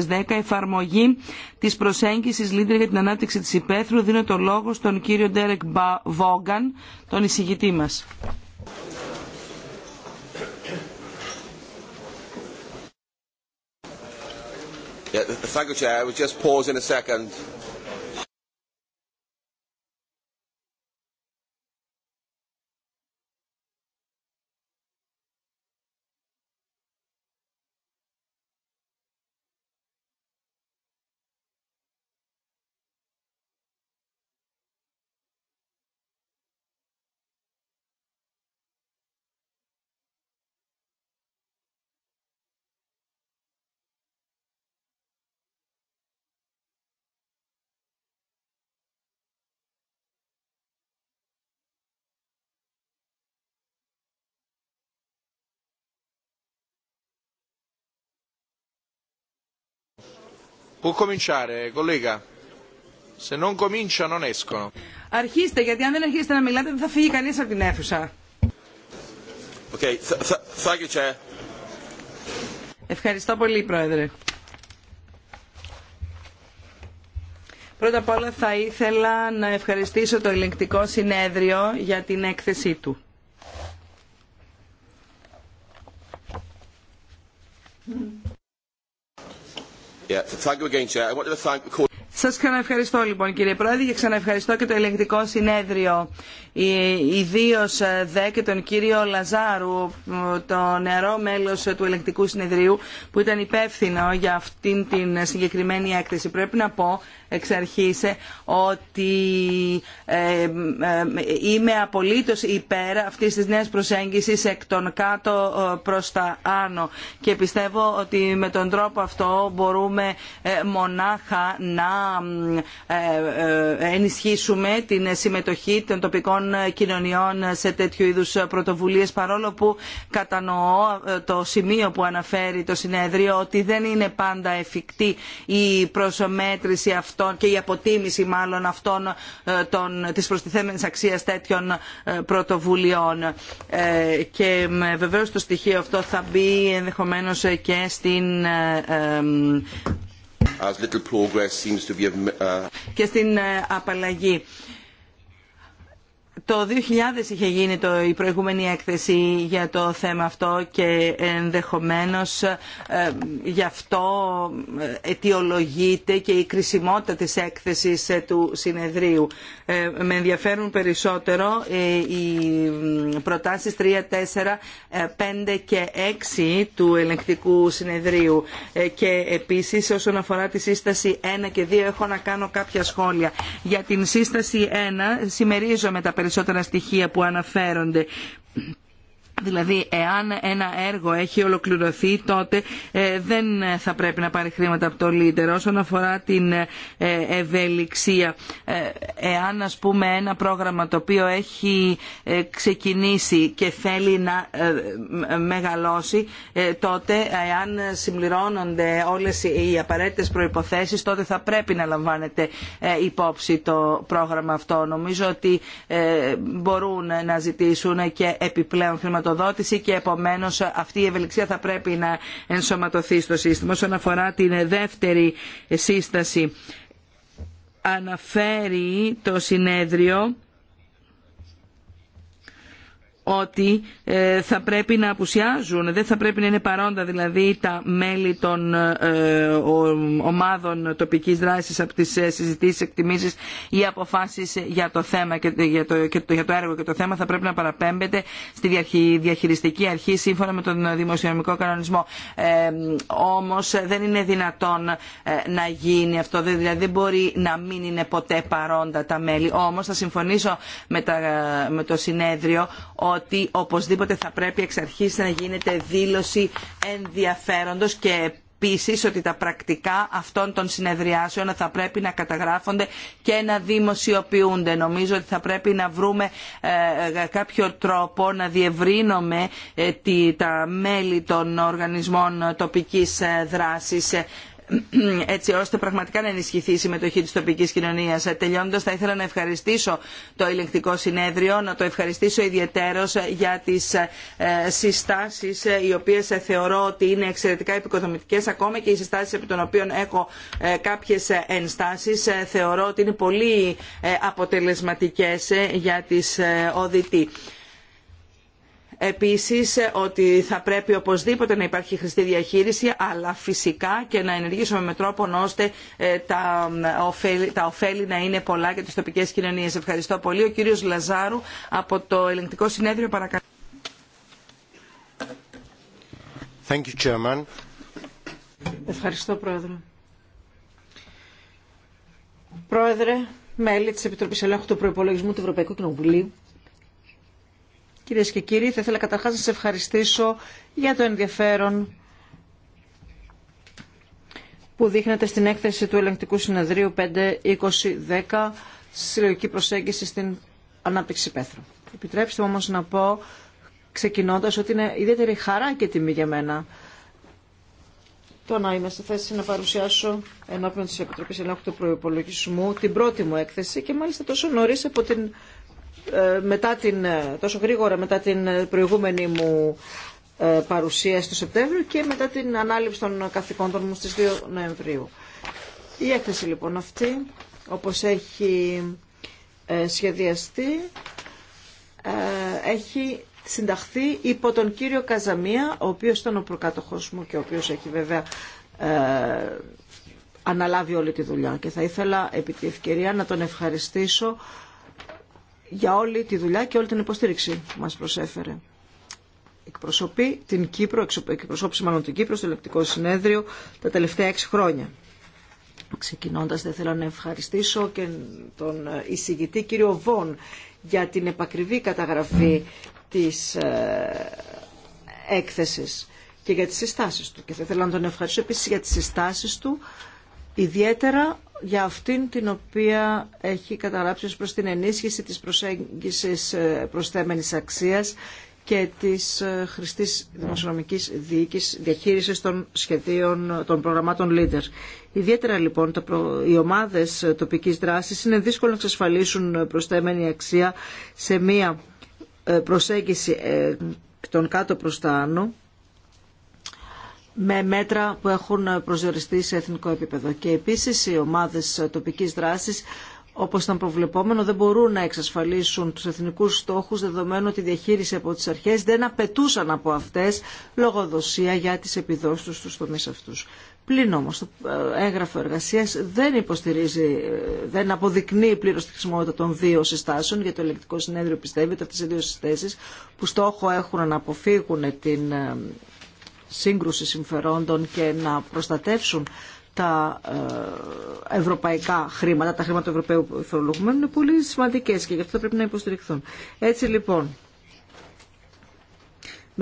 S1: 2010 εφαρμογή τη προσέγγιση Λίντρια για την ανάπτυξη τη υπαίθρου δίνω το λόγο στον κύριο Ντέρεκ Βόγκαν, τον εισηγητή μα.
S2: Yeah, thank you, Chair. was just pausing a second.
S1: Αρχίστε, γιατί αν δεν αρχίσετε να μιλάτε δεν θα φύγει κανείς από την αίθουσα. Ευχαριστώ πολύ, Πρόεδρε. Πρώτα απ' όλα θα ήθελα να ευχαριστήσω το ελεγκτικό συνέδριο για την έκθεσή του. Σας ευχαριστώ λοιπόν κύριε Πρόεδρε και ξαναευχαριστώ και το ελεγκτικό συνέδριο. Ιδίω ε, δε και τον κύριο Λαζάρου, το νερό μέλος ε, του ελεγκτικού συνεδρίου που ήταν υπεύθυνο για αυτήν την συγκεκριμένη έκθεση. Πρέπει να πω εξ ε, ότι ε, ε, είμαι απολύτως υπέρ αυτής της νέας προσέγγισης εκ των κάτω προς τα άνω και πιστεύω ότι με τον τρόπο αυτό μπορούμε μονάχα να ενισχύσουμε την συμμετοχή των τοπικών κοινωνιών σε τέτοιου είδους πρωτοβουλίες παρόλο που κατανοώ το σημείο που αναφέρει το συνέδριο ότι δεν είναι πάντα εφικτή η προσωμέτρηση αυτών και η αποτίμηση μάλλον αυτών ε, των, της προστιθέμενης αξίας τέτοιων ε, πρωτοβουλειών. Ε, και βεβαίως το στοιχείο αυτό θα μπει ενδεχομένως και στην uh, και στην απαλλαγή. Το 2000 είχε γίνει το, η προηγούμενη έκθεση για το θέμα αυτό και ενδεχομένως ε, γι' αυτό ε, αιτιολογείται και η κρισιμότητα της έκθεσης ε, του συνεδρίου. με ενδιαφέρουν περισσότερο οι προτάσεις 3, 4, 5 και 6 του ελεγκτικού συνεδρίου και επίσης όσον αφορά τη σύσταση 1 και 2 έχω να κάνω κάποια σχόλια. Για την σύσταση 1 συμμερίζομαι τα περισσότερα περισσότερα στοιχεία που αναφέρονται Δηλαδή, εάν ένα έργο έχει ολοκληρωθεί, τότε ε, δεν θα πρέπει να πάρει χρήματα από το Λίτερ. Όσον αφορά την ε, ευελιξία, ε, εάν, ας πούμε, ένα πρόγραμμα το οποίο έχει ξεκινήσει και θέλει να μεγαλώσει, τότε, εάν συμπληρώνονται όλες οι απαραίτητες προϋποθέσεις, τότε θα πρέπει να λαμβάνεται υπόψη το πρόγραμμα αυτό. Νομίζω ότι μπορούν να ζητήσουν και επιπλέον χρηματοδότηση χρηματοδότηση και επομένως αυτή η ευελιξία θα πρέπει να ενσωματωθεί στο σύστημα. Όσον αφορά την δεύτερη σύσταση, αναφέρει το συνέδριο ότι ε, θα πρέπει να απουσιάζουν, δεν θα πρέπει να είναι παρόντα δηλαδή τα μέλη των ε, ομάδων τοπικής δράσης από τις ε, συζητήσεις, εκτιμήσεις ή αποφάσεις για το, θέμα, και για το έργο και το θέμα θα πρέπει να παραπέμπεται στη διαχειριστική αρχή σύμφωνα με τον δημοσιονομικό κανονισμό. Ε, όμως δεν είναι δυνατόν να γίνει αυτό, δηλαδή δεν μπορεί να μην είναι ποτέ παρόντα τα μέλη. Όμως θα συμφωνήσω με, με το συνέδριο ότι οπωσδήποτε θα πρέπει εξ αρχής να γίνεται δήλωση ενδιαφέροντος και επίσης ότι τα πρακτικά αυτών των συνεδριάσεων θα πρέπει να καταγράφονται και να δημοσιοποιούνται. Νομίζω ότι θα πρέπει να βρούμε ε, κάποιο τρόπο να διευρύνουμε ε, τα μέλη των οργανισμών τοπικής ε, δράσης έτσι ώστε πραγματικά να ενισχυθεί η συμμετοχή τη τοπικής κοινωνία. Ε, Τελειώνοντας θα ήθελα να ευχαριστήσω το ελεγκτικό συνέδριο, να το ευχαριστήσω ιδιαιτέρω για τις ε, συστάσεις ε, οι οποίες θεωρώ ότι είναι εξαιρετικά επικοδομητικέ, ακόμα και οι συστάσεις από των οποίων έχω κάποιες ενστάσεις θεωρώ ότι είναι πολύ αποτελεσματικές για τις ΟΔΤ επίσης ε, ότι θα πρέπει οπωσδήποτε να υπάρχει χρηστή διαχείριση αλλά φυσικά και να ενεργήσουμε με τρόπο ώστε ε, τα ωφέλη, να είναι πολλά για τις τοπικές κοινωνίες. Ευχαριστώ πολύ. Ο κύριος Λαζάρου από το Ελεγκτικό Συνέδριο παρακαλώ. Ευχαριστώ Πρόεδρε.
S3: Πρόεδρε, μέλη της Επιτροπής Ελέγχου του Προϋπολογισμού του Ευρωπαϊκού Κοινοβουλίου, Κυρίες και κύριοι, θα ήθελα καταρχάς να σας ευχαριστήσω για το ενδιαφέρον που δείχνεται στην έκθεση του Ελεγκτικού Συνεδρίου 5-20-10 συλλογική προσέγγιση στην ανάπτυξη πέθρου. Επιτρέψτε μου όμως να πω, ξεκινώντας, ότι είναι ιδιαίτερη χαρά και τιμή για μένα το να είμαι στη θέση να παρουσιάσω ενώπιον τη Επιτροπή Ελέγχου του Προπολογισμού την πρώτη μου έκθεση και μάλιστα τόσο νωρί από την ε, μετά την, ε, τόσο γρήγορα μετά την ε, προηγούμενη μου παρουσία στο Σεπτέμβριο και μετά την ανάληψη των καθηκόντων μου στις 2 Νοεμβρίου. Η έκθεση λοιπόν αυτή, όπως έχει σχεδιαστεί, έχει συνταχθεί υπό τον κύριο Καζαμία, ο οποίος ήταν ο προκάτοχός μου και ο οποίος έχει βέβαια αναλάβει όλη τη δουλειά. Και θα ήθελα επί τη ευκαιρία να τον ευχαριστήσω για όλη τη δουλειά και όλη την υποστήριξη που μας προσέφερε. Εκπροσωπεί την Κύπρο, εκπροσώπησε μάλλον την Κύπρο στο Ελεκτικό Συνέδριο τα τελευταία έξι χρόνια. Ξεκινώντας, θα ήθελα να ευχαριστήσω και τον εισηγητή κύριο Βον για την επακριβή καταγραφή της ε, έκθεσης και για τις συστάσεις του. Και θα ήθελα να τον ευχαριστήσω επίσης για τις συστάσεις του, ιδιαίτερα για αυτήν την οποία έχει καταγράψει ως προς την ενίσχυση της προσέγγισης ε, προσθέμενης αξίας και της ε, χρηστής δημοσιονομικής διοίκησης, διαχείρισης των σχεδίων των προγραμμάτων leader. Ιδιαίτερα λοιπόν οι ομάδες τοπικής δράσης είναι δύσκολο να εξασφαλίσουν προσθέμενη αξία σε μία ε, προσέγγιση των κάτω προς τα άνω με μέτρα που έχουν προσδιοριστεί σε εθνικό επίπεδο. Και επίσης οι ομάδες τοπικής δράσης όπως ήταν προβλεπόμενο, δεν μπορούν να εξασφαλίσουν τους εθνικούς στόχους, δεδομένου ότι η διαχείριση από τις αρχές δεν απαιτούσαν από αυτές λογοδοσία για τις επιδόσεις τους στους τομείς αυτούς. Πλην όμως το ε, έγγραφο εργασίας δεν υποστηρίζει, ε, δεν αποδεικνύει πλήρως τη χρησιμότητα των δύο συστάσεων, Για το ελεκτικό συνέδριο πιστεύει ότι αυτές οι δύο συστάσει που στόχο έχουν να αποφύγουν την ε, σύγκρουση συμφερόντων και να προστατεύσουν τα ε, ευρωπαϊκά χρήματα, τα χρήματα του Ευρωπαίου φορολογουμένου είναι πολύ σημαντικές και γι' αυτό πρέπει να υποστηριχθούν. Έτσι λοιπόν,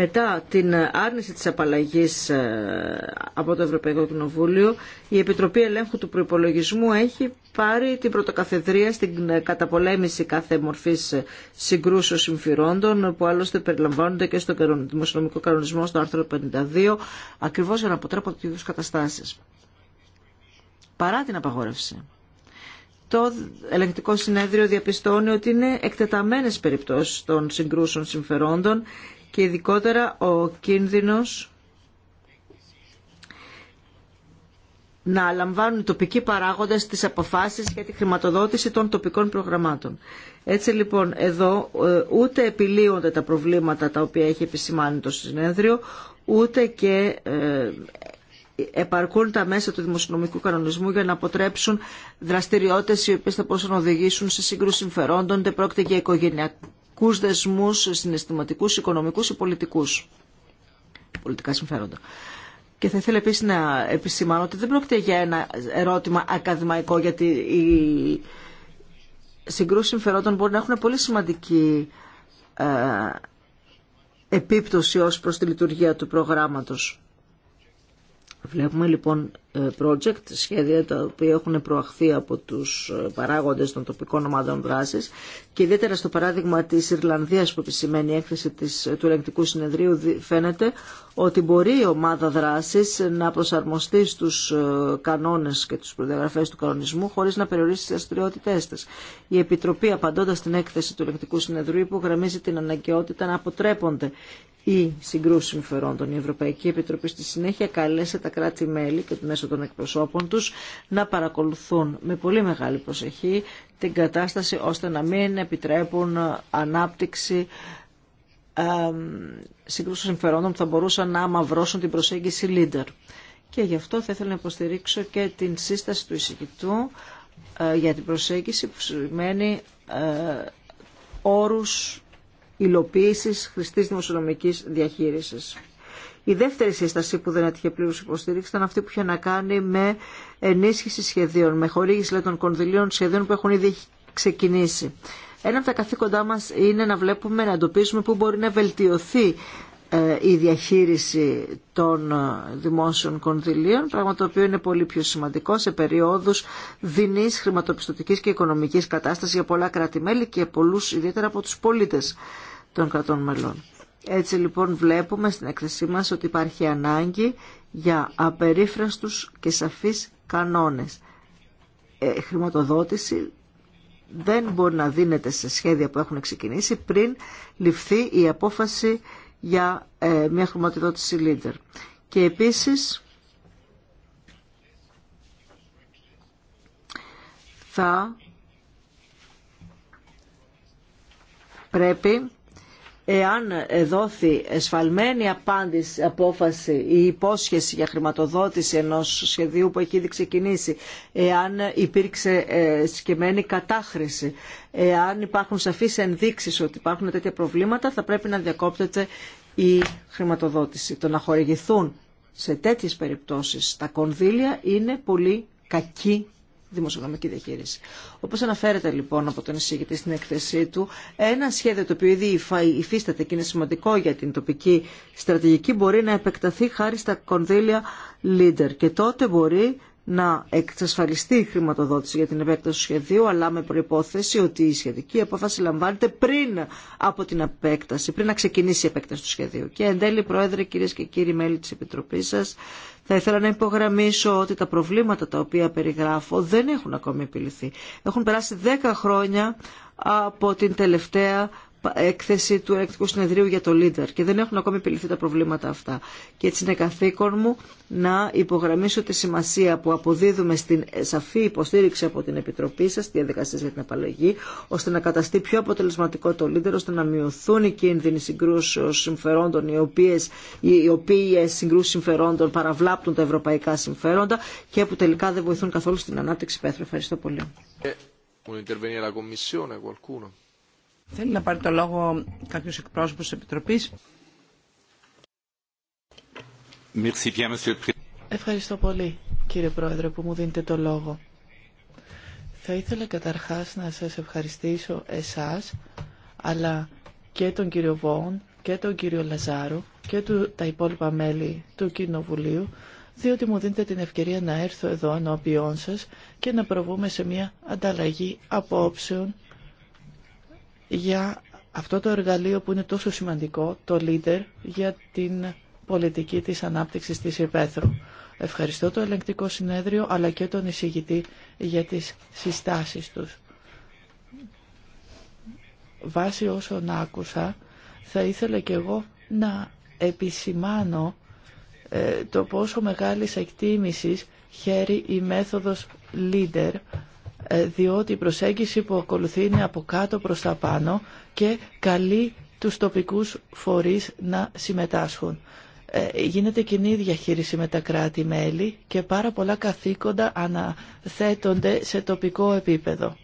S3: μετά την άρνηση της απαλλαγής ε, από το Ευρωπαϊκό Κοινοβούλιο, η Επιτροπή Ελέγχου του Προϋπολογισμού έχει πάρει την πρωτοκαθεδρία στην ε, καταπολέμηση κάθε μορφής ε, συγκρούσεων συμφυρόντων, που άλλωστε περιλαμβάνονται και στο δημοσιονομικό κανονισμό στο άρθρο 52, ακριβώς για να αποτρέπονται τέτοιους καταστάσεις. Παρά την απαγόρευση το ελεγκτικό συνέδριο διαπιστώνει ότι είναι εκτεταμένες περιπτώσεις των συγκρούσεων συμφερόντων και ειδικότερα ο κίνδυνος να λαμβάνουν τοπικοί παράγοντες τις αποφάσεις για τη χρηματοδότηση των τοπικών προγραμμάτων. Έτσι λοιπόν εδώ ε, ούτε επιλύονται τα προβλήματα τα οποία έχει επισημάνει το συνέδριο, ούτε και ε, επαρκούν τα μέσα του δημοσιονομικού κανονισμού για να αποτρέψουν δραστηριότητες οι οποίες θα μπορούσαν να οδηγήσουν σε σύγκρουση συμφερόντων, δεν πρόκειται για οικογενειακή κοινωνικούς δεσμούς, συναισθηματικούς, οικονομικούς ή πολιτικούς. Πολιτικά συμφέροντα. Και θα ήθελα επίσης να επισημάνω ότι δεν πρόκειται για ένα ερώτημα ακαδημαϊκό, γιατί οι συγκρούσεις συμφερόντων μπορεί να έχουν πολύ σημαντική ε, επίπτωση ως προς τη λειτουργία του προγράμματος. Βλέπουμε λοιπόν ε, project, σχέδια τα οποία έχουν προαχθεί από τους ε, παράγοντες των τοπικών ομάδων δράσης και ιδιαίτερα στο παράδειγμα της Ιρλανδίας που επισημαίνει η έκθεση της, ε, του ελεγκτικού συνεδρίου φαίνεται ότι μπορεί η ομάδα δράσης να προσαρμοστεί στους κανόνες και τους προδιαγραφές του κανονισμού χωρίς να περιορίσει τις αστριότητές της. Η Επιτροπή απαντώντας στην έκθεση του ελεγκτικού συνεδρίου υπογραμμίζει την αναγκαιότητα να αποτρέπονται ή συγκρούσει συμφερόντων. Η Ευρωπαϊκή Επιτροπή στη συνέχεια καλέσε τα κράτη-μέλη και μέσω των εκπροσώπων τους να παρακολουθούν με πολύ μεγάλη προσοχή την κατάσταση ώστε να μην επιτρέπουν ανάπτυξη συγκρούσεων συμφερόντων που θα μπορούσαν να αμαυρώσουν την προσέγγιση leader Και γι' αυτό θα ήθελα να υποστηρίξω και την σύσταση του εισηγητού ε, για την προσέγγιση που σημαίνει ε, όρους υλοποίηση χρηστή δημοσιονομική διαχείριση. Η δεύτερη σύσταση που δεν έτυχε πλήρω υποστήριξη ήταν αυτή που είχε να κάνει με ενίσχυση σχεδίων, με χορήγηση των κονδυλίων σχεδίων που έχουν ήδη ξεκινήσει. Ένα από τα καθήκοντά μα είναι να βλέπουμε, να εντοπίσουμε πού μπορεί να βελτιωθεί ε, η διαχείριση των ε, δημόσιων κονδυλίων, πράγμα το οποίο είναι πολύ πιο σημαντικό σε περιόδου δεινή χρηματοπιστωτική και οικονομική κατάσταση για πολλά κράτη-μέλη και πολλού ιδιαίτερα από του πολίτε των κρατών μελών. Έτσι λοιπόν βλέπουμε στην έκθεσή μας ότι υπάρχει ανάγκη για απερίφραστους και σαφείς κανόνες. Ε, χρηματοδότηση δεν μπορεί να δίνεται σε σχέδια που έχουν ξεκινήσει πριν ληφθεί η απόφαση για ε, μια χρηματοδότηση leader. Και επίσης θα πρέπει εάν δόθη εσφαλμένη απάντηση, απόφαση ή υπόσχεση για χρηματοδότηση ενός σχεδίου που έχει ήδη ξεκινήσει, εάν υπήρξε ε, συγκεκριμένη κατάχρηση, εάν υπάρχουν σαφείς ενδείξεις ότι υπάρχουν τέτοια προβλήματα, θα πρέπει να διακόπτεται η χρηματοδότηση. Το να χορηγηθούν σε τέτοιες περιπτώσεις τα κονδύλια είναι πολύ κακή δημοσιονομική διαχείριση. Όπω αναφέρεται λοιπόν από τον εισηγητή στην έκθεσή του, ένα σχέδιο το οποίο ήδη υφίσταται και είναι σημαντικό για την τοπική στρατηγική μπορεί να επεκταθεί χάρη στα κονδύλια Λίντερ και τότε μπορεί να εξασφαλιστεί η χρηματοδότηση για την επέκταση του σχεδίου, αλλά με προπόθεση ότι η σχετική απόφαση λαμβάνεται πριν από την επέκταση, πριν να ξεκινήσει η επέκταση του σχεδίου. Και εν τέλει, Πρόεδρε, κυρίε και κύριοι μέλη τη Επιτροπή σα, θα ήθελα να υπογραμμίσω ότι τα προβλήματα τα οποία περιγράφω δεν έχουν ακόμη επιληθεί. Έχουν περάσει 10 χρόνια από την τελευταία έκθεση του Ελεκτικού Συνεδρίου για το Λίντερ και δεν έχουν ακόμη επιληθεί τα προβλήματα αυτά. Και έτσι είναι καθήκον μου να υπογραμμίσω τη σημασία που αποδίδουμε στην σαφή υποστήριξη από την Επιτροπή σα, τη διαδικασία για την απαλλαγή, ώστε να καταστεί πιο αποτελεσματικό το Λίντερ, ώστε να μειωθούν οι κίνδυνοι συγκρούσεω συμφερόντων, οι οποίε οι οποίες συγκρούσει συμφερόντων παραβλάπτουν τα ευρωπαϊκά συμφέροντα και που τελικά δεν βοηθούν καθόλου στην ανάπτυξη Πέθρο,
S1: Ευχαριστώ πολύ. Ε, Θέλει να πάρει το
S2: λόγο κάποιος εκπρόσωπος της Επιτροπής. Ευχαριστώ πολύ κύριε Πρόεδρε που μου δίνετε το λόγο. Θα ήθελα καταρχάς να σας ευχαριστήσω εσάς αλλά και τον κύριο Βόν και τον κύριο Λαζάρου και του, τα υπόλοιπα μέλη του Κοινοβουλίου διότι μου δίνετε την ευκαιρία να έρθω εδώ ενώπιόν σας και να προβούμε σε μια ανταλλαγή απόψεων για αυτό το εργαλείο που είναι τόσο σημαντικό, το leader, για την πολιτική της ανάπτυξης της υπαίθρου. Ευχαριστώ το ελεγκτικό συνέδριο αλλά και τον εισηγητή για τις συστάσεις τους. Βάσει όσων άκουσα, θα ήθελα και εγώ να επισημάνω ε, το πόσο μεγάλης εκτίμησης χαίρει η μέθοδος leader ε, διότι η προσέγγιση που ακολουθεί είναι από κάτω προς τα πάνω και καλεί τους τοπικούς φορείς να συμμετάσχουν. Ε, γίνεται κοινή διαχείριση με τα κράτη-μέλη και πάρα πολλά καθήκοντα αναθέτονται σε τοπικό επίπεδο.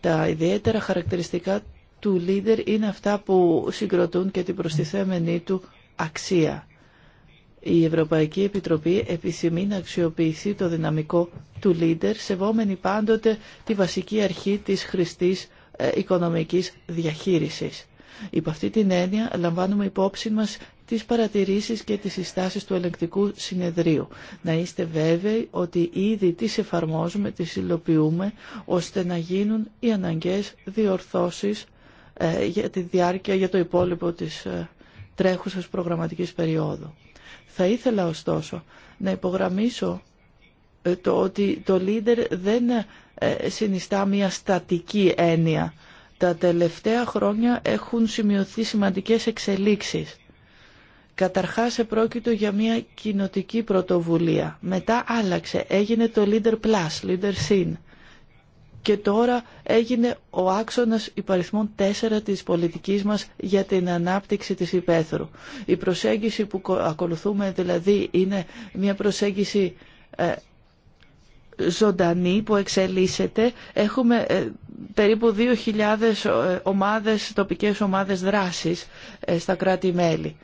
S2: Τα ιδιαίτερα χαρακτηριστικά του leader είναι αυτά που συγκροτούν και την προστιθέμενή του αξία. Η Ευρωπαϊκή Επιτροπή επισημεί να αξιοποιηθεί το δυναμικό του Λίντερ, σεβόμενη πάντοτε τη βασική αρχή της χρηστής ε, οικονομικής διαχείρισης. Υπό αυτή την έννοια λαμβάνουμε υπόψη μας τις παρατηρήσεις και τις συστάσεις του ελεγκτικού συνεδρίου. Να είστε βέβαιοι ότι ήδη τις εφαρμόζουμε, τις υλοποιούμε, ώστε να γίνουν οι αναγκαίες διορθώσεις ε, για τη διάρκεια, για το υπόλοιπο της ε, τρέχουσας προγραμματικής περίοδου. Θα ήθελα ωστόσο να υπογραμμίσω ε, το ότι το leader δεν ε, συνιστά μια στατική έννοια. Τα τελευταία χρόνια έχουν σημειωθεί σημαντικές εξελίξεις. Καταρχάς επρόκειτο για μια κοινοτική πρωτοβουλία. Μετά άλλαξε, έγινε το Leader Plus, Leader Sin και τώρα έγινε ο άξονας υπαριθμών 4 της πολιτικής μας για την ανάπτυξη της υπαίθρου. Η προσέγγιση που ακολουθούμε δηλαδή είναι μια προσέγγιση ε, ζωντανή που εξελίσσεται. Έχουμε ε, περίπου 2.000 ε, ομάδες, τοπικές ομάδες δράσης στα κράτη-μέλη.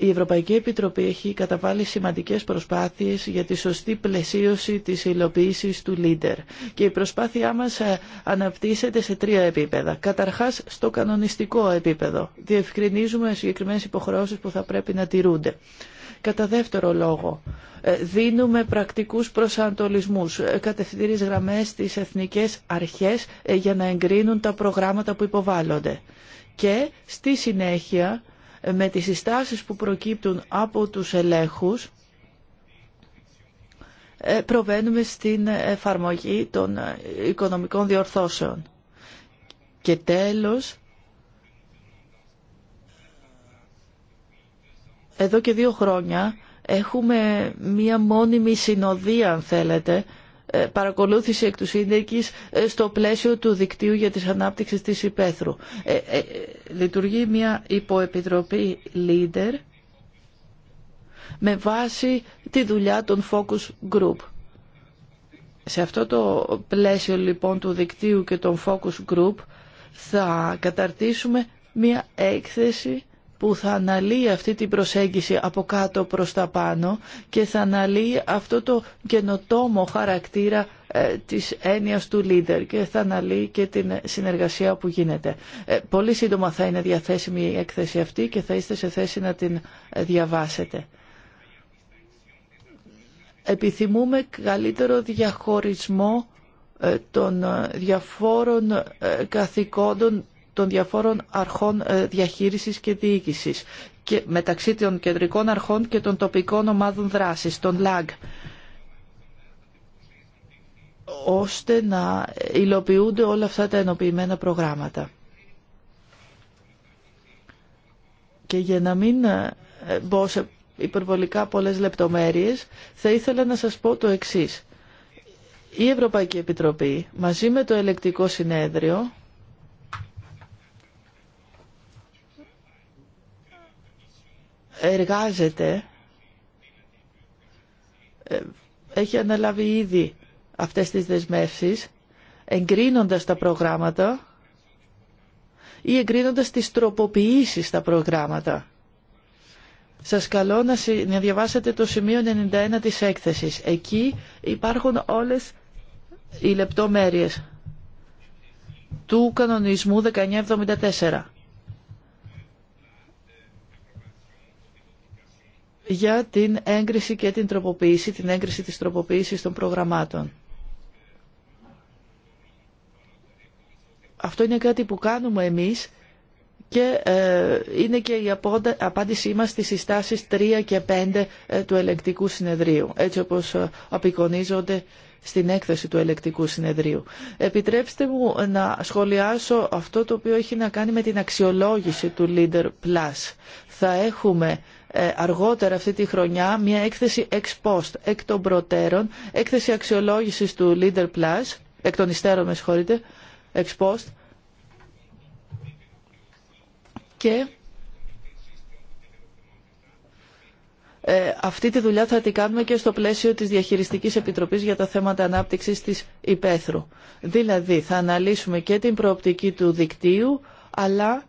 S2: Η Ευρωπαϊκή Επιτροπή έχει καταβάλει σημαντικές προσπάθειες για τη σωστή πλαισίωση της υλοποίησης του Λίντερ και η προσπάθειά μας ε, αναπτύσσεται σε τρία επίπεδα. Καταρχάς στο κανονιστικό επίπεδο. Διευκρινίζουμε συγκεκριμένες υποχρεώσεις που θα πρέπει να τηρούνται. Κατά δεύτερο λόγο, ε, δίνουμε πρακτικούς προσανατολισμούς, ε, κατευθυντήριες γραμμές στις εθνικές αρχές για να εγκρίνουν τα προγράμματα που υποβάλλονται. Και στη συνέχεια με τις συστάσεις που προκύπτουν από τους ελέγχους ε, προβαίνουμε στην εφαρμογή των ε, οικονομικών διορθώσεων. Και τέλος, εδώ και δύο χρόνια έχουμε μία μόνιμη συνοδεία, αν θέλετε, ε, παρακολούθηση εκ του σύνδεκης ε, στο πλαίσιο του δικτύου για τις ανάπτυξη της υπαίθρου. Ε, λειτουργεί μια υποεπιτροπή leader με βάση τη δουλειά των focus group. Σε αυτό το πλαίσιο λοιπόν του δικτύου και των focus group θα καταρτήσουμε μια έκθεση που θα αναλύει αυτή την προσέγγιση από κάτω προς τα πάνω και θα αναλύει αυτό το καινοτόμο χαρακτήρα ε, της έννοιας του leader και θα αναλύει και την συνεργασία που γίνεται. Ε, πολύ σύντομα θα είναι διαθέσιμη η έκθεση αυτή και θα είστε σε θέση να την ε, διαβάσετε. Επιθυμούμε καλύτερο διαχωρισμό των διαφόρων καθηκόντων των διαφόρων αρχών ε, διαχείρισης και διοίκησης και μεταξύ των κεντρικών αρχών και των τοπικών ομάδων δράσης, των ΛΑΓ ώστε να υλοποιούνται όλα αυτά τα ενοποιημένα προγράμματα. Και για να μην ε, μπω σε υπερβολικά πολλές λεπτομέρειες, θα ήθελα να σας πω το εξής. Η Ευρωπαϊκή Επιτροπή μαζί με το Ελεκτικό Συνέδριο εργάζεται, ε, έχει αναλάβει ήδη αυτές τις δεσμεύσεις, εγκρίνοντας τα προγράμματα ή εγκρίνοντας τις τροποποιήσεις στα προγράμματα. Σας καλώ να διαβάσετε το σημείο 91 της έκθεσης. Εκεί υπάρχουν όλες οι λεπτομέρειες του κανονισμού 1974. για την έγκριση και την τροποποίηση, την έγκριση της τροποποίησης των προγραμμάτων. Αυτό είναι κάτι που κάνουμε εμείς και ε, είναι και η απάντησή μας στις συστάσεις 3 και 5 ε, του ελεκτικού συνεδρίου, έτσι όπως ε, απεικονίζονται στην έκθεση του ελεκτικού συνεδρίου. Επιτρέψτε μου να σχολιάσω αυτό το οποίο έχει να κάνει με την αξιολόγηση του Leader Plus. Θα έχουμε ε, αργότερα αυτή τη χρονιά μια έκθεση ex post, εκ των προτέρων, έκθεση αξιολόγησης του Leader Plus, εκ των υστέρων με συγχωρείτε, ex post, και ε, αυτή τη δουλειά θα την κάνουμε και στο πλαίσιο της Διαχειριστικής Επιτροπής για τα θέματα ανάπτυξης της υπαίθρου. Δηλαδή θα αναλύσουμε και την προοπτική του δικτύου αλλά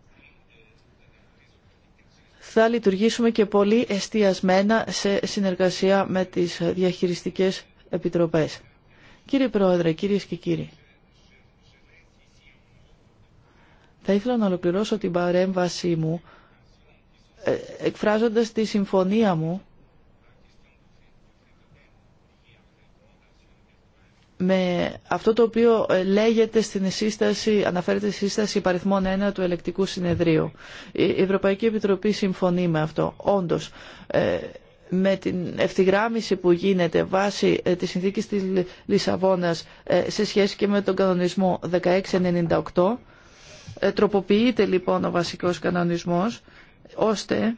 S2: θα λειτουργήσουμε και πολύ εστιασμένα σε συνεργασία με τις διαχειριστικές επιτροπές. Κύριε Πρόεδρε, κυρίες και κύριοι, θα ήθελα να ολοκληρώσω την παρέμβασή μου ε, εκφράζοντας τη συμφωνία μου με αυτό το οποίο ε, λέγεται στην σύσταση, αναφέρεται στη σύσταση υπαριθμών 1 του ελεκτικού συνεδρίου. Η Ευρωπαϊκή Επιτροπή συμφωνεί με αυτό. Όντως, ε, με την ευθυγράμμιση που γίνεται βάσει ε, της συνθήκης της Λισαβόνας σε σχέση και με τον κανονισμό 1698, τροποποιείται λοιπόν ο βασικός κανονισμός, ώστε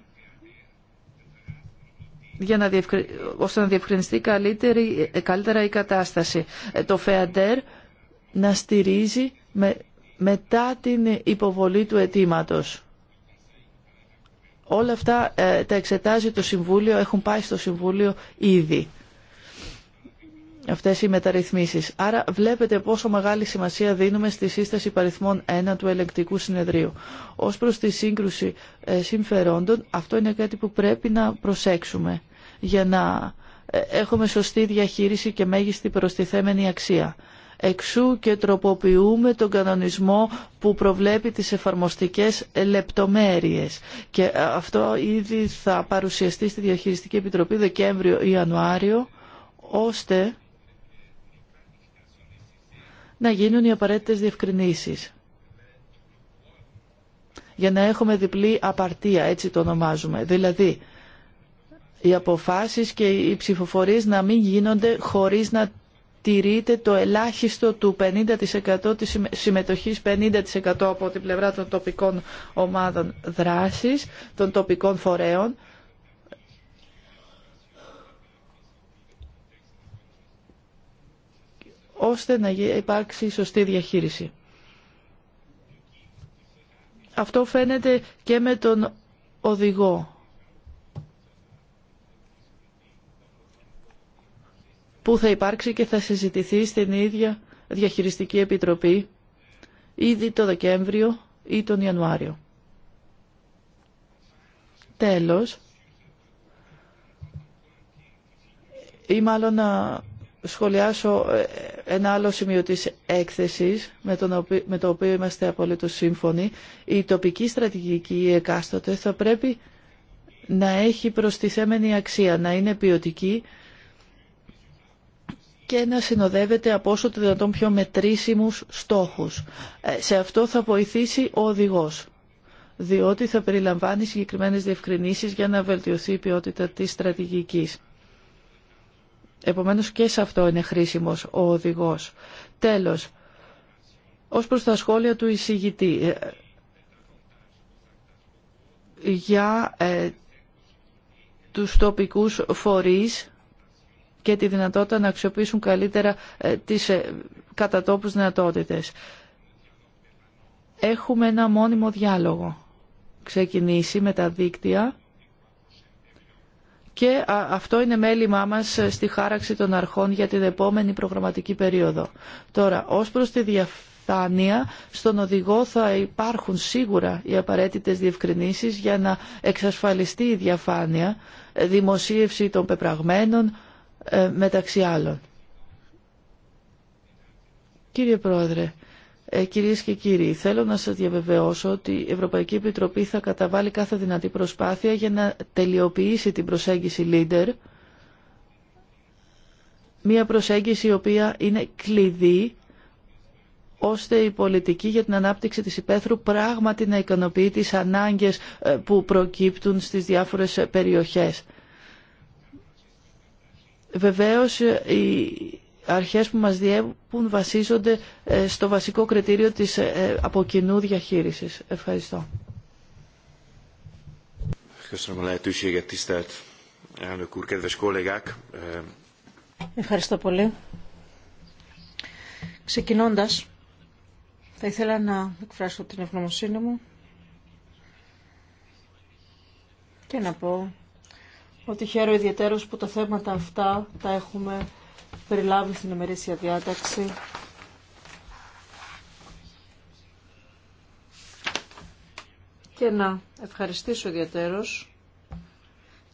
S2: για να διευκρι... ώστε να διευκρινιστεί καλύτερη... καλύτερα η κατάσταση. Ε, το ΦΕΑΝΤΕΡ να στηρίζει μετά την υποβολή του αιτήματο. Όλα αυτά ε, τα εξετάζει το Συμβούλιο, έχουν πάει στο Συμβούλιο ήδη αυτές οι μεταρρυθμίσεις. Άρα βλέπετε πόσο μεγάλη σημασία δίνουμε στη σύσταση παριθμών 1 του ελεκτικού συνεδρίου. Ως προς τη σύγκρουση ε, συμφερόντων, αυτό είναι κάτι που πρέπει να προσέξουμε για να ε, έχουμε σωστή διαχείριση και μέγιστη προστιθέμενη αξία. Εξού και τροποποιούμε τον κανονισμό που προβλέπει τις εφαρμοστικές λεπτομέρειες. Και ε, αυτό ήδη θα παρουσιαστεί στη Διαχειριστική Επιτροπή ή Δεκέμβριο-Ιανουάριο, ώστε να γίνουν οι απαραίτητες διευκρινήσεις για να έχουμε διπλή απαρτία, έτσι το ονομάζουμε. Δηλαδή, οι αποφάσεις και οι ψηφοφορίες να μην γίνονται χωρίς να τηρείται το ελάχιστο του 50% της συμμετοχής 50% από την πλευρά των τοπικών ομάδων δράσης, των τοπικών φορέων. ώστε να υπάρξει σωστή διαχείριση. Αυτό φαίνεται και με τον οδηγό που θα υπάρξει και θα συζητηθεί στην ίδια Διαχειριστική Επιτροπή ήδη το Δεκέμβριο ή τον Ιανουάριο. Τέλος, ή μάλλον να σχολιάσω ε, ένα άλλο σημείο της έκθεσης με, τον με το οποίο είμαστε απόλυτο σύμφωνοι. Η τοπική στρατηγική εκάστοτε θα πρέπει να έχει προστιθέμενη αξία, να είναι ποιοτική και να συνοδεύεται από όσο το δυνατόν πιο μετρήσιμους στόχους. Ε, σε αυτό θα βοηθήσει ο οδηγός διότι θα περιλαμβάνει συγκεκριμένες διευκρινήσεις για να βελτιωθεί η ποιότητα της στρατηγικής. Επομένως και σε αυτό είναι χρήσιμος ο οδηγός. Τέλος, ως προς τα σχόλια του εισηγητή ε, για ε, τους τοπικούς φορείς και τη δυνατότητα να αξιοποιήσουν καλύτερα ε, τις ε, κατατόπους δυνατότητες. Έχουμε ένα μόνιμο διάλογο ξεκινήσει με τα δίκτυα και αυτό είναι μέλημά μας ε, στη χάραξη των αρχών για την επόμενη προγραμματική περίοδο. Τώρα, ως προς τη διαφάνεια, στον οδηγό θα υπάρχουν σίγουρα οι απαραίτητες διευκρινήσεις για να εξασφαλιστεί η διαφάνεια, δημοσίευση των πεπραγμένων, ε, μεταξύ άλλων. Κύριε Πρόεδρε, ε, Κυρίες και κύριοι, θέλω να σας διαβεβαιώσω ότι η Ευρωπαϊκή Επιτροπή θα καταβάλει κάθε δυνατή προσπάθεια για να τελειοποιήσει την προσέγγιση Leader, μια προσέγγιση η οποία είναι κλειδί ώστε η πολιτική για την ανάπτυξη της υπαίθρου πράγματι να ικανοποιεί τις ανάγκες ε, που προκύπτουν στις διάφορες περιοχές. Βεβαίως ε, οι αρχές που μας διέπουν βασίζονται ε, στο βασικό κριτήριο της ε, από κοινού διαχείρισης. Ευχαριστώ. Eh,
S3: Ευχαριστώ πολύ. Ξεκινώντας, θα ήθελα να εκφράσω την ευγνωμοσύνη μου και να πω ότι χαίρομαι ιδιαίτερως που τα θέματα αυτά τα έχουμε περιλάβει στην ημερήσια διάταξη. Και να ευχαριστήσω ιδιαίτερως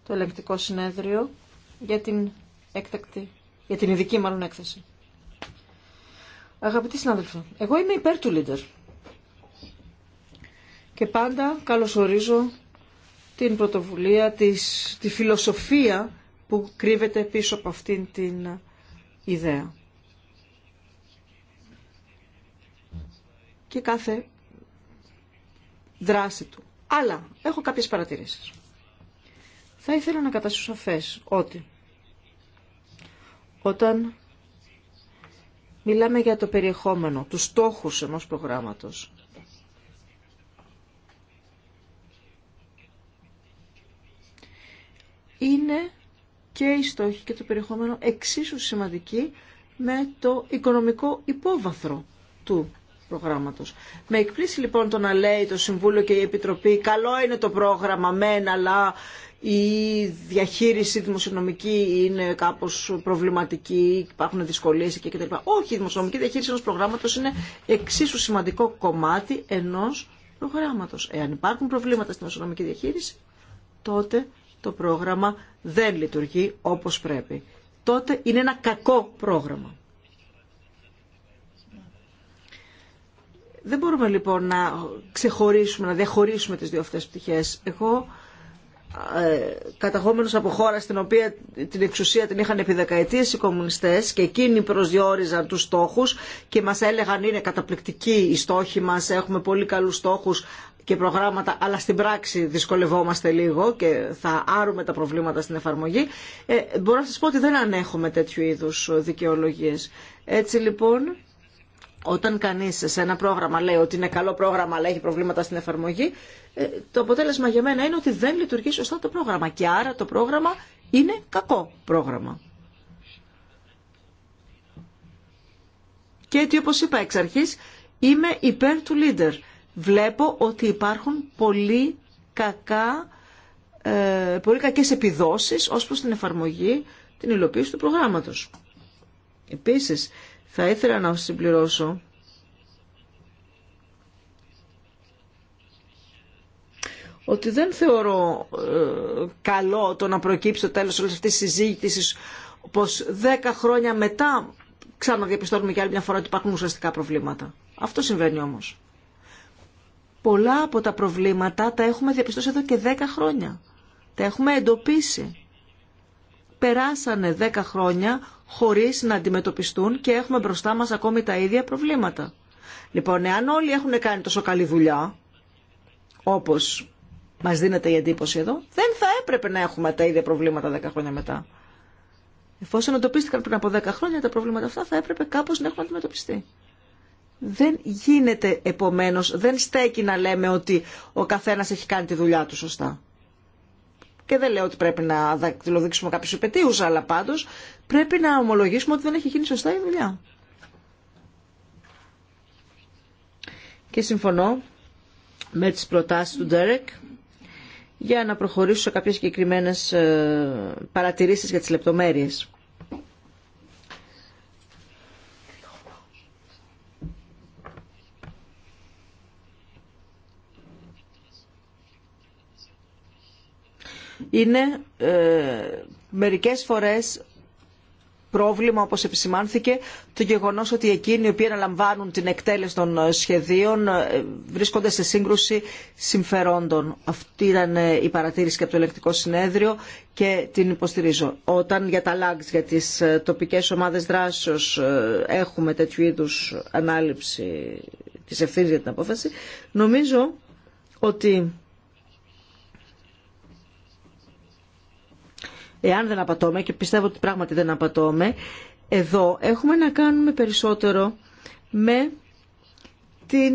S3: το ελεγκτικό συνέδριο για την έκτακτη, για την ειδική μάλλον έκθεση. Αγαπητοί συνάδελφοι, εγώ είμαι υπέρ του Λίντερ. Και πάντα καλωσορίζω την πρωτοβουλία, της, τη φιλοσοφία που κρύβεται πίσω από αυτήν την ιδέα. Και κάθε δράση του. Αλλά έχω κάποιες παρατηρήσεις. Θα ήθελα να καταστήσω σαφές ότι όταν μιλάμε για το περιεχόμενο, τους στόχους ενός προγράμματος, είναι και οι στόχοι και το περιεχόμενο εξίσου σημαντικοί με το οικονομικό υπόβαθρο του προγράμματος. Με εκπλήσει λοιπόν το να λέει το Συμβούλιο και η Επιτροπή καλό είναι το πρόγραμμα μεν αλλά η διαχείριση δημοσιονομική είναι κάπως προβληματική, υπάρχουν δυσκολίες εκεί κτλ. Όχι, η δημοσιονομική διαχείριση ενός προγράμματος είναι εξίσου σημαντικό κομμάτι ενός προγράμματος. Εάν υπάρχουν προβλήματα στη δημοσιονομική διαχείριση, τότε το πρόγραμμα δεν λειτουργεί όπως πρέπει. Τότε είναι ένα κακό πρόγραμμα. Δεν μπορούμε λοιπόν να ξεχωρίσουμε, να διαχωρίσουμε τις δύο αυτές πτυχές. Εγώ ε, καταγόμενος από χώρα στην οποία την εξουσία την είχαν επί δεκαετίες οι κομμουνιστές και εκείνοι προσδιορίζαν τους στόχους και μας έλεγαν είναι καταπληκτικοί οι στόχοι μας, έχουμε πολύ καλούς στόχους και προγράμματα, αλλά στην πράξη δυσκολευόμαστε λίγο και θα άρουμε τα προβλήματα στην εφαρμογή. Ε, μπορώ να σας πω ότι δεν ανέχουμε τέτοιου είδους δικαιολογίες. Έτσι λοιπόν, όταν κανείς σε ένα πρόγραμμα λέει ότι είναι καλό πρόγραμμα αλλά έχει προβλήματα στην εφαρμογή, ε, το αποτέλεσμα για μένα είναι ότι δεν λειτουργεί σωστά το πρόγραμμα και άρα το πρόγραμμα είναι κακό πρόγραμμα. Και έτσι όπως είπα εξ αρχής, είμαι υπέρ του leader βλέπω ότι υπάρχουν πολύ κακά ε, πολύ κακές επιδόσεις ως προς την εφαρμογή, την υλοποίηση του προγράμματος. Επίσης, θα ήθελα να συμπληρώσω ότι δεν θεωρώ ε, καλό το να προκύψει το τέλος όλης αυτής της συζήτησης πως 10 χρόνια μετά ξαναδιαπιστώνουμε και άλλη μια φορά ότι υπάρχουν ουσιαστικά προβλήματα. Αυτό συμβαίνει όμως. Πολλά από τα προβλήματα τα έχουμε διαπιστώσει εδώ και 10 χρόνια. Τα έχουμε εντοπίσει. Περάσανε 10 χρόνια χωρίς να αντιμετωπιστούν και έχουμε μπροστά μας ακόμη τα ίδια προβλήματα. Λοιπόν, εάν όλοι έχουν κάνει τόσο καλή δουλειά, όπως μας δίνεται η εντύπωση εδώ, δεν θα έπρεπε να έχουμε τα ίδια προβλήματα 10 χρόνια μετά. Εφόσον εντοπίστηκαν πριν από 10 χρόνια τα προβλήματα αυτά, θα έπρεπε κάπως να έχουν αντιμετωπιστεί. Δεν γίνεται επομένως, δεν στέκει να λέμε ότι ο καθένας έχει κάνει τη δουλειά του σωστά. Και δεν λέω ότι πρέπει να δακτυλοδείξουμε κάποιους υπετίους, αλλά πάντως πρέπει να ομολογήσουμε ότι δεν έχει γίνει σωστά η δουλειά. Και συμφωνώ με τις προτάσεις του Ντέρεκ για να προχωρήσω σε κάποιες συγκεκριμένες ε, παρατηρήσεις για τις λεπτομέρειες. είναι ε, μερικές φορές πρόβλημα όπως επισημάνθηκε το γεγονός ότι εκείνοι οι οποίοι αναλαμβάνουν την εκτέλεση των ε, σχεδίων ε, βρίσκονται σε σύγκρουση συμφερόντων. Αυτή ήταν η παρατήρηση και από το ελεκτικό συνέδριο και την υποστηρίζω. Όταν για τα LAGs, για τις τοπικές ομάδες δράσεως έχουμε τέτοιου είδου ανάληψη της ευθύνης για την απόφαση, νομίζω ότι εάν δεν απατώμε και πιστεύω ότι πράγματι δεν απατώμε, εδώ έχουμε να κάνουμε περισσότερο με την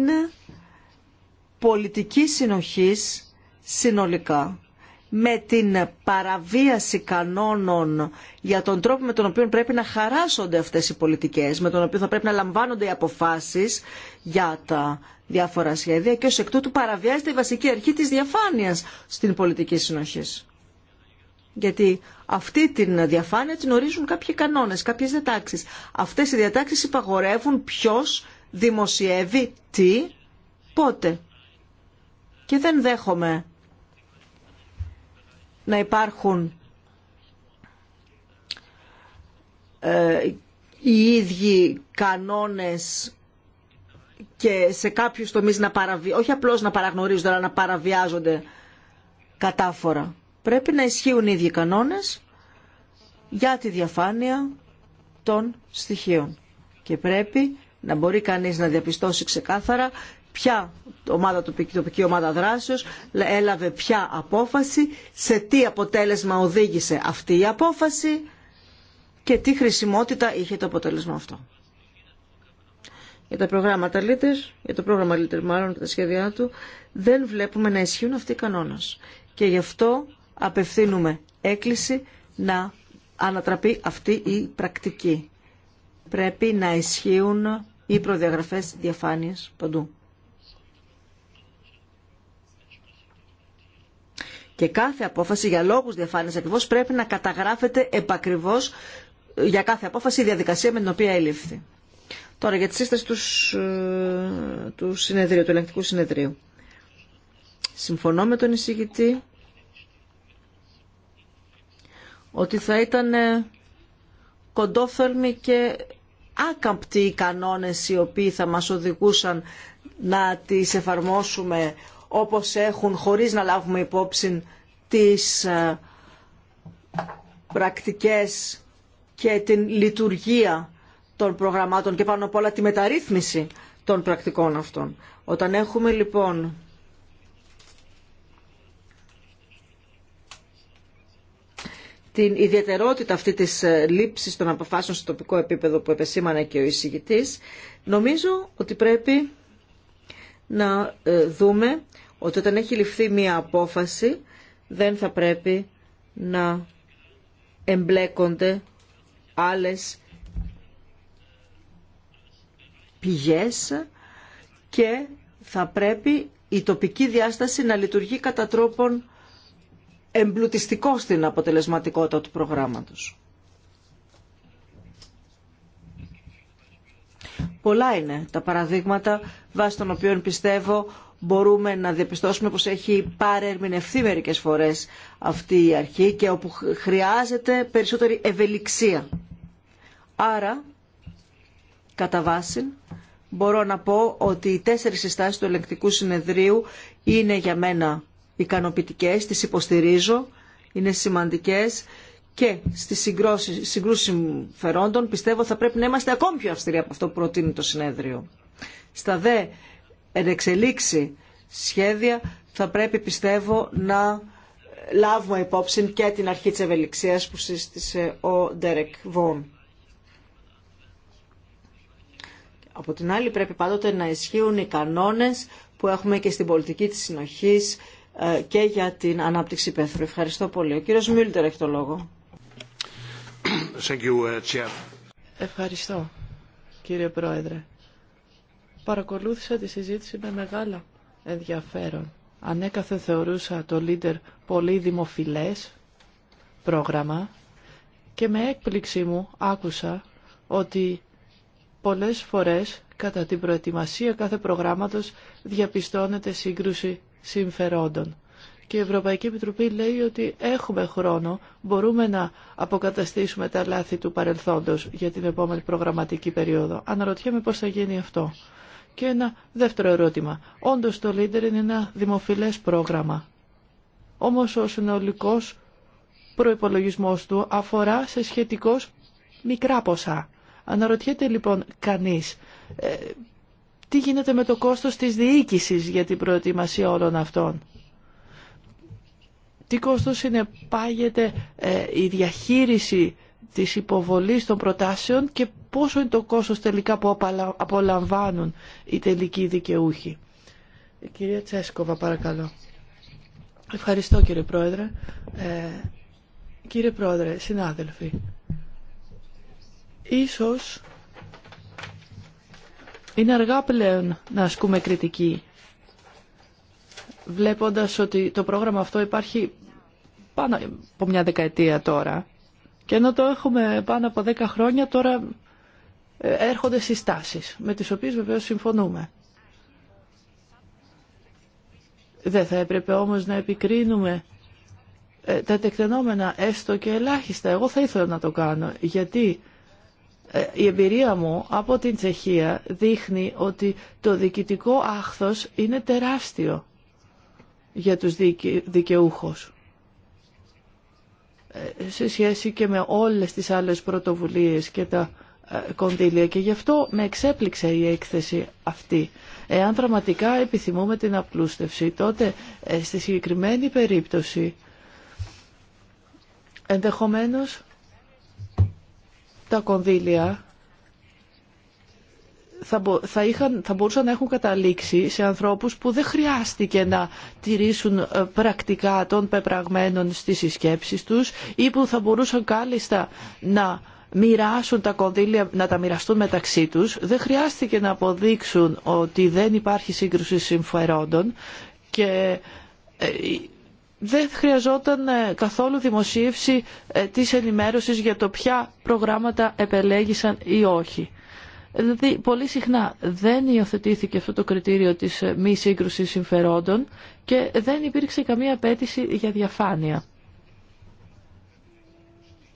S3: πολιτική συνοχής συνολικά με την παραβίαση κανόνων για τον τρόπο με τον οποίο πρέπει να χαράσονται αυτές οι πολιτικές, με τον οποίο θα πρέπει να λαμβάνονται οι αποφάσεις για τα διάφορα σχέδια και ως εκ τούτου παραβιάζεται η βασική αρχή της διαφάνειας στην πολιτική συνοχής. Γιατί αυτή την διαφάνεια την ορίζουν κάποιοι κανόνες, κάποιες διατάξεις. Αυτές οι διατάξεις υπαγορεύουν ποιος δημοσιεύει τι, πότε. Και δεν δέχομαι να υπάρχουν ε, οι ίδιοι κανόνες και σε κάποιους τομείς να παραβιάζονται, όχι απλώς να παραγνωρίζονται, αλλά να παραβιάζονται κατάφορα πρέπει να ισχύουν οι ίδιοι κανόνες για τη διαφάνεια των στοιχείων. Και πρέπει να μπορεί κανείς να διαπιστώσει ξεκάθαρα ποια ομάδα, τοπική, τοπική ομάδα δράσεως έλαβε ποια απόφαση, σε τι αποτέλεσμα οδήγησε αυτή η απόφαση και τι χρησιμότητα είχε το αποτέλεσμα αυτό. Για τα προγράμματα Λίτερ, για το πρόγραμμα Λίτερ μάλλον και τα σχέδιά του, δεν βλέπουμε να ισχύουν αυτοί οι κανόνες. Και γι' αυτό απευθύνουμε έκκληση να ανατραπεί αυτή η πρακτική. Πρέπει να ισχύουν οι προδιαγραφές διαφάνειας παντού. Και κάθε απόφαση για λόγους διαφάνειας ακριβώς πρέπει να καταγράφεται επακριβώς για κάθε απόφαση η διαδικασία με την οποία ελήφθη. Τώρα για τη σύσταση ε, του, συνεδρίου, του ελεγκτικού συνεδρίου. Συμφωνώ με τον εισηγητή ότι θα ήταν ε, κοντόφερμοι και άκαμπτοι οι κανόνες οι οποίοι θα μας οδηγούσαν να τις εφαρμόσουμε όπως έχουν χωρίς να λάβουμε υπόψη τις ε, πρακτικές και την λειτουργία των προγραμμάτων και πάνω απ' όλα τη μεταρρύθμιση των πρακτικών αυτών. Όταν έχουμε λοιπόν την ιδιαιτερότητα αυτή της ε, λήψης των αποφάσεων στο τοπικό επίπεδο που επεσήμανε και ο εισηγητής, νομίζω ότι πρέπει να ε, δούμε ότι όταν έχει ληφθεί μία απόφαση δεν θα πρέπει να εμπλέκονται άλλες πηγές και θα πρέπει η τοπική διάσταση να λειτουργεί κατά τρόπον εμπλουτιστικό στην αποτελεσματικότητα του προγράμματος. Πολλά είναι τα παραδείγματα βάσει των οποίων πιστεύω μπορούμε να διαπιστώσουμε πως έχει παρερμηνευθεί μερικές φορές αυτή η αρχή και όπου χρειάζεται περισσότερη ευελιξία. Άρα, κατά βάση, μπορώ να πω ότι οι τέσσερις συστάσεις του ελεγκτικού συνεδρίου είναι για μένα ικανοποιητικές, τις υποστηρίζω, είναι σημαντικές και στις συγκρούσεις συμφερόντων πιστεύω θα πρέπει να είμαστε ακόμη πιο αυστηροί από αυτό που προτείνει το συνέδριο. Στα δε ενεξελίξη σχέδια θα πρέπει πιστεύω να λάβουμε υπόψη και την αρχή της ευελιξίας που σύστησε ο Ντέρεκ Βόν. Από την άλλη πρέπει πάντοτε να ισχύουν οι κανόνες που έχουμε και στην πολιτική της συνοχής ε, και για την ανάπτυξη πέθρου. Ευχαριστώ πολύ. Ο κύριος Μίλτερ έχει το λόγο.
S1: Uh,
S2: Ευχαριστώ, κύριε Πρόεδρε. Παρακολούθησα τη συζήτηση με μεγάλο ενδιαφέρον. Ανέκαθεν θεωρούσα το Λίντερ πολύ δημοφιλές πρόγραμμα και με έκπληξή μου άκουσα ότι πολλές φορές κατά την προετοιμασία κάθε προγράμματος διαπιστώνεται σύγκρουση συμφερόντων. Και η Ευρωπαϊκή Επιτροπή λέει ότι έχουμε χρόνο, μπορούμε να αποκαταστήσουμε τα λάθη του παρελθόντος για την επόμενη προγραμματική περίοδο. Αναρωτιέμαι πώς θα γίνει αυτό. Και ένα δεύτερο ερώτημα. Όντως το Leader είναι ένα δημοφιλές πρόγραμμα. Όμως ο συνολικός προϋπολογισμός του αφορά σε σχετικώς μικρά ποσά. Αναρωτιέται λοιπόν κανείς ε, τι γίνεται με το κόστος της διοίκησης για την προετοιμασία όλων αυτών. Τι κόστος συνεπάγεται ε, η διαχείριση της υποβολής των προτάσεων και πόσο είναι το κόστος τελικά που απολαμβάνουν οι τελικοί δικαιούχοι. Ε, κυρία Τσέσκοβα, παρακαλώ. Ευχαριστώ κύριε Πρόεδρε. Ε, κύριε Πρόεδρε, συνάδελφοι, ίσως είναι αργά πλέον να ασκούμε κριτική, βλέποντας ότι το πρόγραμμα αυτό υπάρχει πάνω από μια δεκαετία τώρα και ενώ το έχουμε πάνω από δέκα χρόνια τώρα ε, έρχονται συστάσεις με τις οποίες βεβαίως συμφωνούμε. Δεν θα έπρεπε όμως να επικρίνουμε ε, τα τεκτενόμενα έστω και ελάχιστα. Εγώ θα ήθελα να το κάνω γιατί ε, η εμπειρία μου από την Τσεχία δείχνει ότι το διοικητικό άχθος είναι τεράστιο για τους δικαιούχους ε, σε σχέση και με όλες τις άλλες πρωτοβουλίες και τα ε, κονδύλια και γι' αυτό με εξέπληξε η έκθεση αυτή. Εάν δραματικά επιθυμούμε την απλούστευση, τότε στη συγκεκριμένη περίπτωση ενδεχομένως τα κονδύλια θα, θα, είχαν, θα μπορούσαν να έχουν καταλήξει σε ανθρώπους που δεν χρειάστηκε να τηρήσουν ε, πρακτικά των πεπραγμένων στις συσκέψεις τους ή που θα μπορούσαν κάλλιστα να μοιράσουν τα κονδύλια, να τα μοιραστούν μεταξύ τους. Δεν χρειάστηκε να αποδείξουν ότι δεν υπάρχει σύγκρουση συμφερόντων και ε, δεν χρειαζόταν ε, καθόλου δημοσίευση ε, της ενημέρωσης για το ποια προγράμματα επελέγησαν ή όχι. Δηλαδή, πολύ συχνά δεν υιοθετήθηκε αυτό το κριτήριο της ε, μη σύγκρουσης συμφερόντων και δεν υπήρξε καμία απέτηση για διαφάνεια.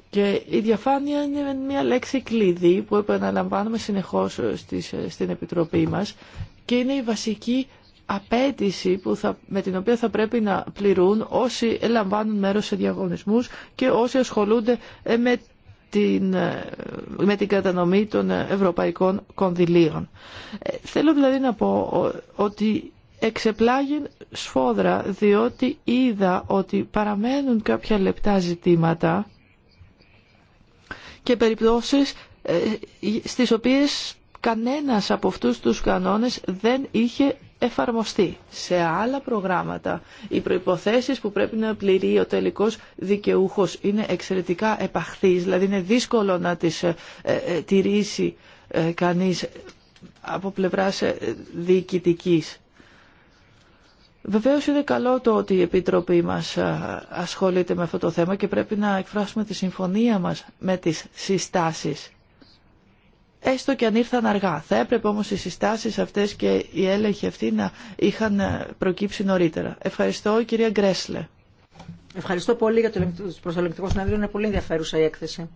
S2: Και η διαφάνεια είναι μια λέξη κλειδί που επαναλαμβάνουμε συνεχώς στην Επιτροπή μας και είναι η βασική απέτηση που θα, με την οποία θα πρέπει να πληρούν όσοι λαμβάνουν μέρος σε διαγωνισμούς και όσοι ασχολούνται ε, με την, ε, με την κατανομή των ε, ευρωπαϊκών κονδυλίων. Θέλω δηλαδή να πω ότι εξεπλάγει σφόδρα διότι είδα ότι παραμένουν κάποια λεπτά ζητήματα και περιπτώσεις στις οποίες κανένας από αυτούς τους κανόνες δεν είχε εφαρμοστεί σε άλλα προγράμματα. Οι προϋποθέσεις που πρέπει να πληρεί ο τελικός δικαιούχος είναι εξαιρετικά επαχθείς, δηλαδή είναι δύσκολο να τις ε, ε τηρήσει ε, κανείς από πλευράς ε, διοικητικής. Βεβαίως είναι καλό το ότι η Επιτροπή μας ασχολείται με αυτό το θέμα και πρέπει να εκφράσουμε τη συμφωνία μας με τις συστάσεις έστω και αν ήρθαν αργά. Θα έπρεπε όμως οι συστάσεις αυτές και οι έλεγχοι αυτοί να είχαν ε, προκύψει νωρίτερα. Ευχαριστώ κυρία Γκρέσλε.
S3: Ευχαριστώ πολύ για το προσελεκτικό συνέδριο. Είναι πολύ ενδιαφέρουσα η έκθεση.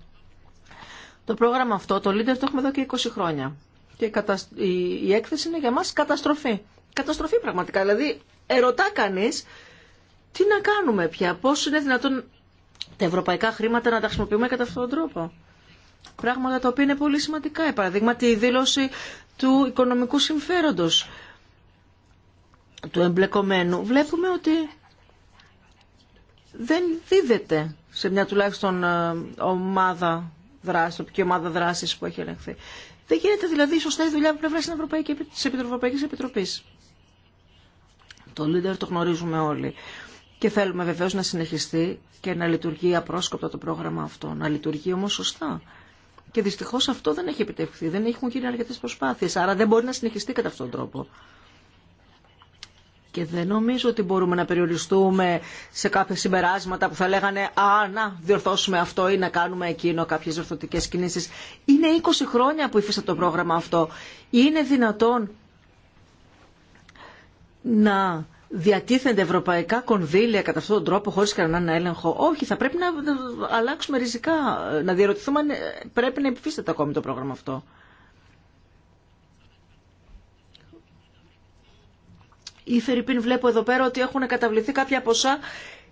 S3: Το πρόγραμμα αυτό, το Leader, το έχουμε εδώ και 20 χρόνια. Και η έκθεση είναι για μας καταστροφή. Καταστροφή πραγματικά. Δηλαδή, ερωτά κανείς τι να κάνουμε πια, πώς είναι δυνατόν τα ευρωπαϊκά χρήματα να τα χρησιμοποιούμε κατά αυτόν τον τρόπο πράγματα τα οποία είναι πολύ σημαντικά. Για παράδειγμα, τη δήλωση του οικονομικού συμφέροντος του εμπλεκομένου. Βλέπουμε ότι δεν δίδεται σε μια τουλάχιστον ε, ομάδα δράση, τοπική ομάδα δράση που έχει ελεγχθεί. Δεν γίνεται δηλαδή σωστά η δουλειά από πλευρά τη Ευρωπαϊκή Επιτροπή. Το leader το γνωρίζουμε όλοι. Και θέλουμε βεβαίω να συνεχιστεί και να λειτουργεί απρόσκοπτα το πρόγραμμα αυτό. Να λειτουργεί όμω σωστά. Και δυστυχώ αυτό δεν έχει επιτευχθεί. Δεν έχουν γίνει αρκετέ προσπάθειε. Άρα δεν μπορεί να συνεχιστεί κατά αυτόν τον τρόπο. Και δεν νομίζω ότι μπορούμε να περιοριστούμε σε κάποια συμπεράσματα που θα λέγανε «Α, να διορθώσουμε αυτό ή να κάνουμε εκείνο κάποιες διορθωτικές κινήσεις». Είναι 20 χρόνια που υφίσταται το πρόγραμμα αυτό. Είναι δυνατόν να διατίθενται ευρωπαϊκά κονδύλια κατά αυτόν τον τρόπο χωρίς κανέναν έλεγχο. Όχι, θα πρέπει να αλλάξουμε ριζικά, να διαρωτηθούμε αν πρέπει να επιφύσταται ακόμη το πρόγραμμα αυτό. Η Φερρυπίν βλέπω εδώ πέρα ότι έχουν καταβληθεί κάποια ποσά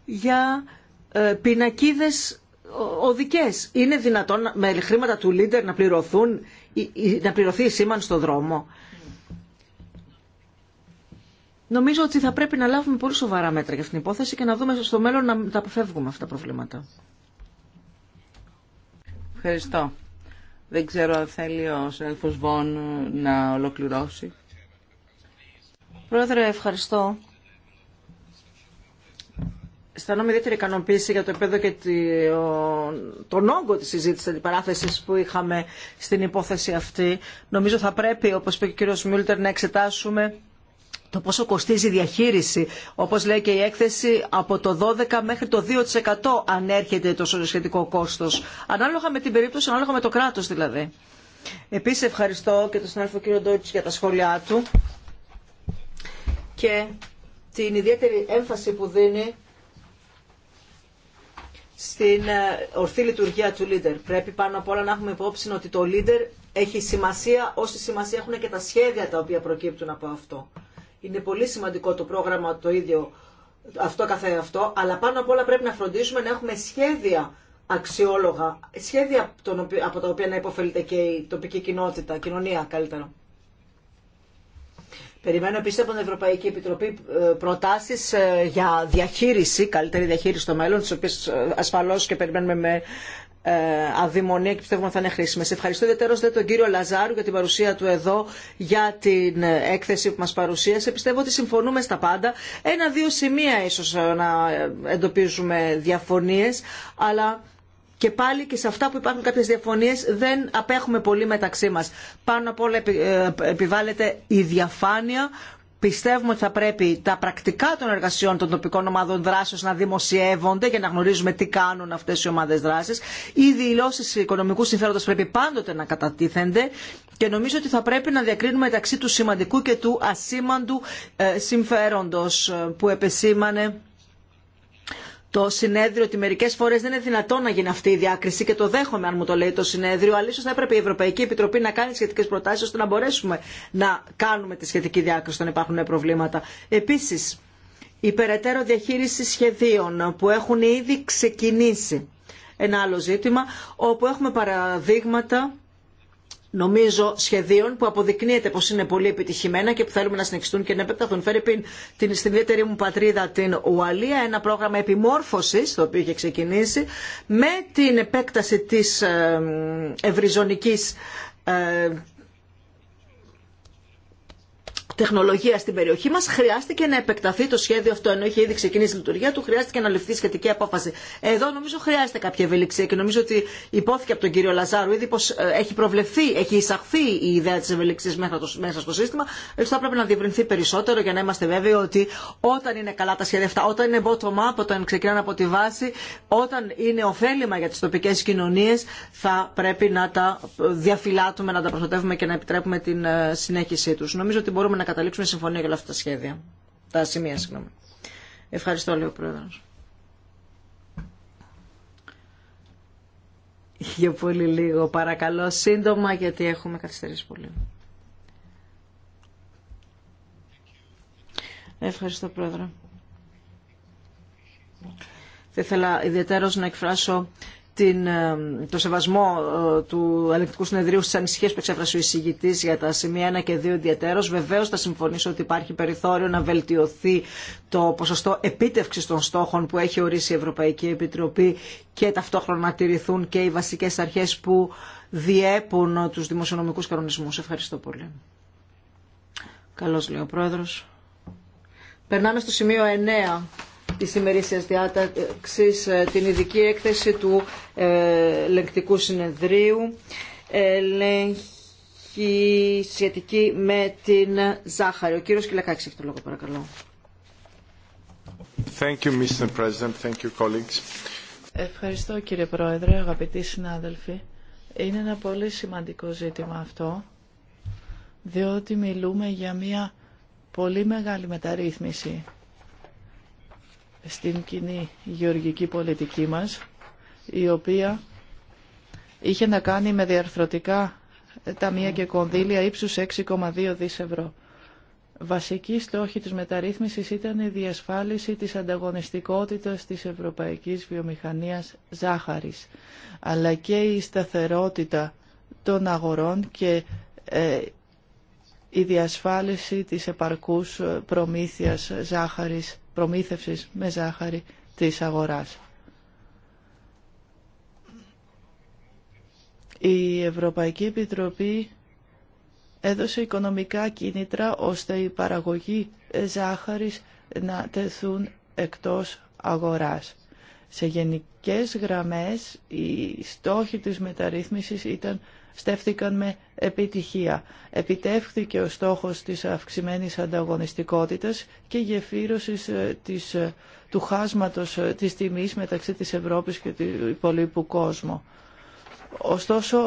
S3: για ε, πινακίδες οδικές. Είναι δυνατόν με χρήματα του Λίντερ να, πληρωθούν, να πληρωθεί η σήμανση στον δρόμο. Νομίζω ότι θα πρέπει να λάβουμε πολύ σοβαρά
S1: μέτρα για αυτήν την υπόθεση
S3: και να δούμε στο μέλλον να τα αποφεύγουμε αυτά τα προβλήματα.
S1: Ευχαριστώ. Δεν ξέρω αν θέλει ο Σέλφος Βον να ολοκληρώσει. Πρόεδρε, ευχαριστώ.
S3: Αισθανόμαι ιδιαίτερη ικανοποίηση για το επέδο και τον όγκο της συζήτησης αντιπαράθεσης που είχαμε στην υπόθεση αυτή. Νομίζω θα πρέπει, όπως είπε και ο κύριος Μιούλτερ, να εξετάσουμε το πόσο κοστίζει η διαχείριση. Όπως λέει και η έκθεση, από το 12% μέχρι το 2% ανέρχεται το σχετικό κόστος. Ανάλογα με την περίπτωση, ανάλογα με το κράτος δηλαδή. Επίσης ευχαριστώ και τον συνάδελφο κύριο Ντόιτ για τα σχόλιά του και την ιδιαίτερη έμφαση που δίνει στην ε, ορθή λειτουργία του λίντερ. Πρέπει πάνω απ' όλα να έχουμε υπόψη ότι το leader έχει σημασία όσοι σημασία έχουν και τα σχέδια τα οποία προκύπτουν από αυτό. Είναι πολύ σημαντικό το πρόγραμμα το ίδιο αυτό καθένα αυτό, αλλά πάνω απ' όλα πρέπει να φροντίσουμε να έχουμε σχέδια αξιόλογα, σχέδια από τα οποία να υποφελείται και η τοπική κοινότητα, κοινωνία καλύτερα. Περιμένω επίσης από την Ευρωπαϊκή Επιτροπή ε, προτάσεις ε, για διαχείριση, καλύτερη διαχείριση στο μέλλον, τις οποίες ε, ασφαλώς και περιμένουμε με ε, αδημονία και πιστεύουμε θα είναι χρήσιμε. Ευχαριστώ ιδιαίτερα τον κύριο Λαζάρου για την παρουσία του εδώ, για την ε, έκθεση που μα παρουσίασε. Πιστεύω ότι συμφωνούμε στα πάντα. Ένα-δύο σημεία ίσω ε, να εντοπίζουμε διαφωνίε, αλλά και πάλι και σε αυτά που υπάρχουν κάποιες διαφωνίες δεν απέχουμε πολύ μεταξύ μας. Πάνω απ' όλα επιβάλλεται η διαφάνεια πιστεύουμε ότι θα πρέπει τα πρακτικά των εργασιών των τοπικών ομάδων δράσεως να δημοσιεύονται για να γνωρίζουμε τι κάνουν αυτές οι ομάδες δράσης. Οι δηλώσει οικονομικού συμφέροντος πρέπει πάντοτε να κατατίθενται και νομίζω ότι θα πρέπει να διακρίνουμε μεταξύ του σημαντικού και του ασήμαντου ε, συμφέροντο ε, που επεσήμανε το συνέδριο ότι μερικέ φορέ δεν είναι δυνατόν να γίνει αυτή η διάκριση και το δέχομαι αν μου το λέει το συνέδριο, αλλά ίσω θα έπρεπε η Ευρωπαϊκή Επιτροπή να κάνει σχετικέ προτάσει ώστε να μπορέσουμε να κάνουμε τη σχετική διάκριση όταν υπάρχουν προβλήματα. Επίση, η περαιτέρω διαχείριση σχεδίων που έχουν ήδη ξεκινήσει. Ένα άλλο ζήτημα, όπου έχουμε παραδείγματα νομίζω σχεδίων που αποδεικνύεται πως είναι πολύ επιτυχημένα και που θέλουμε να συνεχιστούν και να επεκταθούν. Φέρει την, στην ιδιαίτερη μου πατρίδα την Ουαλία ένα πρόγραμμα επιμόρφωσης το οποίο είχε ξεκινήσει με την επέκταση της ευρυζωνικής ε, τεχνολογία στην περιοχή μα χρειάστηκε να επεκταθεί το σχέδιο αυτό, ενώ είχε ήδη ξεκινήσει η λειτουργία του, χρειάστηκε να ληφθεί σχετική απόφαση. Εδώ νομίζω χρειάζεται κάποια ευελιξία και νομίζω ότι υπόθηκε από τον κύριο Λαζάρου ήδη πω ε, έχει προβλεφθεί, έχει εισαχθεί η ιδέα τη ευελιξία μέσα στο σύστημα, έτσι θα πρέπει να διευρυνθεί περισσότερο για να είμαστε βέβαιοι ότι όταν είναι καλά τα σχέδια αυτά, όταν είναι bottom-up, όταν ξεκινάνε από τη βάση, όταν είναι ωφέλιμα για τι τοπικέ κοινωνίε θα πρέπει να τα διαφυλάτουμε, να τα προστατεύουμε και να επιτρέπουμε την ε, συνέχισή του. Νομίζω ότι μπορούμε να καταλήξουμε συμφωνία για όλα αυτά τα σχέδια. Τα σημεία, συγγνώμη. Ευχαριστώ, λέει ο πρόεδρο. Για πολύ λίγο, παρακαλώ, σύντομα, γιατί έχουμε καθυστερήσει πολύ. Ευχαριστώ, Πρόεδρε. Θα ήθελα ιδιαίτερως να εκφράσω την, ε, το σεβασμό ε, του ελεκτικού συνεδρίου στι ανησυχίε που εξέφρασε ο εισηγητή για τα σημεία 1 και 2 ιδιαίτερω. Βεβαίω θα συμφωνήσω ότι υπάρχει περιθώριο να βελτιωθεί το ποσοστό επίτευξη των στόχων που έχει ορίσει η Ευρωπαϊκή Επιτροπή και ταυτόχρονα να τηρηθούν και οι βασικέ αρχέ που διέπουν του δημοσιονομικού κανονισμού. Ευχαριστώ πολύ. Καλώ λέει ο Πρόεδρο. Περνάμε στο σημείο 9. Τη ημερήσιας διάταξη, ε, την ειδική έκθεση του ε, ελεγκτικού συνεδρίου ελέγχη σχετική με την ζάχαρη. Ο κύριος Κυλακάκης έχει το λόγο παρακαλώ.
S2: Thank you, Mr. President. Thank Ευχαριστώ κύριε Πρόεδρε, αγαπητοί συνάδελφοι. Είναι ένα πολύ σημαντικό ζήτημα αυτό, διότι μιλούμε για μια πολύ μεγάλη μεταρρύθμιση στην κοινή γεωργική πολιτική μας, η οποία είχε να κάνει με διαρθρωτικά ταμεία και κονδύλια ύψους 6,2 δις ευρώ. Βασική στόχη της μεταρρύθμισης ήταν η διασφάλιση της ανταγωνιστικότητας της ευρωπαϊκής βιομηχανίας ζάχαρης, αλλά και η σταθερότητα των αγορών και ε, η διασφάλιση της επαρκούς προμήθειας ζάχαρης, προμήθευσης με ζάχαρη της αγοράς. Η Ευρωπαϊκή Επιτροπή έδωσε οικονομικά κίνητρα ώστε η παραγωγή ζάχαρης να τεθούν εκτός αγοράς. Σε γενικές γραμμές οι στόχοι της μεταρρύθμισης ήταν στέφθηκαν με επιτυχία. Επιτεύχθηκε ο στόχος της αυξημένης ανταγωνιστικότητας και γεφύρωσης ε, της, ε, του χάσματος ε, της τιμής μεταξύ της Ευρώπης και του υπολείπου κόσμου. Ωστόσο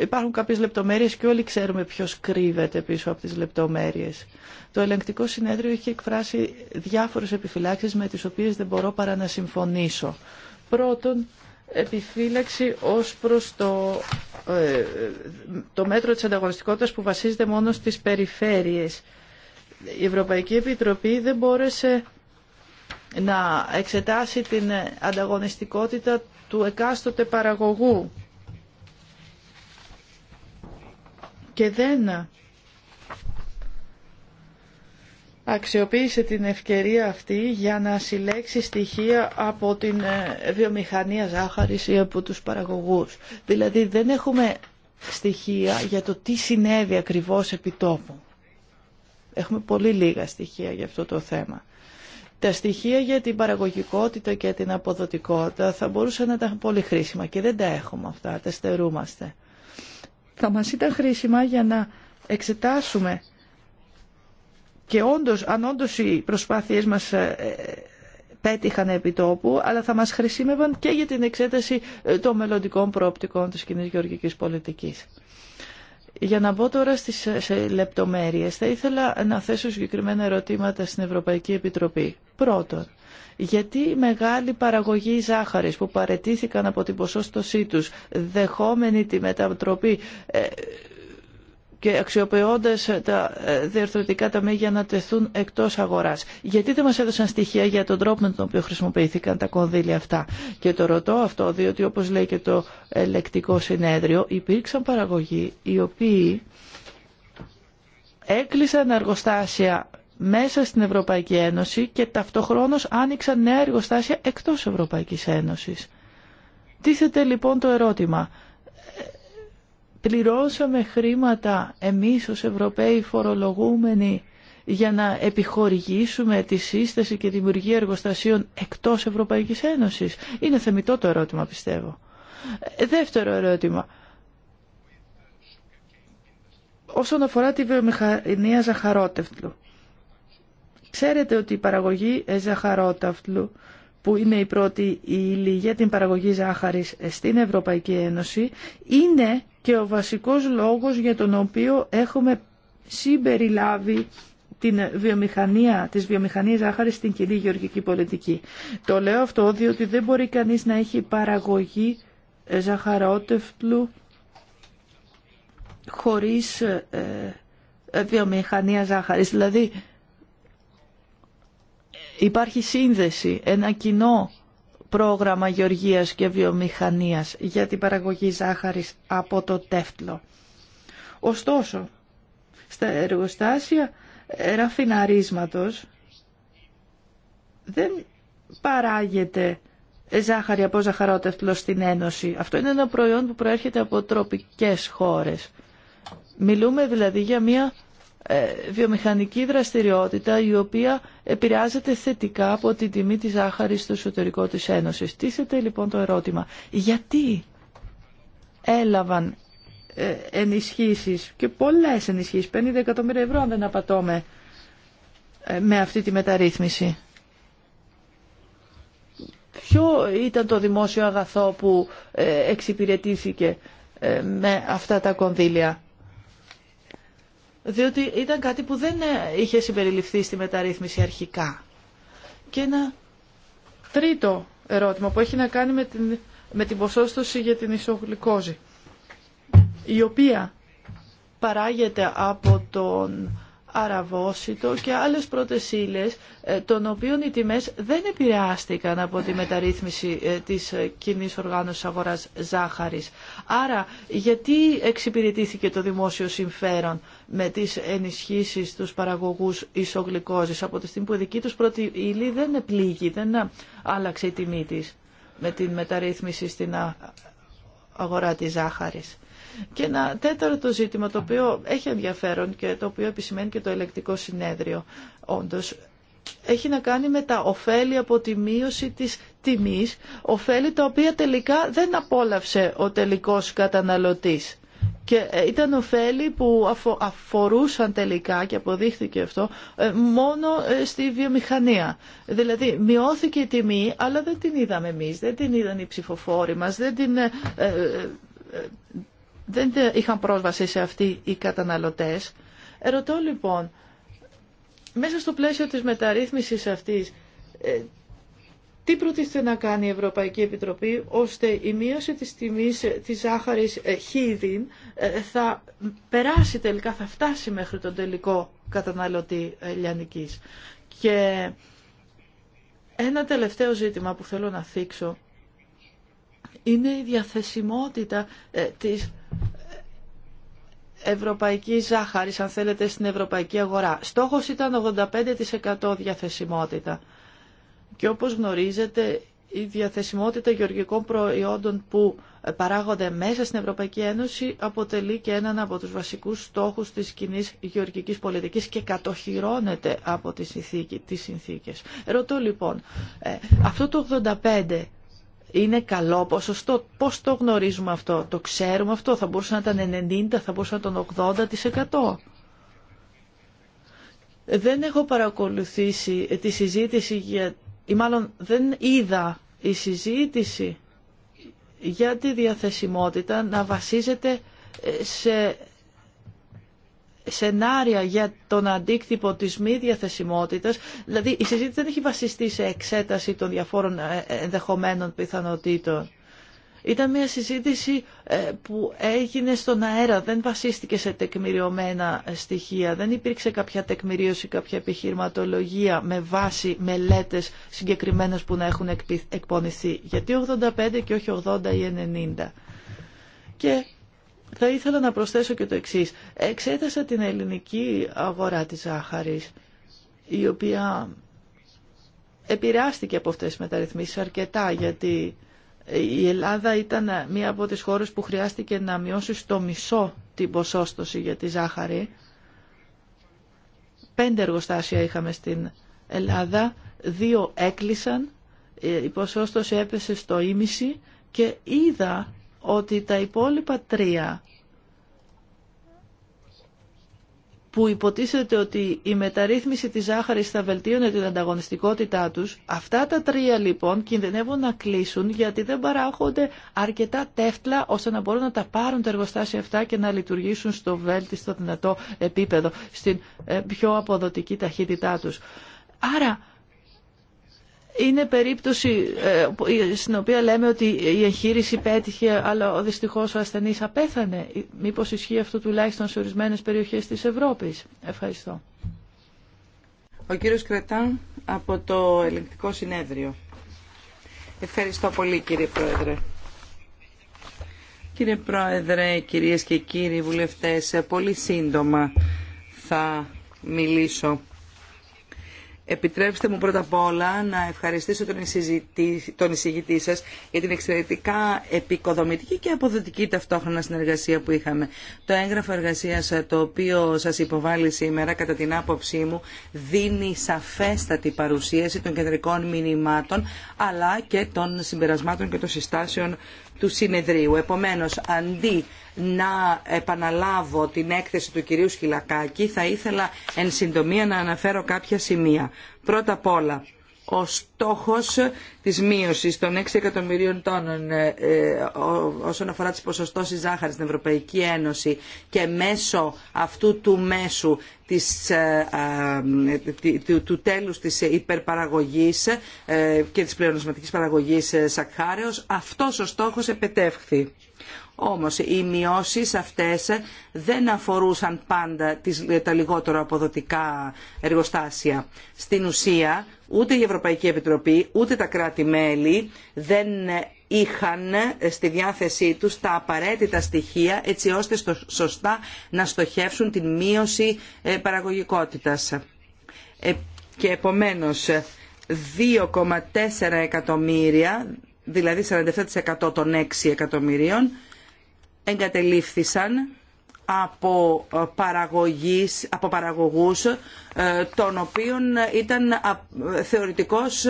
S2: υπάρχουν κάποιες λεπτομέρειες και όλοι ξέρουμε ποιος κρύβεται πίσω από τις λεπτομέρειες. Το ελεγκτικό συνέδριο έχει εκφράσει διάφορες επιφυλάξεις με τις οποίες δεν μπορώ παρά να συμφωνήσω. Πρώτον, επιφύλαξη ως προς το, ε, το μέτρο της ανταγωνιστικότητας που βασίζεται μόνο στις περιφέρειες. Η Ευρωπαϊκή Επιτροπή δεν μπόρεσε να εξετάσει την ανταγωνιστικότητα του εκάστοτε παραγωγού και δεν αξιοποίησε την ευκαιρία αυτή για να συλλέξει στοιχεία από την ε, βιομηχανία ζάχαρης ή από τους παραγωγούς. Δηλαδή δεν έχουμε στοιχεία για το τι συνέβη ακριβώς επί τόπου. Έχουμε πολύ λίγα στοιχεία για αυτό το θέμα. Τα στοιχεία για την παραγωγικότητα και την αποδοτικότητα θα μπορούσαν να ήταν πολύ χρήσιμα και δεν τα έχουμε αυτά, τα στερούμαστε. Θα μας ήταν χρήσιμα για να εξετάσουμε και όντως, αν όντω οι προσπάθειές μας ε, πέτυχαν επί τόπου, αλλά θα μας χρησιμεύαν και για την εξέταση ε, των μελλοντικών προοπτικών της κοινή γεωργικής πολιτικής. Για να μπω τώρα στις ε, λεπτομέρειες, θα ήθελα να θέσω συγκεκριμένα ερωτήματα στην Ευρωπαϊκή Επιτροπή. Πρώτον, γιατί μεγάλη μεγάλη παραγωγή ζάχαρης που παρετήθηκαν από την ποσόστοσή τους, δεχόμενη τη μετατροπή και αξιοποιώντας τα ε, διαρθρωτικά ταμεία για να τεθούν εκτός αγοράς. Γιατί δεν μας έδωσαν στοιχεία για τον τρόπο με τον οποίο χρησιμοποιήθηκαν τα κονδύλια αυτά. Και το ρωτώ αυτό διότι όπως λέει και το ελεκτικό συνέδριο υπήρξαν παραγωγοί οι οποίοι έκλεισαν εργοστάσια μέσα στην Ευρωπαϊκή Ένωση και ταυτοχρόνως άνοιξαν νέα εργοστάσια εκτός Ευρωπαϊκής Ένωσης. Τίθεται λοιπόν το ερώτημα, πληρώσαμε χρήματα εμείς ως Ευρωπαίοι φορολογούμενοι για να επιχορηγήσουμε τη σύσταση και δημιουργία εργοστασίων εκτός Ευρωπαϊκής Ένωσης. Είναι θεμητό το ερώτημα πιστεύω. Ε, δεύτερο ερώτημα. Όσον αφορά τη βιομηχανία ζαχαρότευτλου. Ξέρετε ότι η παραγωγή ζαχαρόταυτλου που είναι η πρώτη ύλη για την παραγωγή ζάχαρης στην Ευρωπαϊκή Ένωση, είναι και ο βασικός λόγος για τον οποίο έχουμε συμπεριλάβει την βιομηχανία, της ζάχαρης στην κοινή γεωργική πολιτική. Το λέω αυτό διότι δεν μπορεί κανείς να έχει παραγωγή ε, ζαχαρότευτλου χωρίς ε, ε, βιομηχανία ζάχαρης. Δηλαδή Υπάρχει σύνδεση, ένα κοινό πρόγραμμα γεωργίας και βιομηχανίας για την παραγωγή ζάχαρης από το τέφτλο. Ωστόσο, στα εργοστάσια ραφιναρίσματος δεν παράγεται ζάχαρη από ζαχαρότευτλο στην Ένωση. Αυτό είναι ένα προϊόν που προέρχεται από τροπικές χώρες. Μιλούμε δηλαδή για μια ε, βιομηχανική δραστηριότητα η οποία επηρεάζεται θετικά από την τιμή της ζάχαρης στο εσωτερικό της Ένωσης. Τίθεται λοιπόν το ερώτημα, γιατί έλαβαν ε, ενισχύσεις και πολλές ενισχύσεις, 50 εκατομμύρια ευρώ αν δεν απατώμε ε, με αυτή τη μεταρρύθμιση. Ποιο ήταν το δημόσιο αγαθό που εξυπηρετήθηκε με αυτά τα κονδύλια διότι ήταν κάτι που δεν ε, είχε συμπεριληφθεί στη μεταρρύθμιση αρχικά. Και ένα τρίτο ερώτημα που έχει να κάνει με την, με την ποσόστοση για την ισογλυκόζη, η οποία παράγεται από τον αραβόσιτο και άλλες πρώτες ύλες, ε, των οποίων οι τιμές δεν επηρεάστηκαν από τη μεταρρύθμιση ε, της κοινή οργάνωσης αγοράς ζάχαρης. Άρα, γιατί εξυπηρετήθηκε το δημόσιο συμφέρον με τις ενισχύσεις τους παραγωγούς ισογλυκόζης από τη στιγμή που η δική τους πρώτη ύλη δεν επλήγει, δεν άλλαξε η τιμή της με την μεταρρύθμιση στην αγορά της ζάχαρης. Και ένα τέταρτο ζήτημα το οποίο έχει ενδιαφέρον και το οποίο επισημαίνει και το ελεκτικό συνέδριο όντως έχει να κάνει με τα ωφέλη από τη μείωση της τιμής, ωφέλη τα οποία τελικά δεν απόλαυσε ο τελικός καταναλωτής. Και ε, ήταν ωφέλη που αφορούσαν τελικά, και αποδείχθηκε αυτό, ε, μόνο ε, στη βιομηχανία. Δηλαδή, μειώθηκε η τιμή, αλλά δεν την είδαμε εμείς, δεν την είδαν οι ψηφοφόροι μας, δεν την... Δεν είχαν πρόσβαση σε αυτοί οι καταναλωτές. Ερωτώ λοιπόν, μέσα στο πλαίσιο της μεταρρύθμισης αυτής, τι προτίθεται να κάνει η Ευρωπαϊκή Επιτροπή ώστε η μείωση της τιμής της ζάχαρης ε, χίδιν ε, θα περάσει τελικά, θα φτάσει μέχρι τον τελικό καταναλωτή ε, λιανικής. Και ένα τελευταίο ζήτημα που θέλω να θίξω είναι η διαθεσιμότητα της ευρωπαϊκή ζάχαρης, αν θέλετε, στην ευρωπαϊκή αγορά. Στόχος ήταν 85% διαθεσιμότητα. Και όπως γνωρίζετε, η διαθεσιμότητα γεωργικών προϊόντων που παράγονται μέσα στην Ευρωπαϊκή Ένωση αποτελεί και έναν από τους βασικούς στόχους της κοινή γεωργικής πολιτικής και κατοχυρώνεται από τη συνθήκη, τις συνθήκες. Ρωτώ λοιπόν, ε, αυτό το 85 είναι καλό ποσοστό, πώς το γνωρίζουμε αυτό, το ξέρουμε αυτό, θα μπορούσε να ήταν 90, θα μπορούσε να ήταν 80%. Δεν έχω παρακολουθήσει τη συζήτηση για ή μάλλον δεν είδα η συζήτηση για τη διαθεσιμότητα να βασίζεται ε, σε σενάρια για τον αντίκτυπο της μη διαθεσιμότητας. Δηλαδή η συζήτηση δεν έχει βασιστεί σε εξέταση των διαφόρων ε, ενδεχομένων πιθανότητων. Ήταν μια συζήτηση ε, που έγινε στον αέρα, δεν βασίστηκε σε τεκμηριωμένα στοιχεία, δεν υπήρξε κάποια τεκμηρίωση, κάποια επιχειρηματολογία με βάση μελέτες συγκεκριμένες που να έχουν εκπονηθεί. Γιατί 85 και όχι 80 ή 90. Και θα ήθελα να προσθέσω και το εξής. Εξέτασα την ελληνική αγορά της ζάχαρης, η οποία επηρεάστηκε από αυτές τις μεταρρυθμίσεις αρκετά, γιατί... Η Ελλάδα ήταν μία από τις χώρες που χρειάστηκε να μειώσει στο μισό την ποσόστοση για τη ζάχαρη. Πέντε εργοστάσια είχαμε στην Ελλάδα, δύο έκλεισαν, ε, η ποσόστοση έπεσε στο ίμιση και είδα ότι τα υπόλοιπα τρία που υποτίθεται ότι η μεταρρύθμιση της ζάχαρης θα βελτίωνε την ανταγωνιστικότητά τους, αυτά τα τρία λοιπόν κινδυνεύουν να κλείσουν γιατί δεν παράγονται αρκετά τέφτλα ώστε να μπορούν να τα πάρουν τα εργοστάσια αυτά και να λειτουργήσουν στο βέλτιστο δυνατό επίπεδο, στην ε, πιο αποδοτική ταχύτητά τους. Άρα είναι περίπτωση ε, στην οποία λέμε ότι η εγχείρηση πέτυχε αλλά δυστυχώς ο ασθενής απέθανε. Μήπως ισχύει αυτό τουλάχιστον σε ορισμένε περιοχές της Ευρώπης. Ευχαριστώ.
S1: Ο κύριος Κρετάν από το Ελεγκτικό
S2: Συνέδριο.
S1: Ευχαριστώ πολύ κύριε Πρόεδρε. Κύριε Πρόεδρε, κυρίες και κύριοι βουλευτές, πολύ σύντομα θα μιλήσω Επιτρέψτε μου πρώτα απ' όλα να ευχαριστήσω τον, τον εισηγητή σας για την εξαιρετικά επικοδομητική και αποδοτική ταυτόχρονα συνεργασία που είχαμε. Το έγγραφο εργασίας ε, το οποίο σας υποβάλλει σήμερα κατά την άποψή μου δίνει σαφέστατη παρουσίαση των κεντρικών μηνυμάτων αλλά και των συμπερασμάτων και των συστάσεων του συνεδρίου. Επομένως, αντί να επαναλάβω την έκθεση του κυρίου Σκυλακάκη, θα ήθελα εν συντομία να αναφέρω κάποια σημεία. Πρώτα απ' όλα, ο στόχος της μείωσης των 6 εκατομμυρίων τόνων ε, ε, όσον αφορά τις ποσοστώσεις ζάχαρης στην Ευρωπαϊκή Ένωση και μέσω αυτού του μέσου της, ε, του, του τέλους της υπερπαραγωγής και της πλεονοσματικής παραγωγής σακχάρεως, αυτός ο στόχος επετεύχθη. Όμως οι μειώσεις αυτές δεν αφορούσαν πάντα τα λιγότερο αποδοτικά εργοστάσια. Στην ουσία ούτε η Ευρωπαϊκή Επιτροπή ούτε τα κράτη-μέλη δεν είχαν στη διάθεσή τους τα απαραίτητα στοιχεία έτσι ώστε σωστά να στοχεύσουν την μείωση ε, παραγωγικότητας. Ε, και επομένως 2,4 εκατομμύρια, δηλαδή 47% των 6 εκατομμυρίων, εγκατελείφθησαν από, ε, παραγωγής, από παραγωγούς ε, των οποίων ήταν ε, θεωρητικώς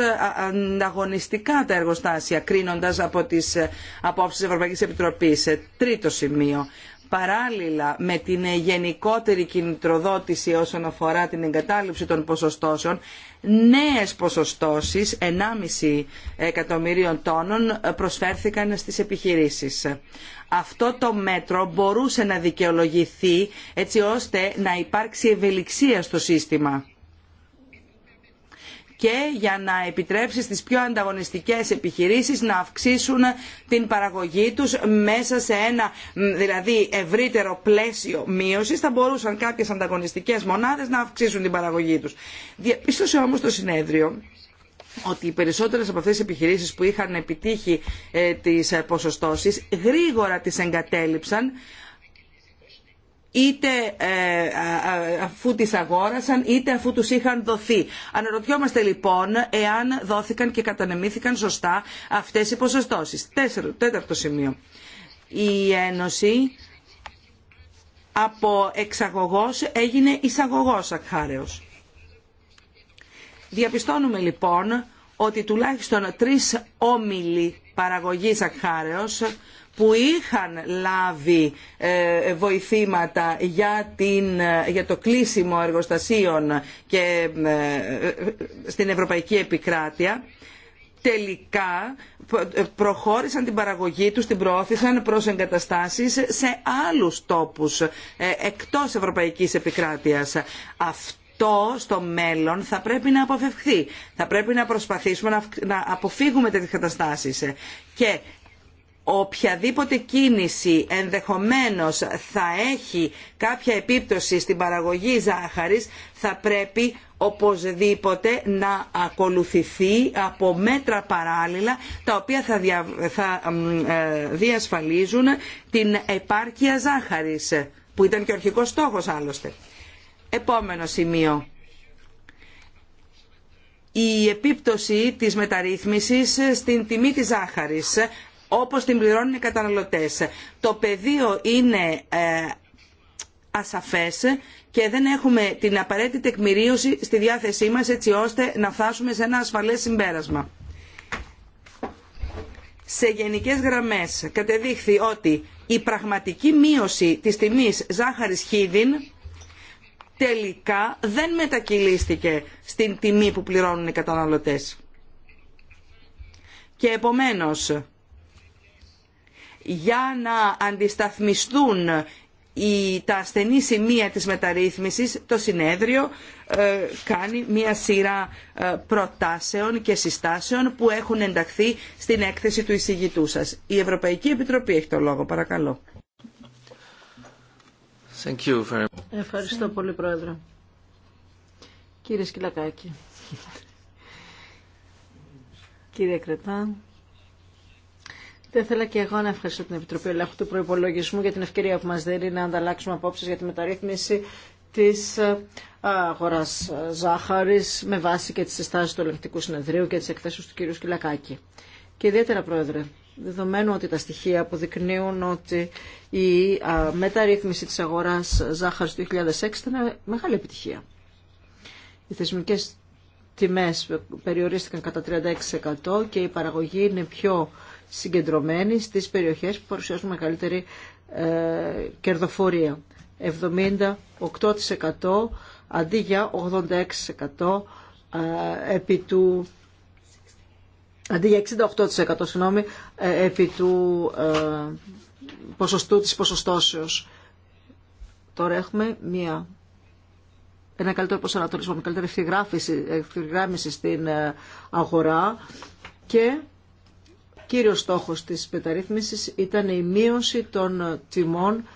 S1: ανταγωνιστικά τα εργοστάσια κρίνοντας από τις απόψεις της Ευρωπαϊκής Επιτροπής. Τρίτο σημείο παράλληλα με την γενικότερη κινητροδότηση όσον αφορά την εγκατάλειψη των ποσοστώσεων, νέες ποσοστώσεις 1,5 εκατομμυρίων τόνων προσφέρθηκαν στις επιχειρήσεις. Αυτό το μέτρο μπορούσε να δικαιολογηθεί έτσι ώστε να υπάρξει ευελιξία στο σύστημα και για να επιτρέψει στις πιο ανταγωνιστικές επιχειρήσεις να αυξήσουν την παραγωγή τους μέσα σε ένα δηλαδή ευρύτερο πλαίσιο μείωσης θα μπορούσαν κάποιες ανταγωνιστικές μονάδες να αυξήσουν την παραγωγή τους. Διαπίστωσε όμως το συνέδριο ότι οι περισσότερες από αυτές τις επιχειρήσεις που είχαν επιτύχει ε, τις ε, ποσοστώσεις γρήγορα τις εγκατέλειψαν είτε ε, αφού τις αγόρασαν είτε αφού τους είχαν δοθεί. Αναρωτιόμαστε λοιπόν εάν δόθηκαν και κατανεμήθηκαν σωστά αυτές οι ποσοστώσεις. Τέσσερο, τέταρτο σημείο. Η Ένωση από εξαγωγός έγινε εισαγωγός ακχάρεως. Διαπιστώνουμε λοιπόν ότι τουλάχιστον τρεις όμιλοι παραγωγής ακχάρεως που είχαν λάβει ε, βοηθήματα ε, για, το κλείσιμο εργοστασίων και ε, στην ευρωπαϊκή επικράτεια τελικά προχώρησαν την παραγωγή τους, την προώθησαν προς εγκαταστάσεις σε άλλους τόπους εκτός ευρωπαϊκής επικράτειας. Αυτό στο μέλλον θα πρέπει να αποφευχθεί. Θα πρέπει να προσπαθήσουμε να αποφύγουμε τέτοιες καταστάσεις. Και οποιαδήποτε κίνηση ενδεχομένως θα έχει κάποια επίπτωση στην παραγωγή ζάχαρης θα πρέπει οπωσδήποτε να ακολουθηθεί από μέτρα παράλληλα τα οποία θα, ε, διασφαλίζουν την επάρκεια ζάχαρης που ήταν και ο αρχικός στόχος άλλωστε. Επόμενο σημείο. Η επίπτωση της μεταρρύθμισης στην τιμή της ζάχαρης όπως την πληρώνουν οι καταναλωτές. Το πεδίο είναι ε, ασαφές και δεν έχουμε την απαραίτητη τεκμηρίωση στη διάθεσή μας έτσι ώστε να φτάσουμε σε ένα ασφαλές συμπέρασμα. Σε γενικές γραμμές κατεδείχθη ότι η πραγματική μείωση της τιμής ζάχαρης χίδιν τελικά δεν μετακυλίστηκε στην τιμή που πληρώνουν οι καταναλωτές. Και επομένως, για να αντισταθμιστούν τα ασθενή σημεία της μεταρρύθμισης, το συνέδριο ε, κάνει μία σειρά ε, προτάσεων και συστάσεων που έχουν ενταχθεί στην έκθεση του εισηγητού σας. Η Ευρωπαϊκή Επιτροπή έχει το λόγο, παρακαλώ.
S2: Thank you very much.
S3: Ευχαριστώ πολύ, Πρόεδρε. Κύριε Σκυλακάκη. Κύριε Κρετάν. Θα ήθελα και εγώ να ευχαριστώ την Επιτροπή Ελέγχου του Προπολογισμού για την ευκαιρία που μα δίνει να ανταλλάξουμε απόψει για τη μεταρρύθμιση τη ε, αγορά ε, ζάχαρη με βάση και τι συστάσει του Ελεκτικού Συνεδρίου και τι εκθέσει του κ. Σκυλακάκη. Και ιδιαίτερα, Πρόεδρε, δεδομένου ότι τα στοιχεία αποδεικνύουν ότι η μεταρρύθμιση της αγοράς ζάχαρης του 2006 ήταν μεγάλη επιτυχία. Οι θεσμικές τιμές περιορίστηκαν κατά 36% και η παραγωγή είναι πιο συγκεντρωμένοι στις περιοχές που παρουσιάζουν μεγαλύτερη ε, κερδοφορία. 78% αντί για 86% ε, επί του αντί για 68% ε, επί του ε, ποσοστού της ποσοστώσεως. Τώρα έχουμε μια, ένα καλύτερο προσανατολισμό, μια καλύτερη ευθυγράμμιση στην αγορά και κύριος στόχος της μεταρρύθμισης ήταν η μείωση των τιμών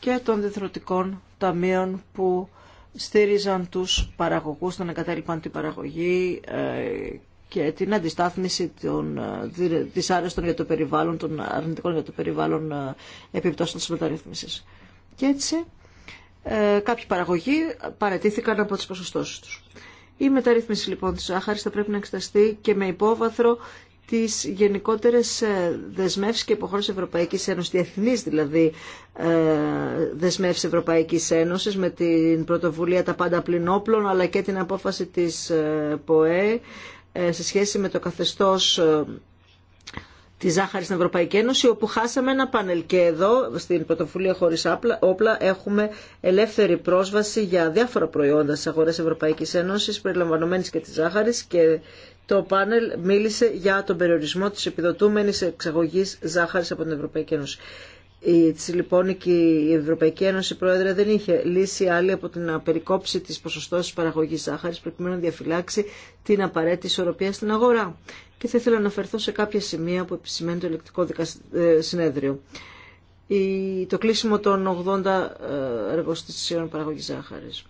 S3: και των διθρωτικών ταμείων που στήριζαν τους παραγωγούς, τον εγκατέλειπαν την παραγωγή ε, και την αντιστάθμιση των ε, δυσάρεστων για το περιβάλλον, των αρνητικών για το περιβάλλον ε, επιπτώσεων της μεταρρύθμισης. Και έτσι κάποιοι παραγωγοί παρατήθηκαν από τις ποσοστώσεις τους. Η μεταρρύθμιση λοιπόν της ζάχαρης θα πρέπει να εξεταστεί και με υπόβαθρο τις γενικότερες ε, δεσμεύσεις και υποχρώσεις Ευρωπαϊκής Ένωσης, διεθνείς δηλαδή ε, δεσμεύσεις Ευρωπαϊκής Ένωσης με την πρωτοβουλία τα πάντα πλην όπλων αλλά και την απόφαση της ε, ΠΟΕ σε σχέση με το καθεστώς τη ζάχαρη στην Ευρωπαϊκή Ένωση, όπου χάσαμε ένα πάνελ και εδώ, στην πρωτοβουλία χωρί όπλα, έχουμε ελεύθερη πρόσβαση για διάφορα προϊόντα στι αγορές Ευρωπαϊκή Ένωση, περιλαμβανομένη και τη ζάχαρη και το πάνελ μίλησε για τον περιορισμό της επιδοτούμενης εξαγωγής ζάχαρης από την Ευρωπαϊκή Ένωση. Έτσι λοιπόν η Ευρωπαϊκή Ένωση Πρόεδρε δεν είχε λύση άλλη από την απερικόψη της ποσοστός παραγωγής ζάχαρης προκειμένου να διαφυλάξει την απαραίτητη ισορροπία στην αγορά. Και θα ήθελα να αναφερθώ σε κάποια σημεία που επισημαίνει το ελεκτικό ε, συνέδριο. Το κλείσιμο των 80 ε, εργοστησίων παραγωγής ζάχαρης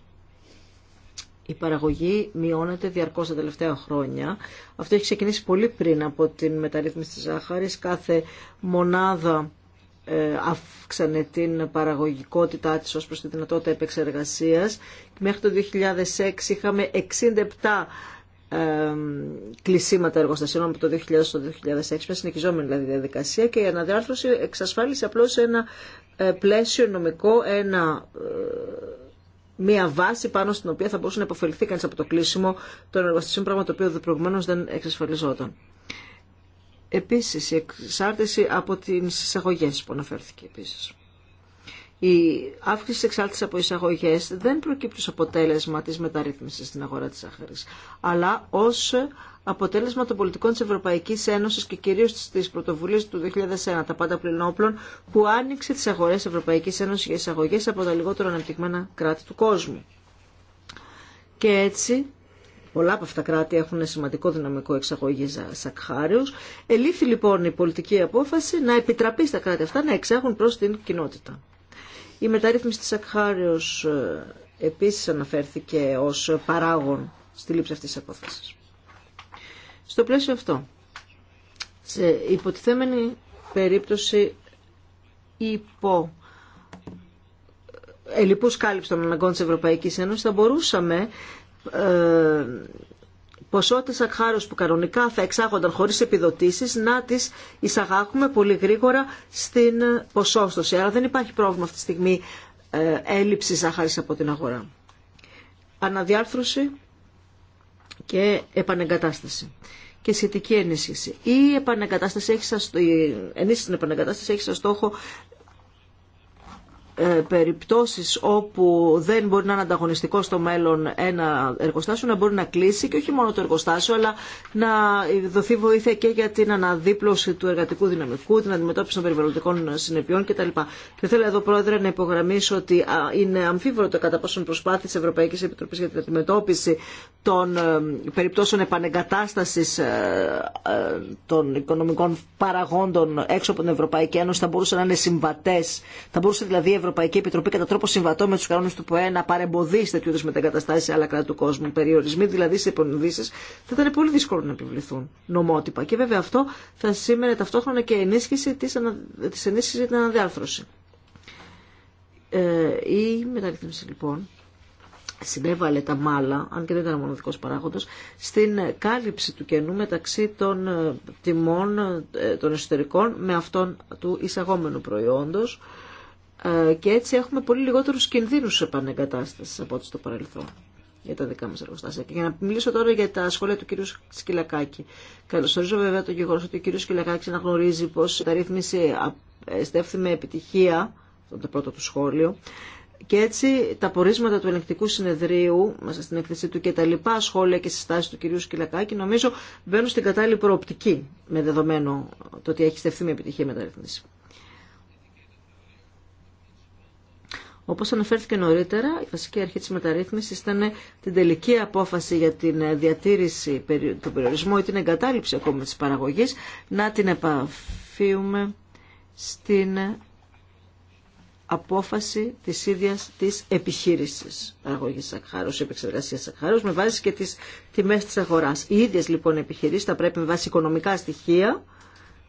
S3: η παραγωγή μειώνεται διαρκώ τα τελευταία χρόνια. Αυτό έχει ξεκινήσει πολύ πριν από την μεταρρύθμιση της ζάχαρης. Κάθε μονάδα ε, αύξανε την παραγωγικότητά της ως προς τη δυνατότητα επεξεργασίας. Μέχρι το 2006 είχαμε 67 ε, κλεισίματα εργοστασίων από το 2000 στο 2006 με συνεχιζόμενη δηλαδή διαδικασία και η αναδιάρθρωση εξασφάλισε απλώς ένα ε, πλαίσιο νομικό, ένα μια βάση πάνω στην οποία θα μπορούσε να υποφεληθεί κανεί από το κλείσιμο των εργοστασίων, πράγμα το οποίο προηγουμένω δεν εξασφαλιζόταν. Επίση, η εξάρτηση από τι εισαγωγέ που αναφέρθηκε επίση. Η αύξηση εξάρτηση από εισαγωγέ δεν προκύπτει ω αποτέλεσμα τη μεταρρύθμιση στην αγορά τη Αχάρη. αλλά ω αποτέλεσμα των πολιτικών τη Ευρωπαϊκή Ένωση και κυρίω της πρωτοβουλία του 2001, τα πάντα πλην όπλων, που άνοιξε τις αγορές Ευρωπαϊκή Ένωση για εισαγωγέ από τα λιγότερο αναπτυγμένα κράτη του κόσμου. Και έτσι, πολλά από αυτά κράτη έχουν σημαντικό δυναμικό εξαγωγή σακχάριου. ελήφθη λοιπόν η πολιτική απόφαση να επιτραπεί στα κράτη αυτά να εξάγουν προ την κοινότητα. Η μεταρρύθμιση της Ακχάριος ε, επίσης αναφέρθηκε ως παράγον στη λήψη αυτής της απόφασης. Στο πλαίσιο αυτό, σε υποτιθέμενη περίπτωση υπό ελλειπούς κάλυψη των αναγκών της Ευρωπαϊκής Ένωσης θα μπορούσαμε ε, ποσότητες ακχάρους που κανονικά θα εξάγονταν χωρίς επιδοτήσεις να τις εισαγάγουμε πολύ γρήγορα στην ποσόστοση. Άρα δεν υπάρχει πρόβλημα αυτή τη στιγμή ε, έλλειψη από την αγορά. Αναδιάρθρωση και επανεγκατάσταση και σχετική ενίσχυση. Η, επανεγκατάσταση έχει ενίσχυση στην επανεγκατάσταση έχει σαν στόχο ε, περιπτώσεις όπου δεν μπορεί να είναι ανταγωνιστικό στο μέλλον ένα εργοστάσιο να μπορεί να κλείσει και όχι μόνο το εργοστάσιο αλλά να δοθεί βοήθεια και για την αναδίπλωση του εργατικού δυναμικού, την αντιμετώπιση των περιβαλλοντικών συνεπειών κτλ. Και θέλω εδώ πρόεδρε να υπογραμμίσω ότι είναι αμφίβολο το κατά πόσον προσπάθει της Ευρωπαϊκής Επιτροπής για την αντιμετώπιση των ε, περιπτώσεων επανεγκατάστασης ε, των οικονομικών παραγόντων έξω από την Ευρωπαϊκή Ένωση θα μπορούσαν να είναι συμβατές. Θα μπορούσε δηλαδή Ευρωπαϊκή Επιτροπή κατά τρόπο συμβατό με του κανόνε του ΠΟΕ να παρεμποδίσει τέτοιου είδου μεταγκαταστάσει σε άλλα κράτη του κόσμου. Περιορισμοί δηλαδή σε επενδύσει θα ήταν πολύ δύσκολο να επιβληθούν νομότυπα. Και βέβαια αυτό θα σήμαινε ταυτόχρονα και ενίσχυση τη ανα... ενίσχυση για την αναδιάρθρωση. Ε, η μεταρρύθμιση λοιπόν συνέβαλε τα μάλα, αν και δεν ήταν μοναδικό παράγοντα, στην κάλυψη του κενού μεταξύ των ε, τιμών ε, των εσωτερικών με αυτών του εισαγόμενου προϊόντος ε, και έτσι έχουμε πολύ λιγότερου κινδύνους επανεγκατάσταση από ό,τι στο παρελθόν για τα δικά μα εργοστάσια. Και για να μιλήσω τώρα για τα σχόλια του κ. Σκυλακάκη. Καλωσορίζω βέβαια το γεγονό ότι ο κ. Σκυλακάκη αναγνωρίζει πω η μεταρρύθμιση στέφθη με επιτυχία, αυτό το πρώτο του σχόλιο, και έτσι τα πορίσματα του ελεγκτικού συνεδρίου, μέσα στην εκθεσή του και τα λοιπά σχόλια και συστάσεις του κυρίου Σκυλακάκη, νομίζω μπαίνουν στην κατάλληλη προοπτική, με δεδομένο το ότι έχει στεφθεί με επιτυχία μεταρρύθμιση. Όπως αναφέρθηκε νωρίτερα, η βασική αρχή τη μεταρρύθμισης ήταν την τελική απόφαση για την διατήρηση, του περιορισμού ή την εγκατάλειψη ακόμα της παραγωγής, να την επαφίουμε στην απόφαση της ίδιας της επιχείρησης παραγωγής ή επεξεργασίας σακχάρους, με βάση και τις τιμές της αγοράς. Οι ίδιες λοιπόν επιχειρήσεις θα πρέπει με βάση οικονομικά στοιχεία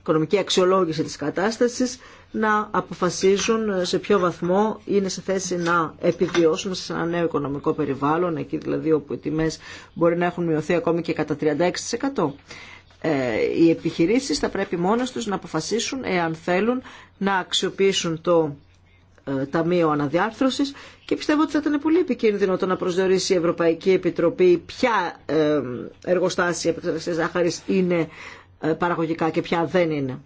S3: οικονομική αξιολόγηση της κατάστασης να αποφασίζουν σε ποιο βαθμό είναι σε θέση να επιβιώσουν σε ένα νέο οικονομικό περιβάλλον, εκεί δηλαδή όπου οι τιμές μπορεί να έχουν μειωθεί ακόμη και κατά 36%. Ε, οι επιχειρήσεις θα πρέπει μόνες τους να αποφασίσουν εάν θέλουν να αξιοποιήσουν το ε, Ταμείο Αναδιάρθρωσης και πιστεύω ότι θα ήταν πολύ επικίνδυνο το να προσδιορίσει η Ευρωπαϊκή Επιτροπή ποια ε, εργοστάσια επεξεργασίας ζάχαρη είναι ε, παραγωγικά και ποια δεν είναι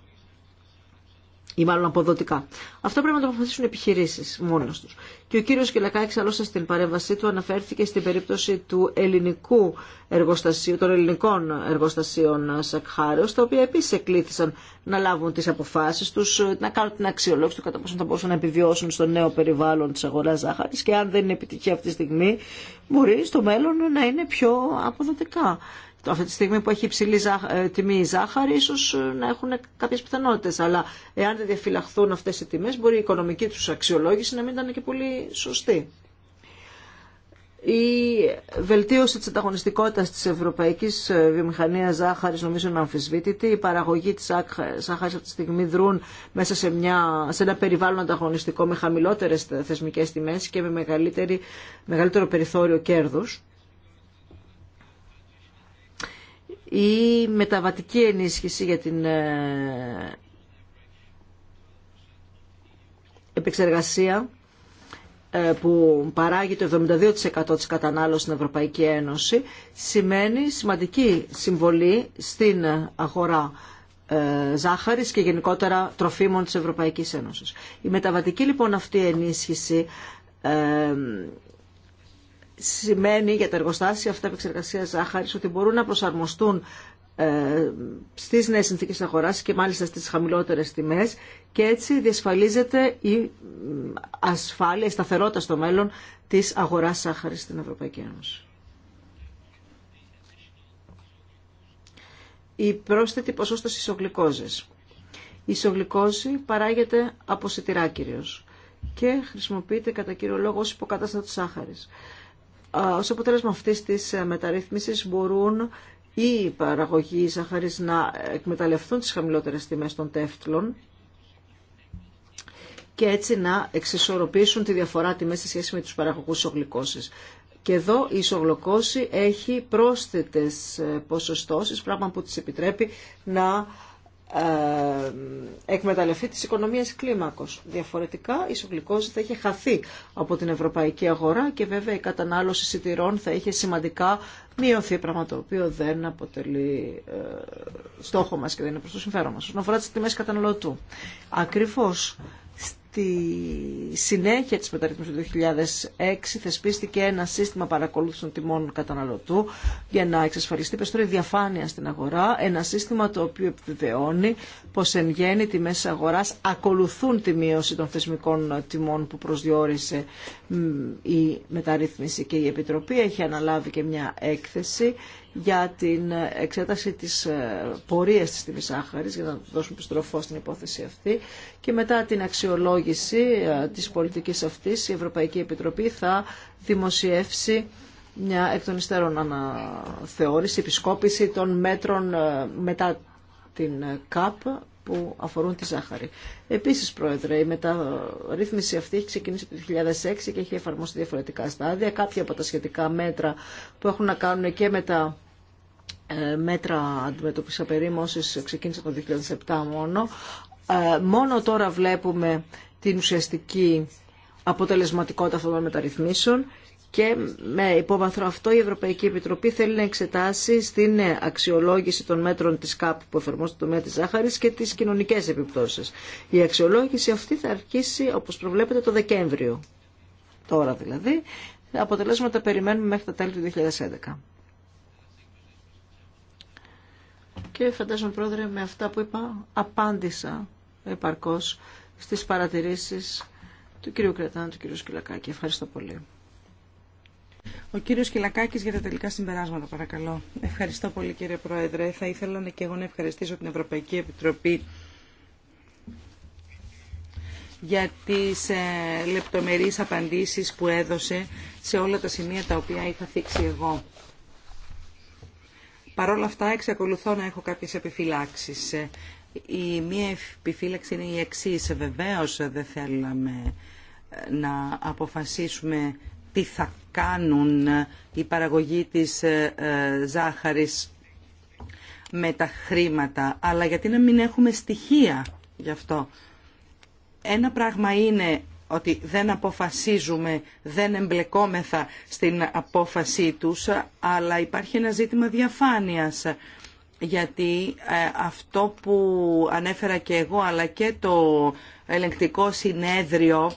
S3: ή μάλλον αποδοτικά. Αυτό πρέπει να το αποφασίσουν οι επιχειρήσει μόνο του. Και ο κύριο Κυλακάκη, άλλωστε στην παρέμβασή του, αναφέρθηκε στην περίπτωση του ελληνικού εργοστασίου, των ελληνικών εργοστασίων Σακχάριο, τα οποία επίση εκλήθησαν να λάβουν τι αποφάσει του, να κάνουν την αξιολόγηση του κατά πόσο θα μπορούσαν να επιβιώσουν στο νέο περιβάλλον τη αγορά ζάχαρη και αν δεν είναι επιτυχία αυτή τη στιγμή, μπορεί στο μέλλον να είναι πιο αποδοτικά αυτή τη στιγμή που έχει υψηλή ε, τιμή η ζάχαρη, ίσω ε, να έχουν κάποιε πιθανότητε. Αλλά εάν δεν διαφυλαχθούν αυτέ οι τιμέ, μπορεί η οικονομική του αξιολόγηση να μην ήταν και πολύ σωστή. Η βελτίωση της ανταγωνιστικότητας της ευρωπαϊκής ε, βιομηχανίας ζάχαρης νομίζω είναι αμφισβήτητη. Η παραγωγή της ζάχαρης αυτή τη στιγμή δρούν μέσα σε, μια, σε ένα περιβάλλον ανταγωνιστικό με χαμηλότερες θεσμικές τιμές και με μεγαλύτερο περιθώριο κέρδους. η μεταβατική ενίσχυση για την ε, επεξεργασία ε, που παράγει το 72% της κατανάλωσης στην Ευρωπαϊκή Ένωση σημαίνει σημαντική συμβολή στην αγορά ε, ζάχαρης και γενικότερα τροφίμων της Ευρωπαϊκής Ένωσης. Η μεταβατική λοιπόν αυτή ενίσχυση σημαίνει για τα εργοστάσια αυτά επεξεργασία ζάχαρης ότι μπορούν να προσαρμοστούν ε, στις νέες συνθήκες αγοράς και μάλιστα στις χαμηλότερες τιμέ. και έτσι διασφαλίζεται η ασφάλεια, η σταθερότητα στο μέλλον της αγοράς ζάχαρη στην Ευρωπαϊκή Ένωση. Η πρόσθετη ποσόστοση ισογλυκόζες Η ισογλυκόζη παράγεται από σιτηρά κυρίως και χρησιμοποιείται κατά κύριο λόγο ως υποκατάστατο σάχαρης. Ως αποτέλεσμα αυτής της ε, μεταρρύθμισης μπορούν οι παραγωγοί ζαχαρής να εκμεταλλευτούν τις χαμηλότερες τιμές των τεύτλων και έτσι να εξισορροπήσουν τη διαφορά τιμές σε σχέση με τους παραγωγούς ισογλυκώσεις. Και εδώ η ισογλυκώση έχει πρόσθετες ε, ποσοστώσεις, πράγμα που της επιτρέπει να ε, εκμεταλλευτεί της οικονομίας κλίμακος. Διαφορετικά, η σογλυκόζη θα είχε χαθεί από την ευρωπαϊκή αγορά και βέβαια η κατανάλωση σιτηρών θα είχε σημαντικά μειωθεί, πράγμα το οποίο δεν αποτελεί ε, στόχο μας και δεν είναι προς το συμφέρον μας. Όσον αφορά τις τιμές καταναλωτού, ακριβώς στη συνέχεια της μεταρρύθμισης του 2006 θεσπίστηκε ένα σύστημα παρακολούθησης των τιμών καταναλωτού για να εξασφαλιστεί περισσότερη διαφάνεια στην αγορά, ένα σύστημα το οποίο επιβεβαιώνει πως εν γέννη τιμές αγοράς ακολουθούν τη μείωση των θεσμικών τιμών που προσδιορίσε η μεταρρύθμιση και η Επιτροπή έχει αναλάβει και μια έκθεση για την εξέταση της ε, πορείας της τιμής άχαρης, για να δώσουμε επιστροφό στην υπόθεση αυτή. Και μετά την αξιολόγηση ε, της πολιτικής αυτής, η Ευρωπαϊκή Επιτροπή θα δημοσιεύσει μια εκ των υστέρων αναθεώρηση, επισκόπηση των μέτρων ε, μετά την ΚΑΠ που αφορούν τη ζάχαρη. Επίσης, Πρόεδρε, η μεταρρύθμιση αυτή έχει ξεκινήσει το 2006 και έχει εφαρμοστεί διαφορετικά στάδια. Κάποια από τα σχετικά μέτρα που έχουν να κάνουν και με τα ε, μέτρα αντιμετωπίσης απερίμωσης ξεκίνησε το 2007 μόνο. Ε, μόνο τώρα βλέπουμε την ουσιαστική αποτελεσματικότητα αυτών των μεταρρυθμίσεων και με υπόβαθρο αυτό η Ευρωπαϊκή Επιτροπή θέλει να εξετάσει στην αξιολόγηση των μέτρων της ΚΑΠ που εφαρμόζεται το τομέα της ζάχαρης και τις κοινωνικές επιπτώσεις. Η αξιολόγηση αυτή θα αρχίσει όπως προβλέπετε το Δεκέμβριο. Τώρα δηλαδή. Αποτελέσματα περιμένουμε μέχρι τα τέλη του 2011. Και φαντάζομαι πρόεδρε με αυτά που είπα απάντησα επαρκώς στις παρατηρήσεις του κυρίου Κρετάν, του κυρίου Σκυλακάκη. Ευχαριστώ πολύ.
S1: Ο κύριος Κυλακάκης για τα τελικά συμπεράσματα, παρακαλώ. Ευχαριστώ πολύ κύριε Πρόεδρε. Θα ήθελα και εγώ να ευχαριστήσω την Ευρωπαϊκή Επιτροπή για τις ε, λεπτομερείς απαντήσεις που έδωσε σε όλα τα σημεία τα οποία είχα θίξει εγώ. Παρ' όλα αυτά εξακολουθώ να έχω κάποιες επιφυλάξεις. Ε, η μία επιφύλαξη είναι η εξής. Βεβαίως ε, δεν θέλαμε να αποφασίσουμε τι θα κάνουν οι ε, παραγωγοί της ε, ε, ζάχαρης με τα χρήματα, αλλά γιατί να μην έχουμε στοιχεία γι' αυτό. Ένα πράγμα είναι ότι δεν αποφασίζουμε, δεν εμπλεκόμεθα στην απόφασή τους, αλλά υπάρχει ένα ζήτημα διαφάνειας. Γιατί αυτό που ανέφερα και εγώ, αλλά και το ελεγκτικό συνέδριο,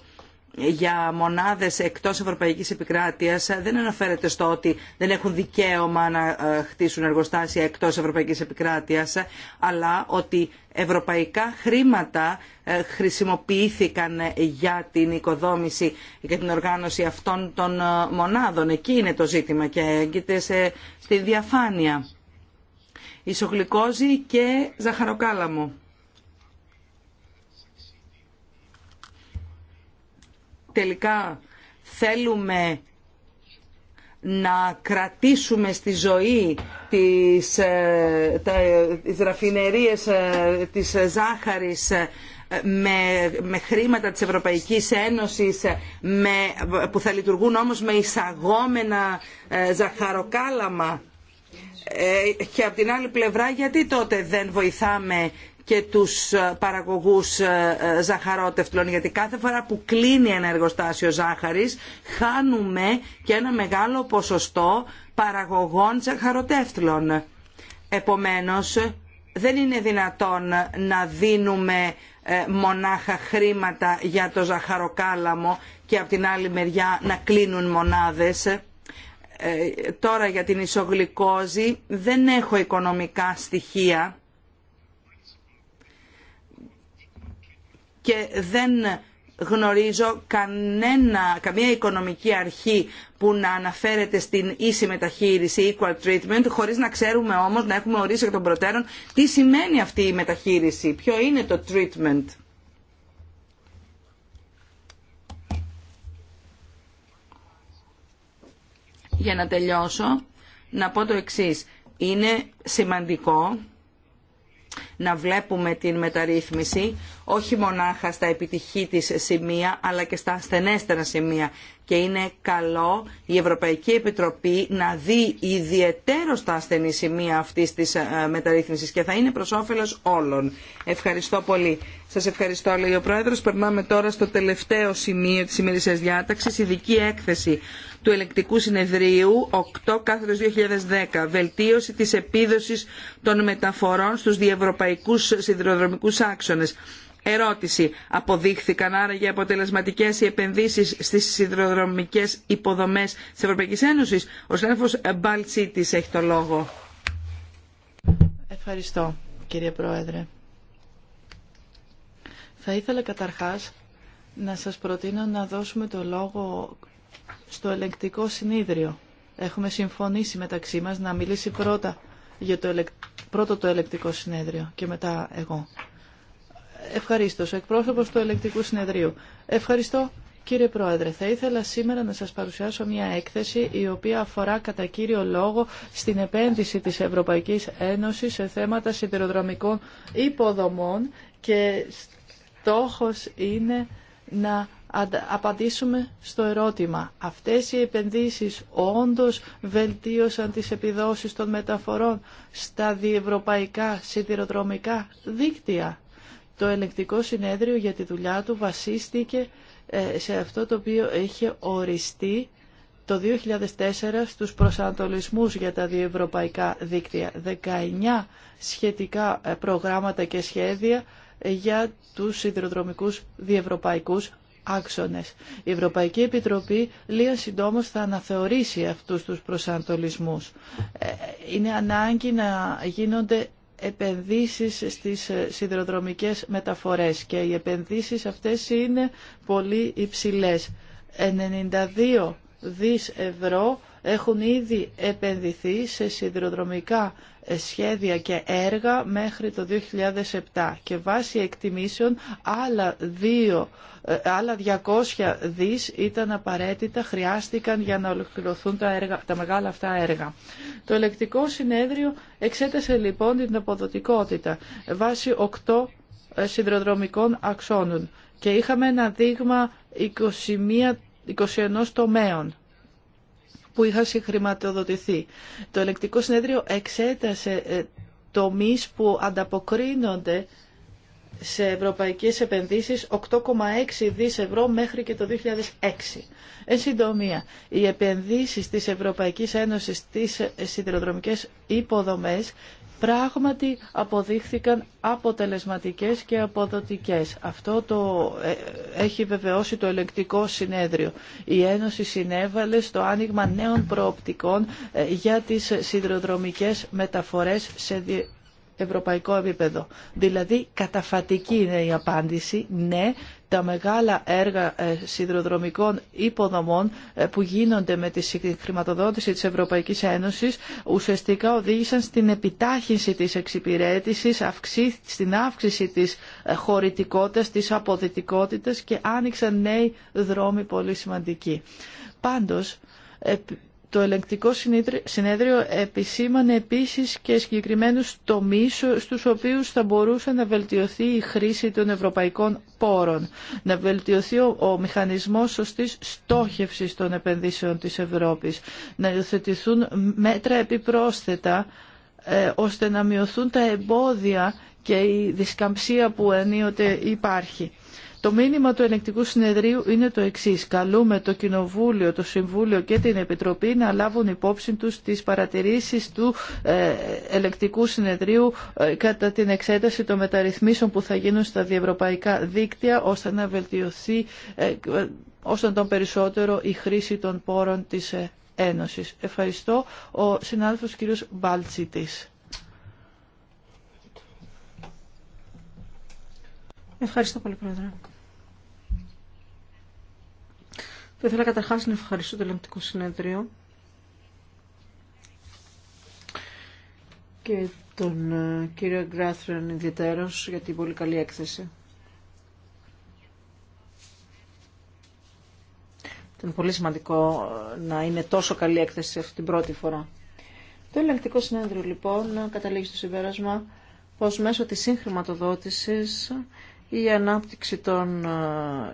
S1: για μονάδες εκτός ευρωπαϊκής επικράτειας ε, δεν αναφέρεται στο ότι δεν έχουν δικαίωμα να ε, χτίσουν εργοστάσια εκτός ευρωπαϊκής επικράτειας ε, αλλά ότι ευρωπαϊκά χρήματα χρησιμοποιήθηκαν για την οικοδόμηση και την οργάνωση αυτών των μονάδων. Εκεί είναι το ζήτημα και έγκυται στη διαφάνεια. Ισογλυκόζη και ζαχαροκάλαμο. τελικά θέλουμε να κρατήσουμε στη ζωή τις, ε, τα, ε, τις ραφινερίες ε, της ζάχαρης με, με χρήματα της Ευρωπαϊκής Ένωσης που θα λειτουργούν όμως με εισαγόμενα ζαχαροκάλαμα και από την άλλη πλευρά γιατί τότε δεν βοηθάμε και τους ε, παραγωγούς ε, ε, ζαχαρότευτλων γιατί κάθε φορά που κλείνει ένα εργοστάσιο ζάχαρης χάνουμε και ένα μεγάλο ποσοστό παραγωγών ζαχαροτεύτλων. Επομένως δεν είναι δυνατόν να δίνουμε μονάχα χρήματα για το ζαχαροκάλαμο και από την άλλη μεριά να κλείνουν μονάδες. Τώρα για την ισογλυκόζη δεν έχω οικονομικά στοιχεία και δεν γνωρίζω κανένα, καμία οικονομική αρχή που να αναφέρεται στην ίση μεταχείριση, equal treatment, χωρίς να ξέρουμε όμως, να έχουμε ορίσει εκ των προτέρων, τι σημαίνει αυτή η μεταχείριση, ποιο είναι το treatment. Για να τελειώσω, να πω το εξής. Είναι σημαντικό να βλέπουμε την μεταρρύθμιση όχι μονάχα στα επιτυχή της σημεία αλλά και στα ασθενέστερα σημεία και είναι καλό η Ευρωπαϊκή Επιτροπή να δει ιδιαίτερο τα ασθενή σημεία αυτής της ε, μεταρρύθμισης και θα είναι προς όφελος όλων. Ευχαριστώ πολύ. Σας ευχαριστώ λέει ο Πρόεδρος. Περνάμε τώρα στο τελευταίο σημείο της ημερήσιας διάταξης, ειδική έκθεση του Ελεκτικού Συνεδρίου 8 2010 «Βελτίωση της επίδοσης των μεταφορών στους διευρωπαϊκούς σιδηροδρομικούς άξονες». Ερώτηση. Αποδείχθηκαν άραγε αποτελεσματικέ οι επενδύσει στι σιδηροδρομικές υποδομέ τη Ευρωπαϊκή Ένωση. Ο συνάδελφο Μπαλτσίτη έχει το λόγο.
S2: Ευχαριστώ, κύριε Πρόεδρε. Θα ήθελα καταρχάς να σας προτείνω να δώσουμε το λόγο στο ελεγκτικό συνέδριο. Έχουμε συμφωνήσει μεταξύ μας να μιλήσει πρώτα για το πρώτο το ελεκτικό συνέδριο και μετά εγώ. Ευχαριστώ, ο εκπρόσωπος του ελεκτικού συνεδρίου. Ευχαριστώ. Κύριε Πρόεδρε, θα ήθελα σήμερα να σας παρουσιάσω μια έκθεση η οποία αφορά κατά κύριο λόγο στην επένδυση της Ευρωπαϊκής Ένωσης σε θέματα σιδηροδρομικών υποδομών και στόχος είναι να απαντήσουμε στο ερώτημα. Αυτές οι επενδύσεις όντως βελτίωσαν τις επιδόσεις των μεταφορών στα διευρωπαϊκά σιδηροδρομικά δίκτυα. Το ελεκτικό συνέδριο για τη δουλειά του βασίστηκε ε, σε αυτό το οποίο είχε οριστεί το 2004 στους προσανατολισμούς για τα διευρωπαϊκά δίκτυα. 19 σχετικά ε, προγράμματα και σχέδια ε, για τους σιδηροδρομικούς διευρωπαϊκούς άξονες. Η Ευρωπαϊκή Επιτροπή λίγα συντόμως θα αναθεωρήσει αυτούς τους προσανατολισμούς. Ε, είναι ανάγκη να γίνονται επενδύσεις στις σιδηροδρομικές μεταφορές και οι επενδύσεις αυτές είναι πολύ υψηλές. 92 δις ευρώ έχουν ήδη επενδυθεί σε σιδηροδρομικά σχέδια και έργα μέχρι το 2007 και βάσει εκτιμήσεων άλλα, δύο, ε, άλλα 200 δις ήταν απαραίτητα, χρειάστηκαν για να ολοκληρωθούν τα, έργα, τα μεγάλα αυτά έργα. Το ελεκτικό συνέδριο εξέτασε λοιπόν την αποδοτικότητα βάσει 8 ε, σιδηροδρομικών αξώνων και είχαμε ένα δείγμα 21, 21 τομέων που είχαν συγχρηματοδοτηθεί. Το ελεκτικό συνέδριο εξέτασε ε, τομείς που ανταποκρίνονται σε ευρωπαϊκές επενδύσεις 8,6 δις ευρώ μέχρι και το 2006. Εν συντομία, οι επενδύσεις της Ευρωπαϊκής Ένωσης στις ε, σιδηροδρομικές υποδομές πράγματι αποδείχθηκαν αποτελεσματικές και αποδοτικές. Αυτό το ε, έχει βεβαιώσει το ελεκτικό συνέδριο. Η Ένωση συνέβαλε στο άνοιγμα νέων προοπτικών ε, για τις σιδηροδρομικές μεταφορές σε ευρωπαϊκό επίπεδο. Δηλαδή καταφατική είναι η απάντηση, ναι, τα μεγάλα έργα ε, σιδηροδρομικών υποδομών ε, που γίνονται με τη χρηματοδότηση της Ευρωπαϊκής Ένωσης ουσιαστικά οδήγησαν στην επιτάχυνση της εξυπηρέτησης, στην αύξηση της ε, χωρητικότητας, της αποδυτικότητας και άνοιξαν νέοι δρόμοι πολύ σημαντικοί. Πάντως, το ελεγκτικό συνέδριο επισήμανε επίσης και συγκεκριμένους τομείς στους οποίους θα μπορούσε να βελτιωθεί η χρήση των ευρωπαϊκών πόρων, να βελτιωθεί ο μηχανισμός σωστής στόχευσης των επενδύσεων της Ευρώπης, να υιοθετηθούν μέτρα επιπρόσθετα ε, ώστε να μειωθούν τα εμπόδια και η δισκαμψία που ενίοτε υπάρχει. Το μήνυμα του Ελεκτικού Συνεδρίου είναι το εξή. Καλούμε το Κοινοβούλιο, το Συμβούλιο και την Επιτροπή να λάβουν υπόψη τους τις παρατηρήσεις του ε, Ελεκτικού Συνεδρίου ε, κατά την εξέταση των μεταρρυθμίσεων που θα γίνουν στα διευρωπαϊκά δίκτυα ώστε να βελτιωθεί ε, ώστε τον περισσότερο η χρήση των πόρων της Ένωση. Ευχαριστώ. Ο συνάδελφο κ. Μπάλτσιτη.
S3: Ευχαριστώ πολύ, Πρόεδρε. Θα ήθελα καταρχάς να ευχαριστώ το Ελεγκτικό Συνέδριο και τον ε, κύριο Γκράθρεν ιδιαίτερος για την πολύ καλή έκθεση. Ήταν πολύ σημαντικό ε, να είναι τόσο καλή έκθεση αυτή την πρώτη φορά. Το ελεγκτικό συνέδριο λοιπόν καταλήγει στο συμπέρασμα πως μέσω της συγχρηματοδότησης η ανάπτυξη των ε,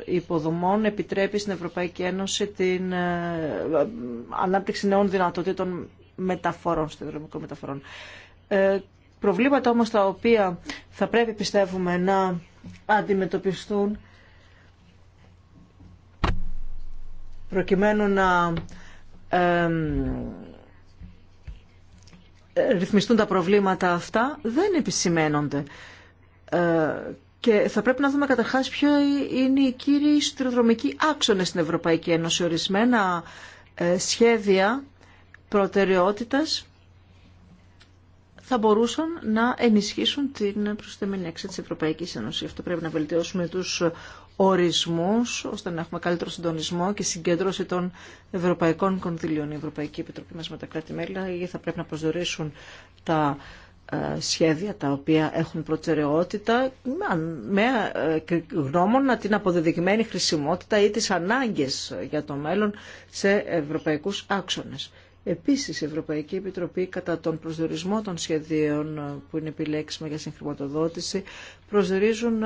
S3: υποδομών επιτρέπει στην Ευρωπαϊκή Ένωση την ε, ανάπτυξη νέων δυνατοτήτων μεταφορών, δρομικό μεταφορών. Ε, προβλήματα όμως τα οποία θα πρέπει πιστεύουμε να αντιμετωπιστούν προκειμένου να ε, ρυθμιστούν τα προβλήματα αυτά δεν επισημένονται και θα πρέπει να δούμε καταρχά ποιο είναι οι κύριοι στριοδρομικοί άξονε στην Ευρωπαϊκή Ένωση, ορισμένα ε, σχέδια προτεραιότητας θα μπορούσαν να ενισχύσουν την προσθεμένη έξι της Ευρωπαϊκής Ένωση. Αυτό πρέπει να βελτιώσουμε τους ορισμού, ώστε να έχουμε καλύτερο συντονισμό και συγκέντρωση των ευρωπαϊκών κονδυλίων. Η Ευρωπαϊκή Επιτροπή μας με τα κράτη-μέλη θα πρέπει να προσδορίσουν τα ε, σχέδια τα οποία έχουν προτεραιότητα με ε, γνώμονα την αποδεδειγμένη χρησιμότητα ή τις ανάγκες για το μέλλον σε ευρωπαϊκούς άξονες. Επίσης, η Ευρωπαϊκή Επιτροπή κατά τον προσδιορισμό των σχεδίων ε, που είναι επιλέξιμα για συγχρηματοδότηση προσδιορίζουν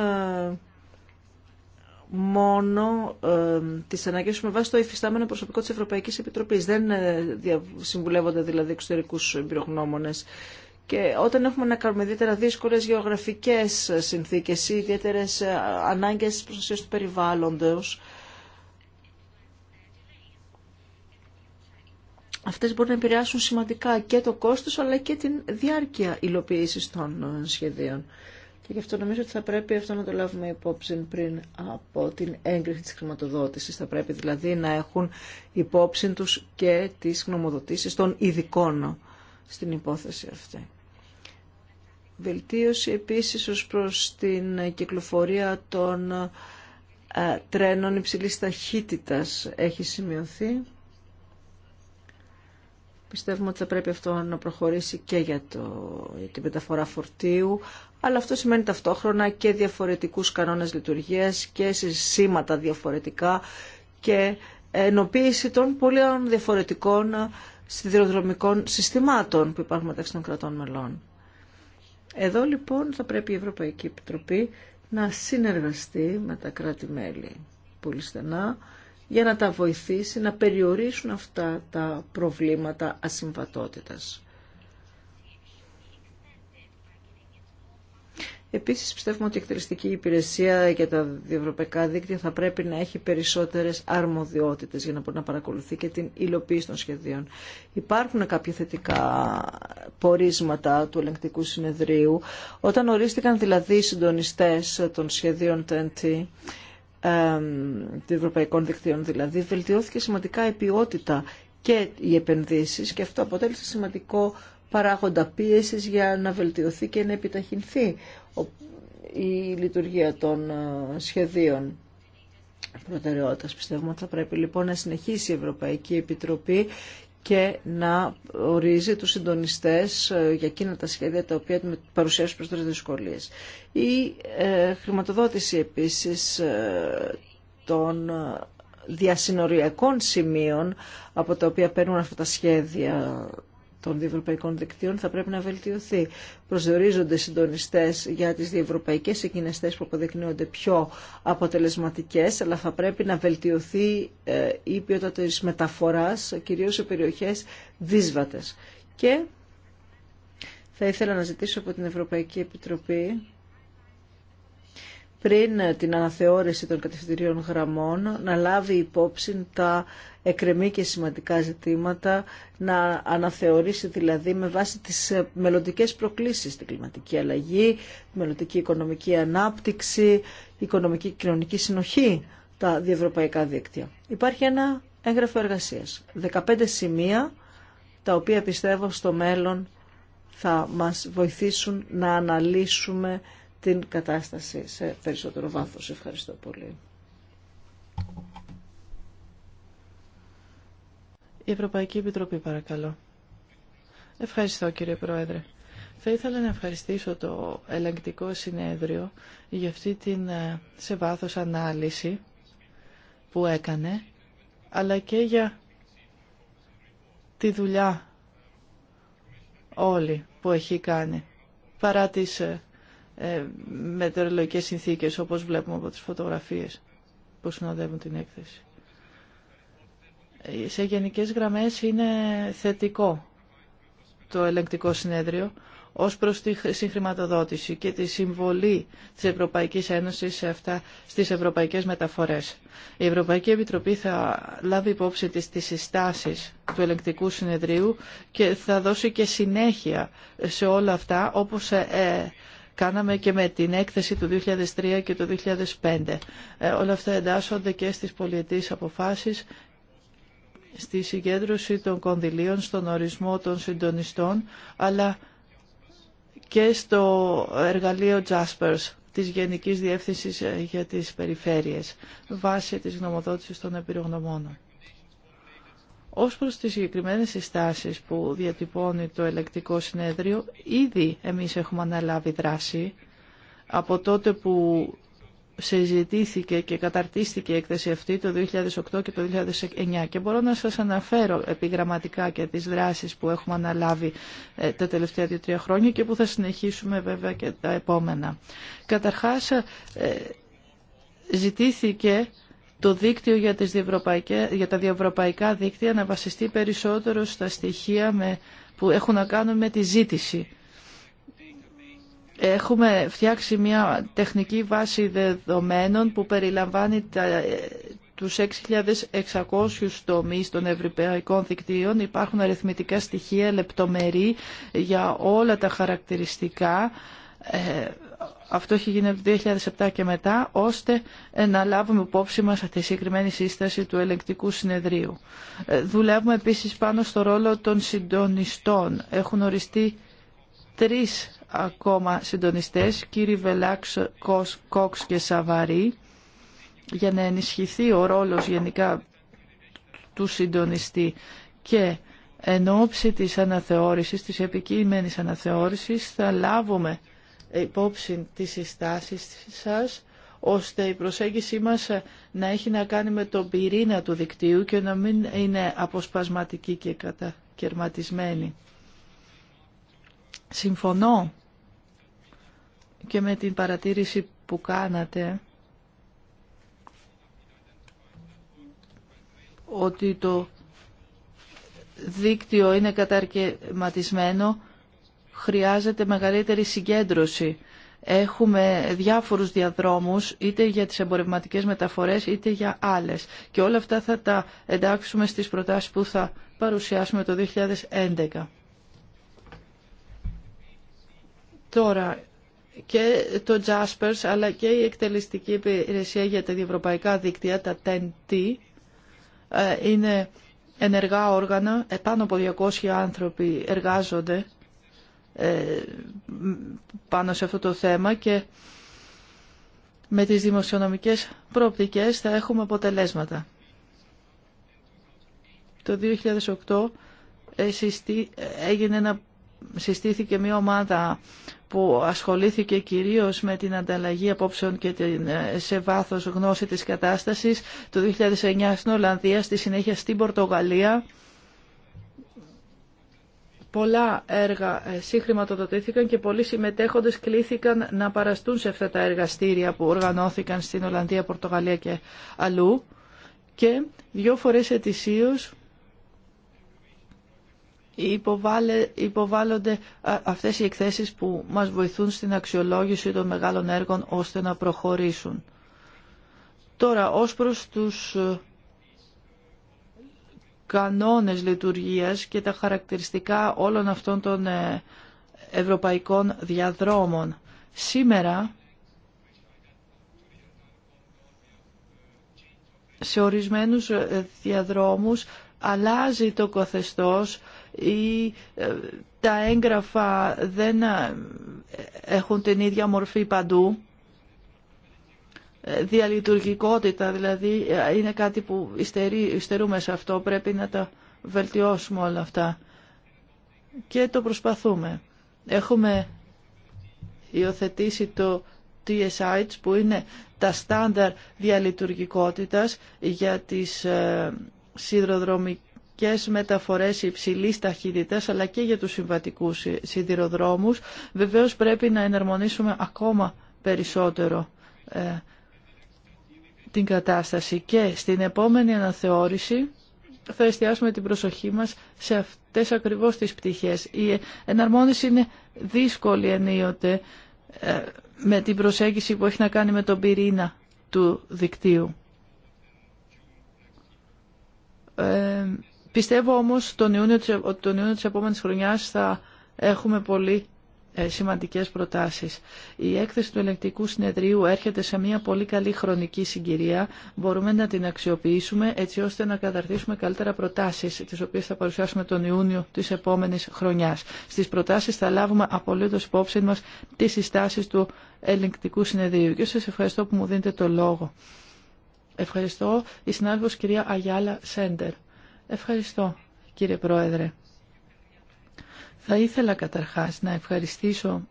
S3: μόνο ε, τις αναγκές με βάση το υφιστάμενο προσωπικό της Ευρωπαϊκής Επιτροπής. Δεν συμβουλεύονται δηλαδή εξωτερικούς εμπειρογνώμονες και όταν έχουμε να κάνουμε ιδιαίτερα δύσκολε γεωγραφικέ συνθήκε ή ιδιαίτερε ε, ανάγκε προστασία του περιβάλλοντο, αυτές μπορούν να επηρεάσουν σημαντικά και το κόστος αλλά και τη διάρκεια υλοποίησης των ε, σχεδίων. Και γι' αυτό νομίζω ότι θα πρέπει αυτό να το λάβουμε υπόψη πριν από την έγκριση της χρηματοδότησης. Θα πρέπει δηλαδή να έχουν υπόψη τους και τις γνωμοδοτήσεις των ειδικών στην υπόθεση αυτή. Βελτίωση επίσης ως προς την κυκλοφορία των ε, τρένων υψηλής ταχύτητας έχει σημειωθεί. Πιστεύουμε ότι θα πρέπει αυτό να προχωρήσει και για, το, για τη μεταφορά φορτίου, αλλά αυτό σημαίνει ταυτόχρονα και διαφορετικούς κανόνες λειτουργίας και σήματα διαφορετικά και ενοποίηση των πολλών διαφορετικών σιδηροδρομικών συστημάτων που υπάρχουν μεταξύ των κρατών μελών. Εδώ λοιπόν θα πρέπει η Ευρωπαϊκή Επιτροπή να συνεργαστεί με τα κράτη-μέλη πολύ στενά για να τα βοηθήσει να περιορίσουν αυτά τα προβλήματα ασυμβατότητας. Επίσης πιστεύουμε ότι η εκτελεστική υπηρεσία για τα διευρωπαϊκά δίκτυα θα πρέπει να έχει περισσότερες αρμοδιότητες για να μπορεί να παρακολουθεί και την υλοποίηση των σχεδίων. Υπάρχουν κάποια θετικά πορίσματα του ελεγκτικού συνεδρίου. Όταν ορίστηκαν δηλαδή οι συντονιστές των σχεδίων TNT, των ευρωπαϊκών δικτύων δηλαδή, βελτιώθηκε σημαντικά η ποιότητα και οι επενδύσεις και αυτό αποτέλεσε σημαντικό παράγοντα πίεσης για να βελτιωθεί και να επιταχυνθεί η λειτουργία των ε, σχεδίων προτεραιότητας. Πιστεύουμε ότι θα πρέπει λοιπόν να συνεχίσει η Ευρωπαϊκή Επιτροπή και να ορίζει τους συντονιστές ε, για εκείνα τα σχέδια τα οποία παρουσιάζουν τρεις δυσκολίες. Η ε, χρηματοδότηση επίσης των διασυνοριακών σημείων από τα οποία παίρνουν αυτά τα σχέδια των διευρωπαϊκών δικτύων θα πρέπει να βελτιωθεί. Προσδιορίζονται συντονιστέ για τι διευρωπαϊκέ εκείνε που αποδεικνύονται πιο αποτελεσματικέ, αλλά θα πρέπει να βελτιωθεί ε, η ποιότητα τη μεταφορά, κυρίω σε περιοχέ δύσβατε. Και θα ήθελα να ζητήσω από την Ευρωπαϊκή Επιτροπή πριν την αναθεώρηση των κατευθυντηρίων γραμμών να λάβει υπόψη τα εκρεμή και σημαντικά ζητήματα, να αναθεωρήσει δηλαδή με βάση τις μελλοντικές προκλήσεις, την κλιματική αλλαγή, τη μελλοντική οικονομική ανάπτυξη, οικονομική και κοινωνική συνοχή, τα διευρωπαϊκά δίκτυα. Υπάρχει ένα έγγραφο εργασίας, 15 σημεία τα οποία πιστεύω στο μέλλον θα μας βοηθήσουν να αναλύσουμε την κατάσταση σε περισσότερο βάθος. Ευχαριστώ πολύ.
S2: Η Ευρωπαϊκή Επιτροπή παρακαλώ. Ευχαριστώ κύριε Πρόεδρε. Θα ήθελα να ευχαριστήσω το ελεγκτικό συνέδριο για αυτή την ε, σε βάθος ανάλυση που έκανε, αλλά και για τη δουλειά όλη που έχει κάνει, παρά τις ε, ε, μετεωρολογικές συνθήκες όπως βλέπουμε από τις φωτογραφίες που συνοδεύουν την έκθεση. Ε, σε γενικές γραμμές είναι θετικό το ελεγκτικό συνέδριο ως προς τη συγχρηματοδότηση και τη συμβολή της Ευρωπαϊκής Ένωσης σε αυτά στις ευρωπαϊκές μεταφορές. Η Ευρωπαϊκή Επιτροπή θα λάβει υπόψη της τις συστάσεις του ελεγκτικού συνεδρίου και θα δώσει και συνέχεια σε όλα αυτά όπως ε, Κάναμε και με την έκθεση του 2003 και του 2005. Ε, όλα αυτά εντάσσονται και στις πολιετής αποφάσεις στη συγκέντρωση των κονδυλίων, στον ορισμό των συντονιστών, αλλά και στο εργαλείο Jaspers της Γενικής Διεύθυνσης ε, για τις Περιφέρειες, βάσει της γνωμοδότησης των επιρρογνωμόνων. Ως προς τις συγκεκριμένες συστάσεις που διατυπώνει το ελεκτικό συνέδριο, ήδη εμείς έχουμε αναλάβει δράση από τότε που συζητήθηκε και καταρτίστηκε η έκθεση αυτή το 2008 και το 2009 και μπορώ να σας αναφέρω επιγραμματικά και τις δράσεις που έχουμε αναλάβει ε, τα τελευταία δύο-τρία χρόνια και που θα συνεχίσουμε βέβαια και τα επόμενα. Καταρχάς ε, ζητήθηκε το δίκτυο για, τα διευρωπαϊκά δίκτυα να βασιστεί περισσότερο στα στοιχεία με, που έχουν να κάνουν με τη ζήτηση. Έχουμε φτιάξει μια τεχνική βάση δεδομένων που περιλαμβάνει τα, ε, τους 6.600 τομείς των ευρωπαϊκών δικτύων. Υπάρχουν αριθμητικά στοιχεία λεπτομερή για όλα τα χαρακτηριστικά ε, αυτό έχει γίνει από το 2007 και μετά, ώστε ε, να λάβουμε υπόψη μας τη συγκεκριμένη σύσταση του ελεγκτικού συνεδρίου. Ε, δουλεύουμε επίσης πάνω στο ρόλο των συντονιστών. Έχουν οριστεί τρεις ακόμα συντονιστές, κύριοι Βελάξ, Κόξ και Σαβαρή, για να ενισχυθεί ο ρόλος γενικά του συντονιστή και εν ώψη της αναθεώρησης, της επικείμενης αναθεώρησης, θα λάβουμε υπόψη τις συστάσεις σας ώστε η προσέγγιση μας να έχει να κάνει με τον πυρήνα του δικτύου και να μην είναι αποσπασματική και κατακαιρματισμένη. Συμφωνώ και με την παρατήρηση που κάνατε ότι το δίκτυο είναι καταρκεματισμένο χρειάζεται μεγαλύτερη συγκέντρωση. Έχουμε διάφορους διαδρόμους, είτε για τις εμπορευματικές μεταφορές, είτε για άλλες. Και όλα αυτά θα τα εντάξουμε στις προτάσεις που θα παρουσιάσουμε το 2011. Τώρα, και το Jaspers, αλλά και η εκτελεστική υπηρεσία για τα διευρωπαϊκά δίκτυα, τα TEN-T, ε, είναι ενεργά όργανα, επάνω από 200 άνθρωποι εργάζονται ε, πάνω σε αυτό το θέμα και με τις δημοσιονομικές προοπτικές θα έχουμε αποτελέσματα. Το 2008 ε, έγινε ένα, συστήθηκε μια ομάδα που ασχολήθηκε κυρίως με την ανταλλαγή απόψεων και την, ε, σε βάθος γνώση της κατάστασης. Το 2009 στην Ολλανδία, στη συνέχεια στην Πορτογαλία. Πολλά έργα ε, συγχρηματοδοτήθηκαν και πολλοί συμμετέχοντες κλήθηκαν να παραστούν σε αυτά τα εργαστήρια που οργανώθηκαν στην Ολλανδία, Πορτογαλία και αλλού και δύο φορές ετησίως υποβάλλονται ε, αυτές οι εκθέσεις που μας βοηθούν στην αξιολόγηση των μεγάλων έργων ώστε να προχωρήσουν. Τώρα, ως προς τους ε, κανόνες λειτουργίας και τα χαρακτηριστικά όλων αυτών των ε, ευρωπαϊκών διαδρόμων. Σήμερα, σε ορισμένους ε, διαδρόμους αλλάζει το καθεστώς ή ε, τα έγγραφα δεν έχουν την ίδια μορφή παντού διαλειτουργικότητα, δηλαδή ε, είναι κάτι που υστερεί, υστερούμε σε αυτό, πρέπει να τα βελτιώσουμε όλα αυτά. Και το προσπαθούμε. Έχουμε υιοθετήσει το TSI, που είναι τα στάνταρ διαλειτουργικότητας για τις ε, σιδηροδρομικές μεταφορές υψηλής ταχύτητας, αλλά και για τους συμβατικούς σιδηροδρόμους. Βεβαίως πρέπει να εναρμονίσουμε ακόμα περισσότερο ε, την κατάσταση και στην επόμενη αναθεώρηση θα εστιάσουμε την προσοχή μας σε αυτές ακριβώς τις πτυχές. Η εναρμόνιση είναι δύσκολη ενίοτε ε, με την προσέγγιση που έχει να κάνει με τον πυρήνα του δικτύου. Ε, πιστεύω όμως τον Ιούνιο, τον Ιούνιο της επόμενης χρονιάς θα έχουμε πολύ ε, σημαντικές προτάσεις. Η έκθεση του ελεγκτικού συνεδρίου έρχεται σε μια πολύ καλή χρονική συγκυρία. Μπορούμε να την αξιοποιήσουμε έτσι ώστε να καταρτήσουμε καλύτερα προτάσεις, τις οποίες θα παρουσιάσουμε τον Ιούνιο της επόμενης χρονιάς. Στις προτάσεις θα λάβουμε απολύτως υπόψη μας τις συστάσεις του ελεγκτικού συνεδρίου. Και σας ευχαριστώ που μου δίνετε το λόγο. Ευχαριστώ η συνάδελφος κυρία Αγιάλα Σέντερ. Ευχαριστώ κύριε Πρόεδρε. Θα ήθελα καταρχάς να ευχαριστήσω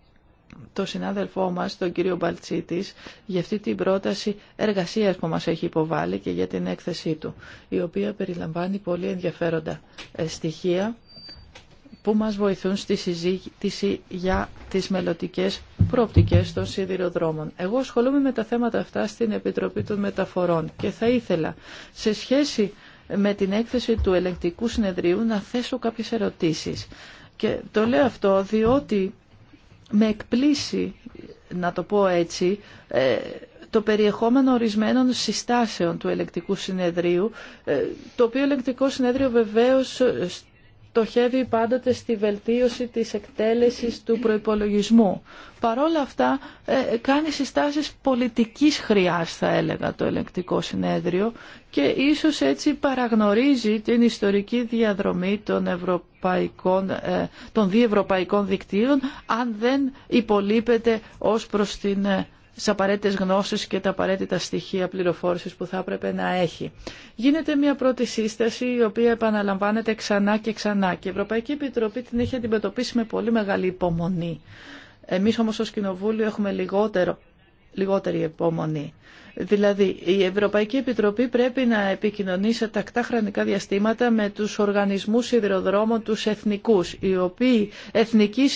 S2: τον συνάδελφό μας, τον κύριο Μπαλτσίτης, για αυτή την πρόταση εργασίας που μας έχει υποβάλει και για την έκθεσή του, η οποία περιλαμβάνει πολύ ενδιαφέροντα ε, στοιχεία που μας βοηθούν στη συζήτηση για τις μελλοντικέ προοπτικές των σιδηροδρόμων. Εγώ ασχολούμαι με τα θέματα αυτά στην Επιτροπή των Μεταφορών και θα ήθελα σε σχέση με την έκθεση του ελεγκτικού συνεδρίου να θέσω κάποιες ερωτήσεις. Και το λέω αυτό διότι με εκπλήσει, να το πω έτσι, ε, το περιεχόμενο ορισμένων συστάσεων του ελεκτικού συνεδρίου, ε, το οποίο ελεκτικό συνέδριο βεβαίως στοχεύει πάντοτε στη βελτίωση της εκτέλεσης του προϋπολογισμού. Παρόλα αυτά ε, κάνει συστάσεις πολιτικής χρειάς θα έλεγα το ελεγκτικό συνέδριο και ίσως έτσι παραγνωρίζει την ιστορική διαδρομή των, ευρωπαϊκών, ε, των διευρωπαϊκών δικτύων αν δεν υπολείπεται ως προς την ε, τις απαραίτητες γνώσεις και τα απαραίτητα στοιχεία πληροφόρησης που θα έπρεπε να έχει. Γίνεται μια πρώτη σύσταση η οποία επαναλαμβάνεται ξανά και ξανά και η Ευρωπαϊκή Επιτροπή την έχει αντιμετωπίσει με πολύ μεγάλη υπομονή. Εμείς όμως ως Κοινοβούλιο έχουμε λιγότερο, λιγότερη υπομονή. Δηλαδή, η Ευρωπαϊκή Επιτροπή πρέπει να επικοινωνεί σε τακτά χρονικά διαστήματα με τους οργανισμούς σιδηροδρόμων, τους εθνικούς, οι οποίοι εθνικοί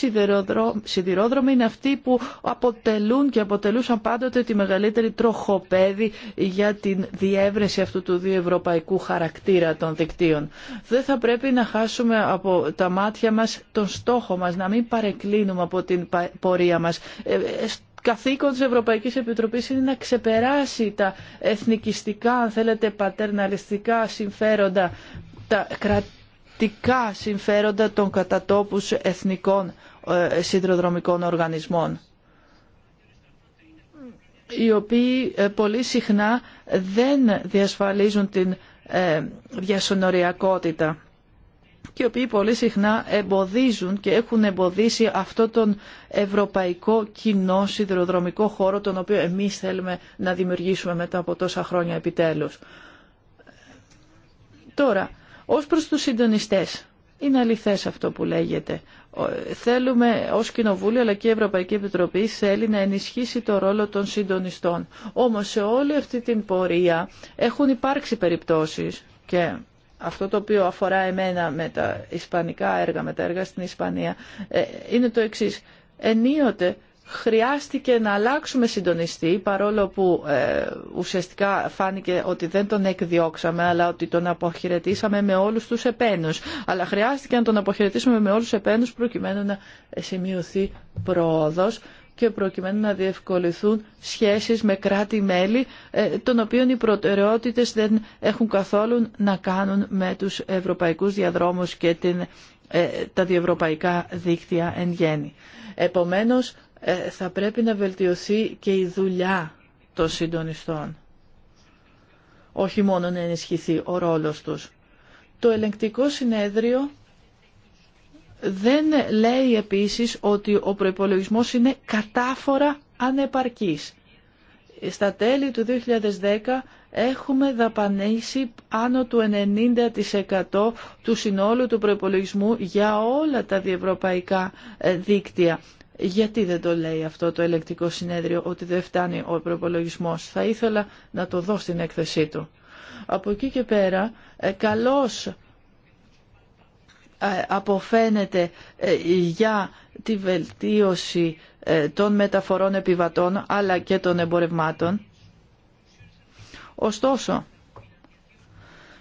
S2: σιδηρόδρομοι είναι αυτοί που αποτελούν και αποτελούσαν πάντοτε τη μεγαλύτερη τροχοπέδη για την διεύρυνση αυτού του διευρωπαϊκού χαρακτήρα των δικτύων. Δεν θα πρέπει να χάσουμε από τα μάτια μας τον στόχο μας, να μην παρεκκλίνουμε από την πορεία μας. Ε, ε, καθήκον της Ευρωπαϊκής Επιτροπής είναι να ξεπεράσει τα εθνικιστικά, αν θέλετε, πατερναλιστικά συμφέροντα, τα κρατικά συμφέροντα των κατατόπους εθνικών ε, σιδηροδρομικών οργανισμών οι οποίοι ε, πολύ συχνά δεν διασφαλίζουν την ε, διασωνοριακότητα και οι οποίοι πολύ συχνά εμποδίζουν και έχουν εμποδίσει αυτό τον ευρωπαϊκό κοινό σιδηροδρομικό χώρο τον οποίο εμείς θέλουμε να δημιουργήσουμε μετά από τόσα χρόνια επιτέλους. Τώρα, ως προς τους συντονιστές, είναι αληθές αυτό που λέγεται. Θέλουμε ως Κοινοβούλιο αλλά και η Ευρωπαϊκή Επιτροπή θέλει να ενισχύσει το ρόλο των συντονιστών. Όμως σε όλη αυτή την πορεία έχουν υπάρξει περιπτώσεις και αυτό το οποίο αφορά εμένα με τα ισπανικά έργα, με τα έργα στην Ισπανία, ε, είναι το εξής. Ενίοτε χρειάστηκε να αλλάξουμε συντονιστή, παρόλο που ε, ουσιαστικά φάνηκε ότι δεν τον εκδιώξαμε, αλλά ότι τον αποχαιρετήσαμε με όλους τους επένους. Αλλά χρειάστηκε να τον αποχαιρετήσουμε με όλους τους επένους, προκειμένου να σημειωθεί πρόοδος και προκειμένου να διευκολυθούν σχέσεις με κράτη-μέλη ε, των οποίων οι προτεραιότητες δεν έχουν καθόλου να κάνουν με τους ευρωπαϊκούς διαδρόμους και την, ε, τα διευρωπαϊκά δίκτυα εν γέννη. Επομένως, ε, θα πρέπει να βελτιωθεί και η δουλειά των συντονιστών. Όχι μόνο να ενισχυθεί ο ρόλος τους. Το ελεγκτικό συνέδριο δεν λέει επίσης ότι ο προϋπολογισμός είναι κατάφορα ανεπαρκής. Στα τέλη του 2010 έχουμε δαπανήσει άνω του 90% του συνόλου του προϋπολογισμού για όλα τα διευρωπαϊκά ε, δίκτυα. Γιατί δεν το λέει αυτό το ελεκτικό συνέδριο ότι δεν φτάνει ο προϋπολογισμός. Θα ήθελα να το δω στην έκθεσή του. Από εκεί και πέρα, ε, καλώς ε, αποφαίνεται ε, για τη βελτίωση ε, των μεταφορών επιβατών αλλά και των εμπορευμάτων. Ωστόσο,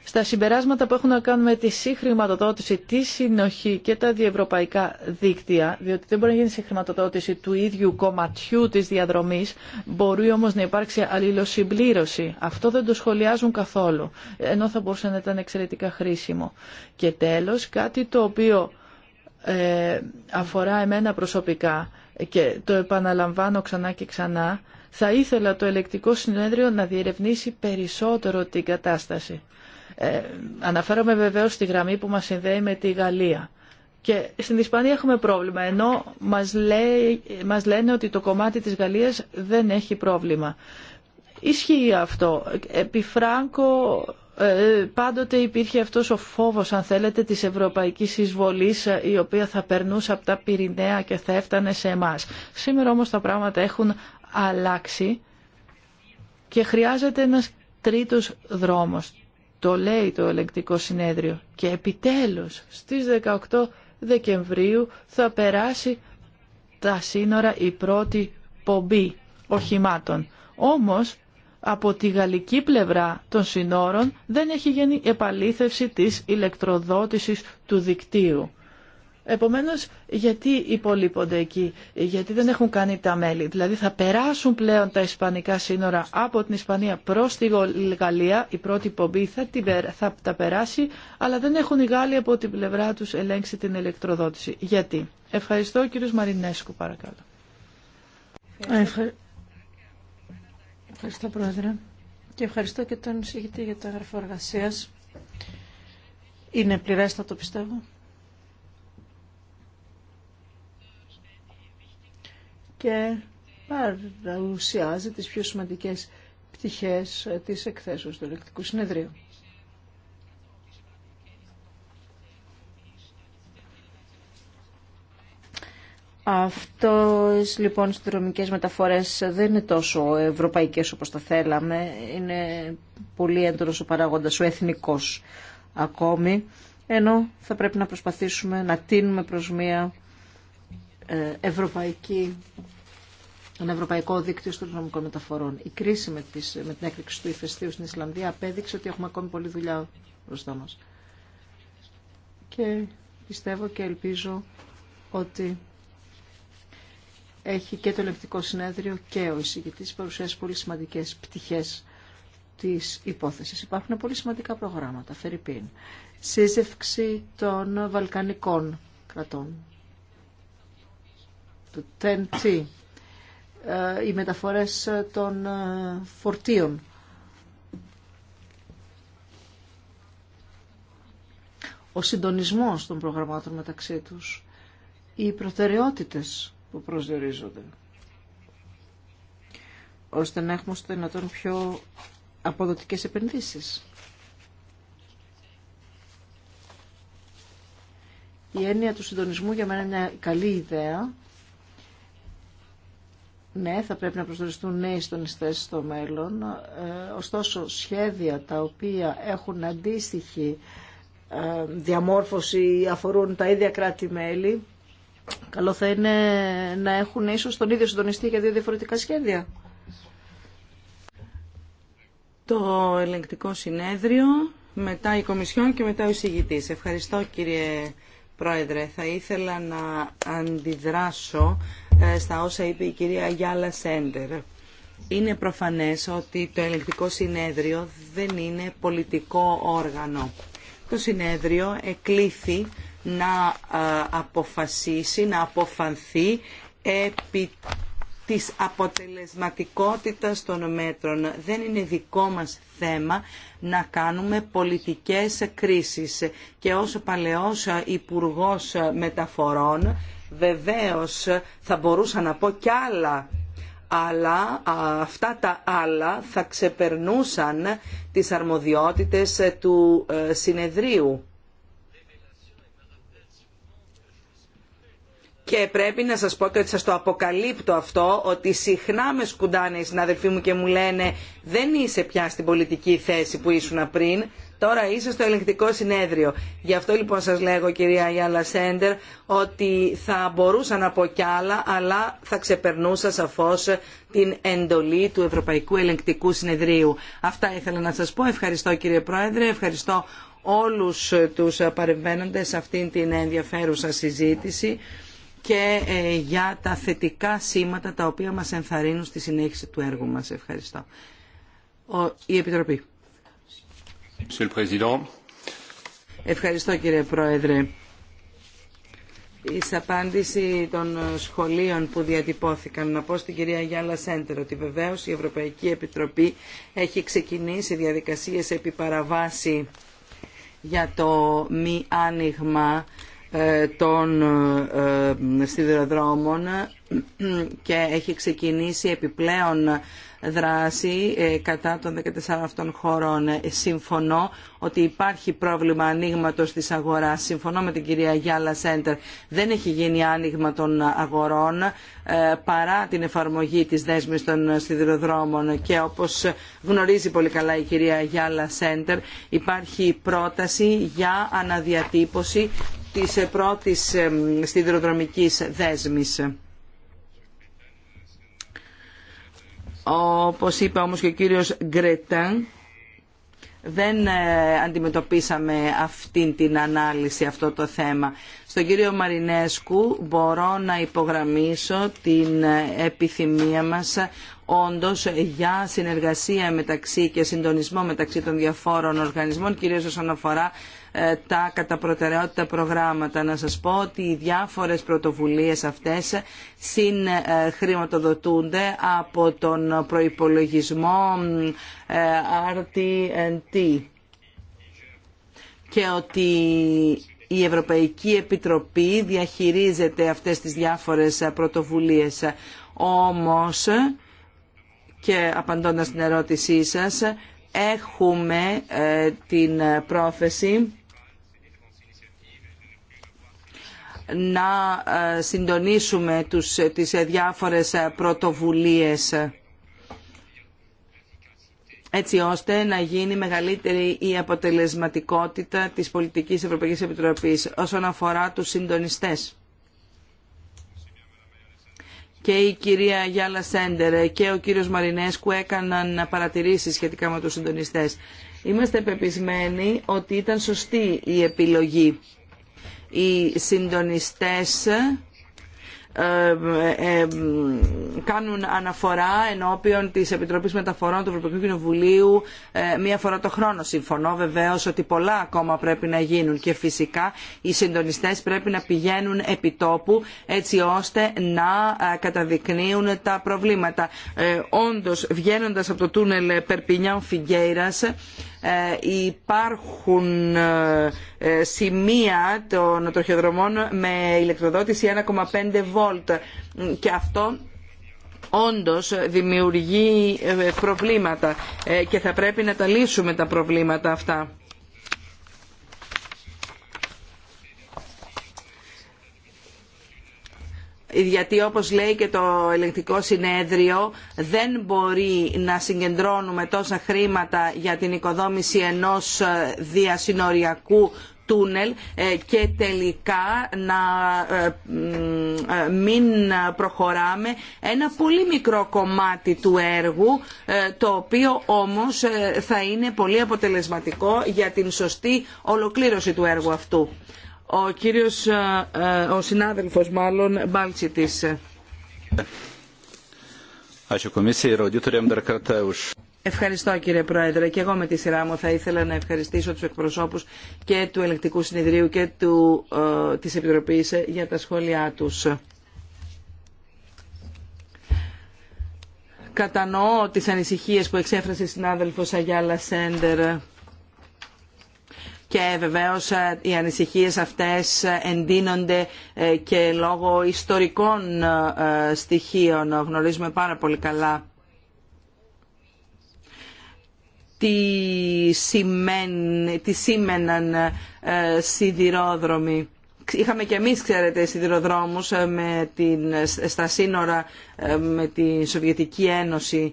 S2: στα συμπεράσματα που έχουν να κάνουν με τη συγχρηματοδότηση, τη συνοχή και τα διευρωπαϊκά δίκτυα, διότι δεν μπορεί να γίνει συγχρηματοδότηση του ίδιου κομματιού τη διαδρομή, μπορεί όμω να υπάρξει αλληλοσυμπλήρωση. Αυτό δεν το σχολιάζουν καθόλου, ενώ θα μπορούσε να ήταν εξαιρετικά χρήσιμο. Και τέλο, κάτι το οποίο ε, αφορά εμένα προσωπικά και το επαναλαμβάνω ξανά και ξανά, θα ήθελα το ελεκτικό συνέδριο να διερευνήσει περισσότερο την κατάσταση. Ε, αναφέρομαι βεβαίως στη γραμμή που μας συνδέει με τη Γαλλία. Και στην Ισπανία έχουμε πρόβλημα, ενώ μας, μας λένε ότι το κομμάτι της Γαλλίας δεν έχει πρόβλημα. Ισχύει αυτό. Επί Φράγκο ε, πάντοτε υπήρχε αυτός ο φόβος, αν θέλετε, της ευρωπαϊκής εισβολής ε, η οποία θα περνούσε από τα Πυρηναία και θα έφτανε σε εμάς. Σήμερα όμως τα πράγματα έχουν αλλάξει και χρειάζεται ένας τρίτος δρόμος. Το λέει το ελεγκτικό συνέδριο. Και επιτέλους στις 18 Δεκεμβρίου θα περάσει τα σύνορα η πρώτη πομπή οχημάτων. Όμως από τη γαλλική πλευρά των συνόρων δεν έχει γίνει επαλήθευση της ηλεκτροδότησης του δικτύου. Επομένως, γιατί υπολείπονται εκεί, γιατί δεν έχουν κάνει τα μέλη. Δηλαδή θα περάσουν πλέον τα ισπανικά σύνορα από την Ισπανία προς τη Γαλλία, η πρώτη πομπή θα, την, θα τα περάσει, αλλά δεν έχουν οι Γάλλοι από την πλευρά τους ελέγξει την ηλεκτροδότηση. Γιατί. Ευχαριστώ κύριος Μαρινέσκου παρακαλώ.
S3: Ευχαριστώ, ευχαριστώ Πρόεδρε και ευχαριστώ και τον εισηγητή για το έγραφο εργασία. Είναι πληρέστατο πιστεύω. και παρουσιάζει τις πιο σημαντικές πτυχές της εκθέσεως του Ελεκτικού Συνεδρίου. Αυτό λοιπόν στις δρομικές μεταφορές δεν είναι τόσο ευρωπαϊκές όπως τα θέλαμε. Είναι πολύ έντονος ο παράγοντας, ο εθνικός ακόμη. Ενώ θα πρέπει να προσπαθήσουμε να τίνουμε προς μία ε, ευρωπαϊκή τον Ευρωπαϊκό Δίκτυο Νομικών Μεταφορών. Η κρίση με, τις, με την έκρηξη του ηφαιστείου στην Ισλανδία απέδειξε ότι έχουμε ακόμη πολλή δουλειά μπροστά μας. Και πιστεύω και ελπίζω ότι έχει και το ελεκτικό συνέδριο και ο εισηγητή παρουσιάσει πολύ σημαντικέ πτυχέ τη υπόθεση. Υπάρχουν πολύ σημαντικά προγράμματα, Φερρυπίν, σύζευξη των Βαλκανικών κρατών ten ε, οι μεταφορές των ε, φορτίων. Ο συντονισμός των προγραμμάτων μεταξύ τους, οι προτεραιότητες που προσδιορίζονται, ώστε να έχουμε στο δυνατόν πιο αποδοτικές επενδύσεις. Η έννοια του συντονισμού για μένα είναι μια καλή ιδέα, ναι, θα πρέπει να προσδοριστούν νέοι στον στο μέλλον. Ε, ωστόσο, σχέδια τα οποία έχουν αντίστοιχη ε, διαμόρφωση αφορούν τα ίδια κράτη-μέλη, καλό θα είναι να έχουν ίσως τον ίδιο συντονιστή για δύο διαφορετικά σχέδια.
S1: Το ελεγκτικό συνέδριο, μετά η Κομισιόν και μετά ο εισηγητής. Ευχαριστώ κύριε Πρόεδρε. Θα ήθελα να αντιδράσω ε, στα όσα είπε η κυρία Γιάλα Σέντερ. Είναι προφανές ότι το ελεγκτικό συνέδριο δεν είναι πολιτικό όργανο. Το συνέδριο εκλήθη να ε, αποφασίσει, να αποφανθεί επί της αποτελεσματικότητας των μέτρων. Δεν είναι δικό μας θέμα να κάνουμε πολιτικές κρίσεις. Και όσο παλαιός Υπουργός Μεταφορών Βεβαίως θα μπορούσα να πω κι άλλα αλλά αυτά τα άλλα θα ξεπερνούσαν τις αρμοδιότητες ε, του ε, συνεδρίου. Και πρέπει να σας πω και ότι σας το αποκαλύπτω αυτό, ότι συχνά με σκουντάνε οι συναδελφοί μου και μου λένε «Δεν είσαι πια στην πολιτική θέση που ήσουν πριν», Τώρα είσαι στο ελεγκτικό συνέδριο. Γι' αυτό λοιπόν σας λέγω κυρία Ιάλα Σέντερ ότι θα μπορούσα να πω κι άλλα αλλά θα ξεπερνούσα σαφώς την εντολή του Ευρωπαϊκού Ελεγκτικού Συνεδρίου. Αυτά ήθελα να σας πω. Ευχαριστώ κύριε Πρόεδρε, ευχαριστώ όλους τους παρεμβαίνοντες σε αυτήν την ενδιαφέρουσα συζήτηση και ε, για τα θετικά σήματα τα οποία μας ενθαρρύνουν στη συνέχιση του έργου μας. Ευχαριστώ. η Επιτροπή. Ευχαριστώ κύριε Πρόεδρε. Η απάντηση των σχολείων που διατυπώθηκαν, να πω στην κυρία Γιάλα Σέντερ ότι βεβαίως η Ευρωπαϊκή Επιτροπή έχει ξεκινήσει διαδικασίες επί παραβάση για το μη άνοιγμα ε, των ε, ε, σιδηροδρόμων και έχει ξεκινήσει επιπλέον δράση ε, κατά των 14 αυτών χωρών. Ε, συμφωνώ ότι υπάρχει πρόβλημα ανοίγματο τη αγορά. Συμφωνώ με την κυρία Γιάλα Σέντερ. Δεν έχει γίνει άνοιγμα των αγορών ε, παρά την εφαρμογή της δέσμης των σιδηροδρόμων και όπως γνωρίζει πολύ καλά η κυρία Γιάλα Σέντερ υπάρχει πρόταση για αναδιατύπωση της πρώτης σιδηροδρομικής δέσμης Όπως είπε όμως και ο κύριος Γκρετάν, δεν ε, αντιμετωπίσαμε αυτήν την ανάλυση, αυτό το θέμα. Στον κύριο Μαρινέσκου μπορώ να υπογραμμίσω την ε, επιθυμία μας όντως ε, για συνεργασία μεταξύ και συντονισμό μεταξύ των διαφόρων οργανισμών, κυρίως όσον αφορά ε, τα κατά προτεραιότητα προγράμματα. Να σας πω ότι οι διάφορες πρωτοβουλίες αυτές συγχρηματοδοτούνται ε, από τον προϋπολογισμό RTNT και ότι η Ευρωπαϊκή Επιτροπή διαχειρίζεται αυτές τις διάφορες πρωτοβουλίες. Όμως και απαντώντας την ερώτησή σας, έχουμε ε, την πρόθεση να ε, συντονίσουμε τους, τις διάφορες πρωτοβουλίες έτσι ώστε να γίνει μεγαλύτερη η αποτελεσματικότητα της πολιτικής Ευρωπαϊκής Επιτροπής όσον αφορά τους συντονιστές και η κυρία Γιάλα Σέντερ και ο κύριος Μαρινέσκου έκαναν παρατηρήσεις σχετικά με τους συντονιστές. Είμαστε πεπισμένοι ότι ήταν σωστή η επιλογή. Οι συντονιστές κάνουν αναφορά ενώπιον της Επιτροπής Μεταφορών του Ευρωπαϊκού Κοινοβουλίου ε, μία φορά το χρόνο. Συμφωνώ βεβαίως ότι πολλά ακόμα πρέπει να γίνουν και φυσικά οι συντονιστές πρέπει να πηγαίνουν επί τόπου έτσι ώστε να ε, καταδεικνύουν τα προβλήματα. Ε, όντως βγαίνοντας από το τούνελ Περπινιάν Φιγκέιρας ε, υπάρχουν ε, ε, σημεία των τροχιοδρομών με ηλεκτροδότηση 1,5 βόλτ και αυτό όντως δημιουργεί προβλήματα και θα πρέπει να τα λύσουμε τα προβλήματα αυτά. γιατί όπως λέει και το ελεγκτικό συνέδριο δεν μπορεί να συγκεντρώνουμε τόσα χρήματα για την οικοδόμηση ενός ε, διασυνοριακού τούνελ ε, και τελικά να ε, μην προχωράμε ένα πολύ μικρό κομμάτι του έργου το οποίο όμως θα είναι πολύ αποτελεσματικό για την σωστή ολοκλήρωση του έργου αυτού. Ο κύριος, ε, ε, ο συνάδελφος μάλλον, Μπάλτσιτης. Ευχαριστώ κύριε Πρόεδρε και εγώ με τη σειρά μου θα ήθελα να ευχαριστήσω τους εκπροσώπους και του Ελεκτικού Συνεδρίου και του, ε, της Επιτροπής για τα σχόλιά τους. Κατανοώ τις ανησυχίες που εξέφρασε η συνάδελφος Αγιάλα Σέντερ και βεβαίως ε, οι ανησυχίες αυτές ε, εντείνονται ε, και λόγω ιστορικών στοιχείων. Γνωρίζουμε πάρα πολύ καλά τι, σημαίνει, τι σήμαιναν σιδηρόδρομοι. Είχαμε και εμείς, ξέρετε, σιδηροδρόμους με την, στα σύνορα με τη Σοβιετική Ένωση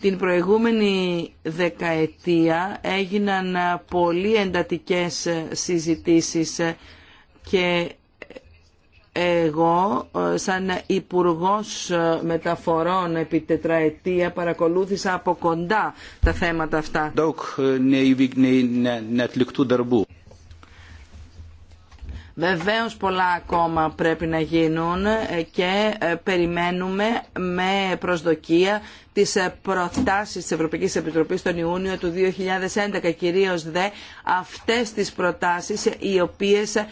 S1: την προηγούμενη δεκαετία έγιναν πολύ εντατικές συζητήσεις και εγώ σαν Υπουργός Μεταφορών επί τετραετία παρακολούθησα από κοντά τα θέματα αυτά. Βεβαίως πολλά ακόμα πρέπει να γίνουν και ε, περιμένουμε με προσδοκία τις ε, προτάσεις της Ευρωπαϊκής Επιτροπής τον Ιούνιο του 2011, κυρίως δε αυτές τις προτάσεις οι οποίες ε,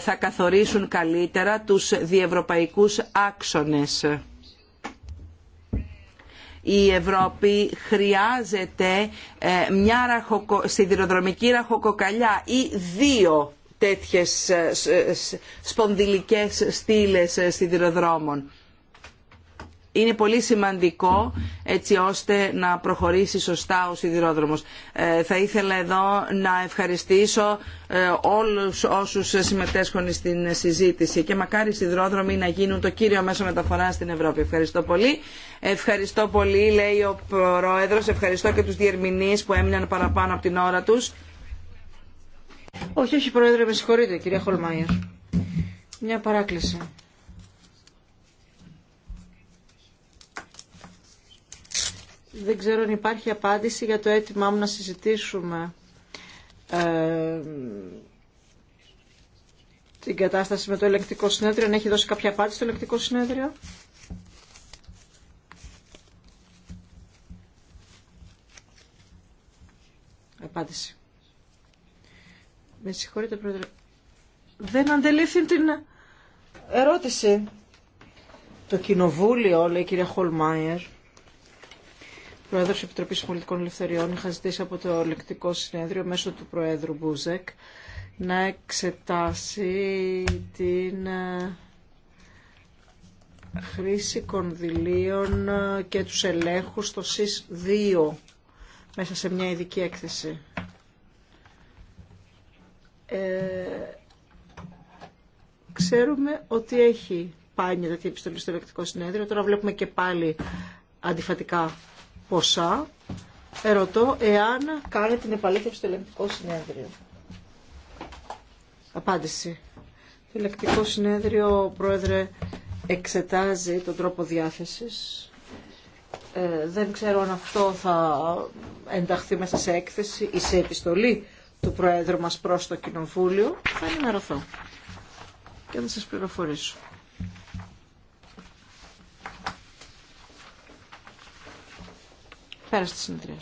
S1: θα καθορίσουν καλύτερα τους διευρωπαϊκούς άξονες. Η Ευρώπη χρειάζεται ε, μια ραχοκο... σιδηροδρομική ραχοκοκαλιά ή δύο τέτοιες σπονδυλικές στήλες σιδηροδρόμων είναι πολύ σημαντικό έτσι ώστε να προχωρήσει σωστά ο σιδηρόδρομος. Ε, θα ήθελα εδώ να ευχαριστήσω ε, όλους όσους συμμετέσχουν στην συζήτηση και μακάρι οι σιδηρόδρομοι να γίνουν το κύριο μέσο μεταφοράς στην Ευρώπη. Ευχαριστώ πολύ. Ευχαριστώ πολύ λέει ο Πρόεδρος. Ευχαριστώ και τους διερμηνείς που έμειναν παραπάνω από την ώρα τους.
S3: Όχι, όχι Πρόεδρε, με συγχωρείτε κυρία Χολμάιερ. Μια παράκληση. Δεν ξέρω αν υπάρχει απάντηση για το αίτημά μου να συζητήσουμε ε, την κατάσταση με το Ελεκτικό συνέδριο. Αν έχει δώσει κάποια απάντηση στο Ελεκτικό συνέδριο. Απάντηση. Με συγχωρείτε, Πρόεδρε. Δεν αντελήφθη την ερώτηση. Το κοινοβούλιο, λέει η κυρία Χολμάιερ, Πρόεδρο τη Επιτροπή Πολιτικών Ελευθεριών, είχα ζητήσει από το Ελεκτικό Συνέδριο μέσω του Προέδρου Μπούζεκ να εξετάσει την ε, χρήση κονδυλίων και τους ελέγχους στο ΣΥΣ 2 μέσα σε μια ειδική έκθεση. Ε, ξέρουμε ότι έχει μια τέτοια επιστολή στο Ελεκτικό Συνέδριο. Τώρα βλέπουμε και πάλι αντιφατικά ποσά, ερωτώ εάν κάνει την επαλήθευση στο Ελεκτικού συνέδριο. Απάντηση. Το Ελεκτικό συνέδριο, πρόεδρε, εξετάζει τον τρόπο διάθεσης. Ε, δεν ξέρω αν αυτό θα ενταχθεί μέσα σε έκθεση ή σε επιστολή του Προέδρου μας προς το Κοινοβούλιο. Θα ενημερωθώ και θα σας πληροφορήσω. Πέρα στη συνεδρία